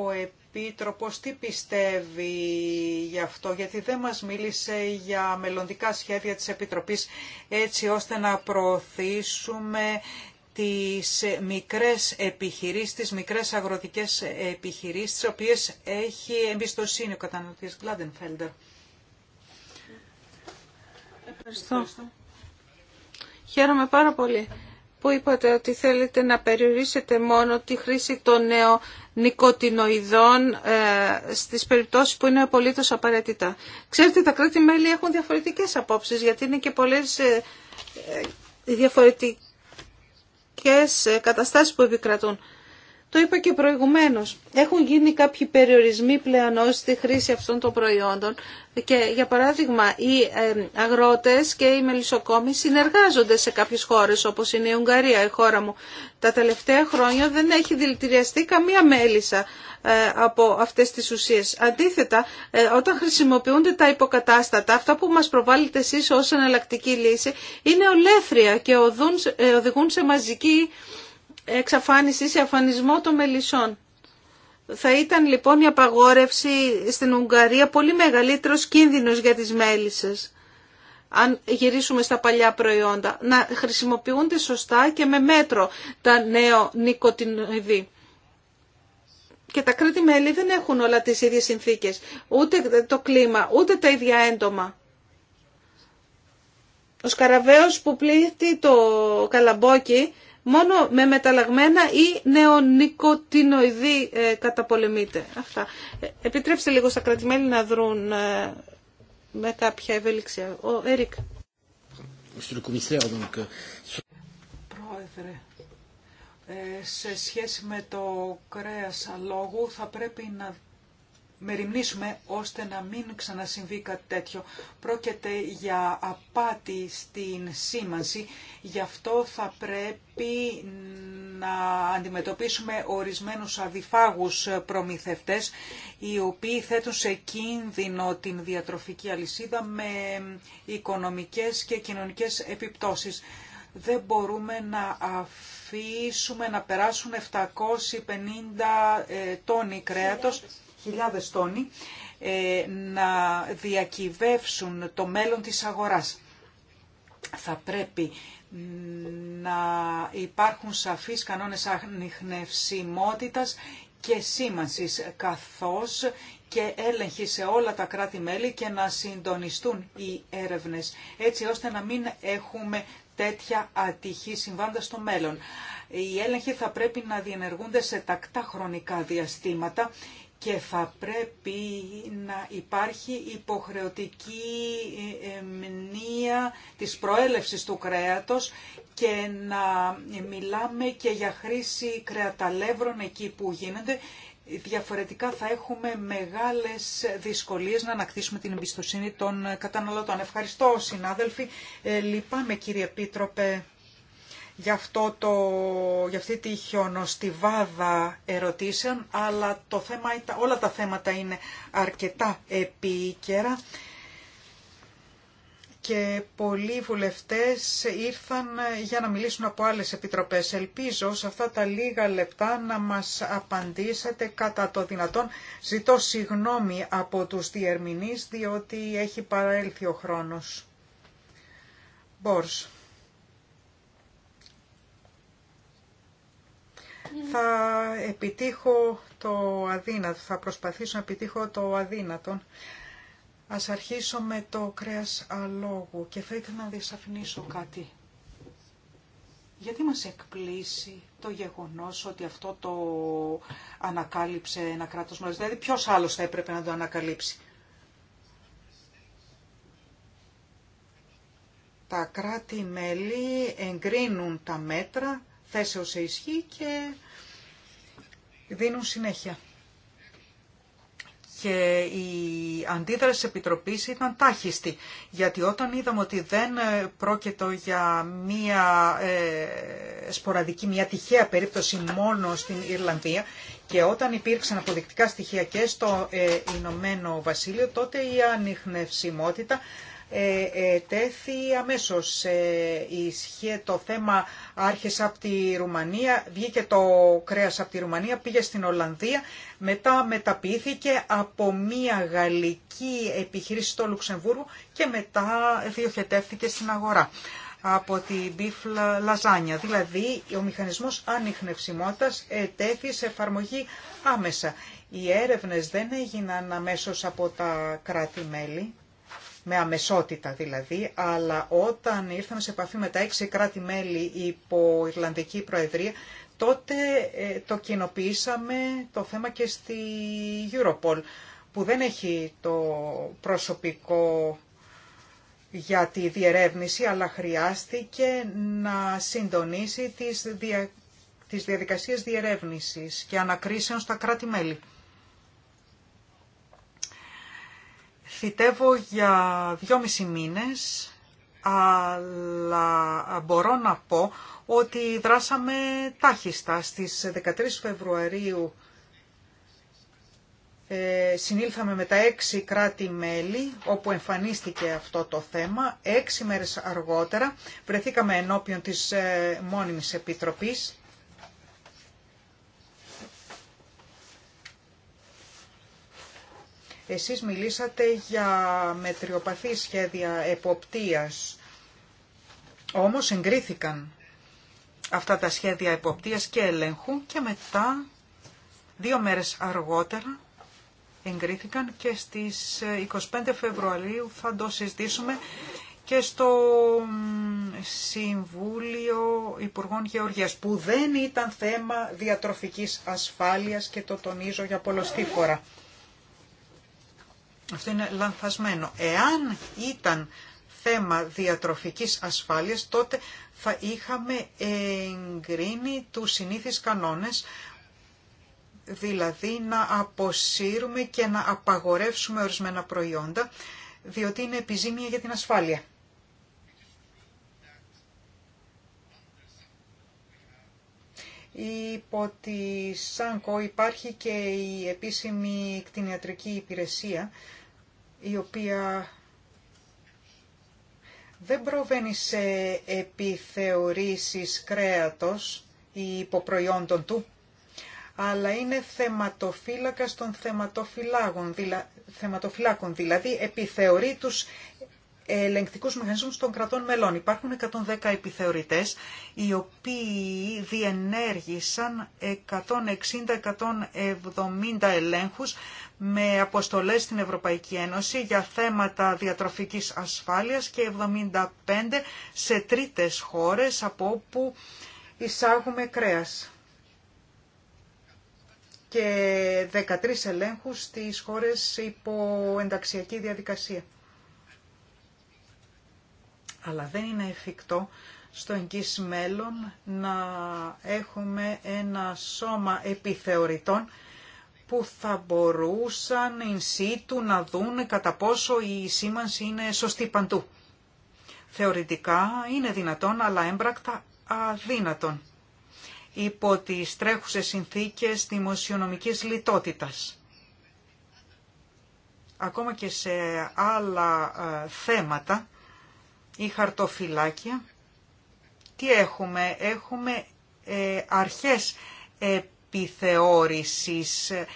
ο Επίτροπος τι πιστεύει γι' αυτό, γιατί δεν μας μίλησε για μελλοντικά σχέδια της Επιτροπής έτσι ώστε να προωθήσουμε τις μικρές επιχειρήσεις, τις μικρές αγροτικές επιχειρήσεις, τις οποίες έχει εμπιστοσύνη ο κατανοητής Γκλάντενφέλντερ. Ευχαριστώ. Ευχαριστώ. Χαίρομαι πάρα πολύ που είπατε ότι θέλετε να περιορίσετε μόνο τη χρήση των νέων νοικοτινοειδών ε, στις περιπτώσεις που είναι απολύτως απαραίτητα. Ξέρετε, τα κράτη-μέλη έχουν διαφορετικές απόψεις, γιατί είναι και πολλές ε, ε, διαφορετικές καταστάσεις που επικρατούν. Το είπα και προηγουμένω. Έχουν γίνει κάποιοι περιορισμοί πλέον στη χρήση αυτών των προϊόντων και για παράδειγμα οι αγρότες και οι μελισσοκόμοι συνεργάζονται σε κάποιες χώρες όπως είναι η Ουγγαρία, η χώρα μου. Τα τελευταία χρόνια δεν έχει δηλητηριαστεί καμία μέλισσα ε, από αυτές τις ουσίε. Αντίθετα, ε, όταν χρησιμοποιούνται τα υποκατάστατα, αυτά που μα προβάλλετε εσεί ω εναλλακτική λύση είναι ολέθρια και ε, οδηγούν σε μαζική εξαφάνιση ή αφανισμό των μελισσών. Θα ήταν λοιπόν η απαγόρευση στην Ουγγαρία πολύ μεγαλύτερος κίνδυνος για τις μέλισσες, αν γυρίσουμε στα παλιά προϊόντα, να χρησιμοποιούνται σωστά και με μέτρο τα νέο νοικοτινοειδή. Και τα κράτη-μέλη δεν έχουν όλα τις ίδιες συνθήκες, ούτε το κλίμα, ούτε τα ίδια έντομα. Ο σκαραβαίος που πλήττει το καλαμπόκι μόνο με μεταλλαγμένα ή νεονικοτινοειδή ε, καταπολεμείται. Αυτά. Ε, επιτρέψτε λίγο στα κρατημέλη να δρουν ε, με κάποια ευελιξία. Ο Ερικ. Euh, Πρόεδρε, σε σχέση με το κρέας αλόγου θα πρέπει να μεριμνήσουμε ώστε να μην ξανασυμβεί κάτι τέτοιο. Πρόκειται για απάτη στην σήμανση, γι' αυτό θα πρέπει να αντιμετωπίσουμε ορισμένους αδιφάγους προμηθευτές, οι οποίοι θέτουν σε κίνδυνο την διατροφική αλυσίδα με οικονομικές και κοινωνικές επιπτώσεις. Δεν μπορούμε να αφήσουμε να περάσουν 750 ε, τόνοι κρέατος χιλιάδες τόνοι ε, να διακυβεύσουν το μέλλον της αγοράς. Θα πρέπει να υπάρχουν σαφείς κανόνες ανιχνευσιμότητας και σήμανσης καθώς και έλεγχη σε όλα τα κράτη-μέλη και να συντονιστούν οι έρευνες έτσι ώστε να μην έχουμε τέτοια ατυχή συμβάντα στο μέλλον. Οι έλεγχοι θα πρέπει να διενεργούνται σε τακτά χρονικά διαστήματα και θα πρέπει να υπάρχει υποχρεωτική ε, ε, μνήμα της προέλευσης του κρέατος και να ε, μιλάμε και για χρήση κρεαταλεύρων εκεί που γίνεται. Διαφορετικά θα έχουμε μεγάλες δυσκολίες να ανακτήσουμε την εμπιστοσύνη των καταναλωτών. Ευχαριστώ συνάδελφοι. λυπάμαι κύριε Πίτροπε για, αυτό το, για αυτή τη χιονοστιβάδα ερωτήσεων, αλλά το θέμα, όλα τα θέματα είναι αρκετά επίκαιρα και πολλοί βουλευτές ήρθαν για να μιλήσουν από άλλες επιτροπές. Ελπίζω σε αυτά τα λίγα λεπτά να μας απαντήσετε κατά το δυνατόν. Ζητώ συγνώμη από τους διερμηνείς διότι έχει παραέλθει ο χρόνος. Μπορς. θα επιτύχω το αδύνατο, θα προσπαθήσω να επιτύχω το αδύνατο. Ας αρχίσω με το κρέας αλόγου και θα ήθελα να διασαφηνίσω κάτι. Γιατί μας εκπλήσει το γεγονός ότι αυτό το ανακάλυψε ένα κράτος μας, Δηλαδή ποιος άλλος θα έπρεπε να το ανακαλύψει. Τα κράτη-μέλη εγκρίνουν τα μέτρα, θέσεως σε ισχύ και δίνουν συνέχεια. Και η αντίδραση της Επιτροπής ήταν τάχιστη, γιατί όταν είδαμε ότι δεν ε, πρόκειται για μία ε, σποραδική, μία τυχαία περίπτωση μόνο στην Ιρλανδία και όταν υπήρξαν αποδεικτικά στοιχεία και στο ε, Ηνωμένο Βασίλειο, τότε η ανιχνευσιμότητα ε, ε, τέθη αμέσως ε, ισχύει το θέμα άρχισε από τη Ρουμανία, βγήκε το κρέας από τη Ρουμανία, πήγε στην Ολλανδία, μετά μεταποιήθηκε από μια γαλλική επιχείρηση στο Λουξεμβούργο και μετά διοχετεύθηκε στην αγορά από την μπίφλα λαζάνια. Δηλαδή, ο μηχανισμός ανιχνευσιμότητας ετέθη σε εφαρμογή άμεσα. Οι έρευνες δεν έγιναν αμέσως από τα κράτη-μέλη με αμεσότητα δηλαδή, αλλά όταν ήρθαμε σε επαφή με τα έξι κράτη-μέλη υπό Ιρλανδική Προεδρία, τότε ε, το κοινοποιήσαμε το θέμα και στη Europol, που δεν έχει το προσωπικό για τη διερεύνηση, αλλά χρειάστηκε να συντονίσει τις, δια... τις διαδικασίες διερεύνησης και ανακρίσεων στα κράτη-μέλη. Φυτεύω για δυόμιση μήνες, αλλά μπορώ να πω ότι δράσαμε τάχιστα. Στις 13 Φεβρουαρίου ε, συνήλθαμε με τα έξι κράτη-μέλη όπου εμφανίστηκε αυτό το θέμα. Έξι μέρες αργότερα βρεθήκαμε ενώπιον της ε, μόνιμης επιτροπής Εσείς μιλήσατε για μετριοπαθή σχέδια εποπτείας, όμως εγκρίθηκαν αυτά τα σχέδια εποπτείας και ελέγχου και μετά, δύο μέρες αργότερα, εγκρίθηκαν και στις 25 ε, Φεβρουαρίου θα το συζητήσουμε και στο Συμβούλιο Υπουργών Γεωργίας που δεν ήταν θέμα διατροφικής ασφάλειας και το τονίζω για πολλοστή φορά. Αυτό είναι λανθασμένο. Εάν ήταν θέμα διατροφικής ασφάλειας, τότε θα είχαμε εγκρίνει τους συνήθεις κανόνες, δηλαδή να αποσύρουμε και να απαγορεύσουμε ορισμένα προϊόντα, διότι είναι επιζήμια για την ασφάλεια. Υπό τη ΣΑΝΚΟ υπάρχει και η επίσημη κτηνιατρική υπηρεσία, η οποία δεν προβαίνει σε επιθεωρήσεις κρέατος ή υποπροϊόντων του, αλλά είναι θεματοφύλακας των θεματοφυλάκων, θεματοφυλάκων δηλαδή επιθεωρεί τους ελεγκτικούς μηχανισμούς των κρατών μελών. Υπάρχουν 110 επιθεωρητές, οι οποίοι διενέργησαν 160-170 ελέγχους με αποστολές στην Ευρωπαϊκή Ένωση για θέματα διατροφικής ασφάλειας και 75 σε τρίτες χώρες από όπου εισάγουμε κρέας και 13 ελέγχους στις χώρες υπό ενταξιακή διαδικασία αλλά δεν είναι εφικτό στο εγγύς μέλλον να έχουμε ένα σώμα επιθεωρητών που θα μπορούσαν in situ να δουν κατά πόσο η σήμανση είναι σωστή παντού. Θεωρητικά είναι δυνατόν, αλλά έμπρακτα αδύνατον υπό τις τρέχουσες συνθήκες δημοσιονομικής λιτότητας. Ακόμα και σε άλλα ε, θέματα ή χαρτοφυλάκια. Τι έχουμε, έχουμε ε, αρχές επιθεώρησης, ε,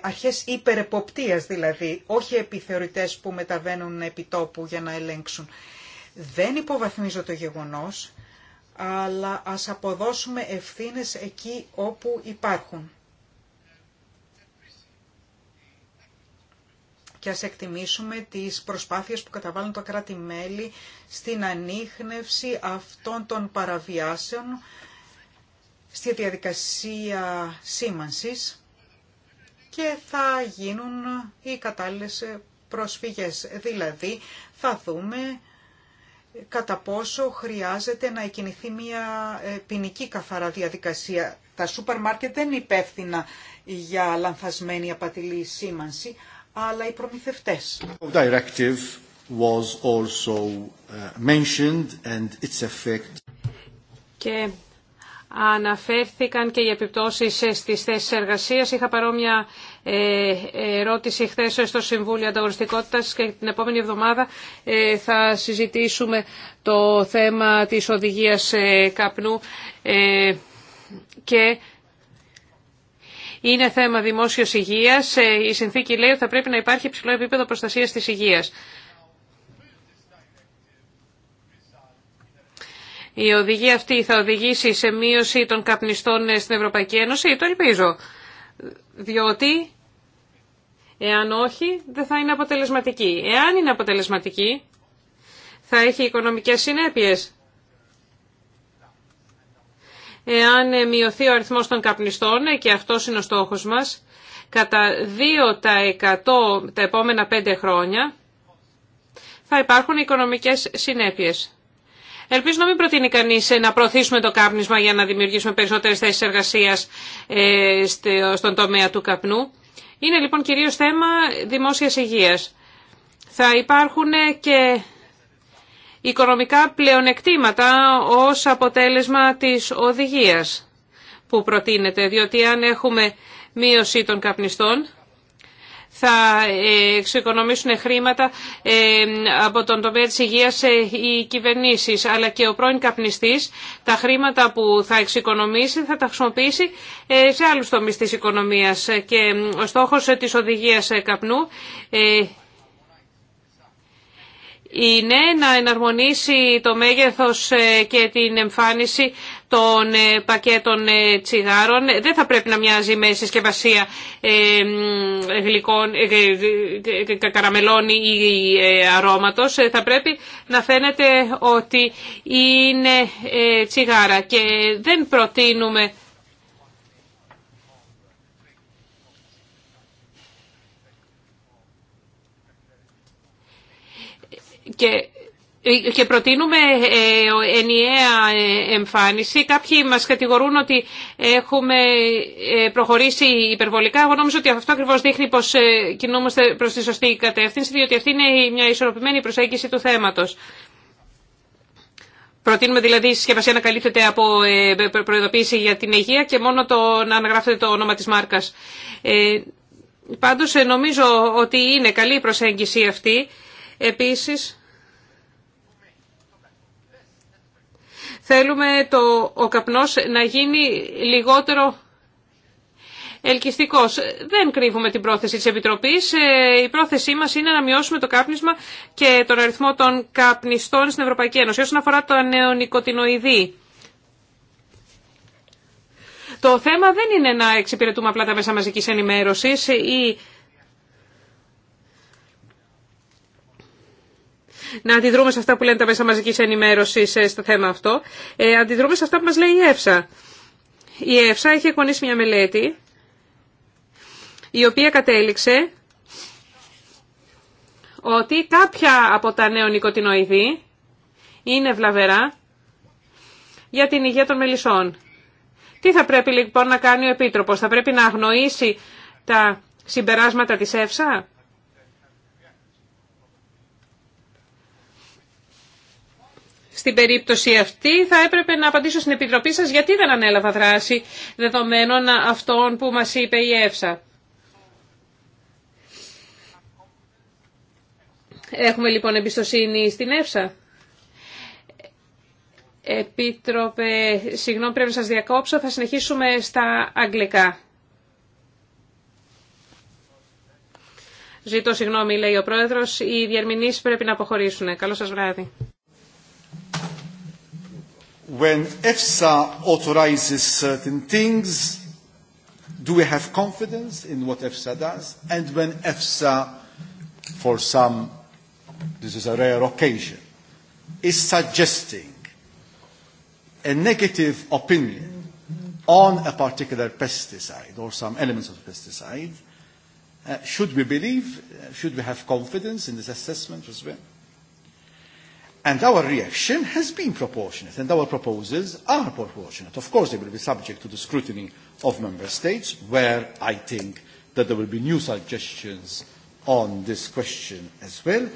αρχές υπερεποπτείας δηλαδή, όχι επιθεωρητές που μεταβαίνουν επιτόπου για να ελέγξουν. Δεν υποβαθμίζω το γεγονός, αλλά ας αποδώσουμε ευθύνες εκεί όπου υπάρχουν. και ας εκτιμήσουμε τις προσπάθειες που καταβάλουν τα κράτη-μέλη στην ανείχνευση αυτών των παραβιάσεων στη διαδικασία σήμανσης και θα γίνουν οι κατάλληλες προσφυγές. Δηλαδή θα δούμε κατά πόσο χρειάζεται να εκκινηθεί μια ε, ποινική καθαρά διαδικασία. Τα σούπερ μάρκετ δεν είναι υπεύθυνα για λανθασμένη απατηλή σήμανση, αλλά οι προμηθευτές. Directive was also uh, mentioned and its effect. Και αναφέρθηκαν και οι επιπτώσεις ε, στις θέσεις εργασίας. Είχα παρόμοια ε, ερώτηση χθες στο Συμβούλιο Ανταγωνιστικότητας και την επόμενη εβδομάδα ε, θα συζητήσουμε το θέμα της οδηγίας καπνού και είναι θέμα δημόσιας υγείας. Ε, η συνθήκη λέει ότι θα πρέπει να υπάρχει υψηλό επίπεδο προστασίας της υγείας. Η οδηγία αυτή θα οδηγήσει σε μείωση των καπνιστών ε, στην Ευρωπαϊκή Ένωση, το ελπίζω. Διότι, εάν όχι, δεν θα είναι αποτελεσματική. Εάν είναι αποτελεσματική, θα έχει οικονομικές συνέπειες εάν ε, μειωθεί ο αριθμός των καπνιστών ε, και αυτός είναι ο στόχος μας κατά 2% τα επόμενα 5 χρόνια θα υπάρχουν οικονομικές συνέπειες. Ελπίζω να μην προτείνει κανεί ε, να προωθήσουμε το κάπνισμα για να δημιουργήσουμε περισσότερε θέσει εργασία στον τομέα του καπνού. Είναι λοιπόν κυρίω θέμα δημόσια υγεία. Θα υπάρχουν και οικονομικά πλεονεκτήματα ως αποτέλεσμα της οδηγίας που προτείνεται, διότι αν έχουμε μείωση των καπνιστών θα ε, εξοικονομήσουν χρήματα ε, από τον τομέα της υγείας ε, οι κυβερνήσεις, αλλά και ο πρώην καπνιστής τα χρήματα που θα εξοικονομήσει θα τα χρησιμοποιήσει σε άλλους τομείς της οικονομίας. Και ο στόχος της οδηγίας καπνού είναι να εναρμονίσει το μέγεθος ε, και την εμφάνιση των ε, πακέτων ε, τσιγάρων. Δεν θα πρέπει να μοιάζει με συσκευασία γλυκών, καραμελών ή αρώματος. Θα πρέπει να φαίνεται ότι είναι τσιγάρα και δεν προτείνουμε και και προτείνουμε ε, ενιαία ε, εμφάνιση. Κάποιοι μας κατηγορούν ότι έχουμε ε, προχωρήσει υπερβολικά. Εγώ νόμιζω ότι αυτό ακριβώς δείχνει πως κινούμαστε προς τη σωστή κατεύθυνση, διότι αυτή είναι μια ισορροπημένη προσέγγιση του θέματος. Προτείνουμε δηλαδή η συσκευασία να καλύπτεται από προειδοποίηση για την υγεία και μόνο το να αναγράφεται το όνομα της μάρκας. Πάντως νομίζω ότι είναι καλή η προσέγγιση αυτή. Επίσης, Θέλουμε το, ο καπνός να γίνει λιγότερο ελκυστικός. Δεν κρύβουμε την πρόθεση της Επιτροπής. Ε, η πρόθεσή μας είναι να μειώσουμε το κάπνισμα και τον αριθμό των καπνιστών στην Ευρωπαϊκή Ένωση. Όσον αφορά το νεονικοτινοειδή, το θέμα δεν είναι να εξυπηρετούμε απλά τα μέσα μαζικής ενημέρωσης ή να αντιδρούμε σε αυτά που λένε τα μέσα μαζικής ενημέρωσης ε, στο θέμα αυτό. Ε, αντιδρούμε σε αυτά που μας λέει η ΕΦΣΑ. Η ΕΦΣΑ έχει εκπονήσει μια μελέτη η οποία κατέληξε ότι κάποια από τα νέα νοικοτινοειδή είναι βλαβερά για την υγεία των μελισσών. Τι θα πρέπει λοιπόν να κάνει ο Επίτροπος, θα πρέπει να αγνοήσει τα συμπεράσματα της ΕΦΣΑ Στην περίπτωση αυτή θα έπρεπε να απαντήσω στην Επιτροπή σας γιατί δεν ανέλαβα δράση δεδομένων αυτών που μας είπε η ΕΦΣΑ. Έχουμε λοιπόν εμπιστοσύνη στην ΕΦΣΑ. Επίτροπε, συγγνώμη πρέπει να σας διακόψω, θα συνεχίσουμε στα αγγλικά. Ζητώ συγγνώμη, λέει ο πρόεδρος, οι διερμηνείς πρέπει να αποχωρήσουν. Καλό σας βράδυ when EFSA authorizes certain things, do we have confidence in what EFSA does? And when EFSA, for some, this is a rare occasion, is suggesting a negative opinion on a particular pesticide or some elements of pesticide, should we believe, should we have confidence in this assessment as well? And our reaction has been proportionate, and our proposals are proportionate. Of course, they will be subject to the scrutiny of member states, where I think that there will be new suggestions on this question as well.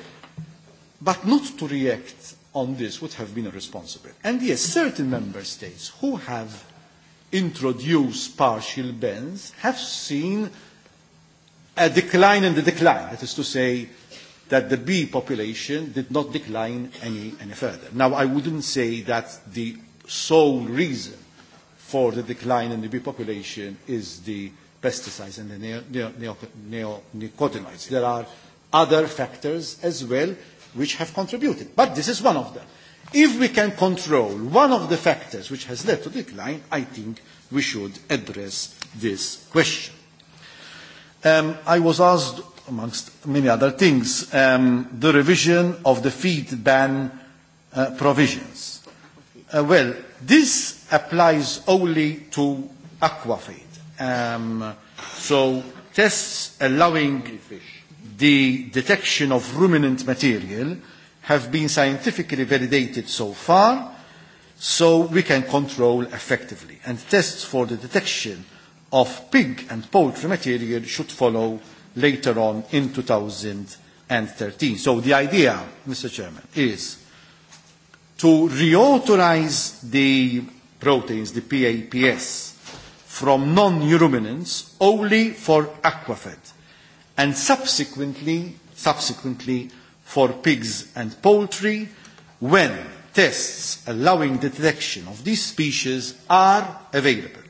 But not to react on this would have been irresponsible. And yes, certain member states who have introduced partial bans have seen a decline in the decline. That is to say, that the bee population did not decline any any further. Now, I wouldn't say that the sole reason for the decline in the bee population is the pesticides and the neonicotinoids. There are other factors as well which have contributed, but this is one of them. If we can control one of the factors which has led to decline, I think we should address this question. I was asked amongst many other things, the revision of the feed ban provisions. Well, this applies only to aquafeed. So tests allowing the detection of ruminant material have been scientifically validated so far, so we can control effectively. And tests for the detection of pig and poultry material should follow later on in 2013. So the idea, Mr. Chairman, is to reauthorize the proteins, the PAPS, from non-ruminants only for aquafed and subsequently subsequently for pigs and poultry when tests allowing detection of these species are available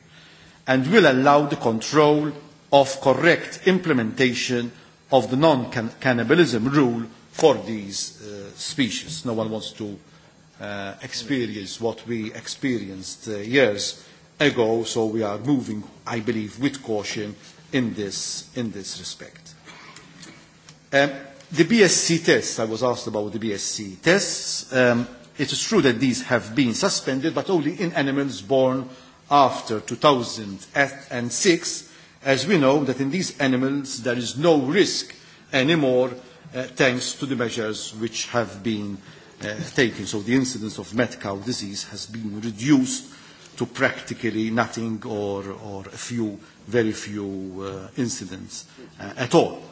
and will allow the control of correct implementation of the non-cannibalism rule for these species. No one wants to experience what we experienced years ago, so we are moving, I believe, with caution in this respect. The BSC tests, I was asked about the BSC tests. It is true that these have been suspended, but only in animals born after 2006 as we know that in these animals there is no risk anymore thanks to the measures which have been taken. So the incidence of mad cow disease has been reduced to practically nothing or or a few very few incidents at all.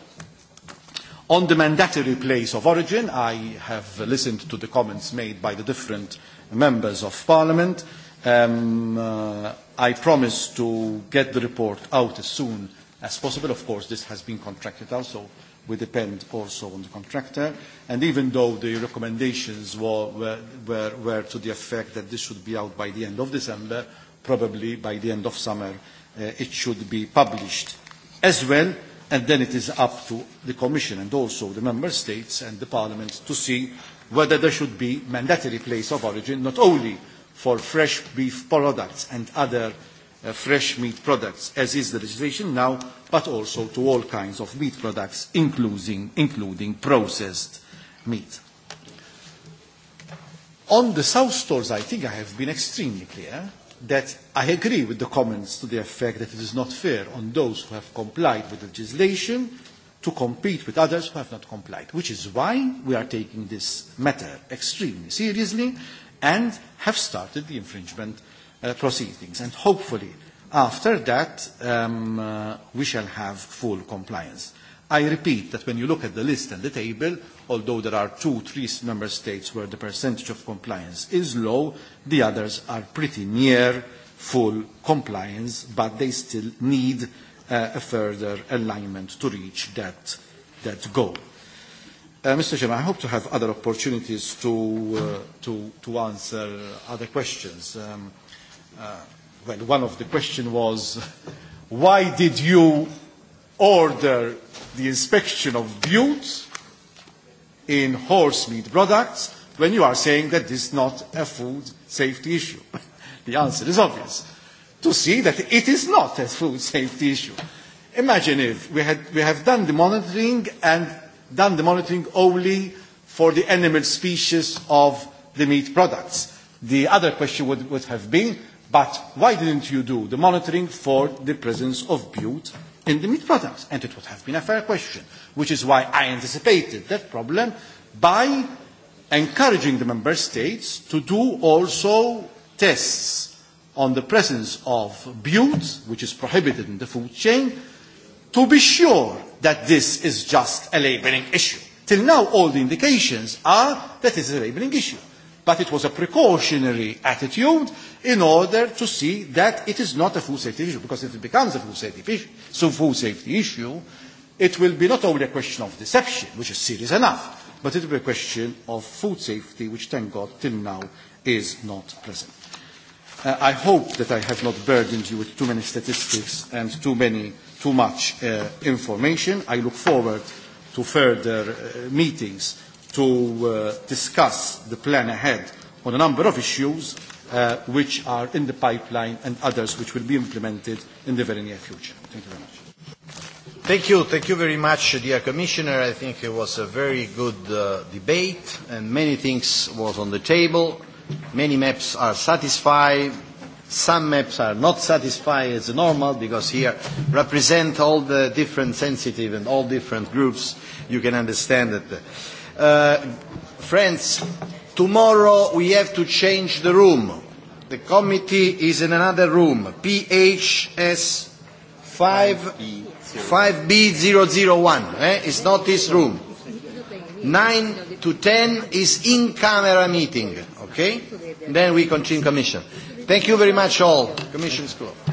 On the mandatory place of origin, I have listened to the comments made by the different members of Parliament. I promise to get the report out as soon as possible. Of course, this has been contracted also. We depend also on the contractor. And even though the recommendations were to the effect that this should be out by the end of December, probably by the end of summer it should be published as well. And then it is up to the Commission and also the Member States and the Parliament to see whether there should be mandatory place of origin, not only for fresh beef products and other fresh meat products, as is the legislation now, but also to all kinds of meat products, including processed meat. On the South stores, I think I have been extremely clear that I agree with the comments to the effect that it is not fair on those who have complied with the legislation to compete with others who have not complied, which is why we are taking this matter extremely seriously and have started the infringement proceedings. And hopefully, after that, we shall have full compliance. I repeat that when you look at the list and the table, although there are two, three member states where the percentage of compliance is low, the others are pretty near full compliance, but they still need a further alignment to reach that goal. Mr. Chairman, I hope to have other opportunities to to answer other questions. Well, one of the questions was, why did you order the inspection of butte in horse meat products when you are saying that this is not a food safety issue? The answer is obvious. To see that it is not a food safety issue. Imagine if we had we have done the monitoring and done the monitoring only for the animal species of the meat products. The other question would have been, but why didn't you do the monitoring for the presence of bute in the meat products? And it would have been a fair question, which is why I anticipated that problem by encouraging the member states to do also tests on the presence of bute, which is prohibited in the food chain, to be sure that this is just a labelling issue. Till now, all the indications are that it is a labelling issue. But it was a precautionary attitude in order to see that it is not a food safety issue, because if it becomes a food safety issue, so food safety issue, it will be not only a question of deception, which is serious enough, but it will be a question of food safety, which, thank God, till now is not present. I hope that I have not burdened you with too many statistics and too many too much information. I look forward to further meetings to discuss the plan ahead on a number of issues which are in the pipeline and others which will be implemented in the very near future. Thank you very much. Thank you. Thank you very much, dear Commissioner. I think it was a very good debate and many things was on the table. Many maps are satisfied Some maps are not satisfied as normal because here represent all the different sensitive and all different groups. You can understand that. Friends, tomorrow we have to change the room. The committee is in another room, PHS 5B001. Eh? It's not this room. 9 to 10 is in-camera meeting. Okay? Then we continue Commission. Thank you very much all. Commission School.